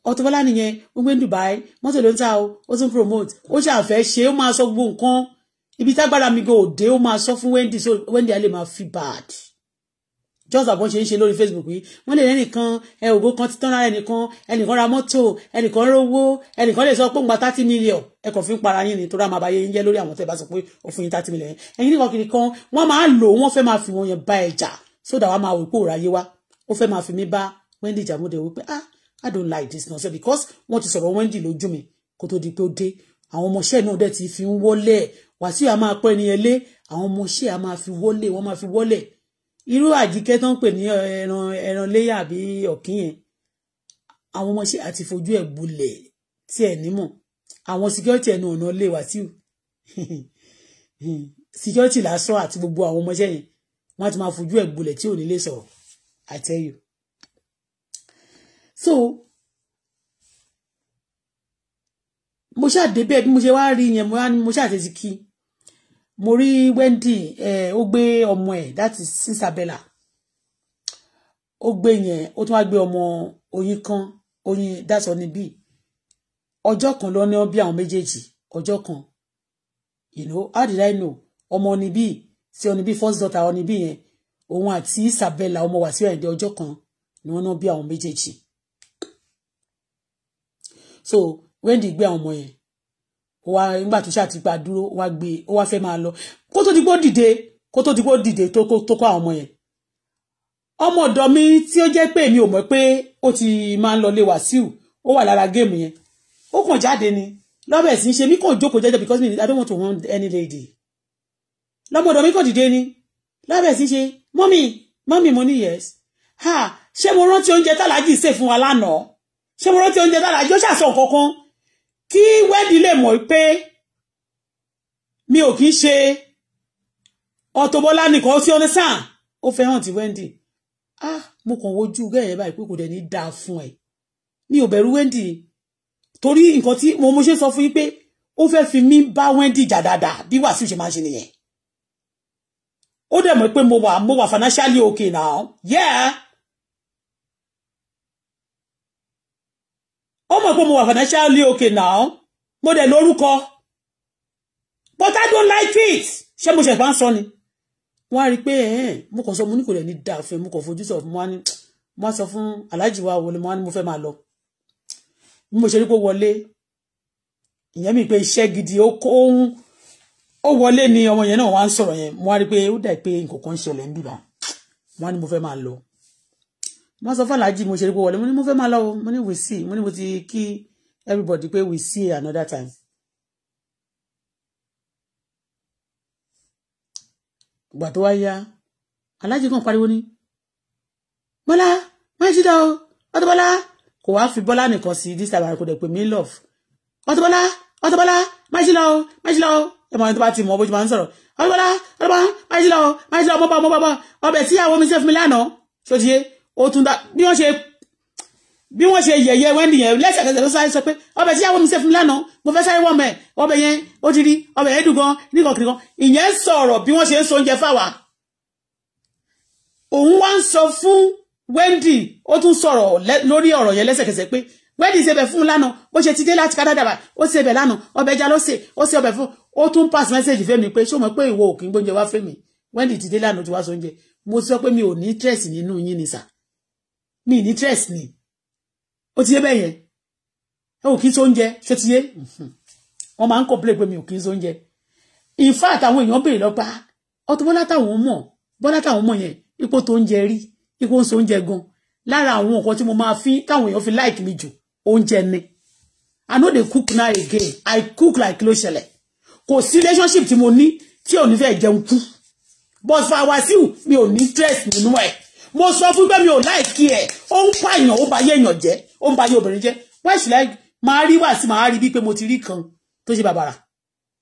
Auto Bola nìyẹn ó gbé Dubai mọ́tò ló ń ta o ó tún promote ó ṣàfẹ́ ṣe ó máa sọ gbogbo nǹkan ibi tágbára mi gan òde ó máa sọ fún Wendy so Wendy á lè máa feel bad just àbọ̀n ṣe ń ṣe lórí Facebook yìí wọ́n lè rẹ́nìkan ẹ ògbó kan ti tánra ẹnìkan ẹnìkan ra mọ́tò ẹnìkan rówó ẹnìkan lè sọ pé òǹgbà thirty million ẹ kàn fi ń para yín ni tó rá máa bá jẹ́ lórí àwọn tẹ́ bá sọ pé òfin yín thirty million ẹ̀yin nìkan kiri kan wọ́n máa lò wọ́n fẹ́ máa fi wọn yẹn bá ẹja sódà wa máa wò pé òòrà yé wa ó fẹ́ máa fi mí bá Wendy Ìjàmọ́dé wípé ah I don't like this nonsense because wọ́n ti sọ̀rọ̀ Wendy lójú mi kó tó di pé ó dé àwọn ọmọọṣẹ́ náà dẹ̀ ti fi ń wọlé wàsíù a máa pẹ́ ni ẹlé àwọn ọmọọṣẹ́ a máa fi wọlé wọ́n máa fi wọlé irú àjíkẹ́ tó ń pè ní eh, ẹran ẹran léyà àbí ọ̀kín yẹn àwọn ọmọọṣẹ́ àti fojú ẹ̀ gbolẹ̀ tí ẹ̀ nímọ̀ àwọn security ẹnu ọ̀nà lè wá sí security lásán àti gbogbo àwọn ọmọọṣẹ́ yẹn wọ́n ti máa fojú ẹ̀ gbolẹ̀ tí ò ní sọ̀rọ̀ I tell you so mo ṣáà débẹ̀ bí mo ṣe wá rí yẹn mo ṣáà kí mo rí Wendy ó gbé ọmọ ẹ̀ that is Isabella ó gbé yẹn ó tún wá gbé ọmọ oyin kan oyin that's on ibi ọjọ́ kan lọ ní bí àwọn méjèèjì ọjọ́ kan you know how did I know ọmọ oníbí sí oníbí first daughter oníbí yẹn òun àti Isabella ọmọ wàsíù ẹ̀dẹ̀ ọjọ́ kan ni wọ́n ná bí àwọn méjèèjì so Wendy gbé àwọn ọmọ yẹn ó wá nígbà tó ṣáà ti gba dúró ó wá gbé ó wá fẹ́ máa lọ kó di pé ó dìde kó tó di pé ó dìde tó kó àwọn ọmọ yẹn ọmọ ọ̀dọ̀ mi tí ó jẹ́ pé èmi ò mọ̀ pé O ti máa ń lọ lé Wàsíù ó wà lára géèmù yẹn ó kàn jáde ni lọ́bẹ̀ sí ṣe mí kàn jókòó jẹ́jẹ́ because me I don't want to want any lady lọ́mọ ọ̀dọ̀ mi kàn dìde ni lọ́bẹ̀ sí ṣe mọ́mì mọ́mì mo ní yes ha ṣé mo rántí oúnjẹ tàlájì ṣe fún wa lánàá ṣé mo rántí oúnjẹ tàlájì ó ṣàṣọ nǹkan kan kí wẹ́ẹ̀dì lè mọ̀ pé mi ò kí ń ṣe Auto Bola nìkan ó sí ọ́nẹ́ sáà ó fẹ́ràn ti Wendy ah mo kàn wojú gẹ́yẹ̀ báyìí pé kò dẹ̀ ní dáa fún ẹ̀ mi ò bẹ̀rù Wendy torí nǹkan tí mo mo ṣe sọ fún yín pé ó fẹ́ fi mí bá Wendy jà dáadáa bí Wàsíù ṣe máa ṣe nìyẹn ó dẹ̀ mọ̀ pé mo wà mo wà financially okay now yeah ó mọ̀ pé mo wà financially okay now mo dẹ̀ lórúkọ but I don't like it ṣé mo ṣẹ̀fà ń sọ ni wọ́n á rí i pé mo kàn sọ mo ní kò rẹ̀ ní dáa fún ẹ mo kàn fojú sọ fún wa ni mo sọ fún aláàjì wa wọlé mo wá ní mo fẹ́ máa lọ bí mo ṣe rí pé wọlé ìyẹn mi pé iṣẹ́ gidi ó kó ohun ó wọlé ni ọmọ yẹn náà wá ń sọ̀rọ̀ yẹn mo wá rí i pé ó dà pé nǹkan kan ń ṣẹlẹ̀ ń bìbà wọ́n á ní mo fẹ́ máa lọ mo sọ fàlájì mo ṣe rí wọlé mo ní mo fẹ́ máa lọ mo ní we see mo ní mo ti kí everybody pé we see another time. ìgbà tó wá yá aláàjì kan pariwo ní bọ́lá má ṣí dá o Auto kò wá fi bọ́lá nìkan sí this time àkọdẹ pé me love Auto Bola Auto Bola má ṣí lọ o má ṣí lọ o ẹ mọ ẹni tó bá ti mọ bó ṣe máa ń sọ̀rọ̀ Auto Bola Auto Bola má ṣí lọ o má ṣí lọ o mọ bá mọ bá bọ ọbẹ̀ tíyàwó mi ṣe fún mi lánàá ṣòṣìṣe ó tún dá bí wọ́n ṣe bí wọ́n ṣe yẹ̀yẹ́ Wendy yẹn lẹ́sẹ̀kẹsẹ̀ ló sáré sọ pé ọbẹ̀ tí yàwó mi ṣe fún mi lánàá mo fẹ́ sáré wọ́n mẹ́ ọbẹ̀ yẹn ó ti rí ọbẹ̀ yẹn dùn gan nìkan kìnìkan ìyẹn sọ̀rọ̀ bí wọ́n ṣe ń so oúnjẹ fáwa òun wá ń sọ fún Wendy ó tún sọ̀rọ̀ lórí ọ̀rọ̀ yẹn lẹ́sẹ̀kẹsẹ̀ pé Wendy ṣe bẹ̀ fún un lánàá ó ṣe ti dé láti Canada bá ó ṣe bẹ̀ lánàá ọbẹ̀ ẹja ló ṣe ó ṣe ọbẹ̀ fún message fẹ́mi pé ṣó mọ̀ pé ìwọ òkín gbóúnjẹ Wendy ti dé lánàá ó ti wá sóúnjẹ mo sọ mi ní stress ni ó ti yé bẹ́ẹ̀ yẹn ẹ ò kí n sóúnjẹ ṣé ti yé wọ́n máa ń complain pé mi ò kí n sóúnjẹ in fact àwọn èèyàn béèrè lọ́pàá Auto Bola táwọn mọ̀ Bọ́lá táwọn mọ̀ yẹn ipò tó ń rí ipò ń so oúnjẹ gan lára àwọn nǹkan tí mo máa fi táwọn èèyàn fi like mi jù oúnjẹ ni I no dey cook now again I cook like ló ṣẹlẹ̀ kò sí relationship tí mo ní tí ò ní fẹ́ jẹun kú but for Wasiu mi ò ní stress nínú ẹ̀ mo sọ fún pé mi ò láìkí ẹ̀ ó ń pààyàn ó ba yé èèyàn jẹ́ ó ń ba yé obìnrin jẹ́ why should I máa rí wà sí máa rí bí pé mo ti rí kan tó ṣe bàbàrà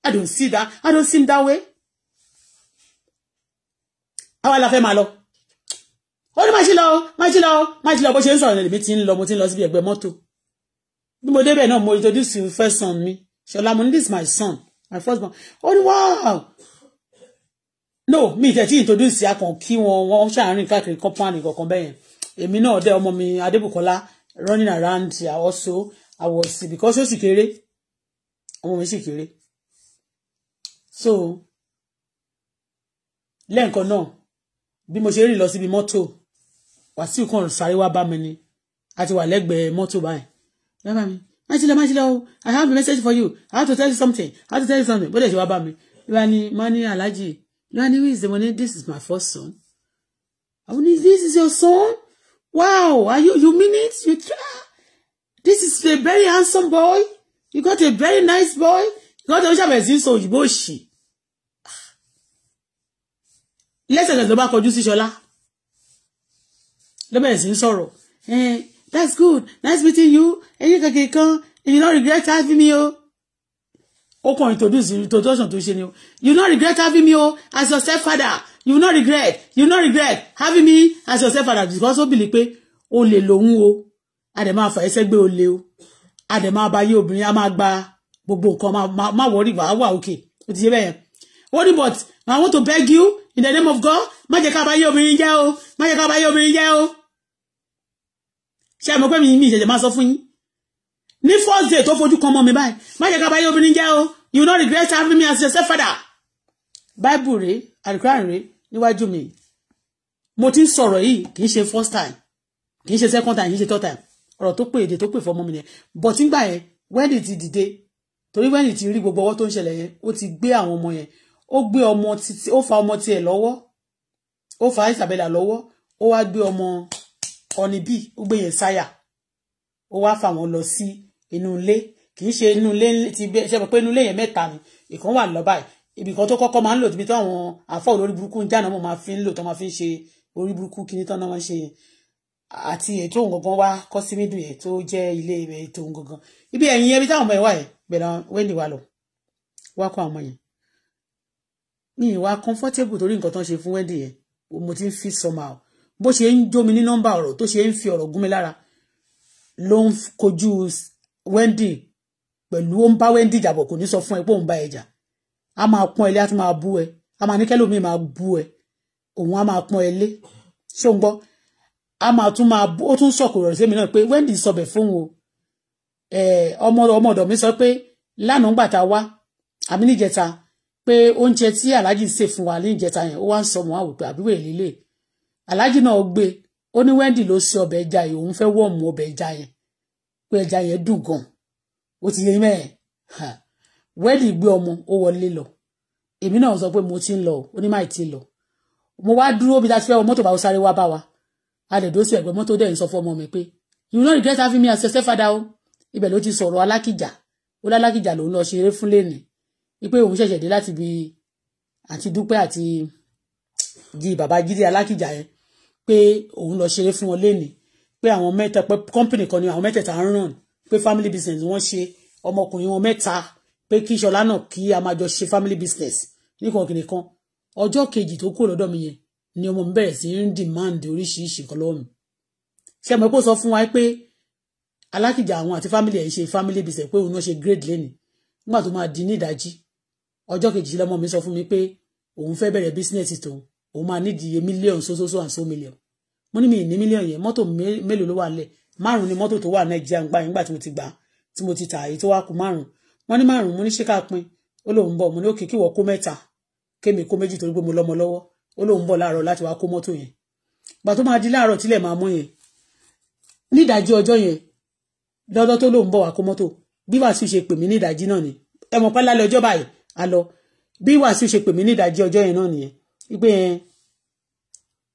I don't see that I don't see him that way. àwa la fẹ́ máa lọ ó ní máa ṣe lọ máa ṣe lọ máa ṣe lọ bó ṣe ń sọ̀rọ̀ lèmi ti ń lọ mo ti ń lọ síbi ẹ̀gbẹ́ mọ́tò bí mo débẹ̀ náà mo introduce you first son mi ṣọlá mo ní this my son my first born ó ní wow no mi tẹ̀ tí introduce akàn kí wọn wọn ṣàárín káàkiri company kankan bẹ́yẹn èmi náà dẹ ọmọ mi Adébùkọ́lá running around here. also I was because ó sì kéré ọmọ mi sì kéré so lẹ́ǹkan náà bí mo ṣe rìn lọ síbi mọ́tò Wàsíù kan sáré wá bá mi ni a ti wà lẹ́gbẹ̀ẹ́ mọ́tò báyìí lábàá mi májílẹ̀ májílẹ̀ o I have a message for you I have to tell you something I have to tell you something bó dẹ̀ ṣe wá bá mi ìbá ni money ní Lani, who is the money? This is my first son. I this is your son? Wow, are you, you mean it? You try? This is a very handsome boy. You got a very nice boy. You got a job so you boshi. Lẹ́sẹ̀kẹsẹ̀ ló bá kọjú sí Ṣọlá. Ló bẹ̀rẹ̀ sí ń sorrow. Eh, that's good. Nice meeting you. Ẹyin kankan kan. You no regret having me oh ó kàn introduce introduction tó ṣe ni o you no regret having me o as your stepfather you no regret you no regret having me as your stepfather because ó bìlì pé o lè lòun o àdèmá àfà ẹsẹ gbé o lè o àdèmá abayé obìnrin a máa gba gbogbo nǹkan má wọrí wàá wà òkè ó ti yé bẹ́ẹ̀ wọ́n ní but I want to beg you in the name of God má jẹ́ ká abayé obìnrin jẹ́ o má jẹ́ ká abayé obìnrin jẹ́ o ṣé àmọ́ pé mi mi ìṣẹ̀jẹ̀ máa sọ fún yín ní first day tó fojú kan ọmọ mi báyìí má jẹ́ ká báyé obìnrin jẹ́ o you will not regret having me as your stepfather bible rèé àdìkúrà rèé níwájú mi mo ti ń sọ̀rọ̀ yìí kì í ṣe first time kì í ṣe second time kì í ṣe third time ọ̀rọ̀ tó pè èdè tó pè fọmọ mi yẹn but nígbà yẹn wẹ́ẹ̀dì ti dìde torí wẹ́ẹ̀dì ti rí gbogbo ọwọ́ tó ń ṣẹlẹ̀ yẹn ó ti gbé àwọn ọmọ yẹn ó gbé ọmọ títí ó fa ọmọ tiẹ̀ lọ́wọ́ ó fa Isabella lọ́wọ́ ó wá gbé ọmọ ọ̀nì bíi ó gbé yẹn sáyà ó wá fà wọ́n lọ sí inú ilé kì í ṣe inú ilé ti bẹ ṣe mọ̀ pé inú ilé yẹn mẹ́ta ni ìkan wà lọ́ba ibì kan tó kọ́kọ́ máa ń lò ibi tó àwọn àfọ olórí burúkú ń jáná mo máa fi ń lò tó máa fi ń ṣe orí burúkú kíní tán náà máa ń ṣe yẹn àti ètò òun gangan wá kọ́ sí mídùn yẹn tó jẹ́ ilé ètò òun gangan ibi ẹ̀yìn ẹbí táwọn ọmọ ẹ̀ wà yẹn bẹ̀rẹ̀ wẹ́ndì wa lọ wá kọ́ àwọn ọmọ yẹn mi ìwà comfortable torí nǹkan tó ń ṣe fún wẹ́ndì yẹn mo ti ń fi sọmọ ọ bó ṣe ń jó mi ní nọ́mbà ọ̀rọ̀ tó ṣe ń fi ọ̀rọ̀ gún mi lára ló ń kojú Wendy pẹ̀lú ó ń bá Wendy jàbọ̀ kò ní sọ fún ẹ pé òun bá ẹ jà a máa pọ́n ẹlé a tún máa bú ẹ a máa ní kẹ́lòmíì máa bú ẹ òun a máa pọ́n ẹlé ṣé o ń gbọ́ a máa tún máa bú ó tún sọ̀kò rọ̀rọ̀ sí mi náà pé Wendy sọbẹ̀ fún o ọmọ ọmọ mi sọ pé lánàá ń gbàtà wá àmì níjẹta pé oúnjẹ tí aláàjì sè fún wa níjẹta yẹn ó wá ń sọmọ àwòpẹ àbíwèé líle aláàjì náà gbé ó ní Wendy ló ṣe ọbẹ̀ ẹja yìí òun fẹ́ wọ́ọ̀mù ọbẹ̀ ẹja yẹn pé ẹja yẹn dùn gan ó ti yẹ mẹ́ẹ̀ wẹ́ẹ̀lì gbé ọmọ ó wọlé lọ èmi náà sọ pé mo ti ń lọ ó ní máì ti lọ mo wá dúró bí láti fẹ́ wọ mọ́tò bá sáré wá bá wa a lè dóṣù ẹ̀gbẹ́ mọ́tò dẹ̀ ń sọ fún ọmọ mi pé you no regret having me as your stepfather o ibẹ̀ ló ti sọ̀rọ̀ alákìjà ó lálákìjà lòun lọ ṣeré fún lẹ́nìí wípé òun ṣẹ̀ṣẹ̀ dé láti bi àti dúpẹ́ àti di bàbá jíde alákìjà yẹn pé òun lọ ṣeré fún wọn lẹ́nìí pé àwọn mẹ́ta pé company kan ni àwọn mẹ́tẹ̀ẹ̀ta ń ràn pé family business wọ́n ṣe ọmọkùnrin wọn mẹ́ta pé kí ṣọlá náà kí a máa jọ ṣe family business nìkan kìnìkan kan ọjọ́ kejì tó kúrò lọ́dọ̀ mi yẹn ni ọmọ mi bẹ̀rẹ̀ sí ń demand oríṣiríṣi nǹkan lọ́wọ́ mi ṣé mo kó sọ fún wa pé alákìjà àwọn àti family ẹ̀ ń ṣe family business pé òun náà ṣe grade lẹ́nu nígbà tó máa di ní ìdájí ọjọ́ kejì lọ́mọ mi sọ fún mi pé òun fẹ́ bẹ̀rẹ̀ business tòun òun máa nídìí mílíọ̀n so so so and so million mo ní mi ní mílíọ̀nù yẹn mọ́tò mélòó ló wà lẹ̀ márùn ni mọ́tò tó wà nàìjíríà ń gbà yín gbà tí mo ti gbà tí mo ti tà èyí tó wà kù márùn wọ́n ní márùn mo ní ṣé ká pín ó lóun bọ̀ mo ní òkè kíwọ kó mẹ́ta kémi kó méjì torí pé mo lọ́mọ lọ́wọ́ ó lóun bọ̀ láàárọ̀ láti wá kó mọ́tò yẹn gbà tó máa di láàárọ̀ tílẹ̀ máa mú yẹn nídàájí ọjọ́ yẹn lọ́dọ́ tó lóun bọ̀ wá kó mọ́tò bí wàásù ṣe pè mí nídàájí náà ni ẹ mọ̀ pé lálẹ́ báyìí a lọ bí wàásù ṣe pè mí nídàájí ọjọ́ yẹn náà nìyẹn pé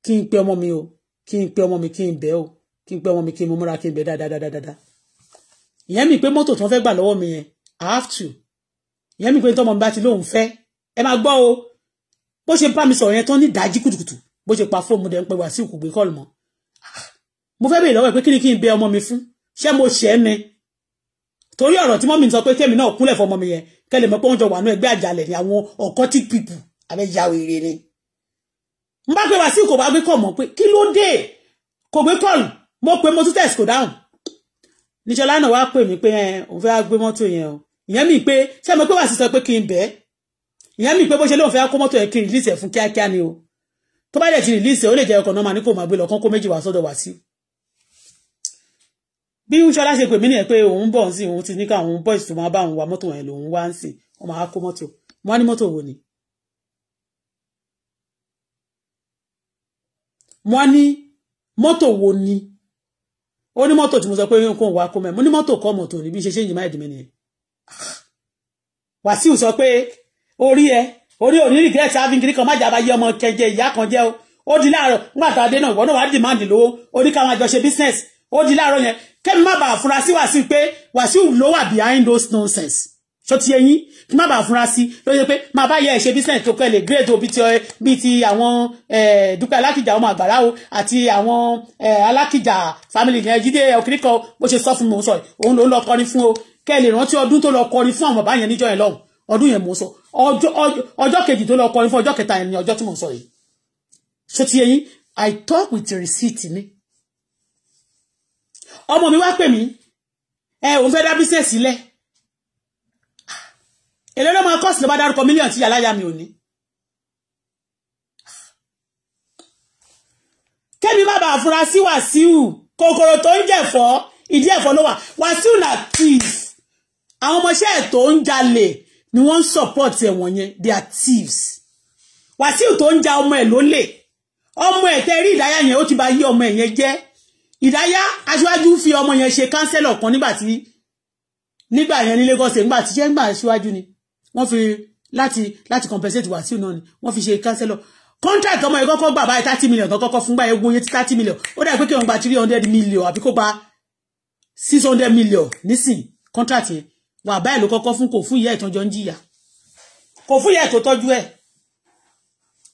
kí n pe ọmọ mi o kí n pe ọmọ mi kí n bẹ̀ o kí n pe ọmọ mi kí n múra kí n bẹ̀ dáadáa ìyẹn mi pé mọ́tò tí wọ́n fẹ́ gbà lọ́wọ́ mi yẹn i have to ìyẹn mi pé tọ́mọ mi bá ti lóun fẹ́ ẹ máa gbọ́ o bó ṣe bá mi sọ̀rọ̀ yẹn tán ní ìdájí kùtùkùtù bó ṣe pa fóònù dẹ̀ ń pẹ́ wá sí ìkùgbé kọ́ọ̀lù mọ́ ah, mo fẹ́ bèèrè lọ́wọ́ ẹ̀ pé kí ni kí n bẹ̀ ọmọ mi fún ṣé mo ṣẹ́ mi torí ọ̀rọ̀ tí mọ́mí sọ pé kémi náà kúnlẹ̀ fọmọ mi yẹn kẹ́lẹ̀ mọ́ pé wọ́n jọ wà ní ẹgbẹ́ àjàlẹ̀ ni àwọn occultic people abẹ́yàwó ire ni n bá pé Wàsíù kò bá gbé kọ̀ mọ́ pé kí ló dé kò gbé kọ̀lù mo pé mo tún tẹ̀sí kò dáhùn níṣọlá náà wá pè mí pé òun fẹ́ gbé mọ́tò yẹn o ìyẹn mi pé ṣé mo pé Wàsíù sọ pé kí n bẹ́ẹ̀ ìyẹn mi pé bó ṣe lóun fẹ́ kó mọ́tò yẹn kí n rìlíìsì ẹ̀ fún kíákíá ni o tó bá dẹ̀ ti rìlíìsì ẹ̀ ó lè jẹ́ ọkọ̀ náà máa ní kò máa gbé lọ kán kó méjì wá sọ́dọ̀ Wàsíù bí ṣọlá ṣe pè mí nìyẹn pé òun bọ̀ ń sìn òun ti ní káwọn boys tó máa bá òun wa mọ́tò yẹn lòun wá ń sìn wọ́n máa kó mọ́tò wọ́n á ní mọ́tò ni wọ́n ní mọ́tò wo ni ó ní mọ́tò tí mo sọ pé kó wá kó mẹ́ mo ní mọ́tò kọ́ mọ́tò ní bí ṣe ṣe ìjìnlẹ̀ ìdìmẹ nìyẹn Wàsíù sọ pé orí ẹ orí òní regret having kiri kan má jàbá yé ọmọ kẹjẹ ìyá kan jẹ o ó di láàárọ̀ nígbà tá a dé náà ìwọ náà wàá dìmáàdì lówó ó ní káwọn àjọṣe business ó di láàárọ̀ yẹn kẹ́mi má bàa fura sí Wàsíù pé Wàsíù ló wà behind those nonsense ṣó ti yẹ yín kí má bàa fúnra sí ló yẹ pé má bá yẹ ẹ̀ṣẹ̀ business tó kẹ́lẹ̀ grade obi ti bíi ti àwọn dúpẹ́ alákìjà ọmọ àgbàrá o àti àwọn alákìjà family ní ẹjídé ọ̀kìnìkan bó ṣe sọ fún mi sọ òun ló lọ kọrin fún o kẹ́lẹ̀ rántí ọdún tó lọ kọrin fún àwọn bàbá yẹn níjọ́ yẹn lọ́hùn ọdún yẹn mò ń sọ ọjọ́ kejì tó lọ kọrin fún ọjọ́ kẹta yẹn ni ọjọ́ tí mò ń sọ yìí ṣó ti yẹ yín I talk with the receipt ni ọmọ mi wá pè mí ẹ òun fẹ́ dá business sílẹ̀ èlé ló máa kọ́sì ló bá dárúkọ mílíọ̀nù tí yàláyà mi ò ní. kémi má bàa fura sí wàsíù kòkòrò tó ń jẹ̀fọ́ ìdí ẹ̀fọ́ ló wà wàsíù na thief àwọn ọmọọṣẹ́ ẹ̀ tó ń ni wọ́n ń support ẹ̀wọ̀n yẹn they are thieves wàsíù tó ń ja ọmọ ẹ̀ lólè ọmọ ẹ̀ tẹ́ rí ìdáyà yẹn ó ti ba yí ọmọ ẹ̀ yẹn jẹ́ ìdáyà aṣáájú fi ọmọ yẹn ṣe kánsẹ́lọ̀ kan nígbà ni nígbà yẹn ní Lagos nígbà tí ṣẹ́ ń gbà aṣáájú ni wọ́n fi láti láti compensate Wàsíù náà ni wọ́n fi ṣe kánsẹ́lọ̀ contract ọmọ yìí kọ́kọ́ gbà báyìí thirty million kan kọ́kọ́ fún gbà egun oye ti thirty million ó dà pé kí òun gba three hundred million àbí kó gba six hundred million nísìn contract yẹn wà báyìí ló kọ́kọ́ fún kò fún ìyá ìtọ́jọ́ ń jìyà kò fún ìyá ètò tọ́jú ẹ̀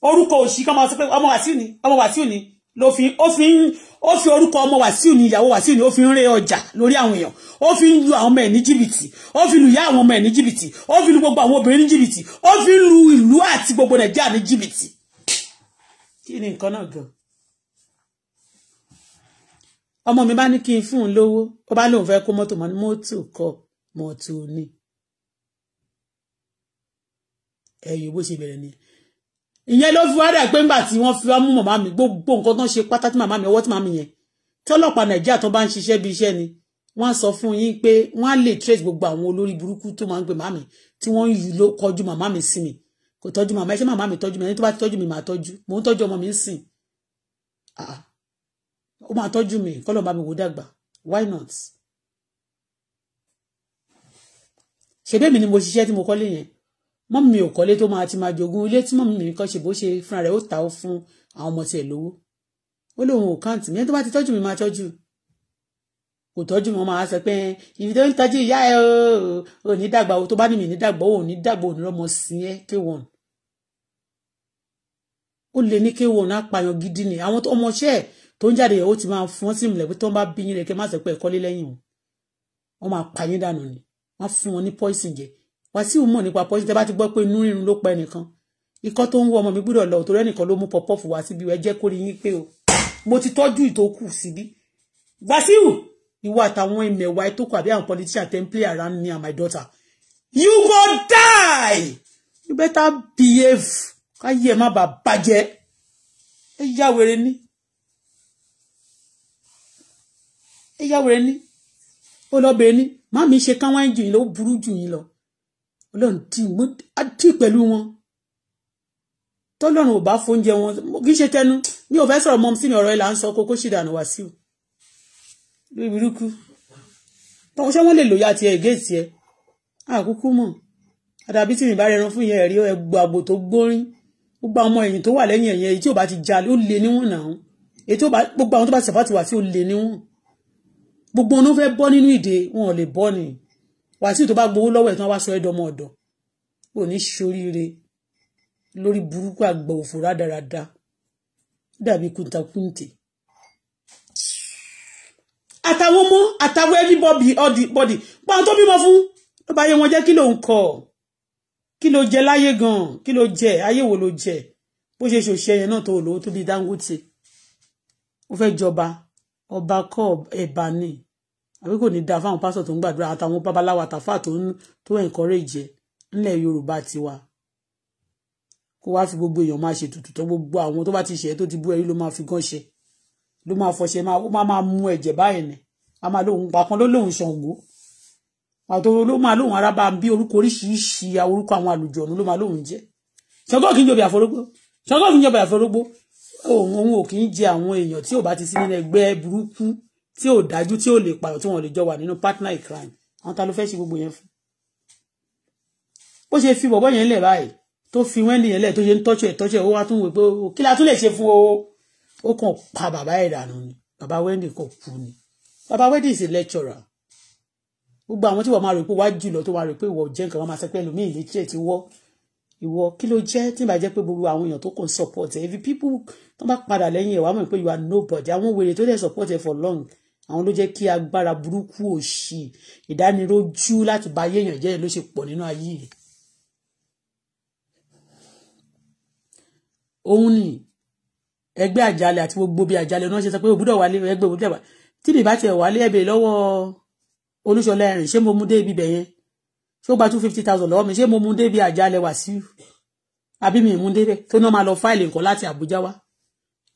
orúkọ òṣì kan máa sọ pé ọmọ Wàsíù ni ọmọ Wàsíù ni ló fi ó fi ń ó fi orúkọ ọmọ Wàsíù ní ìyàwó Wàsíù ní ó fi ń ré ọjà lórí àwọn èèyàn ó fi ń lu àwọn ọmọ ẹ̀ ní jìbìtì ó fi lu ìyá àwọn ọmọ ẹ̀ ní jìbìtì ó fi lu gbogbo àwọn obìnrin ní jìbìtì ó fi lu ìlú àti gbogbo Nàìjíríà ní jìbìtì. kí ni nǹkan náà gan ọmọ mi bá ní kí n fún un lówó ó bá lóun fẹ́ kó mọ́tò mọ́ ní mọ́tò ni ẹ̀yìn bó ṣe bẹ̀rẹ̀ nìyẹn ìyẹn ló fi wá dà pé ńgbà tí wọ́n fi wá mú màmá mi gbogbo nǹkan tó ń ṣe pátá tí màmá mi ọwọ́ tí màmá mi yẹn tí ọlọ́pàá nàìjíríà tó bá ń ṣiṣẹ́ bí iṣẹ́ ni wọ́n á sọ fún yín pé wọ́n á lè trace gbogbo àwọn olórí burúkú tó máa ń gbé màmá mi tí wọ́n yù ló kọjú màmá mi sí mi kò tọ́jú màmá ẹ ṣé màmá mi tọ́jú mi ẹni tó bá tọ́jú mi màá tọ́jú mò ń tọ́jú ọmọ mi ń sìn ah, ah. ó máa tọ́jú mi kọ́lọ̀ bá why not ṣebí èmi ni mo ṣiṣẹ́ tí mo kọ́lé yẹn mọ́mí mi ò kọ́lé tó máa ti máa jogún ilé tí mọ́mí mi kọ́ ṣe bó ṣe fúnra rẹ̀ ó ta ó fún àwọn ọmọ tiẹ̀ lówó ó lóun ò káǹtì mi ẹni tó bá ti tọ́jú mi máa tọ́jú kò tọ́jú mi wọ́n máa sọ pé ibi tó ń tọ́jú ìyá ẹ ò ní dàgbà o tó bá ní mi ní dàgbà ò ní dàgbà ò ní sí ẹ kéwọ̀n ó lè ní kéwọ̀n apààyàn gidi ni àwọn ọmọọṣẹ́ ẹ̀ tó ń jáde yẹn ó ti máa fún ọ́n sí ìmùlẹ̀ pé tó ń bá bí yín rẹ̀ kẹ́ má sọ pé ẹ̀kọ́lé lẹ́yìn o wọ́n máa pa dànù ni wọ́n fún wọn ní poison jẹ Wàsíù mọ̀ nípa pọ́ṣí tẹ́ bá ti gbọ́ pé inú rírun ló pa ẹnìkan ikọ́ tó ń wọ ọmọ mi gbúdọ̀ lọ torí ẹnìkan ló mú pọ̀pọ́ọ̀fù wá síbi ẹ jẹ́ kó rí yín pé o mo ti tọ́jú ìtókù síbí Wàsíù ìwọ àtàwọn ìmẹ̀wà ìtókù àbí àwọn politician tẹ́ ń play around me and my daughter you go die you better behave káyé ẹ má bàa bàjẹ́ ẹ yá wèrè ní ẹ yá wèrè ní ó lọ bèrè ní má mi ṣe káwọn ẹ̀jìn ló burú jù yín lọ ọlọ́run tí mo á tì pẹ̀lú wọn tọ́lọ́run ò bá fóúnjẹ wọn kì í ṣe tẹnu mi ò fẹ́ sọ̀rọ̀ mọ́ sí ni ọ̀rọ̀ ẹ̀ là ń sọ kókó ṣì dànù Wàsíù lórí burúkú tọ́wọ́ ṣé wọ́n lè lòyà tiẹ̀ ìgéètì ẹ̀ àkúkú mọ̀ àdàbí tí mi bá rẹran fún ìyẹn ẹ̀rí ẹgbọ́ àgbò tó gbórin gbogbo àwọn ẹ̀yìn tó wà lẹ́yìn ẹ̀yìn èyí tí ò bá ti jalè ó lè níwọ̀n náà èyí tó bá gbogbo àwọn tó bá ti sàfàtì wà sí ó lè níwọ̀n gbogbo wọn ló fẹ́ bọ́ nínú ìdè wọn ò lè bọ́ nìyí wàsíù tó bá gbowó lọ́wọ́ ẹ̀ tí wọ́n wá sọ ẹ́ dọmọ ọ̀dọ̀ ò ní ṣoríire lórí burúkú àgbà òfò rádaràda dàbí kùntàkùntì àtàwọn ọmọ àtàwọn everybody ọdì bọdì pọn tó bímọ fún ló bá yẹ wọn jẹ kí ló ń kọ kí ló jẹ láyé gan kí ló jẹ ayé wo ló jẹ bó ṣe ṣòṣe yẹn náà tó lówó tó bí Dangote ó fẹ́ jọba ọba kọ ẹ̀bà ni àbí kò ní da fáwọn pásọ tó ń gbàdúrà àtàwọn babaláwo àtàfà tó ń tó encourage ẹ ńlẹ̀ Yorùbá tiwa kó wá fi gbogbo èèyàn máa ṣètùtù tó gbogbo àwọn tó bá ti ṣe tó ti bú ẹrí ló máa fi gán ṣe ló máa fọṣẹ máa ó máa mú ẹ̀jẹ̀ báyìí ni a máa lóhun pàkan ló lóhun Ṣàngó àtò ló máa lóhun arábá bí orúkọ oríṣiríṣi orúkọ àwọn àlùjọ̀nù ló máa lóhun jẹ Ṣàngó kì í jọba àforógbó Ṣàngó kì í jọba àforógbó òun òun ò kì í jẹ àwọn èèyàn tí ò bá ti sí nínú ẹgbẹ́ burúkú tí ò dájú tí ò lè pààrọ̀ tí wọ́n lè jọ wà nínú partner in crime àwọn ta ló fẹ́ ṣe gbogbo yẹn fún bó ṣe fi bọ̀bọ̀ yẹn lẹ̀ báyìí tó fi wẹ́ndì yẹn lẹ̀ tó ṣe ń tọ́jú ẹ̀ tọ́jú ẹ̀ ó wá tún wò pé oh, kí la tún lè ṣe fún o ó kàn pa bàbá ẹ̀ dànù ni bàbá wẹ́ndì kò kú ni bàbá wẹ́ndì is a lecturer gbogbo àwọn tí wọ́n máa rò pé wá jùlọ tó máa rò pé ìwọ jẹ́ nǹkan wọn máa sọ pé ẹlòmíì lè tiẹ̀ ti wọ́ ìwọ kí ló jẹ́ tí ìbàjẹ́ pé gbogbo àwọn èèyàn tó kàn support ẹ̀ if people tó bá padà lẹ́yìn ẹ̀ wá mọ̀ pé you are nobody àwọn wèrè tó dẹ̀ support ẹ̀ for long àwọn ló jẹ́ kí agbára burúkú òṣì ìdánirójú láti ba ayé èèyàn jẹ́ ló ṣe pọ̀ nínú ayé yìí. òun ni ẹgbẹ́ àjálẹ̀ àti gbogbo bí àjálẹ̀ náà ṣe sọ pé òbúdọ̀ wálé ẹgbẹ́ òbúdọ̀ wálé tí mi bá tiẹ̀ wálé ẹ̀bẹ̀ lọ́wọ́ Olúṣọlá ẹ̀rìn ṣé mo mú dé bẹ̀ yẹn ṣé ó gba two fifty thousand lọ́wọ́ mi ṣé mo mú dé ibi àjálẹ̀ Wàsíù àbí mi mú débẹ̀ tó náà máa lọ fáìlì nǹkan láti Àbújá wá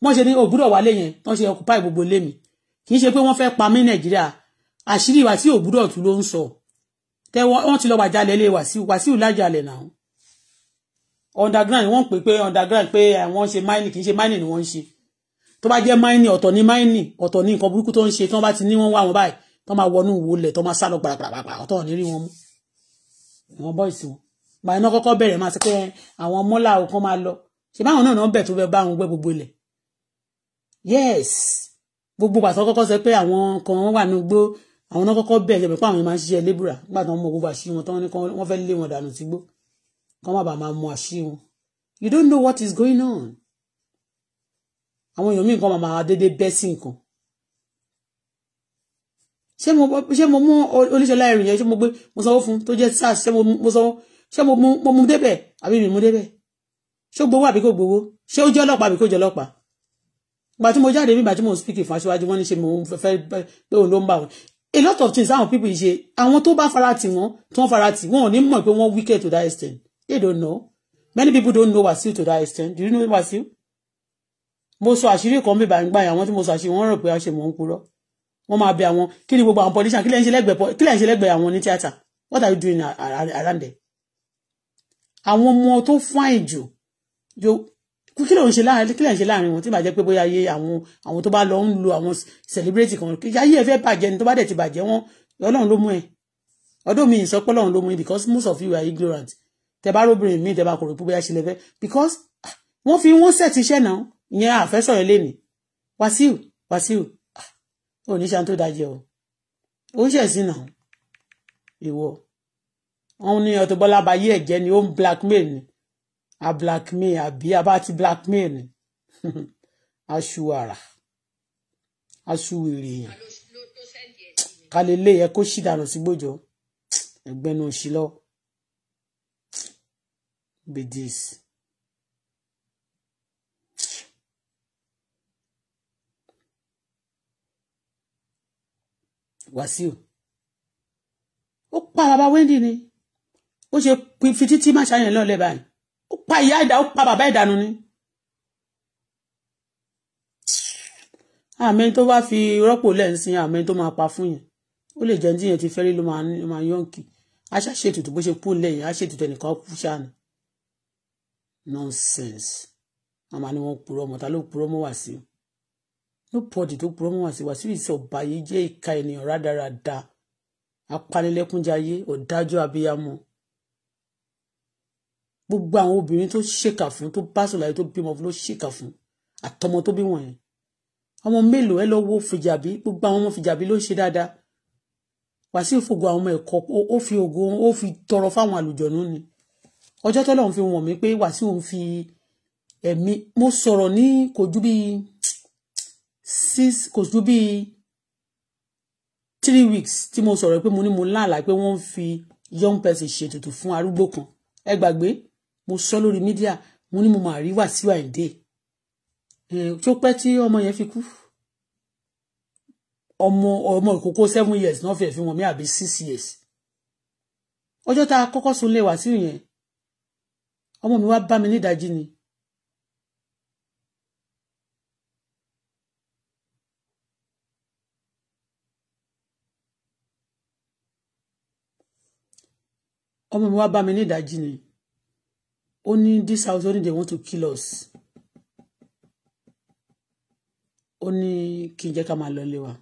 wọ́n ṣe ní òbúdọ̀ wálé yẹn wọ́n ṣe ọkùpá ìgbogbo lé mi kì í ṣe pé wọ́n fẹ́ pa mí nàìjíríà àṣírí wàsí òbúdọ̀ tún ló ń sọ tẹ wọ́n ti lọ wàjálẹ̀ lé wàsíù wàsíù lájàlẹ̀ náà underground wọ́n pè pé underground pé àwọn ṣe mining kì í ṣe mining ni wọ́n ń ṣe tó bá jẹ́ mining ọ̀tọ̀ ní mining ọ̀tọ̀ ní nǹkan burúkú tó ń ṣe tí wọ́n bá ti ní wọ́n wá wọn báyìí tó máa wọnú wọlé tó máa sá lọ pàràpàràpàrà ọ̀tọ̀ ní rí wọn mú wọn bọ́ ìsìn wọn gbà iná kọ́kọ́ bẹ̀rẹ̀ máa ṣe pé àwọn mọ́là kan máa lọ ṣe báwọn náà náà bẹ̀ tó fẹ́ bá wọn gbẹ gbogbo ilẹ̀ yes gbogbo pàṣẹ kọ́kọ́ sọ pé àwọn kan wà ní gbó àwọn náà kọ́kọ́ bẹ̀ yẹpẹ pé àwọn máa ń ṣiṣẹ́ lébùrà nígbà tí wọ́n mọ gbogbo àṣírí wọn tí wọ́n fẹ́ lé wọn dànù sígbó kọ́ má bàa máa mọ àṣírí wọn you don't know what is going on àwọn èèyàn míì kan máa dédé bẹ́ sí nǹkan ṣé mo ṣé mo mú oníṣẹ́lá ẹ̀rìn yẹn ṣé mo gbé mo sanwó fún tó jẹ́ sars ṣé mo sanwó ṣé mo mú débẹ̀ àbí mi mú débẹ̀ ṣé ó gbowó àbí kò gbowó ṣé ó jẹ́ ọlọ́pàá àbí kò jẹ́ ọlọ́pàá ìgbà tí mo jáde nígbà tí mo ń speak fún aṣíwájú wọn ní ṣe mo fẹ́ pé òun ló ń bà wọn a lot of things àwọn people ṣe àwọn tó bá fara tì wọ́n tó ń fara tì wọ́n ò ní mọ̀ pé wọ́n wicked to that extent they don't know many people don't know Wasiu to that extent do you know Wasiu mo sọ àṣírí kan bíbá ń gbà yẹn àwọn tí mo sọ àṣírí wọn rò pé àṣẹ mò ń purọ́ wọ́n máa bẹ àwọn kí ni gbogbo àwọn politician kí lẹ́yìn ṣe lẹ́gbẹ̀ẹ́ kí lẹ́yìn ṣe lẹ́gbẹ̀ẹ́ àwọn ní tíátà what are you doing around there àwọn ọmọ tó fáìn jù kí ló ń ṣe láàrin kí lè ń ṣe láàrin wọn tí bàjẹ́ pé bóyá ayé àwọn àwọn tó bá lọ ń lo àwọn celebrity kan kí ayé ẹ fẹ́ bàjẹ́ ni tó bá dẹ̀ ti bàjẹ́ wọn ọlọ́run ló mú ẹ ọdún mi ìsọ pé ọlọ́run ló mú ẹ because most of you are ignorant tẹ bá róbìnrin mi tẹ bá kò rò pé bóyá ṣe lè fẹ́ because ah, wọ́n fi wọ́n set iṣẹ́ náà ìyẹn àfẹ́sọ̀ yẹn lénìí Wàsíù Wàsíù ò ah, ní ṣan tó dájẹ́ o ó ń ṣẹ̀sìn náà ìwọ wọn ní Auto Bola bayé ẹ̀jẹ̀ ni ó ń blackmail ni a blackmail àbí a bá ti blackmail ni aṣuwara aṣuwèrè yẹn kalẹ̀lẹ̀ yẹ kó ṣì dànù sígbòjọ́ ẹgbẹ́ nu òṣìlọ́ bidis. Wàsíù ó pa bàbá Wendy ni ó ṣe fi títí má ṣàyàn lọ́lẹ̀ báyìí ó pa ìyá ẹ̀dá ó pa bàbá ẹ̀dá nu ni. àmì tó bá fi rọ́pò lẹ́ǹsìn àmì tó máa pa fún yẹn ó lè jẹ́ ní tíyẹn ti fẹ́rí ló máa yọ̀ǹkì á ṣàṣètùtù bó ṣe kú lẹ́yìn á ṣètùtù ẹnìkan kú ṣáà ni nonsense màmá ni wọ́n purọ́ ọmọ ta ló purọ́ mọ́ wá sí nobody tó purọ́ mọ́ wá sí wá ìṣe ọ̀bàyé jẹ́ ìka ènìyàn rádaràda apanilẹ́kúnjayé ọ̀dájú abiyamọ gbogbo àwọn obìnrin tó ṣèkà fún tó bá sọ̀làyé tó bímọ fún ló ṣèkà fún àtọmọ tó bí wọ̀nyẹn ọmọ mélòó ẹ lọ wo fìjàbí gbogbo àwọn ọmọ fìjàbí ló ń ṣe dáadáa wàsíù fògo àwọn ọmọ ẹ̀kọ́ ó fi ògo ó fi tọrọ fáwọn àlùjọ̀nú ni ọjọ́ tọ́lọ̀ ń fi wọ̀n mí pé wàsíù ń fi ẹ̀mí mo sọ̀rọ̀ ní kò ju bíi six kò ju bíi three weeks tí mo sọ̀rọ̀ pé mo ní mo láàlá pé wọ́n ń fi young person ṣètùtù fún arúgbó kan ẹ gbàgbé mo sọ lórí mídíà mo ní mo máa rí Wàsíù Àyìndé tó pẹ́ tí ọmọ yẹn fi kú ọmọ ọmọ ìkókó seven years náà fẹ́ẹ́ fi wọn mí àbí six years ọjọ́ tá a kọ́kọ́ sùn lé Wàsíù yẹn ọmọ mi wá bá mi nídàájí ni ọmọ mi wá bá mi nídàájí ni only this house only they want to kill us ó ní kí n jẹ́ ká máa lọ ilé wa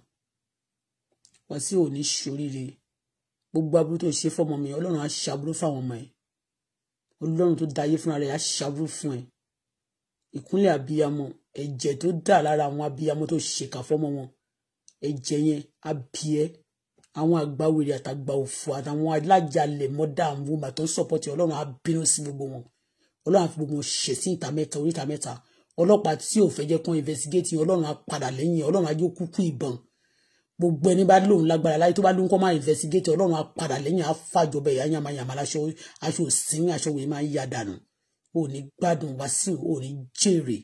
Wàsíù ò ní ṣoríire gbogbo aburú tó ṣe fọmọ mi ọlọ́run a ṣàbúrú fáwọn ọmọ ẹ̀ ọlọ́run tó dáyé fúnra rẹ̀ á ṣàbúrú fún ẹ̀ ìkúnlẹ̀ abiyamọ ẹ̀jẹ̀ tó dà lára àwọn abiyamọ tó ṣèkà fọmọ wọn ẹ̀jẹ̀ yẹn á bí ẹ́ àwọn àgbáwèrè àtàgbà òfò àtàwọn alájàlẹ̀ mọ́dà àwọn ọmọ tó ń sọ̀pọ̀tì ọlọ́run á bínú sí gbogbo wọn ọlọ́run á fi gbogbo ṣe sí ìta mẹ́ta oríta mẹ́ta ọlọ́pàá tí ò fẹ́ jẹ́ kán investigate yẹn ọlọ́run á padà lẹ́yìn ọlọ́run á jó kúkú ìbọn gbogbo ẹni bá lóun lágbára láyé tó bá lóun kọ́ máa investigate ọlọ́run á padà lẹ́yìn á fàjọbẹ̀ yà yàmà yàmà aṣọ aṣọ òsín aṣọ wèé máa ń yá dànù ò ní gbádùn wá sí ò ní jèrè.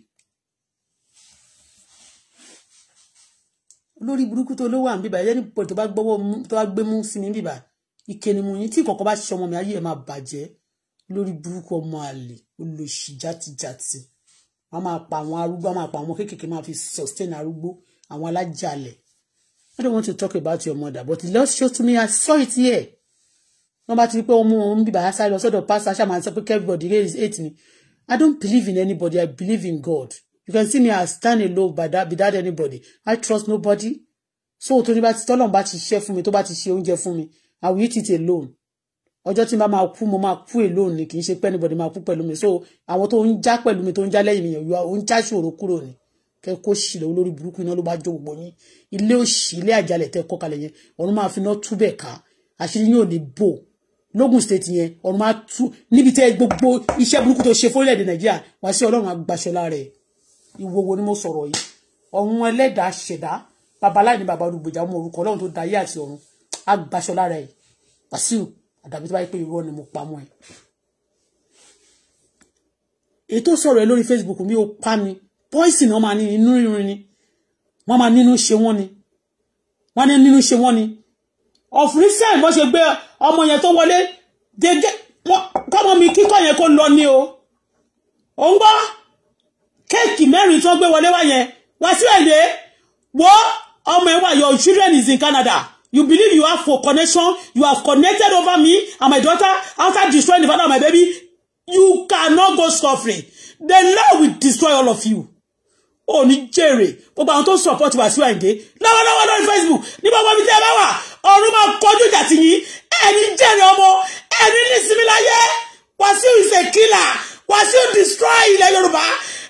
lórí burúkú tó ló wà ń bíbá ẹni pọ̀ tó bá gbọ́wọ́ tó bá gbé mú sí mi bíbá ìkẹni yín tí ìkọ̀kọ̀ bá ṣe mi ayé ẹ̀ máa bàjẹ́ lórí burúkú ọmọ àlè olùsì játijàti wọn máa pa àwọn arúgbó wọn máa pa àwọn kéékèèké máa fi sustain arúgbó àwọn alájàlẹ̀ I don't want to talk about your mother but the Lord showed to me I saw it here wọn bá ti rí pé ọmọ òun bíbá sáré lọ sọ́dọ̀ pásítọ̀ aṣáà máa sọ pé everybody raise eight ni I don't believe in anybody I believe in God you can see me I stand alone by that without anybody I trust nobody so tó ní bá ti tọ́lọ̀ bá ti ṣiṣẹ́ fún mi tó bá ti ṣe oúnjẹ fún mi I will eat it alone ọjọ́ tí n bá máa kú mo máa kú èlò ni kì í ṣe pé máa kú pẹ̀lú mi so àwọn tó ń já pẹ̀lú mi tó ń já lẹ́yìn nìyẹn yóò ń já ṣòro kúrò ni kẹ kó sì lọ olórí burúkú iná ló bá jó gbogbo yín ilé òṣì ilé àjálẹ̀ tẹ kọ́ kalẹ̀ yẹn ọ̀run máa fi iná tú bẹ̀ ká àṣírí yóò ní bò lógùn state yẹn ọ̀run máa tú níbi tẹ gbogbo iṣẹ́ burúkú tó ṣe fórílẹ̀-èdè nàìjíríà wá sí ọlọ́run agbaṣọlá rẹ̀ ìwòwò ni mo sọ̀rọ̀ yìí ọ̀run ẹlẹ́dàá ṣẹ̀dá babaláì ní baba ọmọ orúkọ ọlọ́run tó dayé àti ọ̀run agbaṣọlá rẹ̀ wàsíù àtàbí tó bá yẹ pé irọ́ ni mo pa mọ́ ẹ. èyí tó sọ̀rọ̀ ẹ lórí Facebook mi ò pa mi pọ́ìsì náà máa ní inú rírun ni wọ́n máa nínú ṣe wọ́n ni wọ́n ní nínú ṣe wọ́n ni ọ̀fìn sẹ́yìn bó ṣe gbé ọmọ yẹn tó wọlé gẹ́gẹ́ kọ́mọ mi kíkọ́ yẹn kó lọ ní o ò ń gbọ́ kéèkì mẹ́rin tó gbé wọlé wá yẹn wá sí ẹ̀dẹ́ wo ọmọ ẹ̀ wà your children is in Canada. You believe you have for connection. You have connected over me and my daughter after destroying the father of my baby. You cannot go suffering. The Lord will destroy all of you. Oh ní jèrè. Gbogbo àwọn tó ń support as sí Àyìndé. Lọ́wọ́lọ́wọ́ lórí Facebook. Ní gbogbo ibi tí ẹ bá wà, ọ̀run máa kọjú ìjà sí yín. Ẹ ní jèrè ọmọ. Ẹ ní ní ìsinmi láyé. Wàsíù is a killer. you destroy ilẹ̀ Yorùbá.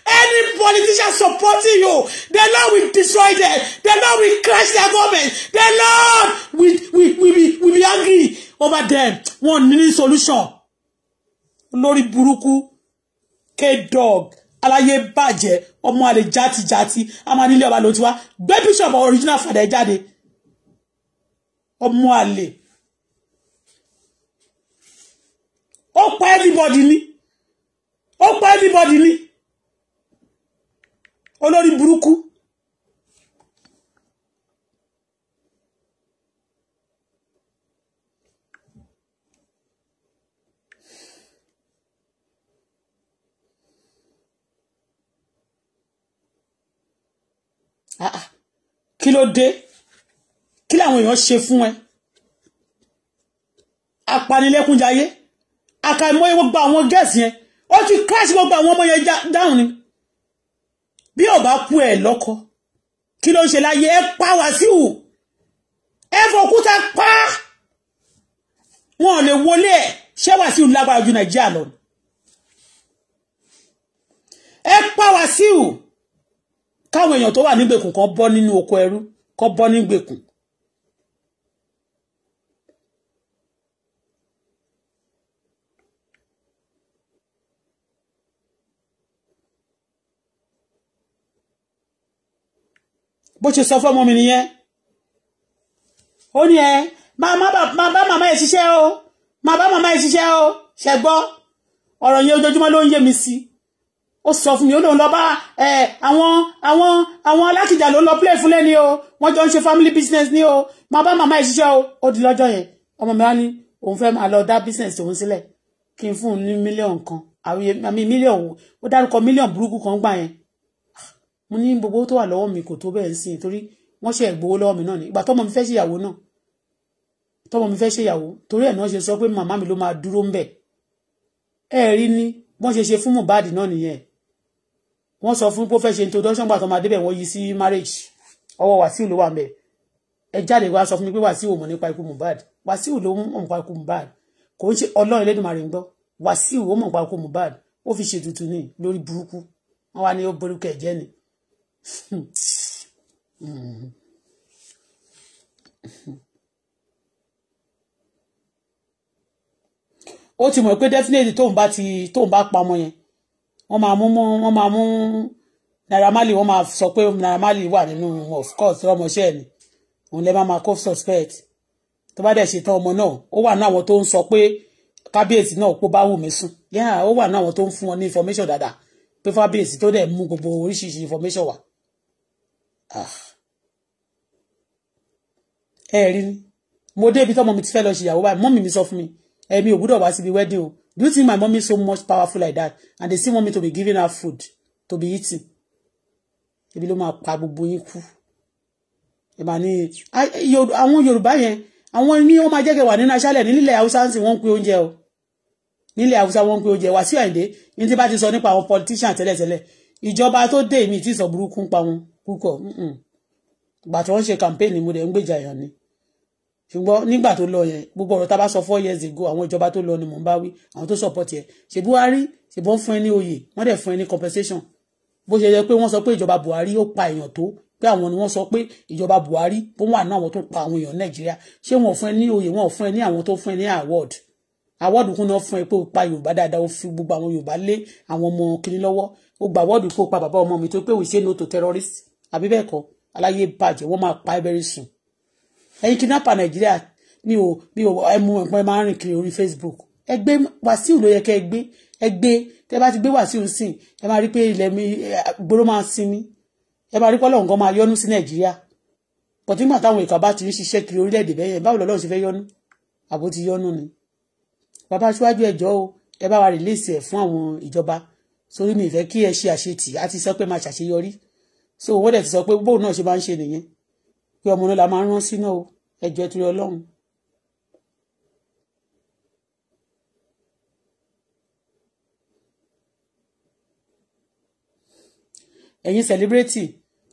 Any politician supporting you, the Lord will destroy them. The Lord will crash their government. The Lord will, will, will, be, will be angry over them. One ní solution. Lórí Buruku, K-Dog, aláyé bàjẹ́, ọmọ àlè játijàti, a máa ọba lòtí Gbé bíṣọ̀bù original fàdà jáde. Ọmọ àlè. Ó pa everybody ni. Ó pa everybody ni olórí burúkú ah, ah kí ló dé kí làwọn èèyàn ṣe fún ẹ apanilẹ́kúnjayé àkàìmọye gbogbo àwọn gẹ̀ẹ́sì yẹn ó ti crash gbogbo àwọn ọmọ yẹn dáhùn ni bí ò bá kú ẹ̀ lọ́kọ kí ló ń ṣe láyé ẹ pa Wàsíù ẹ fòkúta pa wọn ò lè wọlé ẹ ṣé Wàsíù lágbára ju Nàìjíríà lọ ẹ pa Wàsíù káwọn èèyàn tó wà nígbèkùn kan bọ́ nínú oko ẹrú kan bọ́ nígbèkùn bó ṣe sọ fọ́mọ mi nìyẹn ó ní ẹ máa bá màmá ẹ ṣiṣẹ́ o máa bá màmá ẹ ṣiṣẹ́ o ṣe gbọ́ ọ̀rọ̀ yẹn ojoojúmọ́ ló ń yé mi sí ó sọ fún mi ó lóun lọ bá ẹ àwọn àwọn àwọn alákìjà ló ń lọ play fúnlẹ̀ ni o wọ́n jọ ń ṣe family business ni o máa bá màmá ẹ ṣiṣẹ́ o ó di lọ́jọ́ yẹn ọmọ mi wá ní òun fẹ́ máa lọ dá business òun sílẹ̀ kí n fún un ní mílíọ̀nù kan àmì mílíọ̀nù ó dárúkọ mílíọ̀nù burúkú kan gbà yẹn mo ní gbogbo tó wà lọ́wọ́ mi kò tó bẹ́ẹ̀ ń sìn torí wọ́n ṣe ìgbowó lọ́wọ́ mi náà ni ìgbà tọ́mọ mi fẹ́ ṣèyàwó náà tọ́mọ mi fẹ́ ṣèyàwó torí ẹ̀ náà ṣe sọ pé màmá mi ló máa dúró ń bẹ̀ ẹ rí ni wọ́n ṣe ṣe fún Mohbad náà nìyẹn wọ́n sọ fún pé ó fẹ́ ṣe introduction gbà tó máa débẹ̀ wọ́n yí sí marriage ọwọ́ Wàsíù ló wà ń bẹ̀ ẹ jáde wá sọ fún mi pé Wàsíù ò mọ̀ nípa ikú Mohbad Wàsíù ló mọ̀ nípa ikú Mohbad kò ń ṣe Ọlọ́run Elédùmarè ń gbọ́ Wàsíù ó mọ̀ nípa ikú Mohbad ó fi ṣètùtù ní lórí burúkú wọ́n wá ní ó borúkọ ẹ̀jẹ̀ ni mm. ó ti mọ̀ pé definitely tóun bá ti tóun bá pa ọmọ yẹn wọ́n máa mú wọ́n máa mú Naira Marley wọ́n máa sọ pé Naira Marley wà nínú of course ọmọọṣẹ́ ni òun lè máa máa kó suspect tó bá dẹ̀ ṣe tán ọmọ náà ó wà náà àwọn tó ń sọ pé kábíyèsí náà kó bá wù mí sùn yáà ó wà náà àwọn tó ń fún wọn ní information dáadáa pé fábíyèsí tó dẹ̀ mú gbogbo oríṣiríṣi information wà. Ah. ẹ rí ni mo dé ibi tọ́mọ mi ti fẹ́ lọ ṣe ìyàwó báyìí mọ́mì mi sọ fún mi ẹ̀mí ò gbúdọ̀ wá síbi wedding o do you think my mommy so much powerful like that and they still want me to be giving her food to be eating ebi ló máa pa gbogbo yín kú ẹ máa ní àwọn Yorùbá yẹn àwọn ní wọ́n máa jẹ́ kẹwàá nínú aṣálẹ̀ nílẹ̀ Haúsá ń sìn wọ́n ń pín oúnjẹ o nílẹ̀ Haúsá wọ́n ń pín oúnjẹ Wàsíù Àyìndé ní tí bá ti sọ nípa àwọn politician tẹ́lẹ̀tẹ́lẹ̀ ìjọba tó dé èmi ti sọ burúkú pa wọn púpọ̀ ìgbà tí wọ́n ṣe campaign mo dẹ̀ ń gbèjà yàn ni ṣùgbọ́n nígbà tó lọ yẹn gbogbo ọ̀rọ̀ tá a sọ four years ago àwọn ìjọba tó lọ ni mò ń bá wí àwọn tó support yẹ ṣe Buhari ṣe bọ́n fún ẹ ní oyè wọ́n dẹ̀ fún ẹ ní compensation bó ṣe yẹ pé wọ́n sọ pé ìjọba Buhari ó pa èèyàn tó pé àwọn ni wọ́n sọ pé ìjọba Buhari bó wà náà àwọn tó pa àwọn èèyàn Nàìjíríà ṣé wọn ò fún ẹ ní oyè wọn ò fún ẹ ní àwọn tó fún ẹ ní award award kún náà fún ẹ pé ó pa Yorùbá dáadáa ó fi gbogbo àwọn Yorùbá lé àwọn ọmọ kiri lọ́wọ́ ó gba award kó pa bàbá ọmọ mi tó pé we say no to terrorists àbí bẹ́ẹ̀ kọ́ aláyé bàjẹ́ wọ́n máa pa ẹ́ bẹ́rẹ̀ sùn ẹ̀yin kidnapper nàìjíríà ní o bí o ẹmu ẹ̀pọ́n ẹ máa ń rìn kiri orí Facebook ẹ gbé wàsíù ló yẹ kẹ́ ẹ gbé ẹ gbé tẹ́ bá ti gbé wàsíù sìn ẹ máa rí pé ilẹ̀ mi gbóró máa sinmi ẹ máa rí pé ọlọ́run kan máa yọ́nú sí nàìjíríà pọ̀tí nígbà táwọn ìka bá ti ń ṣiṣẹ́ kiri orílẹ̀-èdè bẹ́yẹn báwo lọ́lọ́run ṣe fẹ́ yọ́nú àbó ti yọ́nú ni bàbá aṣíwájú ẹ̀jọ́ o ẹ bá wa rìlíìsì ẹ̀ fún àwọn ìjọba sórí mi ìfẹ́ kí ẹ ṣe àṣetì àti sọ pé máa ṣàṣeyọrí so owó dẹ̀ ti sọ pé bóun náà ṣe bá ń ṣe nìyẹn pé ọmọ náà la máa ń rán sínú o ẹjọ́ torí ọlọ́run ẹ̀yin celebrity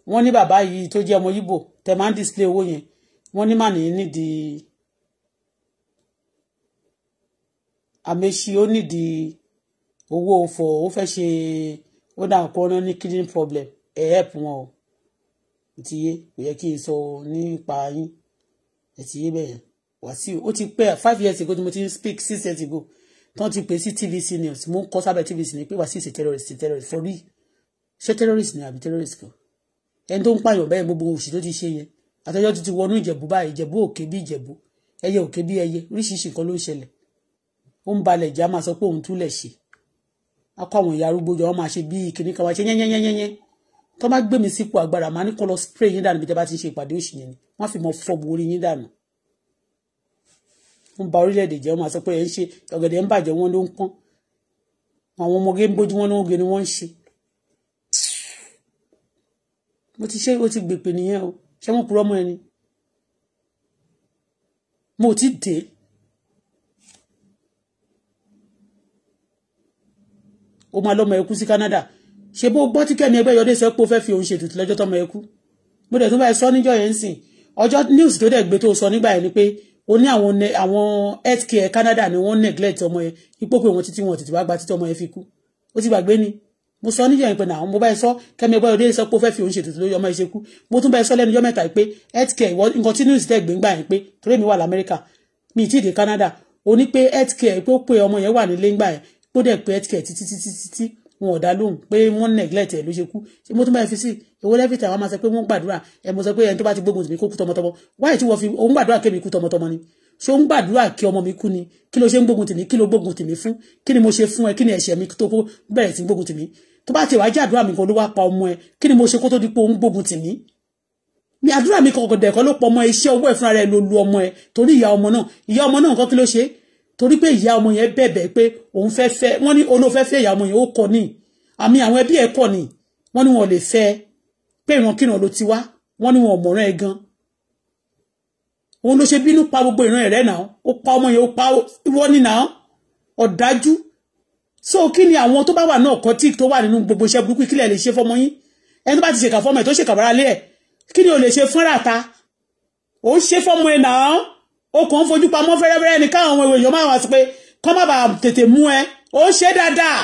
wọ́n ní bàbá yìí tó jẹ́ ọmọ yíbò tẹ̀ máa ń display owó yẹn wọ́n ní màní nídìí àmẹ́sí ó nídìí owó òfò ó fẹ́ ṣe ó dà pọ́n ní kidney problem ẹ help wọn o ti yé kò yẹ kí n sọ nípa yín ẹ ti yé bẹ́ẹ̀ Wàsíù ó ti pẹ́ five years ago tí mo ti ń speak six years ago tán ti pè sí TVC news mo ń kọ́ sábẹ́ TVC ni pé Wàsíù ṣe terrorist ṣe terrorist for real ṣé terrorist ni àbí terrorist kan ẹni tó ń pààyàn bẹ́ẹ̀ gbogbo òṣì tó ti ṣe yẹn àtẹjọ́ ti ti wọnú ìjẹ̀bú báyìí ìjẹ̀bú òkè bí ìjẹ̀bú ẹyẹ òkè bí ẹyẹ oríṣiríṣi nǹkan ló ń ṣẹlẹ̀ ó ń balẹ̀ ìjà máa sọ pé òun túlẹ̀ ṣe akọ àwọn ìyá arúgbó jọ wọn máa ṣe bíi kìnnìkan wá ṣe yẹ́nyẹ́nyẹ́nyẹ́ tó má gbé mi sípò agbára màá ní kó lọ spray yín dànù bí tẹ́ bá ti ń ṣe ìpàdé òṣì yẹn ni wọ́n fi mọ fọ́ọ̀bù orí yín dànù. wọ́n bà orílẹ̀-èdè jẹ́ wọ́n máa sọ pé ẹ̀ ń ṣe ọ̀gẹ̀dẹ̀ ń bàjẹ́ wọ́n ló ń pọ́n àwọn ọmọge ń bójú wọn ló ń ge ni wọ́n ń ṣe. mo ti ṣe ó ti gbèpè nìyẹn o ṣé wọ́n purọ́ mọ́ ẹni mo ti dé ó máa lọ́mọ ẹkú sí Canada ṣe bó gbọ́ tí kẹ́ni ẹgbẹ́ yọdé sọ pé ó fẹ́ fi òun ṣètò lọ́jọ́ tọ́mọ ẹ kú tó báyìí sọ níjọ́ yẹn sìn ọjọ́ news tó dẹ̀ gbé tó sọ nígbà yẹn ni pé ó ní àwọn àwọn Canada ni wọ́n neglect ọmọ yẹn ipò pé wọ́n títí wọn tètè wá gba títí ọmọ yẹn fi kú ó ti gbàgbé ni mo sọ níjọ́ yẹn pé náà mo báyìí sọ kẹ́mi ẹgbẹ́ yọdé sọ pé ó fẹ́ fi òun ṣètò lórí ọmọ ìṣekú mo tún báyìí sọ lẹ́nu news dẹ̀ ọmọ yẹn wà pé ó wọn ò dá lóhùn pé wọ́n neglect ẹ̀ ló ṣe kú ṣé mo tún bá fi sí ìwọ lẹ́fì tí àwọn máa sọ pé wọ́n gbàdúrà ẹ̀ mo sọ pé ẹni tó bá ti gbógun tì kó kú tọmọtọmọ wáyé tí wọ́n fi òun gbàdúrà kémi kú tọmọtọmọ ni ṣé ń gbàdúrà kí ọmọ mi kú ni kí ló ṣe ń gbógun tèmi kí ló gbógun tèmi fún kí ni mo ṣe fún ẹ kí ni ẹ̀ṣẹ̀ mi tó kó bẹ̀rẹ̀ sí gbógun tèmi tó bá ti wá jẹ́ àdúrà mi kan ló wá pa ọmọ ẹ kí ni mo ṣe kó tó di pé òun gbógun tèmi mi àdúrà mi kan kò dẹ̀ kọ́ ló pọ̀ ọmọ iṣẹ́ owó ẹ̀ fúnra rẹ̀ ló lu ọmọ ẹ torí ìyá ọmọ náà ìyá ọmọ náà nǹkan kí ló ṣe torí pé ìyá ọmọ yẹn bẹ̀bẹ̀ pé òun fẹ́ fẹ́ wọ́n ní olófẹ́fẹ́ ìyá ọmọ yẹn ó kọ ní àmì àwọn ẹbí ẹ̀ kọ ní wọ́n ní wọn lè fẹ́ pé ìrankíran ló ti wá wọ́n ní wọn ọ̀mọ̀ràn ẹ̀ gan òun ló ṣe bínú pa gbogbo ìran ẹ̀rẹ́ náà ó pa ọmọ yẹn ó pa wọ́n ní náà ọ̀dájú so kí ni àwọn tó bá wà náà kọ́ tí tó wà nínú gbogbo iṣẹ́ burúkú kílẹ̀ lè ṣe fọmọ yín ẹni ó kàn ń fojú pamọ́ fẹ́rẹ́fẹ́rẹ́ ní káwọn ọmọ èèyàn máa wá sí pé kọ́ má bàa tètè mú ẹ ó ṣe dáadáa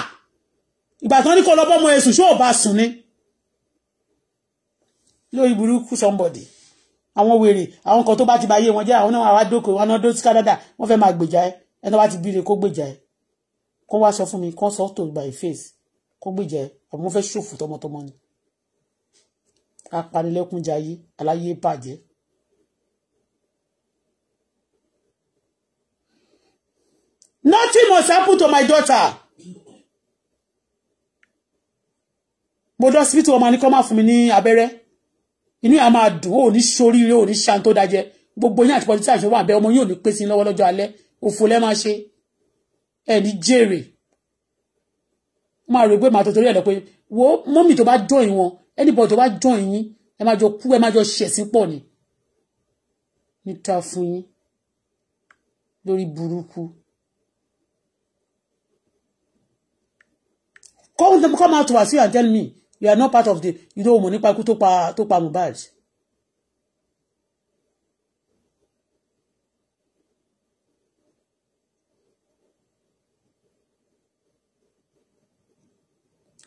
ìgbà tán ní kó lọ bọ́mọ ẹ̀sùn ṣó ò bá sùn ni lórí burúkú somebody àwọn wèrè àwọn kan tó bá ti ba yé wọn jẹ́ àwọn náà wá dókòó wọn náà dókòó kádàdà wọ́n fẹ́ máa gbèjà ẹ ẹni tó bá ti bíire kó gbèjà ẹ kó wá sọ fún mi kó sọ tó by face kó gbèjà ẹ àbí mo fẹ́ ṣòfò tọmọtọmọ ni apanilẹ́kúnjayé aláyé bàjẹ́ nothing must happen to my daughter mo dọ́ síbítì ọmọ ní kọ́ máa fún mi ní abẹ́rẹ́ inú yà máa dùn ó ní ṣoríire ó ní ṣan tó dájẹ́ gbogbo yín àti pọtítà ìṣòwò àbẹ ọmọ yóò ní pé sí lọ́wọ́ lọ́jọ́ alẹ́ òfò lẹ́ máa ṣe ẹ ní jèrè máa rò pé màá tó torí ẹ̀ lọ pé wo mọ́mì tó bá join wọn anybody to bá join yín ẹ máa jọ kú ẹ máa jọ ṣẹ̀sín pọ̀ ni níta fún yín lórí Buruku. Come come out to us here and tell me you are not part of the, you know, money nípa ikú tó pa, tó pa Mohbad.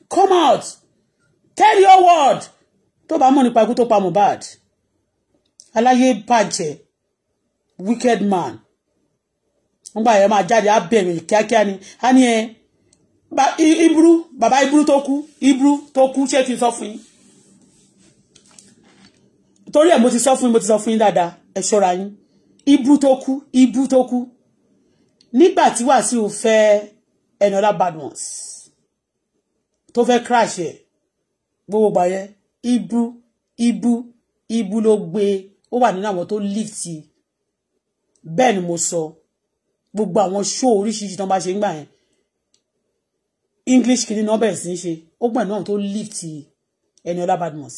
Come out. Tell your word. To bá money nípa ikú tó pa Mohbad. Aláyé bàjẹ́. Wicked man. Wọ́n gbà yẹn máa jáde, á bẹ̀rẹ̀ kíákíá ni. Á ní ẹ ibru bàbá ibru tó kú ibru tó kú ṣé kí n sọ fún yín torí mo ti sọ fún yín mo ti sọ fún yín dáadáa ẹ ṣọ́ra yín ibru tó kú ibru tó kú nígbà tí Wàsíù fẹ́ Ẹniọlá Badmus tó fẹ́ crash ẹ̀ gbogbo gbà yẹn ibru ibru ibru ló gbé ó wà nínú àwọn tó lift bẹ́ẹ̀ mo sọ gbogbo àwọn ṣó oríṣiríṣi tán bá ṣe ń gbà english kìíní náà bẹ̀rẹ̀ sí í ṣe ó gbà náà tó lift Eniola Badmus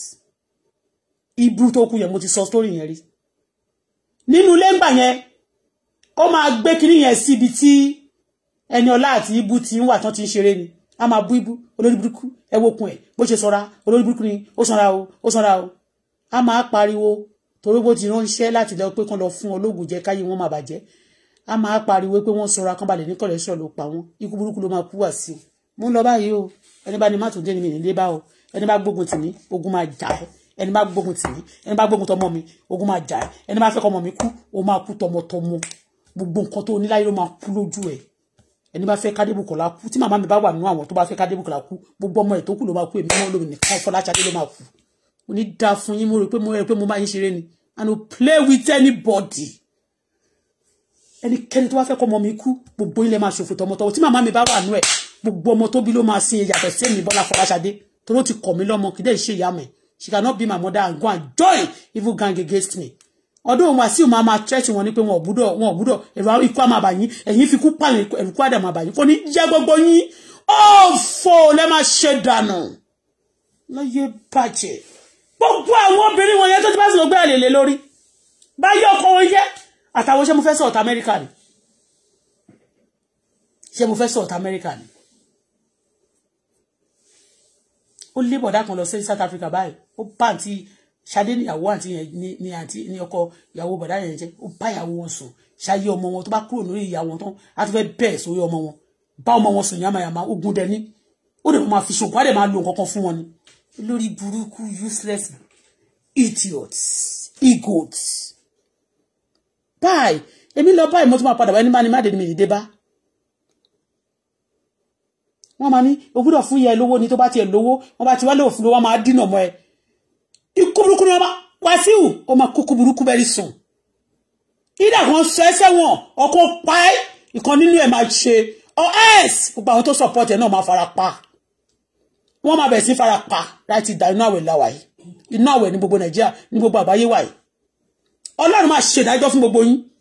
ibú tó kú yẹn mo ti sọ story yẹn rí nínú lẹ́ńbà yẹn ó máa gbé kìíní yẹn síbi tí Eniola àti ibú ti ń wà tán ti ń ṣeré ni a máa bú ibú olórí burúkú ẹ wo kun ẹ bó ṣe sọra olórí burúkú ni ó sanra o ó sanra o a máa pariwo torí bó ti ránṣẹ́ láti lọ pé kán lọ fún ológun jẹ káyé wọn má bàjẹ́ a máa pariwo pé wọ́n sanra kán balẹ̀ ní kọ̀lẹ́sọ̀ ló pa wọ́n ikú burúkú ló máa kú wá sí i mo ń lọ báyìí o ẹni bá ní má ni mi nílé bá o ẹni bá gbógun tì mí ogun máa jà ẹ ẹni bá gbógun tì mí ẹni bá gbógun tọmọ mi ogun máa jà ẹ ẹni bá fẹ́ kọmọ mi kú o máa kú tọmọtọmọ gbogbo nǹkan tó níláyé ló máa kú lójú ẹ ẹni bá fẹ́ kádébùkọ̀lá kú tí màmá mi bá wà nínú àwọn tó bá fẹ́ kádébùkọ̀lá kú gbogbo ọmọ ẹ̀ tó kù ló máa kú èmi mọ́ lómi nìkan fọláṣadé ló máa kú mo ní da fún yín mo rò pé mo rò pé mo máa yín ṣeré ni and o play with anybody ẹnikẹ́ni tó bá fẹ́ kọ́ ọmọ mi kú gbogbo ilẹ̀ máa ṣòfò tọmọtọmọ tí màmá mi bá wà nínú ẹ̀ gbogbo ọmọ tó bí ló máa sin yàtọ̀ sí èmi Bọ́lá Fọláṣadé tó ló ti kọ̀ mí lọ́mọ kí dẹ́ ṣe ìyá mi she cannot be my mother and go and join evil gang against me ọdún òun àti òun máa tẹ́tì wọn ni pé wọn ò gbúdọ̀ wọn ò gbúdọ̀ ẹ̀rọ ikú àmà àbàyín ẹ̀yìn fi kú pààyàn ẹ̀rù kú àdàmà àbàyín kò ní jẹ́ gbogbo yín ọ̀fọ̀ oh, lẹ́ máa ṣe dànù lọ́yẹ̀ bàjẹ́ gbogbo àwọn obìnrin wọn yẹn tó ti bá sì lọ gbé àlèlè lórí báyọ̀ ọkọ wọn yẹ àtàwọn ṣé mo fẹ́ sọ̀tà amẹ́ríkà ni ṣé mo fẹ́ sọ̀tà amẹ́ríkà ni ó lé bọ̀dá kan lọ sí South Africa báyìí ó bá àǹtí Ṣadé níyàwó àǹtí yẹn ní àǹtí ní ọkọ ìyàwó bọ̀dá yẹn jẹ́ ó bá ìyàwó wọn sùn ṣayé ọmọ wọn tó bá kúrò lórí ìyá wọn tán á tún fẹ́ bẹ́ẹ̀ sórí ọmọ wọn bá ọmọ wọn sùn yàmàyàmà ogun dẹni ó dẹ̀ máa fi ṣògùn á dẹ̀ máa lo nǹkan kan fún wọn ni lórí burúkú useless idiots egots báyìí èmi lọ báyìí mo tún máa padà wá ẹni má ni má dé ni mi ì wọ́n máa ní o gbúdọ̀ fún ìyá ẹ lówó ni tó bá tiẹ̀ lówó wọ́n bá ti wá lówó fún lówó wọ́n máa dínà mọ́ ẹ ikú burúkú ni wọ́n bá Wàsíù ó máa kúkú burúkú bẹ́ẹ̀ sùn ìdá kan sọ ẹsẹ̀ wọn ọkọ̀ pa ẹ́ ìkan nínú ẹ̀ máa ṣe or else gbogbo àwọn tó support ẹ̀ náà máa fara pa wọ́n máa bẹ̀rẹ̀ sí fara pa láti dá inú àwẹ̀ láwa yìí inú àwẹ̀ ní gbogbo Nàìjíríà ní gbogbo àbáyé wa yìí Ọlọ́run máa ṣèdájọ́ fún gbogbo yín